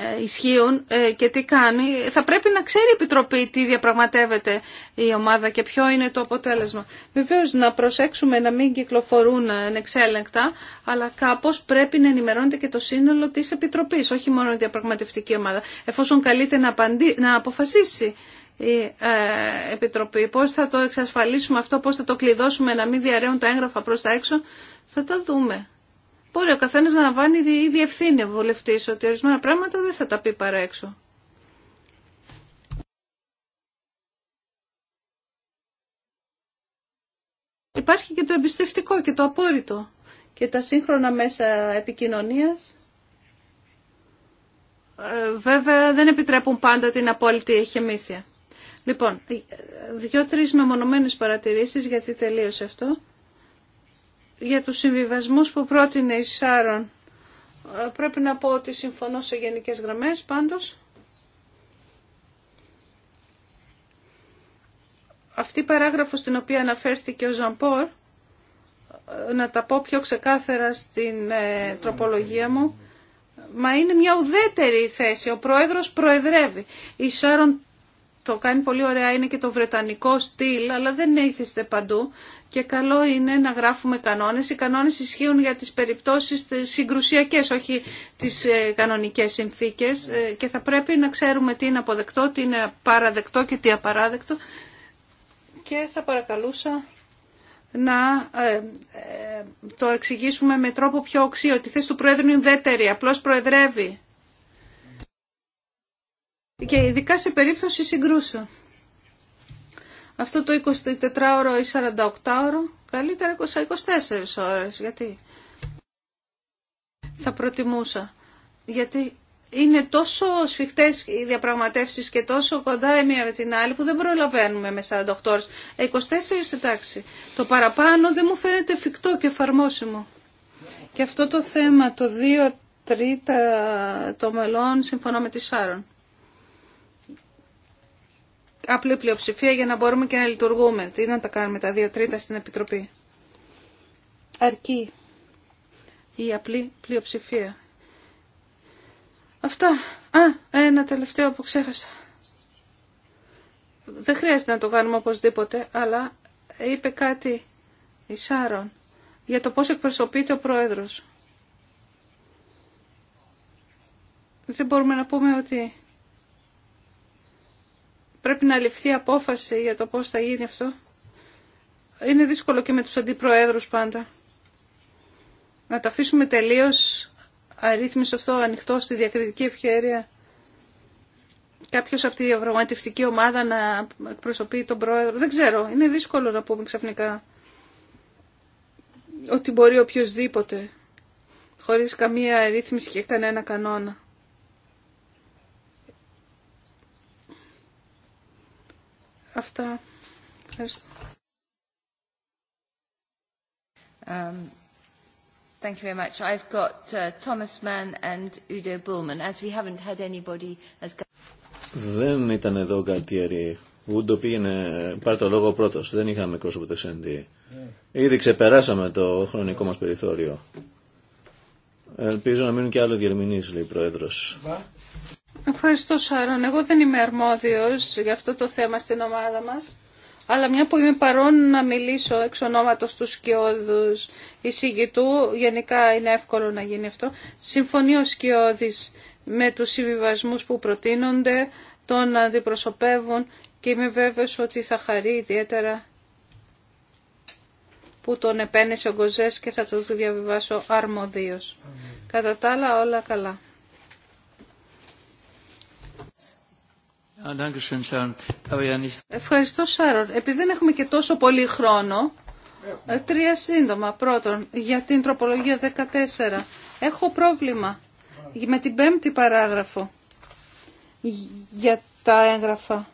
ε, ισχύουν ε, και τι κάνει, θα πρέπει να ξέρει η Επιτροπή τι διαπραγματεύεται η ομάδα και ποιο είναι το αποτέλεσμα. Βεβαίως να προσέξουμε να μην κυκλοφορούν ανεξέλεγκτα, αλλά κάπως πρέπει να ενημερώνεται και το σύνολο της Επιτροπής, όχι μόνο η διαπραγματευτική ομάδα, εφόσον καλείται να, να αποφασίσει η ε, Επιτροπή. Πώς θα το εξασφαλίσουμε αυτό, πώς θα το κλειδώσουμε να μην διαραίουν τα έγγραφα προς τα έξω, θα τα δούμε. Μπορεί ο καθένα να λαμβάνει ή διευθύνει ο βουλευτή ότι ορισμένα πράγματα δεν θα τα πει παρά έξω. Υπάρχει και το εμπιστευτικό και το απόρριτο και τα σύγχρονα μέσα επικοινωνίας ε, βέβαια δεν επιτρέπουν πάντα την απόλυτη εχεμήθεια. Λοιπόν, ε, ε, δύο-τρεις μεμονωμένες παρατηρήσεις γιατί τελείωσε αυτό για τους συμβιβασμούς που πρότεινε η Σάρων. Ε, πρέπει να πω ότι συμφωνώ σε γενικές γραμμές πάντως. Αυτή η παράγραφος στην οποία αναφέρθηκε ο Ζαμπόρ, ε, να τα πω πιο ξεκάθαρα στην ε, τροπολογία μου, μα είναι μια ουδέτερη θέση. Ο πρόεδρος προεδρεύει. Η Σάρων το κάνει πολύ ωραία, είναι και το βρετανικό στυλ, αλλά δεν ήθιστε παντού και καλό είναι να γράφουμε κανόνες. Οι κανόνες ισχύουν για τις περιπτώσεις συγκρουσιακές, όχι τις ε, κανονικές συνθήκες ε, και θα πρέπει να ξέρουμε τι είναι αποδεκτό, τι είναι παραδεκτό και τι απαράδεκτο και θα παρακαλούσα να ε, το εξηγήσουμε με τρόπο πιο οξύ, ότι η θέση του Προέδρου είναι δέτερη, απλώς προεδρεύει. Και ειδικά σε περίπτωση συγκρούσεων. Αυτό το 24ωρο ή 48ωρο, καλύτερα 24 ώρες. Γιατί θα προτιμούσα. Γιατί είναι τόσο σφιχτές οι διαπραγματεύσεις και τόσο κοντά η μία με την άλλη που δεν προλαβαίνουμε με 48 ώρες. 24 εντάξει. Το παραπάνω δεν μου φαίνεται φυκτό και εφαρμόσιμο. Και αυτό το θέμα, το 2 τρίτα το μελών, συμφωνώ με τη Σάρων απλή πλειοψηφία για να μπορούμε και να λειτουργούμε. Τι να τα κάνουμε τα δύο τρίτα στην Επιτροπή. Αρκεί η απλή πλειοψηφία. Αυτά. Α, ένα τελευταίο που ξέχασα. Δεν χρειάζεται να το κάνουμε οπωσδήποτε, αλλά είπε κάτι η Σάρον για το πώς εκπροσωπείται ο Πρόεδρος. Δεν μπορούμε να πούμε ότι πρέπει να ληφθεί απόφαση για το πώς θα γίνει αυτό. Είναι δύσκολο και με τους αντιπροέδρους πάντα. Να τα αφήσουμε τελείως αρρύθμιση αυτό, ανοιχτό στη διακριτική ευχαίρεια. Κάποιος από τη διαπραγματευτική ομάδα να εκπροσωπεί τον πρόεδρο. Δεν ξέρω, είναι δύσκολο να πούμε ξαφνικά ότι μπορεί οποιοδήποτε χωρίς καμία ρύθμιση και κανένα κανόνα. Αυτά. Ευχαριστώ. Um, thank you very much. I've got uh, Thomas Mann and Udo Bullman, as we haven't had anybody as... Δεν ήταν εδώ ο Γκαλτιέρη. Ούντο πήγαινε, πάρε το λόγο πρώτο. Δεν είχαμε πρόσωπο το XND. Ήδη ξεπεράσαμε το χρονικό μα περιθώριο. Ελπίζω να μείνουν και άλλοι διερμηνεί, λέει ο πρόεδρο. Μπα. Ευχαριστώ Σάρων. Εγώ δεν είμαι αρμόδιος για αυτό το θέμα στην ομάδα μας. Αλλά μια που είμαι παρόν να μιλήσω εξ ονόματος του η εισηγητού, γενικά είναι εύκολο να γίνει αυτό, συμφωνεί ο Σκιώδης με τους συμβιβασμού που προτείνονται, τον αντιπροσωπεύουν και είμαι βέβαιος ότι θα χαρεί ιδιαίτερα που τον επένεσε ο Γκοζές και θα το διαβιβάσω αρμοδίω. Κατά τα άλλα όλα καλά. Ευχαριστώ, Σάρον. Επειδή δεν έχουμε και τόσο πολύ χρόνο, ε, τρία σύντομα. Πρώτον, για την τροπολογία 14. Έχω πρόβλημα με την πέμπτη παράγραφο για τα έγγραφα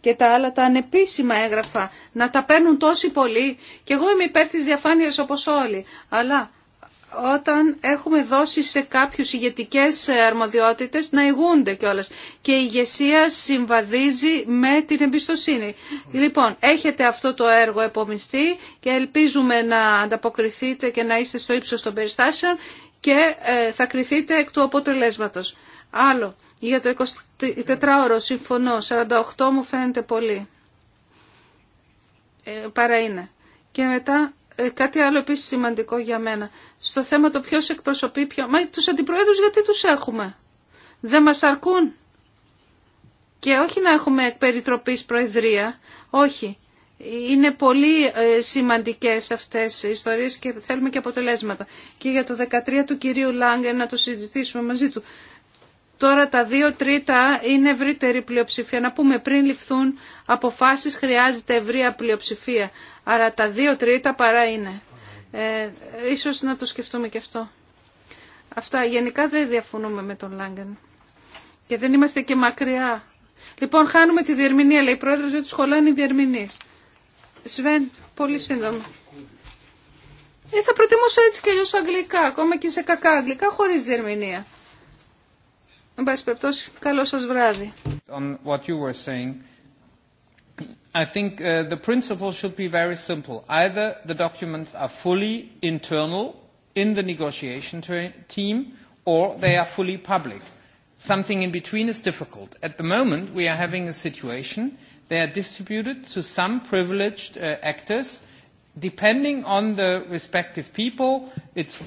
και τα άλλα τα ανεπίσημα έγγραφα να τα παίρνουν τόσοι πολλοί. Και εγώ είμαι υπέρ της διαφάνειας όπως όλοι. Αλλά όταν έχουμε δώσει σε κάποιους ηγετικέ ε, αρμοδιότητες να ηγούνται κιόλας. Και η ηγεσία συμβαδίζει με την εμπιστοσύνη. Λοιπόν, έχετε αυτό το έργο επομιστεί και ελπίζουμε να ανταποκριθείτε και να είστε στο ύψος των περιστάσεων και ε, θα κριθείτε εκ του αποτελέσματος. Άλλο, για το 24ωρο συμφωνώ, 48 μου φαίνεται πολύ. Ε, Και μετά ε, κάτι άλλο επίση σημαντικό για μένα. Στο θέμα το ποιο εκπροσωπεί ποιο. Μα του αντιπροέδρους γιατί τους έχουμε. Δεν μας αρκούν. Και όχι να έχουμε περιτροπή προεδρία. Όχι. Είναι πολύ ε, σημαντικές αυτές οι ιστορίες και θέλουμε και αποτελέσματα. Και για το 13 του κυρίου Λάγκερ να το συζητήσουμε μαζί του. Τώρα τα δύο τρίτα είναι ευρύτερη πλειοψηφία. Να πούμε πριν ληφθούν αποφάσεις χρειάζεται ευρία πλειοψηφία. Άρα τα δύο τρίτα παρά είναι. Ε, ίσως να το σκεφτούμε και αυτό. Αυτά γενικά δεν διαφωνούμε με τον Λάγκεν. Και δεν είμαστε και μακριά. Λοιπόν, χάνουμε τη διερμηνία, λέει η πρόεδρος, διότι σχολάνε οι διερμηνείς. Σβέν, πολύ σύντομα. Ε, θα προτιμούσα έτσι και αλλιώς αγγλικά, ακόμα και σε κακά αγγλικά, χωρίς διερμηνία. On what you were saying, I think the principle should be very simple. Either the documents are fully internal in the negotiation team, or they are fully public. Something in between is difficult. At the moment, we are having a situation. They are distributed to some privileged actors. Depending on the respective people, it's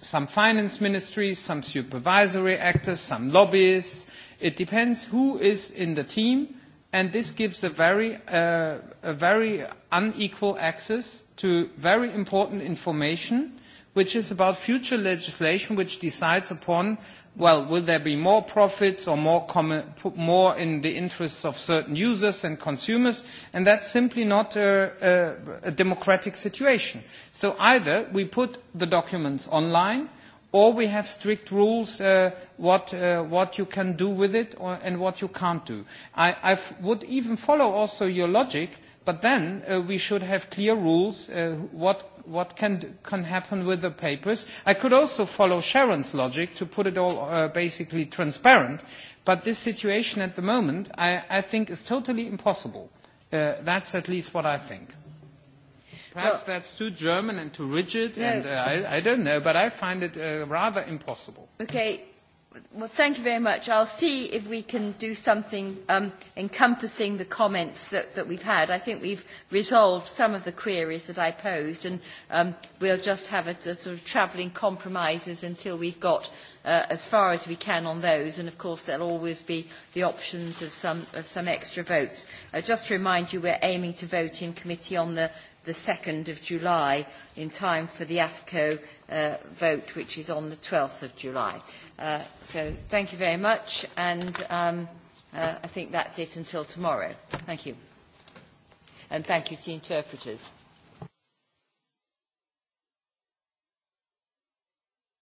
some finance ministries, some supervisory actors, some lobbyists. It depends who is in the team, and this gives a very unequal access to very important information, which is about future legislation which decides upon well, will there be more profits or more put more in the interests of certain users and consumers? And that's simply not a democratic situation. So either we put the documents online or we have strict rules what what you can do with it and what you can't do. I would even follow also your logic, but then we should have clear rules what what can can happen with the papers. I could also follow Sharon's logic to put it all basically transparent, but this situation at the moment I think is totally impossible. That's at least what I think. Perhaps that's too German and too rigid, and I don't know, but I find it rather impossible. Okay. Well, thank you very much. I'll see if we can do something encompassing the comments that we've had. I think we've resolved some of the queries that I posed, and we'll just have a sort of travelling compromises until we've got as far as we can on those. And, of course, there'll always be the options of some extra votes. Just to remind you, we're aiming to vote in committee on the the 2nd of July in time for the AFCO vote, which is on the 12th of July. So thank you very much, and I think that's it until tomorrow. Thank you. And thank you to interpreters.